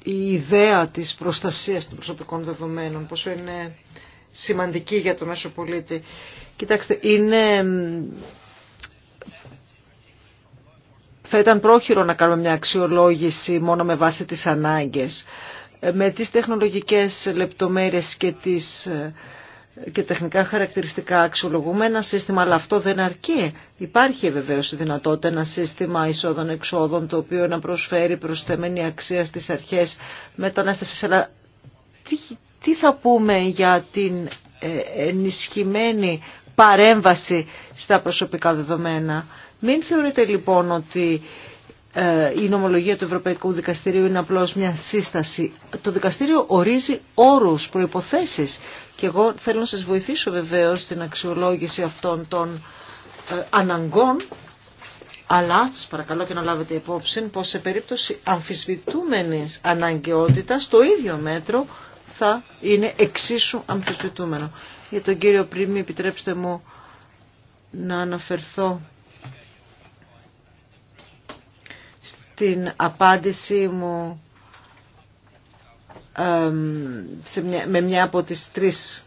η ιδέα της προστασίας των προσωπικών δεδομένων, πόσο είναι σημαντική για το μέσο πολίτη. Κοιτάξτε, είναι... Θα ήταν πρόχειρο να κάνουμε μια αξιολόγηση μόνο με βάση τις ανάγκες. Ε, με τις τεχνολογικές λεπτομέρειες και τις ε, και τεχνικά χαρακτηριστικά αξιολογούμε ένα σύστημα, αλλά αυτό δεν αρκεί. Υπάρχει βεβαίω η δυνατότητα ένα σύστημα εισόδων-εξόδων το οποίο να προσφέρει προσθεμένη αξία στις αρχές μετανάστευσης. Αλλά τι, τι θα πούμε για την ε, ενισχυμένη παρέμβαση στα προσωπικά δεδομένα. Μην θεωρείτε λοιπόν ότι ε, η νομολογία του Ευρωπαϊκού Δικαστηρίου είναι απλώς μια σύσταση. Το δικαστήριο ορίζει όρους, προϋποθέσεις και εγώ θέλω να σας βοηθήσω βεβαίως στην αξιολόγηση αυτών των ε, αναγκών αλλά σας παρακαλώ και να λάβετε υπόψη πως σε περίπτωση αμφισβητούμενης αναγκαιότητας το ίδιο μέτρο θα είναι εξίσου αμφισβητούμενο για τον κύριο Πρίμη επιτρέψτε μου να αναφερθώ στην απάντησή μου με μια από τις τρεις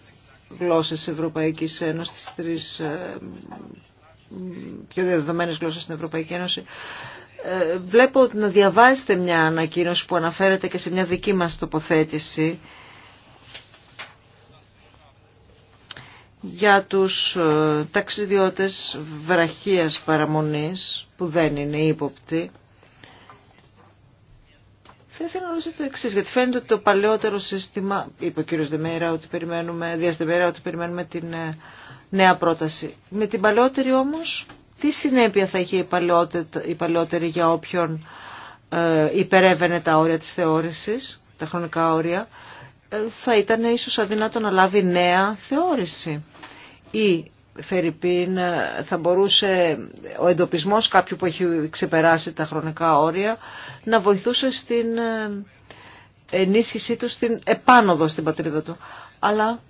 γλώσσες Ευρωπαϊκής Ένωσης, τις τρεις πιο διαδεδομένες γλώσσες στην Ευρωπαϊκή Ένωση. Ε, βλέπω να διαβάζετε μια ανακοίνωση που αναφέρεται και σε μια δική μας τοποθέτηση για τους ε, ταξιδιώτες βραχίας παραμονής που δεν είναι ύποπτοι. Θα ήθελα να ρωτήσω το εξή, γιατί φαίνεται ότι το παλαιότερο σύστημα, είπε ο κύριο Δεμέρα, ότι περιμένουμε, ότι περιμένουμε την ε, νέα πρόταση. Με την παλαιότερη όμως τι συνέπεια θα είχε η παλαιότερη για όποιον ε, υπερεύαινε τα όρια της θεώρησης, τα χρονικά όρια, ε, θα ήταν ίσω αδυνατό να λάβει νέα θεώρηση ή Φερρυπίν θα μπορούσε ο εντοπισμός κάποιου που έχει ξεπεράσει τα χρονικά όρια να βοηθούσε στην ε, ενίσχυσή του στην επάνωδο στην πατρίδα του. Αλλά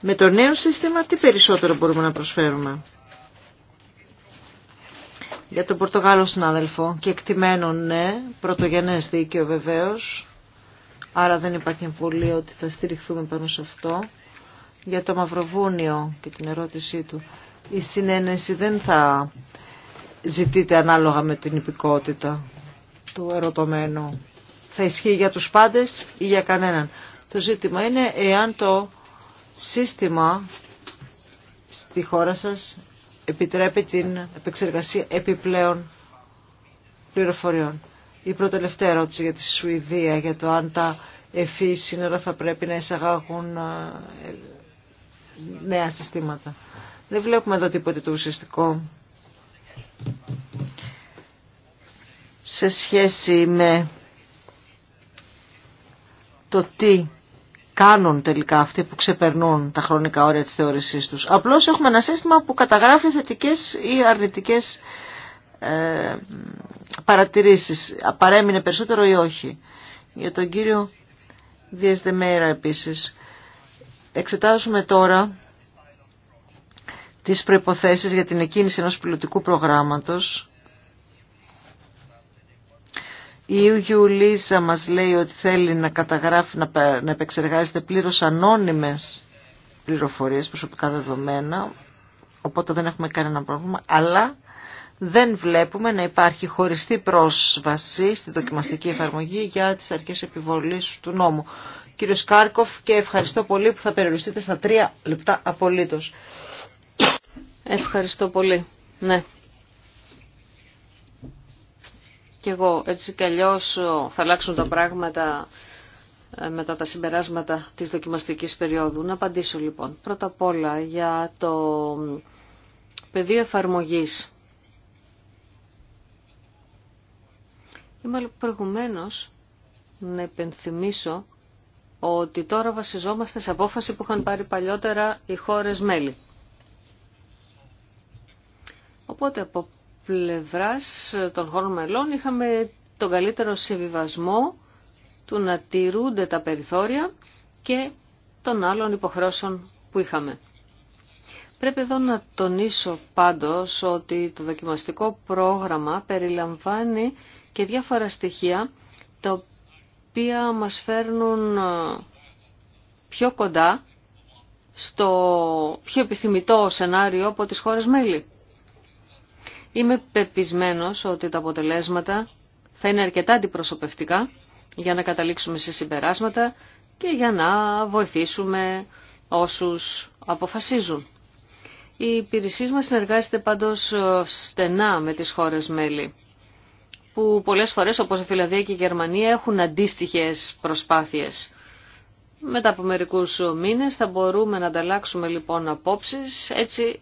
με το νέο σύστημα τι περισσότερο μπορούμε να προσφέρουμε για τον Πορτογάλο συνάδελφο και εκτιμένον ναι, πρωτογενές δίκαιο βεβαίως, άρα δεν υπάρχει εμβολία ότι θα στηριχθούμε πάνω σε αυτό. Για το Μαυροβούνιο και την ερώτησή του, η συνένεση δεν θα ζητείται ανάλογα με την υπηκότητα του ερωτωμένου. Θα ισχύει για τους πάντες ή για κανέναν. Το ζήτημα είναι εάν το σύστημα στη χώρα σας επιτρέπει την επεξεργασία επιπλέον πληροφοριών. Η προτελευταία ερώτηση για τη Σουηδία, για το αν τα εφή e σύνορα θα πρέπει να εισαγάγουν ε, νέα συστήματα. Δεν βλέπουμε εδώ τίποτε το ουσιαστικό. Σε σχέση με το τι κάνουν τελικά αυτοί που ξεπερνούν τα χρονικά όρια της θεωρησής τους. Απλώς έχουμε ένα σύστημα που καταγράφει θετικές ή αρνητικές ε, παρατηρήσεις. Παρέμεινε περισσότερο ή όχι. Για τον κύριο Διεσδεμέρα επίσης. Εξετάζουμε τώρα τις προϋποθέσεις για την εκκίνηση ενός πιλωτικού προγράμματος η Λίζα μας λέει ότι θέλει να καταγράφει, να επεξεργάζεται πλήρως ανώνυμες πληροφορίες, προσωπικά δεδομένα, οπότε δεν έχουμε κανένα πρόβλημα, αλλά δεν βλέπουμε να υπάρχει χωριστή πρόσβαση στη δοκιμαστική εφαρμογή για τις αρχές επιβολής του νόμου. Κύριο Σκάρκοφ και ευχαριστώ πολύ που θα περιοριστείτε στα τρία λεπτά απολύτως. Ευχαριστώ πολύ. Ναι, και εγώ έτσι κι αλλιώ θα αλλάξουν τα πράγματα ε, μετά τα συμπεράσματα της δοκιμαστικής περίοδου. Να απαντήσω λοιπόν. Πρώτα απ' όλα για το πεδίο εφαρμογής. Είμαι προηγουμένως να υπενθυμίσω ότι τώρα βασιζόμαστε σε απόφαση που είχαν πάρει παλιότερα οι χώρες μέλη. Οπότε από πλευράς των χώρων μελών είχαμε τον καλύτερο συμβιβασμό του να τηρούνται τα περιθώρια και των άλλων υποχρεώσεων που είχαμε. Πρέπει εδώ να τονίσω πάντως ότι το δοκιμαστικό πρόγραμμα περιλαμβάνει και διάφορα στοιχεία τα οποία μας φέρνουν ε, πιο κοντά στο πιο επιθυμητό σενάριο από τις χώρες μέλη. Είμαι πεπισμένος ότι τα αποτελέσματα θα είναι αρκετά αντιπροσωπευτικά για να καταλήξουμε σε συμπεράσματα και για να βοηθήσουμε όσους αποφασίζουν. Η υπηρεσία μας συνεργάζεται πάντως στενά με τις χώρες μέλη, που πολλές φορές όπως η Φιλανδία και η Γερμανία έχουν αντίστοιχες προσπάθειες. Μετά από μερικούς μήνες θα μπορούμε να ανταλλάξουμε λοιπόν απόψεις, έτσι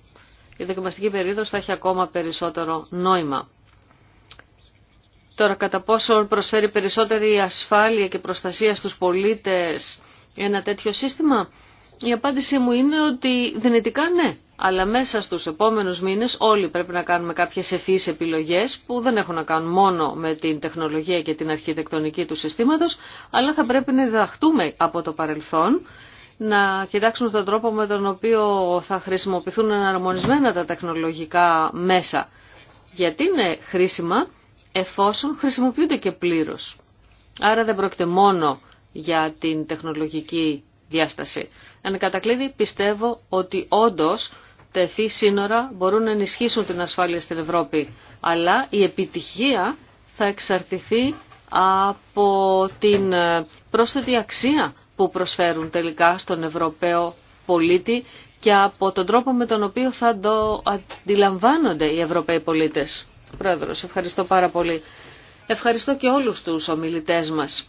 η δοκιμαστική περίοδος θα έχει ακόμα περισσότερο νόημα. Τώρα, κατά πόσο προσφέρει περισσότερη ασφάλεια και προστασία στους πολίτες ένα τέτοιο σύστημα, η απάντησή μου είναι ότι δυνητικά ναι. Αλλά μέσα στους επόμενους μήνες όλοι πρέπει να κάνουμε κάποιες ευφύς επιλογές που δεν έχουν να κάνουν μόνο με την τεχνολογία και την αρχιτεκτονική του συστήματος, αλλά θα πρέπει να διδαχτούμε από το παρελθόν να κοιτάξουν τον τρόπο με τον οποίο θα χρησιμοποιηθούν εναρμονισμένα τα τεχνολογικά μέσα. Γιατί είναι χρήσιμα εφόσον χρησιμοποιούνται και πλήρως. Άρα δεν πρόκειται μόνο για την τεχνολογική διάσταση. Εν κατακλείδη πιστεύω ότι όντως τεθεί σύνορα μπορούν να ενισχύσουν την ασφάλεια στην Ευρώπη. Αλλά η επιτυχία θα εξαρτηθεί από την ε, πρόσθετη αξία που προσφέρουν τελικά στον Ευρωπαίο πολίτη και από τον τρόπο με τον οποίο θα το αντιλαμβάνονται οι Ευρωπαίοι πολίτες. Πρόεδρος, ευχαριστώ πάρα πολύ. Ευχαριστώ και όλους τους ομιλητές μας.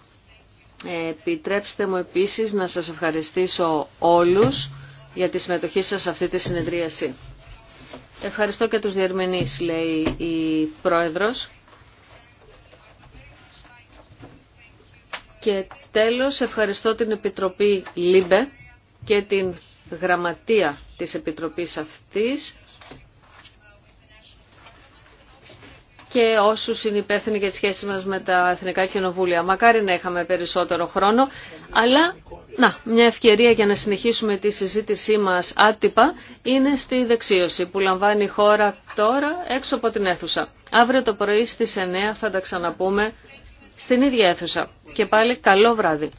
Επιτρέψτε μου επίσης να σας ευχαριστήσω όλους για τη συμμετοχή σας σε αυτή τη συνεδρίαση. Ευχαριστώ και τους διερμηνείς, λέει η Πρόεδρος. Και τέλος ευχαριστώ την Επιτροπή ΛΥΜΠΕ και την γραμματεία της Επιτροπής αυτής και όσους είναι υπεύθυνοι για τη σχέση μας με τα εθνικά κοινοβούλια. Μακάρι να είχαμε περισσότερο χρόνο, αλλά να, μια ευκαιρία για να συνεχίσουμε τη συζήτησή μας άτυπα είναι στη δεξίωση που λαμβάνει η χώρα τώρα έξω από την αίθουσα. Αύριο το πρωί στι 9 θα τα ξαναπούμε στην ίδια αίθουσα. Και πάλι καλό βράδυ.